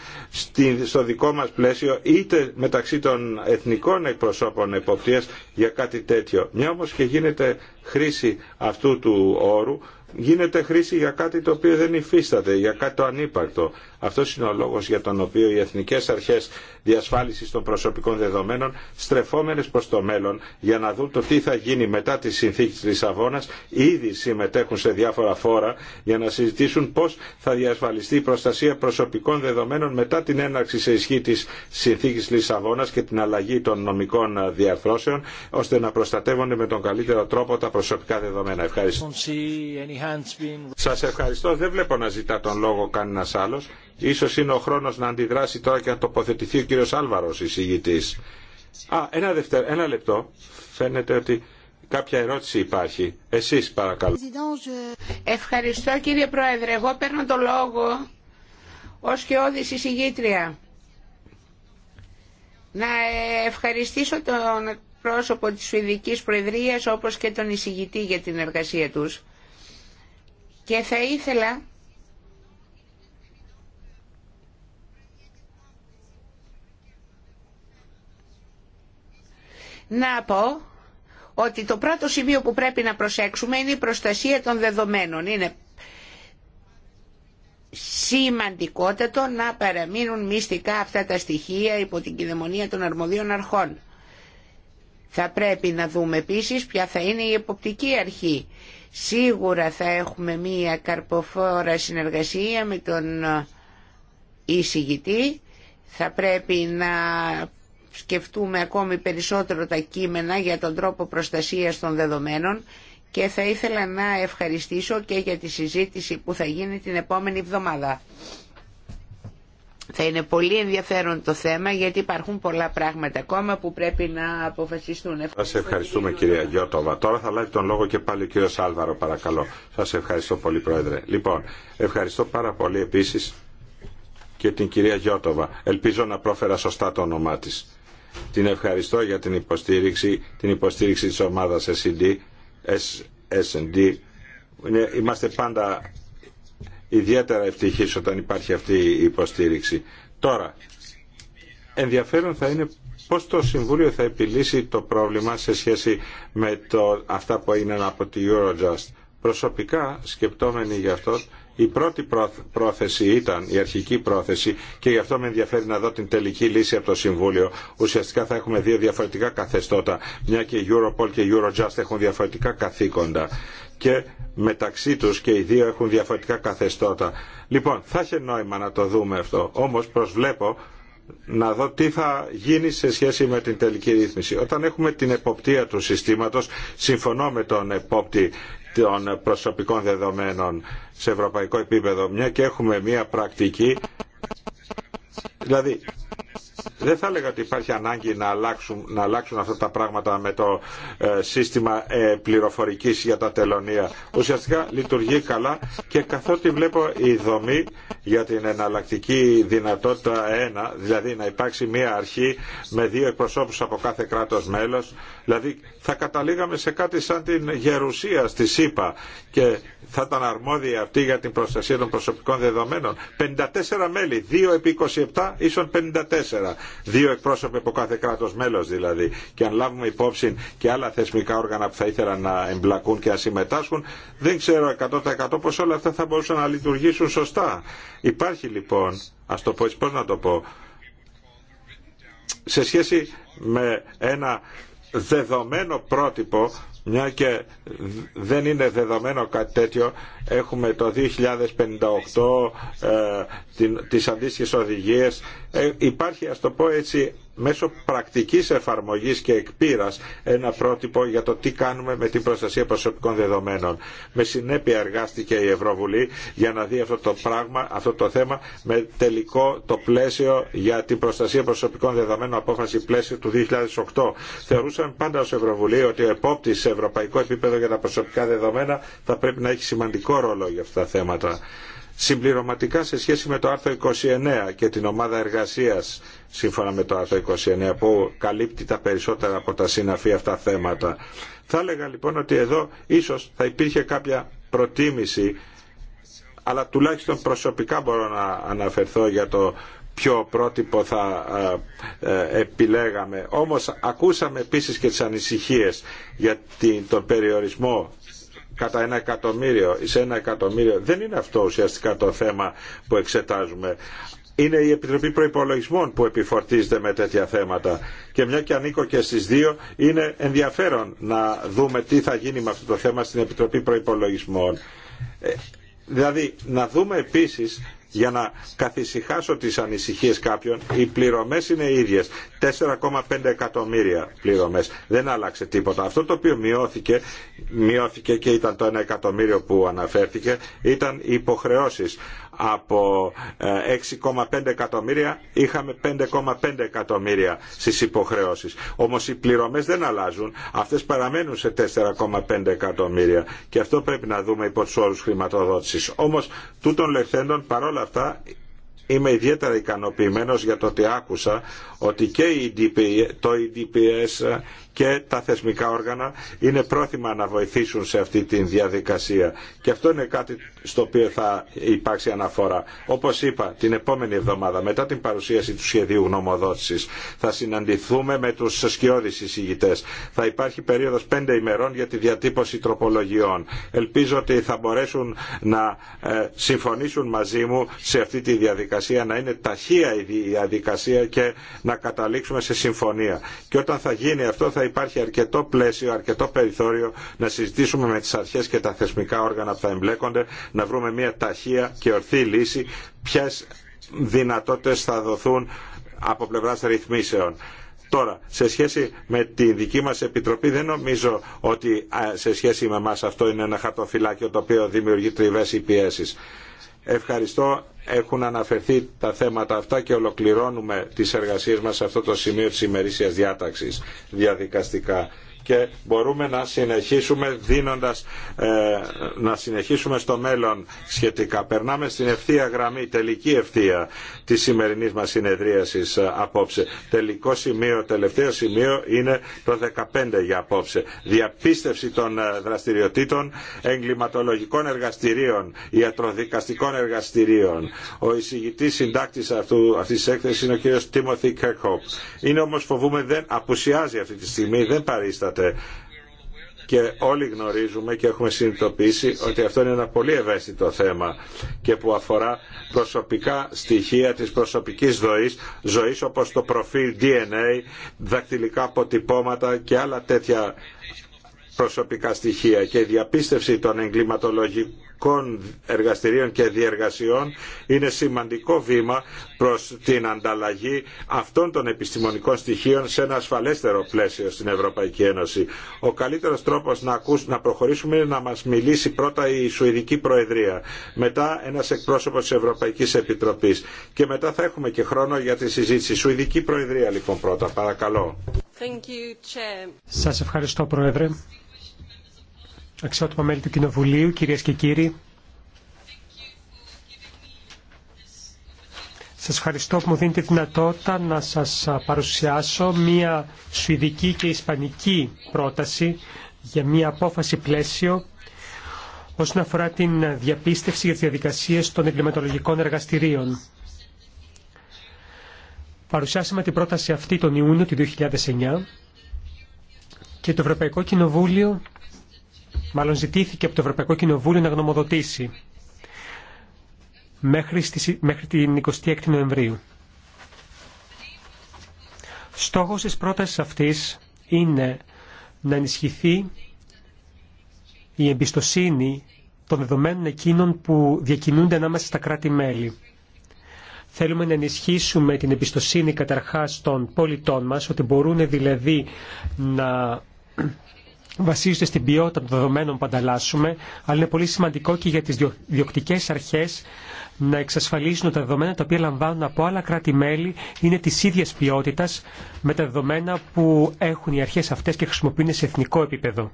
στο δικό μας πλαίσιο είτε μεταξύ των εθνικών εκπροσώπων εποπτείας για κάτι τέτοιο. Μια όμως και γίνεται χρήση αυτού του όρου γίνεται χρήση για κάτι το οποίο δεν υφίσταται, για κάτι το ανύπαρκτο. Αυτό είναι ο λόγο για τον οποίο οι εθνικέ αρχέ διασφάλιση των προσωπικών δεδομένων στρεφόμενε προ το μέλλον για να δουν το τι θα γίνει μετά τη συνθήκη τη Λισαβόνα ήδη συμμετέχουν σε διάφορα φόρα για να συζητήσουν πώ θα διασφαλιστεί η προστασία προσωπικών δεδομένων μετά την έναρξη σε ισχύ τη συνθήκη Λισαβόνα και την αλλαγή των νομικών διαρθρώσεων ώστε να προστατεύονται με τον καλύτερο τρόπο τα προσωπικά δεδομένα. Ευχαριστώ. Σα ευχαριστώ. Δεν βλέπω να ζητά τον λόγο κανένα άλλο. Ίσως είναι ο χρόνος να αντιδράσει τώρα και να τοποθετηθεί ο κύριος Άλβαρος, εισηγητής. Α, ένα, δευτερο, ένα λεπτό. Φαίνεται ότι κάποια ερώτηση υπάρχει. Εσείς παρακαλώ. Ευχαριστώ κύριε Πρόεδρε. Εγώ παίρνω το λόγο ως και όδηση εισηγήτρια. Να ευχαριστήσω τον πρόσωπο της Σουηδικής Προεδρίας όπως και τον εισηγητή για την εργασία τους. Και θα ήθελα να πω ότι το πρώτο σημείο που πρέπει να προσέξουμε είναι η προστασία των δεδομένων. Είναι σημαντικότατο να παραμείνουν μυστικά αυτά τα στοιχεία υπό την κυδαιμονία των αρμοδίων αρχών. Θα πρέπει να δούμε επίσης ποια θα είναι η εποπτική αρχή. Σίγουρα θα έχουμε μία καρποφόρα συνεργασία με τον εισηγητή. Θα πρέπει να σκεφτούμε ακόμη περισσότερο τα κείμενα για τον τρόπο προστασίας των δεδομένων και θα ήθελα να ευχαριστήσω και για τη συζήτηση που θα γίνει την επόμενη εβδομάδα. Θα είναι πολύ ενδιαφέρον το θέμα γιατί υπάρχουν πολλά πράγματα ακόμα που πρέπει να αποφασιστούν. Σας ευχαριστούμε κυρία Γιώτοβα. Τώρα θα λάβει τον λόγο και πάλι ο κύριος Άλβαρο παρακαλώ. Σας ευχαριστώ πολύ πρόεδρε. Λοιπόν, ευχαριστώ πάρα πολύ επίσης και την κυρία Γιώτοβα. Ελπίζω να πρόφερα σωστά το όνομά της. Την ευχαριστώ για την υποστήριξη, την υποστήριξη της ομάδας S&D. S&D. Είμαστε πάντα ιδιαίτερα ευτυχείς όταν υπάρχει αυτή η υποστήριξη. Τώρα, ενδιαφέρον θα είναι πώς το Συμβούλιο θα επιλύσει το πρόβλημα σε σχέση με το, αυτά που έγιναν από τη Eurojust. Προσωπικά, σκεπτόμενοι γι' αυτό, η πρώτη πρόθεση ήταν, η αρχική πρόθεση, και γι' αυτό με ενδιαφέρει να δω την τελική λύση από το Συμβούλιο. Ουσιαστικά θα έχουμε δύο διαφορετικά καθεστώτα, μια και η Europol και η Eurojust έχουν διαφορετικά καθήκοντα και μεταξύ τους και οι δύο έχουν διαφορετικά καθεστώτα. Λοιπόν, θα είχε νόημα να το δούμε αυτό, όμως προσβλέπω να δω τι θα γίνει σε σχέση με την τελική ρύθμιση. Όταν έχουμε την εποπτεία του συστήματος, συμφωνώ με τον επόπτη των προσωπικών δεδομένων σε ευρωπαϊκό επίπεδο, μια και έχουμε μια πρακτική, δηλαδή δεν θα έλεγα ότι υπάρχει ανάγκη να αλλάξουν, να αλλάξουν αυτά τα πράγματα με το ε, σύστημα ε, πληροφορικής για τα τελωνία. Ουσιαστικά λειτουργεί καλά και καθότι βλέπω η δομή για την εναλλακτική δυνατότητα 1, δηλαδή να υπάρξει μία αρχή με δύο εκπροσώπους από κάθε κράτος μέλος, δηλαδή θα καταλήγαμε σε κάτι σαν την γερουσία στη ΣΥΠΑ και θα ήταν αρμόδια αυτή για την προστασία των προσωπικών δεδομένων. 54 μέλη, 2 επί 27 ίσον 54. Δύο εκπρόσωποι από κάθε κράτος μέλος δηλαδή. Και αν λάβουμε υπόψη και άλλα θεσμικά όργανα που θα ήθελαν να εμπλακούν και να συμμετάσχουν, δεν ξέρω 100% πως όλα αυτά θα μπορούσαν να λειτουργήσουν σωστά. Υπάρχει λοιπόν, ας το πω, πώς να το πω, σε σχέση με ένα δεδομένο πρότυπο μια και δεν είναι δεδομένο κάτι τέτοιο έχουμε το 2058 ε, την, τις οδηγίες ε, υπάρχει ας το πω έτσι μέσω πρακτικής εφαρμογής και εκπείρας ένα πρότυπο για το τι κάνουμε με την προστασία προσωπικών δεδομένων. Με συνέπεια εργάστηκε η Ευρωβουλή για να δει αυτό το πράγμα, αυτό το θέμα με τελικό το πλαίσιο για την προστασία προσωπικών δεδομένων απόφαση πλαίσιο του 2008. Θεωρούσαμε πάντα ως Ευρωβουλή ότι ο επόπτης σε ευρωπαϊκό επίπεδο για τα προσωπικά δεδομένα θα πρέπει να έχει σημαντικό ρόλο για αυτά τα θέματα συμπληρωματικά σε σχέση με το άρθρο 29 και την ομάδα εργασίας σύμφωνα με το άρθρο 29 που καλύπτει τα περισσότερα από τα συναφή αυτά θέματα. Θα έλεγα λοιπόν ότι εδώ ίσως θα υπήρχε κάποια προτίμηση αλλά τουλάχιστον προσωπικά μπορώ να αναφερθώ για το ποιο πρότυπο θα ε, επιλέγαμε. Όμως ακούσαμε επίσης και τις ανησυχίες για τον περιορισμό κατά ένα εκατομμύριο ή σε ένα εκατομμύριο. Δεν είναι αυτό ουσιαστικά το θέμα που εξετάζουμε. Είναι η Επιτροπή Προϋπολογισμών που επιφορτίζεται με τέτοια θέματα. Και μια και ανήκω και στις δύο, είναι ενδιαφέρον να δούμε τι θα γίνει με αυτό το θέμα στην Επιτροπή Προϋπολογισμών. Ε, δηλαδή, να δούμε επίσης για να καθησυχάσω τις ανησυχίες κάποιων, οι πληρωμές είναι οι ίδιες. 4,5 εκατομμύρια πληρωμές. Δεν άλλαξε τίποτα. Αυτό το οποίο μειώθηκε, μειώθηκε και ήταν το 1 εκατομμύριο που αναφέρθηκε, ήταν οι υποχρεώσεις από 6,5 ε, εκατομμύρια είχαμε 5,5 εκατομμύρια στις υποχρεώσεις. Όμως οι πληρωμές δεν αλλάζουν, αυτές παραμένουν σε 4,5 εκατομμύρια και αυτό πρέπει να δούμε υπό τους όρους χρηματοδότησης. Όμως τούτων λεχθέντων παρόλα αυτά είμαι ιδιαίτερα ικανοποιημένος για το ότι άκουσα ότι και το EDPS και τα θεσμικά όργανα είναι πρόθυμα να βοηθήσουν σε αυτή τη διαδικασία. Και αυτό είναι κάτι στο οποίο θα υπάρξει αναφορά. Όπως είπα, την επόμενη εβδομάδα μετά την παρουσίαση του σχεδίου γνωμοδότησης θα συναντηθούμε με τους σκιώδεις εισηγητές. Θα υπάρχει περίοδος πέντε ημερών για τη διατύπωση τροπολογιών. Ελπίζω ότι θα μπορέσουν να ε, συμφωνήσουν μαζί μου σε αυτή τη διαδικασία, να είναι ταχεία η διαδικασία και να καταλήξουμε σε συμφωνία. Και όταν θα γίνει αυτό υπάρχει αρκετό πλαίσιο, αρκετό περιθώριο να συζητήσουμε με τις αρχές και τα θεσμικά όργανα που θα εμπλέκονται, να βρούμε μια ταχεία και ορθή λύση ποιε δυνατότητες θα δοθούν από πλευράς ρυθμίσεων. Τώρα, σε σχέση με τη δική μας Επιτροπή δεν νομίζω ότι σε σχέση με εμάς αυτό είναι ένα χαρτοφυλάκιο το οποίο δημιουργεί τριβές ή πιέσεις. Ευχαριστώ έχουν αναφερθεί τα θέματα αυτά και ολοκληρώνουμε τις εργασίες μας σε αυτό το σημείο της ημερήσιας διάταξης διαδικαστικά και μπορούμε να συνεχίσουμε δίνοντας, ε, να συνεχίσουμε στο μέλλον σχετικά. Περνάμε στην ευθεία γραμμή, τελική ευθεία της σημερινής μας συνεδρίασης ε, απόψε. Τελικό σημείο, τελευταίο σημείο είναι το 15 για απόψε. Διαπίστευση των ε, δραστηριοτήτων εγκληματολογικών εργαστηρίων, ιατροδικαστικών εργαστηρίων. Ο εισηγητής συντάκτης αυτού, αυτής της έκθεσης είναι ο κ. Τίμωθη Κέκοπ. Είναι όμως φοβούμε δεν απουσιάζει αυτή τη στιγμή, δεν παρίσταται και όλοι γνωρίζουμε και έχουμε συνειδητοποιήσει ότι αυτό είναι ένα πολύ ευαίσθητο θέμα και που αφορά προσωπικά στοιχεία της προσωπικής ζωής, ζωής όπως το προφίλ DNA, δακτυλικά αποτυπώματα και άλλα τέτοια προσωπικά στοιχεία και η διαπίστευση των εγκληματολογικών εργαστηρίων και διεργασιών είναι σημαντικό βήμα προς την ανταλλαγή αυτών των επιστημονικών στοιχείων σε ένα ασφαλέστερο πλαίσιο στην Ευρωπαϊκή Ένωση. Ο καλύτερος τρόπος να, ακούς, να προχωρήσουμε είναι να μας μιλήσει πρώτα η Σουηδική Προεδρία, μετά ένας εκπρόσωπος της Ευρωπαϊκής Επιτροπής και μετά θα έχουμε και χρόνο για τη συζήτηση. Σουηδική Προεδρία λοιπόν πρώτα, παρακαλώ. Σας ευχαριστώ Πρόεδρε. Αξιότιμα μέλη του Κοινοβουλίου, κυρίες και κύριοι, Σας ευχαριστώ που μου δίνετε δυνατότητα να σας παρουσιάσω μία σουηδική και ισπανική πρόταση για μία απόφαση πλαίσιο όσον αφορά την διαπίστευση για τις διαδικασίες των εγκληματολογικών εργαστηρίων. Παρουσιάσαμε την πρόταση αυτή τον Ιούνιο του 2009 και το Ευρωπαϊκό Κοινοβούλιο μάλλον ζητήθηκε από το Ευρωπαϊκό Κοινοβούλιο να γνωμοδοτήσει μέχρι, μέχρι την 26 Νοεμβρίου. Στόχος της πρότασης αυτής είναι να ενισχυθεί η εμπιστοσύνη των δεδομένων εκείνων που διακινούνται ανάμεσα στα κράτη-μέλη. Θέλουμε να ενισχύσουμε την εμπιστοσύνη καταρχάς των πολιτών μας, ότι μπορούν δηλαδή να βασίζονται στην ποιότητα των δεδομένων που ανταλλάσσουμε, αλλά είναι πολύ σημαντικό και για τις διοκτικές αρχές να εξασφαλίσουν ότι τα δεδομένα τα οποία λαμβάνουν από άλλα κράτη-μέλη είναι της ίδιας ποιότητας με τα δεδομένα που έχουν οι αρχές αυτές και χρησιμοποιούν σε εθνικό επίπεδο.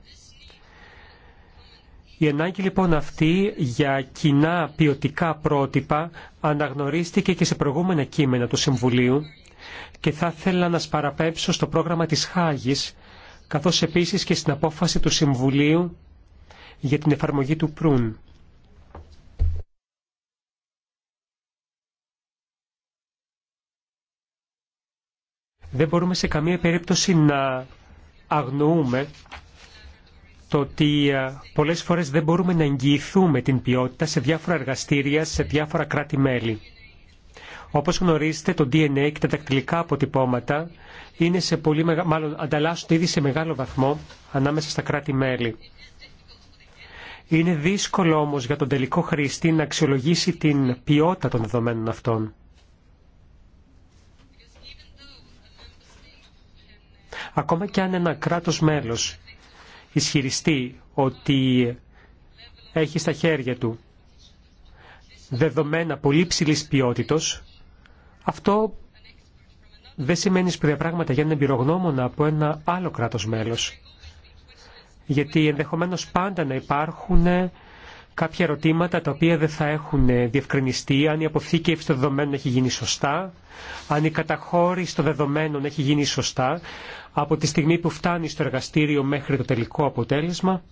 Η ανάγκη λοιπόν αυτή για κοινά ποιοτικά πρότυπα αναγνωρίστηκε και σε προηγούμενα κείμενα του Συμβουλίου και θα ήθελα να σπαραπέψω στο πρόγραμμα της Χάγης καθώς επίσης και στην απόφαση του Συμβουλίου για την εφαρμογή του ΠΡΟΥΝ. Δεν μπορούμε σε καμία περίπτωση να αγνοούμε το ότι ε, πολλές φορές δεν μπορούμε να εγγυηθούμε την ποιότητα σε διάφορα εργαστήρια, σε διάφορα κράτη-μέλη. Όπως γνωρίζετε, το DNA και τα δακτυλικά αποτυπώματα είναι σε πολύ μεγα... μάλλον ανταλλάσσονται ήδη σε μεγάλο βαθμό ανάμεσα στα κράτη-μέλη. Είναι δύσκολο όμως για τον τελικό χρήστη να αξιολογήσει την ποιότητα των δεδομένων αυτών. Ακόμα και αν ένα κράτος μέλος ισχυριστεί ότι έχει στα χέρια του δεδομένα πολύ ψηλής ποιότητος, αυτό δεν σημαίνει σπουδαία πράγματα για έναν εμπειρογνώμονα από ένα άλλο κράτο μέλο. Γιατί ενδεχομένω πάντα να υπάρχουν κάποια ερωτήματα τα οποία δεν θα έχουν διευκρινιστεί, αν η αποθήκευση των δεδομένων έχει γίνει σωστά, αν η καταχώρηση των δεδομένων έχει γίνει σωστά, από τη στιγμή που φτάνει στο εργαστήριο μέχρι το τελικό αποτέλεσμα.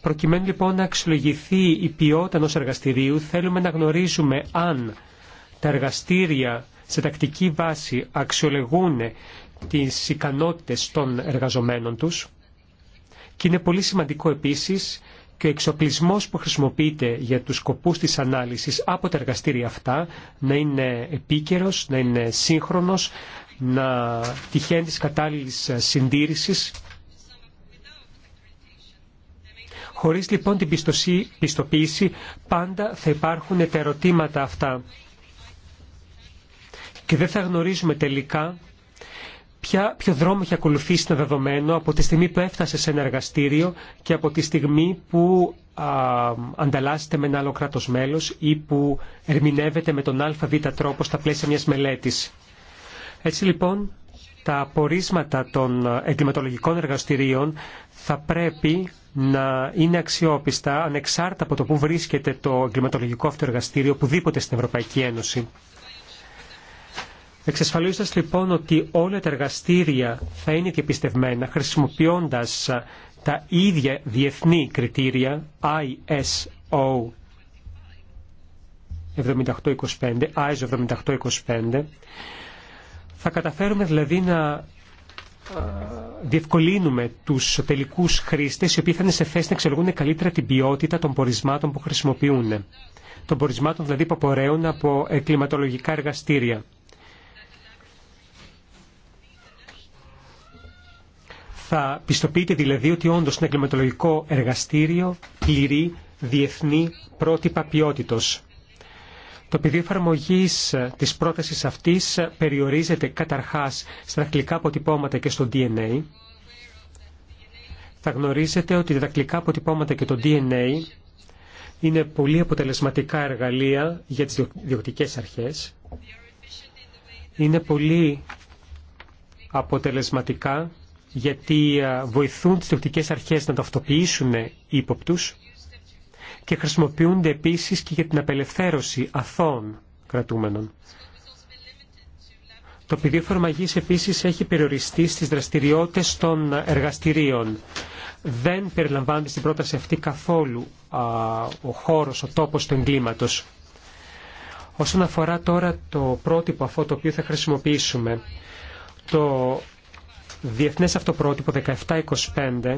Προκειμένου λοιπόν να αξιολογηθεί η ποιότητα ενό εργαστηρίου, θέλουμε να γνωρίζουμε αν τα εργαστήρια σε τακτική βάση αξιολογούν τις ικανότητες των εργαζομένων τους και είναι πολύ σημαντικό επίσης και ο εξοπλισμός που χρησιμοποιείται για τους σκοπούς της ανάλυσης από τα εργαστήρια αυτά να είναι επίκαιρος, να είναι σύγχρονος, να τυχαίνει της κατάλληλης συντήρησης. Χωρίς λοιπόν την πιστοποίηση πάντα θα υπάρχουν τα ερωτήματα αυτά και δεν θα γνωρίζουμε τελικά ποια, ποιο δρόμο έχει ακολουθήσει το δεδομένο από τη στιγμή που έφτασε σε ένα εργαστήριο και από τη στιγμή που α, ανταλλάσσεται με ένα άλλο κράτος μέλος ή που ερμηνεύεται με τον αβ τρόπο στα πλαίσια μιας μελέτης. Έτσι λοιπόν, τα απορίσματα των εγκληματολογικών εργαστηρίων θα πρέπει να είναι αξιόπιστα ανεξάρτητα από το που βρίσκεται το εγκληματολογικό αυτοεργαστήριο οπουδήποτε στην Ευρωπαϊκή Ένωση. Εξασφαλίζοντα λοιπόν ότι όλα τα εργαστήρια θα είναι διαπιστευμένα χρησιμοποιώντας τα ίδια διεθνή κριτήρια ISO 7825, ISO 7825, θα καταφέρουμε δηλαδή να διευκολύνουμε τους τελικούς χρήστες οι οποίοι θα είναι σε θέση να εξελογούν καλύτερα την ποιότητα των πορισμάτων που χρησιμοποιούν. Των πορισμάτων δηλαδή που απορρέουν από κλιματολογικά εργαστήρια. Θα πιστοποιείτε δηλαδή ότι όντω είναι εγκληματολογικό εργαστήριο πλήρη διεθνή πρότυπα ποιότητο. Το πεδίο εφαρμογή τη πρόταση αυτή περιορίζεται καταρχά στα δακτυλικά αποτυπώματα και στο DNA. Θα γνωρίζετε ότι τα δακτυλικά αποτυπώματα και το DNA είναι πολύ αποτελεσματικά εργαλεία για τις διοκτικές αρχές. Είναι πολύ αποτελεσματικά γιατί βοηθούν τις τοπικές αρχές να ταυτοποιήσουν ύποπτους και χρησιμοποιούνται επίσης και για την απελευθέρωση αθώων κρατούμενων. Το πεδίο φορμαγής επίσης έχει περιοριστεί στις δραστηριότητες των εργαστηρίων. Δεν περιλαμβάνεται στην πρόταση αυτή καθόλου ο χώρος, ο τόπος του εγκλήματος. Όσον αφορά τώρα το πρότυπο αυτό το οποίο θα χρησιμοποιήσουμε, το Διεθνές Αυτοπρότυπο 1725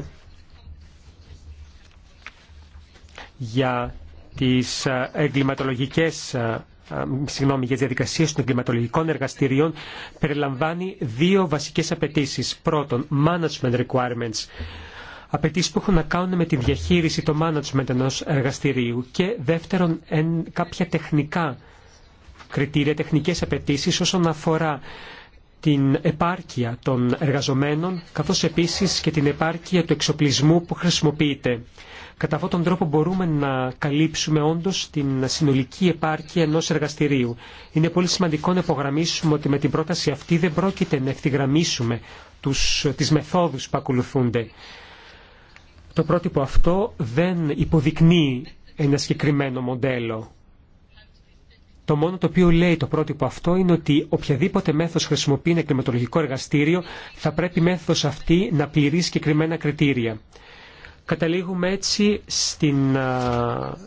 για τις ε, εγκληματολογικές ε, ε, συγγνώμη, για διαδικασίες των εγκληματολογικών εργαστηρίων περιλαμβάνει δύο βασικές απαιτήσεις. Πρώτον, management requirements, απαιτήσει που έχουν να κάνουν με τη διαχείριση, το management ενός εργαστηρίου και δεύτερον, εν, κάποια τεχνικά κριτήρια, τεχνικές απαιτήσει όσον αφορά την επάρκεια των εργαζομένων, καθώς επίσης και την επάρκεια του εξοπλισμού που χρησιμοποιείται. Κατά αυτόν τον τρόπο μπορούμε να καλύψουμε όντως την συνολική επάρκεια ενός εργαστηρίου. Είναι πολύ σημαντικό να υπογραμμίσουμε ότι με την πρόταση αυτή δεν πρόκειται να ευθυγραμμίσουμε τους, τις μεθόδους που ακολουθούνται. Το πρότυπο αυτό δεν υποδεικνύει ένα συγκεκριμένο μοντέλο. Το μόνο το οποίο λέει το πρότυπο αυτό είναι ότι οποιαδήποτε μέθος χρησιμοποιεί ένα κλιματολογικό εργαστήριο θα πρέπει η μέθοδος αυτή να πληρεί συγκεκριμένα κριτήρια. Καταλήγουμε έτσι στην,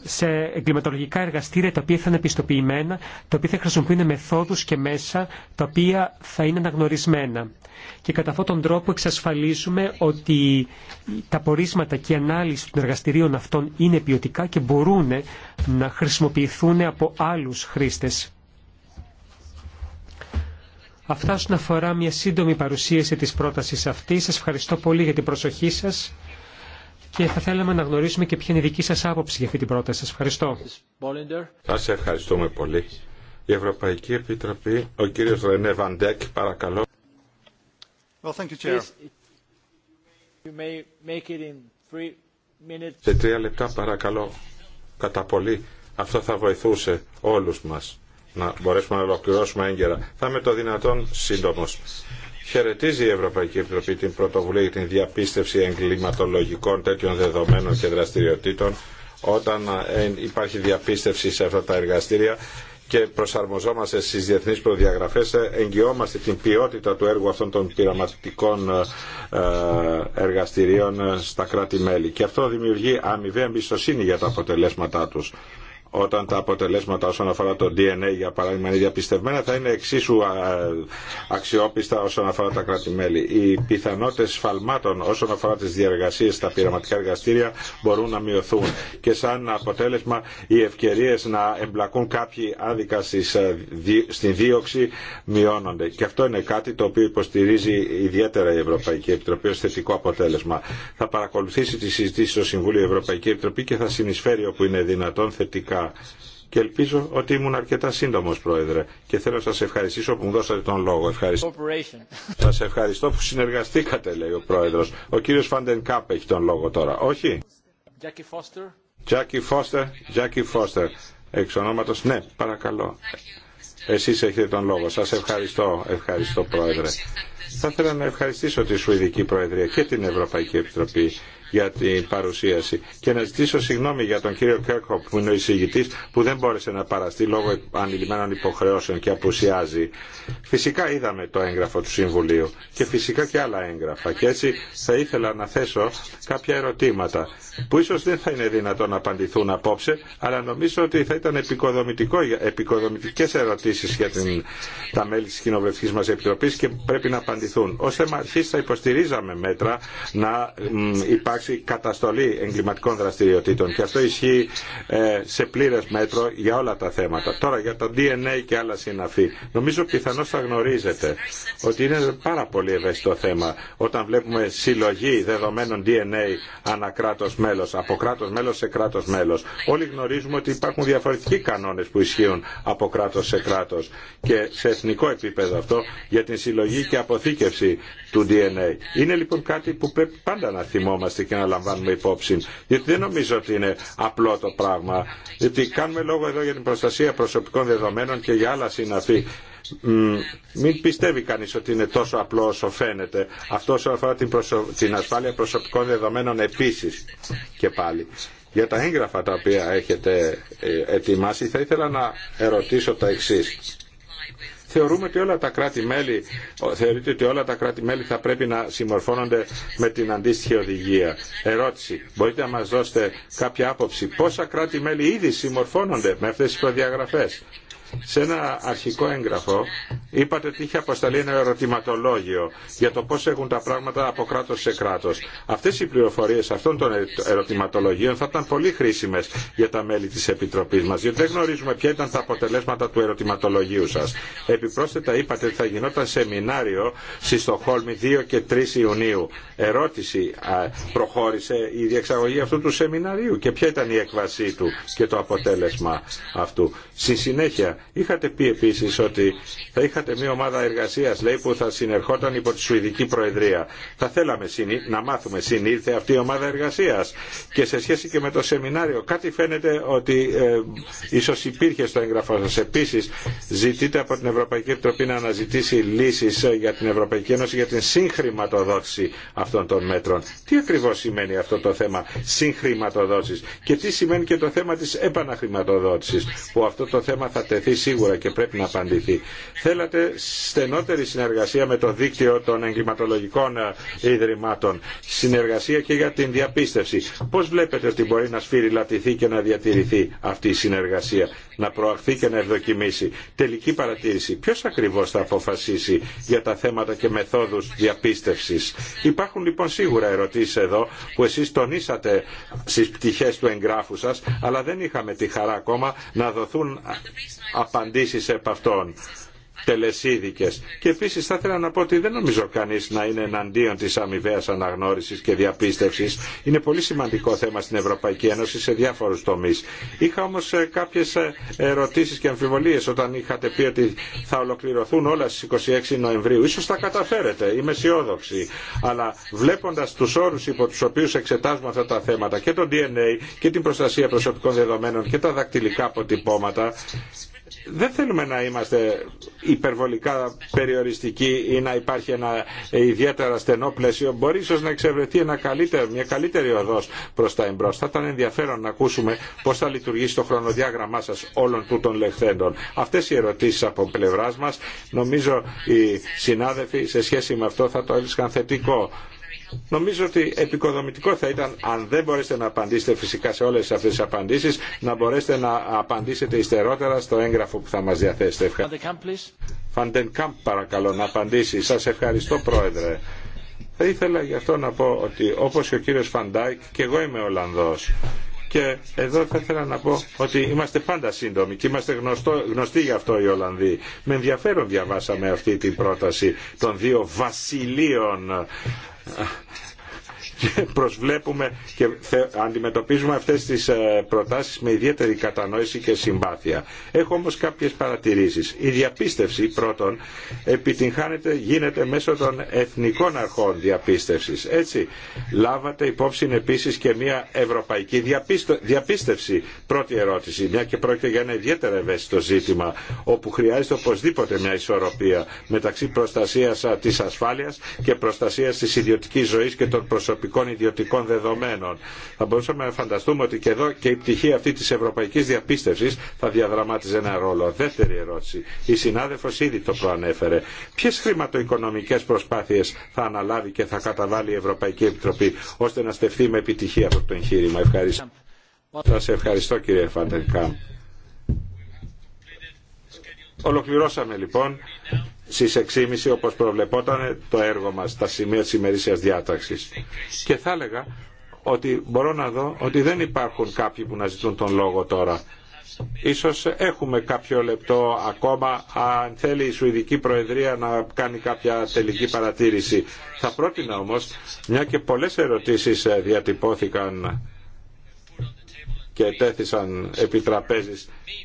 σε εγκληματολογικά εργαστήρια τα οποία θα είναι επιστοποιημένα, τα οποία θα χρησιμοποιούν μεθόδους και μέσα τα οποία θα είναι αναγνωρισμένα. Και κατά αυτόν τον τρόπο εξασφαλίζουμε ότι τα πορίσματα και η ανάλυση των εργαστηρίων αυτών είναι ποιοτικά και μπορούν να χρησιμοποιηθούν από άλλους χρήστες. Αυτά όσον αφορά μια σύντομη παρουσίαση της πρότασης αυτής. Σας ευχαριστώ πολύ για την προσοχή σας και θα θέλαμε να γνωρίσουμε και ποια είναι η δική σας άποψη για αυτή την πρόταση. Σας ευχαριστώ. Σας ευχαριστούμε πολύ. Η Ευρωπαϊκή Επιτροπή, ο κύριος Ρενέ Βαντέκ, παρακαλώ. Σε τρία λεπτά παρακαλώ, κατά πολύ. Αυτό θα βοηθούσε όλους μας να μπορέσουμε να ολοκληρώσουμε έγκαιρα. Θα είμαι το δυνατόν σύντομος. Χαιρετίζει η Ευρωπαϊκή Επιτροπή την πρωτοβουλία για την διαπίστευση εγκληματολογικών τέτοιων δεδομένων και δραστηριοτήτων όταν ε, υπάρχει διαπίστευση σε αυτά τα εργαστήρια και προσαρμοζόμαστε στις διεθνείς προδιαγραφές, ε, εγγυόμαστε την ποιότητα του έργου αυτών των πειραματικών ε, εργαστηρίων στα κράτη-μέλη. Και αυτό δημιουργεί αμοιβή εμπιστοσύνη για τα αποτελέσματά τους όταν τα αποτελέσματα όσον αφορά το DNA για παράδειγμα είναι διαπιστευμένα θα είναι εξίσου αξιόπιστα όσον αφορά τα κράτη-μέλη. Οι πιθανότητε σφαλμάτων όσον αφορά τι διεργασίε στα πειραματικά εργαστήρια μπορούν να μειωθούν και σαν αποτέλεσμα οι ευκαιρίε να εμπλακούν κάποιοι άδικα ε, στην δίωξη μειώνονται. Και αυτό είναι κάτι το οποίο υποστηρίζει ιδιαίτερα η Ευρωπαϊκή Επιτροπή ω θετικό αποτέλεσμα. Θα παρακολουθήσει τη συζήτηση στο Συμβούλιο Ευρωπαϊκή Επιτροπή και θα συνεισφέρει όπου είναι δυνατόν θετικά και ελπίζω ότι ήμουν αρκετά σύντομος, Πρόεδρε. Και θέλω να σας ευχαριστήσω που μου δώσατε τον λόγο. Ευχαριστώ. Σας ευχαριστώ που συνεργαστήκατε, λέει ο Πρόεδρος. Ο κύριος Φαντεν Κάπ έχει τον λόγο τώρα. Όχι. Τζάκι Φώστερ. Τζάκι Φώστερ. Εξ ονόματος. Ναι, παρακαλώ. Εσείς έχετε τον λόγο. Σας ευχαριστώ. Ευχαριστώ, Πρόεδρε. Θα ήθελα να ευχαριστήσω τη Σουηδική Προεδρία και την Ευρωπαϊκή Επιτροπή για την παρουσίαση. Και να ζητήσω συγγνώμη για τον κύριο Κέρκοπ που είναι ο εισηγητής που δεν μπόρεσε να παραστεί λόγω ανηλυμένων υποχρεώσεων και απουσιάζει. Φυσικά είδαμε το έγγραφο του Συμβουλίου και φυσικά και άλλα έγγραφα. Και έτσι θα ήθελα να θέσω κάποια ερωτήματα που ίσως δεν θα είναι δυνατόν να απαντηθούν απόψε αλλά νομίζω ότι θα ήταν επικοδομητικές ερωτήσεις για την, τα μέλη της κοινοβουλευτικής μας επιτροπής και πρέπει να απαντηθούν. Ως θέμα αρχής θα υποστηρίζαμε μέτρα να υπάρξει καταστολή εγκληματικών δραστηριοτήτων και αυτό ισχύει ε, σε πλήρες μέτρο για όλα τα θέματα. Τώρα για το DNA και άλλα συναφή. Νομίζω πιθανώς θα γνωρίζετε ότι είναι πάρα πολύ ευαίσθητο θέμα όταν βλέπουμε συλλογή δεδομένων DNA ανά κράτος μέλος, από κράτος μέλος σε κράτος μέλος. Όλοι γνωρίζουμε ότι υπάρχουν διαφορετικοί κανόνες που ισχύουν από κράτος σε κράτος και σε εθνικό επίπεδο αυτό για την συλλογή και αποθήκευση του DNA. Είναι λοιπόν κάτι που πρέπει πάντα να θυμόμαστε και να λαμβάνουμε υπόψη. Γιατί δεν νομίζω ότι είναι απλό το πράγμα. Γιατί κάνουμε λόγο εδώ για την προστασία προσωπικών δεδομένων και για άλλα συναφή. Μην πιστεύει κανείς ότι είναι τόσο απλό όσο φαίνεται. Αυτό όσο αφορά την, την ασφάλεια προσωπικών δεδομένων επίσης και πάλι. Για τα έγγραφα τα οποία έχετε ε, ετοιμάσει θα ήθελα να ερωτήσω τα εξής Θεωρούμε ότι όλα τα κράτη-μέλη, θεωρείται ότι όλα τα κράτη-μέλη θα πρέπει να συμμορφώνονται με την αντίστοιχη οδηγία. Ερώτηση, μπορείτε να μας δώσετε κάποια άποψη. Πόσα κράτη-μέλη ήδη συμμορφώνονται με αυτές τις προδιαγραφές. Σε ένα αρχικό έγγραφο Είπατε ότι είχε αποσταλεί ένα ερωτηματολόγιο για το πώς έχουν τα πράγματα από κράτος σε κράτος. Αυτές οι πληροφορίες αυτών των ερωτηματολογίων θα ήταν πολύ χρήσιμες για τα μέλη της Επιτροπής μας, διότι δεν γνωρίζουμε ποια ήταν τα αποτελέσματα του ερωτηματολογίου σας. Επιπρόσθετα είπατε ότι θα γινόταν σεμινάριο στη Στοχόλμη 2 και 3 Ιουνίου. Ερώτηση, προχώρησε η διεξαγωγή αυτού του σεμιναρίου και ποια ήταν η έκβασή του και το αποτέλεσμα αυτού. Στη συνέχεια, είχατε πει επίσης ότι είχατε μια ομάδα εργασία, λέει, που θα συνερχόταν υπό τη Σουηδική Προεδρία. Θα θέλαμε να μάθουμε, συνήλθε αυτή η ομάδα εργασία. Και σε σχέση και με το σεμινάριο, κάτι φαίνεται ότι ε, ίσω υπήρχε στο έγγραφό σα. Επίση, ζητείτε από την Ευρωπαϊκή Επιτροπή να αναζητήσει λύσει ε, για την Ευρωπαϊκή Ένωση για την συγχρηματοδότηση αυτών των μέτρων. Τι ακριβώ σημαίνει αυτό το θέμα συγχρηματοδότηση και τι σημαίνει και το θέμα τη επαναχρηματοδότηση, που αυτό το θέμα θα τεθεί σίγουρα και πρέπει να απαντηθεί. Θέλατε στενότερη συνεργασία με το δίκτυο των εγκληματολογικών ε, ιδρυμάτων. Συνεργασία και για την διαπίστευση. Πώς βλέπετε ότι μπορεί να σφυριλατηθεί και να διατηρηθεί αυτή η συνεργασία, να προαχθεί και να ευδοκιμήσει. Τελική παρατήρηση. Ποιος ακριβώς θα αποφασίσει για τα θέματα και μεθόδους διαπίστευσης. Υπάρχουν λοιπόν σίγουρα ερωτήσεις εδώ που εσείς τονίσατε στις πτυχές του εγγράφου σας, αλλά δεν είχαμε τη χαρά ακόμα να δοθούν απαντήσεις επ' αυτών τελεσίδικε. Και επίση θα ήθελα να πω ότι δεν νομίζω κανεί να είναι εναντίον τη αμοιβαία αναγνώριση και διαπίστευση. Είναι πολύ σημαντικό θέμα στην Ευρωπαϊκή Ένωση σε διάφορου τομεί. Είχα όμω ε, κάποιε ερωτήσει και αμφιβολίε όταν είχατε πει ότι θα ολοκληρωθούν όλα στις 26 Νοεμβρίου. Σω τα καταφέρετε, είμαι αισιόδοξη. Αλλά βλέποντα του όρου υπό τους οποίους εξετάζουμε αυτά τα θέματα και το DNA και την προστασία προσωπικών δεδομένων και τα δακτυλικά αποτυπώματα δεν θέλουμε να είμαστε υπερβολικά περιοριστικοί ή να υπάρχει ένα ιδιαίτερα στενό πλαίσιο. Μπορεί ίσω να εξευρεθεί ένα καλύτερο, μια καλύτερη οδό προ τα εμπρό. Θα ήταν ενδιαφέρον να ακούσουμε πώ θα λειτουργήσει το χρονοδιάγραμμά σα όλων τούτων λεχθέντων. Αυτέ οι ερωτήσει από πλευρά μα. νομίζω οι συνάδελφοι σε σχέση με αυτό θα το έβρισκαν θετικό Νομίζω ότι επικοδομητικό θα ήταν, αν δεν μπορέσετε να απαντήσετε φυσικά σε όλες αυτές τις απαντήσεις, να μπορέσετε να απαντήσετε ιστερότερα στο έγγραφο που θα μας διαθέσετε. Φαντεν Καμπ παρακαλώ να απαντήσει. Σας ευχαριστώ Πρόεδρε. Θα ήθελα γι' αυτό να πω ότι όπως και ο κύριος Φαντάικ και εγώ είμαι Ολλανδός και εδώ θα ήθελα να πω ότι είμαστε πάντα σύντομοι και είμαστε γνωστό, γνωστοί γι' αυτό οι Ολλανδοί. Με ενδιαφέρον διαβάσαμε αυτή την πρόταση των δύο βασιλείων προσβλέπουμε και αντιμετωπίζουμε αυτές τις ε, προτάσεις με ιδιαίτερη κατανόηση και συμπάθεια. Έχω όμως κάποιες παρατηρήσεις. Η διαπίστευση πρώτον επιτυγχάνεται, γίνεται μέσω των εθνικών αρχών διαπίστευσης. Έτσι, λάβατε υπόψη επίσης και μια ευρωπαϊκή διαπίστευση. Πρώτη ερώτηση, μια και πρόκειται για ένα ιδιαίτερα ευαίσθητο ζήτημα, όπου χρειάζεται οπωσδήποτε μια ισορροπία μεταξύ προστασίας ε, της ασφάλειας και προστασίας της ιδιωτικής ζωής και των προσωπικών προσωπικών ιδιωτικών δεδομένων. Θα μπορούσαμε να φανταστούμε ότι και εδώ και η πτυχή αυτή τη ευρωπαϊκή διαπίστευση θα διαδραμάτιζε ένα ρόλο. Δεύτερη ερώτηση. Η συνάδελφο ήδη το προανέφερε. Ποιε χρηματοοικονομικέ προσπάθειε θα αναλάβει και θα καταβάλει η Ευρωπαϊκή Επιτροπή ώστε να στεφθεί με επιτυχία αυτό το εγχείρημα. Ευχαριστώ. Σα ευχαριστώ κύριε Φαντερκάμ. Ολοκληρώσαμε λοιπόν στις 6.30 όπως προβλεπόταν το έργο μας, τα σημεία της ημερήσιας διάταξης. Και θα έλεγα ότι μπορώ να δω ότι δεν υπάρχουν κάποιοι που να ζητούν τον λόγο τώρα. Ίσως έχουμε κάποιο λεπτό ακόμα αν θέλει η Σουηδική Προεδρία να κάνει κάποια τελική παρατήρηση. Θα πρότεινα όμως, μια και πολλές ερωτήσεις ε, διατυπώθηκαν και τέθησαν επί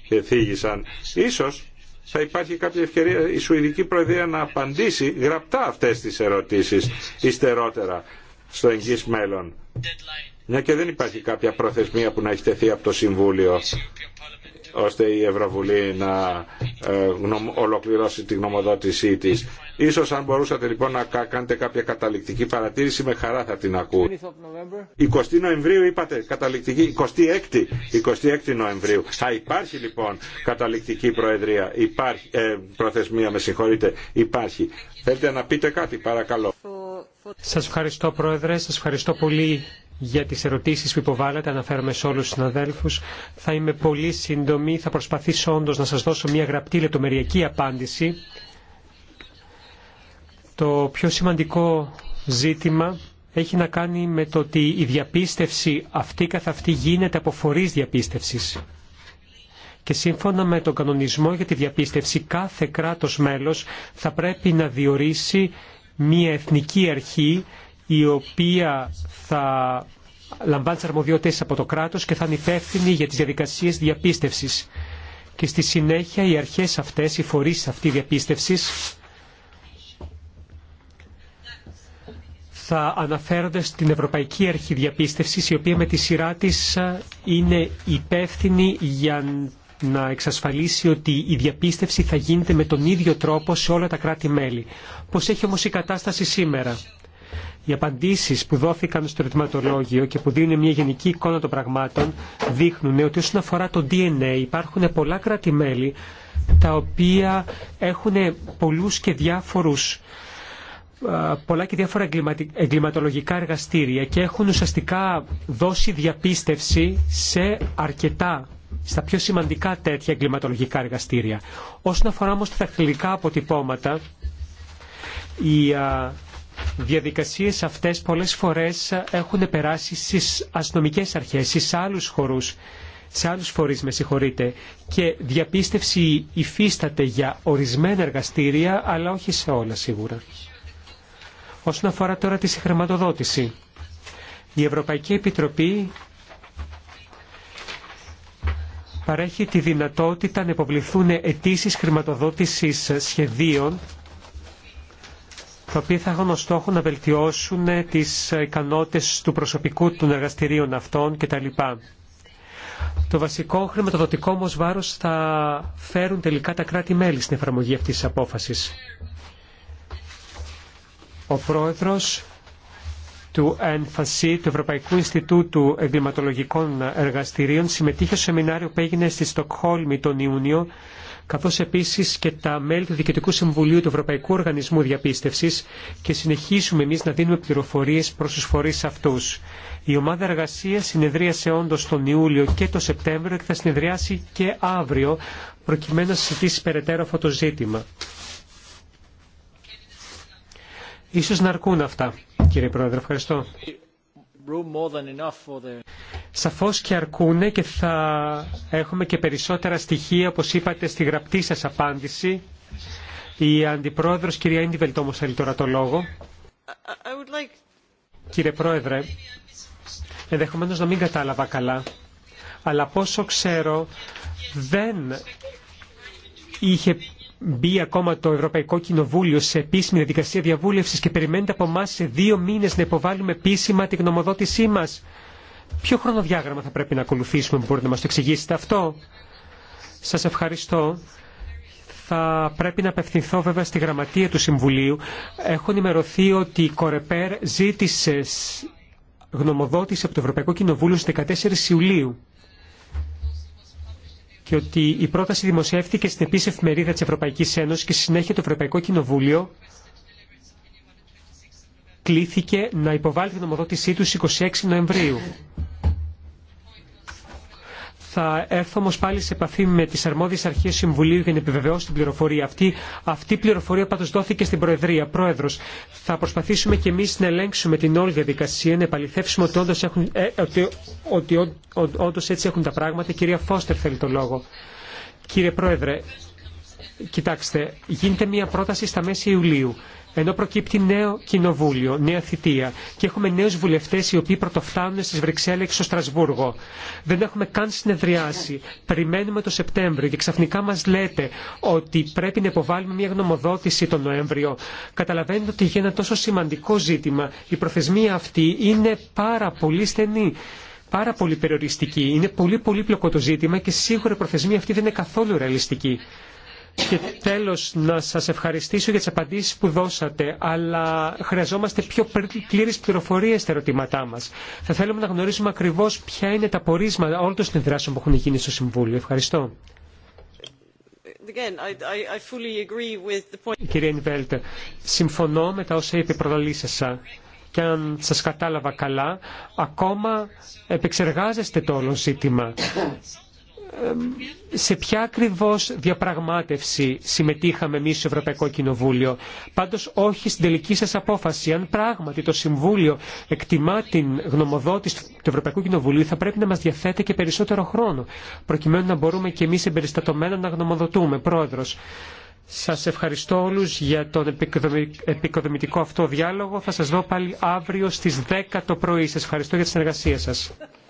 και θίγησαν, ίσως θα υπάρχει κάποια ευκαιρία η Σουηδική Προεδρία να απαντήσει γραπτά αυτές τις ερωτήσεις υστερότερα στο εγγύς μέλλον. Μια και δεν υπάρχει κάποια προθεσμία που να έχει τεθεί από το Συμβούλιο ώστε η Ευρωβουλή να ε, ολοκληρώσει τη γνωμοδότησή της. Ίσως αν μπορούσατε λοιπόν να κάνετε κάποια καταληκτική παρατήρηση με χαρά θα την ακούω. 20 Νοεμβρίου είπατε καταληκτική, 26, 26 Νοεμβρίου. Θα υπάρχει λοιπόν καταληκτική προεδρία, υπάρχει, ε, προθεσμία με συγχωρείτε, υπάρχει. Θέλετε να πείτε κάτι παρακαλώ. Σας ευχαριστώ Πρόεδρε, σας ευχαριστώ πολύ για τις ερωτήσεις που υποβάλλατε, αναφέρομαι σε όλους τους συναδέλφους. Θα είμαι πολύ σύντομη, θα προσπαθήσω όντως να σας δώσω μια γραπτή λεπτομεριακή απάντηση. Το πιο σημαντικό ζήτημα έχει να κάνει με το ότι η διαπίστευση αυτή καθ' αυτή γίνεται από φορείς διαπίστευσης. Και σύμφωνα με τον κανονισμό για τη διαπίστευση, κάθε κράτος μέλος θα πρέπει να διορίσει μια εθνική αρχή η οποία θα λαμβάνει τι αρμοδιότητε από το κράτο και θα είναι υπεύθυνη για τι διαδικασίε διαπίστευση. Και στη συνέχεια οι αρχέ αυτέ, οι φορεί αυτή διαπίστευση, θα αναφέρονται στην Ευρωπαϊκή Αρχή Διαπίστευση, η οποία με τη σειρά τη είναι υπεύθυνη για να εξασφαλίσει ότι η διαπίστευση θα γίνεται με τον ίδιο τρόπο σε όλα τα κράτη-μέλη. Πώς έχει όμως η κατάσταση σήμερα. Οι απαντήσεις που δόθηκαν στο ερωτηματολόγιο και που δίνουν μια γενική εικόνα των πραγμάτων δείχνουν ότι όσον αφορά το DNA υπάρχουν πολλά κράτη-μέλη τα οποία έχουν πολλούς και διάφορους πολλά και διάφορα εγκληματολογικά εργαστήρια και έχουν ουσιαστικά δώσει διαπίστευση σε αρκετά στα πιο σημαντικά τέτοια εγκληματολογικά εργαστήρια. Όσον αφορά όμως τα δαχτυλικά αποτυπώματα, η διαδικασίες αυτές πολλές φορές έχουν περάσει στις αστυνομικές αρχές, σε άλλους χορούς, σε άλλους φορείς με και διαπίστευση υφίσταται για ορισμένα εργαστήρια αλλά όχι σε όλα σίγουρα. Όσον αφορά τώρα τη συγχρηματοδότηση, η Ευρωπαϊκή Επιτροπή παρέχει τη δυνατότητα να υποβληθούν αιτήσει χρηματοδότησης σχεδίων τα οποία θα έχουν ως στόχο να βελτιώσουν τις ικανότητες του προσωπικού των εργαστηρίων αυτών κτλ. Το βασικό χρηματοδοτικό όμως βάρος θα φέρουν τελικά τα κράτη-μέλη στην εφαρμογή αυτής της απόφασης. Ο πρόεδρος του ΕΝΦΑΣΥ, του Ευρωπαϊκού Ινστιτούτου Εγκληματολογικών Εργαστηρίων, συμμετείχε στο σεμινάριο που έγινε στη Στοκχόλμη τον Ιούνιο Καθώ επίση και τα μέλη του Διοικητικού Συμβουλίου του Ευρωπαϊκού Οργανισμού Διαπίστευση, και συνεχίσουμε εμείς να δίνουμε πληροφορίε προς τους φορείς αυτούς. Η ομάδα εργασία συνεδρίασε όντω τον Ιούλιο και τον Σεπτέμβριο και θα συνεδριάσει και αύριο προκειμένου να συζητήσει περαιτέρω αυτό το ζήτημα. Ίσως να αρκούν αυτά, κύριε Πρόεδρε. Ευχαριστώ. Σαφώς και αρκούνε και θα έχουμε και περισσότερα στοιχεία, όπως είπατε, στη γραπτή σας απάντηση. Η Αντιπρόεδρος, κυρία Ίντιβελτ, όμως θέλει τώρα το λόγο. Like... Κύριε Πρόεδρε, ενδεχομένως να μην κατάλαβα καλά, αλλά πόσο ξέρω δεν είχε μπει ακόμα το Ευρωπαϊκό Κοινοβούλιο σε επίσημη διαδικασία διαβούλευσης και περιμένετε από εμά σε δύο μήνες να υποβάλουμε επίσημα τη γνωμοδότησή μας. Ποιο χρονοδιάγραμμα θα πρέπει να ακολουθήσουμε, μπορείτε να μας το εξηγήσετε αυτό. Σας ευχαριστώ. Θα πρέπει να απευθυνθώ βέβαια στη γραμματεία του Συμβουλίου. Έχω ενημερωθεί ότι η Κορεπέρ ζήτησε γνωμοδότηση από το Ευρωπαϊκό Κοινοβούλιο στις 14 Ιουλίου και ότι η πρόταση δημοσιεύτηκε στην επίση εφημερίδα της Ευρωπαϊκής Ένωσης και συνέχεια το Ευρωπαϊκό Κοινοβούλιο κλήθηκε να υποβάλει την νομοδότησή του 26 Νοεμβρίου. Θα έρθω όμω πάλι σε επαφή με τι αρμόδιε αρχέ Συμβουλίου για να επιβεβαιώσω την πληροφορία αυτή. Αυτή η πληροφορία πάντω δόθηκε στην Προεδρία. Πρόεδρο, θα προσπαθήσουμε και εμεί να ελέγξουμε την όλη διαδικασία, να επαληθεύσουμε ότι όντω ε, ότι, ότι, έτσι έχουν τα πράγματα. κυρία Φώστερ θέλει το λόγο. Κύριε Πρόεδρε, κοιτάξτε, γίνεται μία πρόταση στα μέση Ιουλίου ενώ προκύπτει νέο κοινοβούλιο, νέα θητεία και έχουμε νέου βουλευτέ οι οποίοι πρωτοφτάνουν στι Βρυξέλλε και στο Στρασβούργο. Δεν έχουμε καν συνεδριάσει. Περιμένουμε το Σεπτέμβριο και ξαφνικά μα λέτε ότι πρέπει να υποβάλουμε μια γνωμοδότηση τον Νοέμβριο. Καταλαβαίνετε ότι για ένα τόσο σημαντικό ζήτημα η προθεσμία αυτή είναι πάρα πολύ στενή πάρα πολύ περιοριστική. Είναι πολύ πολύπλοκο το ζήτημα και σίγουρα η προθεσμία αυτή δεν είναι καθόλου ρεαλιστική. Και τέλος να σας ευχαριστήσω για τις απαντήσεις που δώσατε, αλλά χρειαζόμαστε πιο πλήρες πληροφορίες στα ερωτήματά μας. Θα θέλουμε να γνωρίσουμε ακριβώς ποια είναι τα πορίσματα όλων των συνδράσεων που έχουν γίνει στο Συμβούλιο. Ευχαριστώ. Again, I, I fully agree with the point... Κύριε συμφωνώ με τα όσα είπε η και αν σας κατάλαβα καλά, ακόμα επεξεργάζεστε το όλο ζήτημα σε ποια ακριβώ διαπραγμάτευση συμμετείχαμε εμεί στο Ευρωπαϊκό Κοινοβούλιο. Πάντω όχι στην τελική σα απόφαση. Αν πράγματι το Συμβούλιο εκτιμά την γνωμοδότηση του Ευρωπαϊκού Κοινοβουλίου, θα πρέπει να μα διαθέτει και περισσότερο χρόνο, προκειμένου να μπορούμε και εμεί εμπεριστατωμένα να γνωμοδοτούμε. Πρόεδρο, σα ευχαριστώ όλου για τον επικοδομητικό αυτό διάλογο. Θα σα δω πάλι αύριο στι 10 το πρωί. Σα ευχαριστώ για τη συνεργασία σα.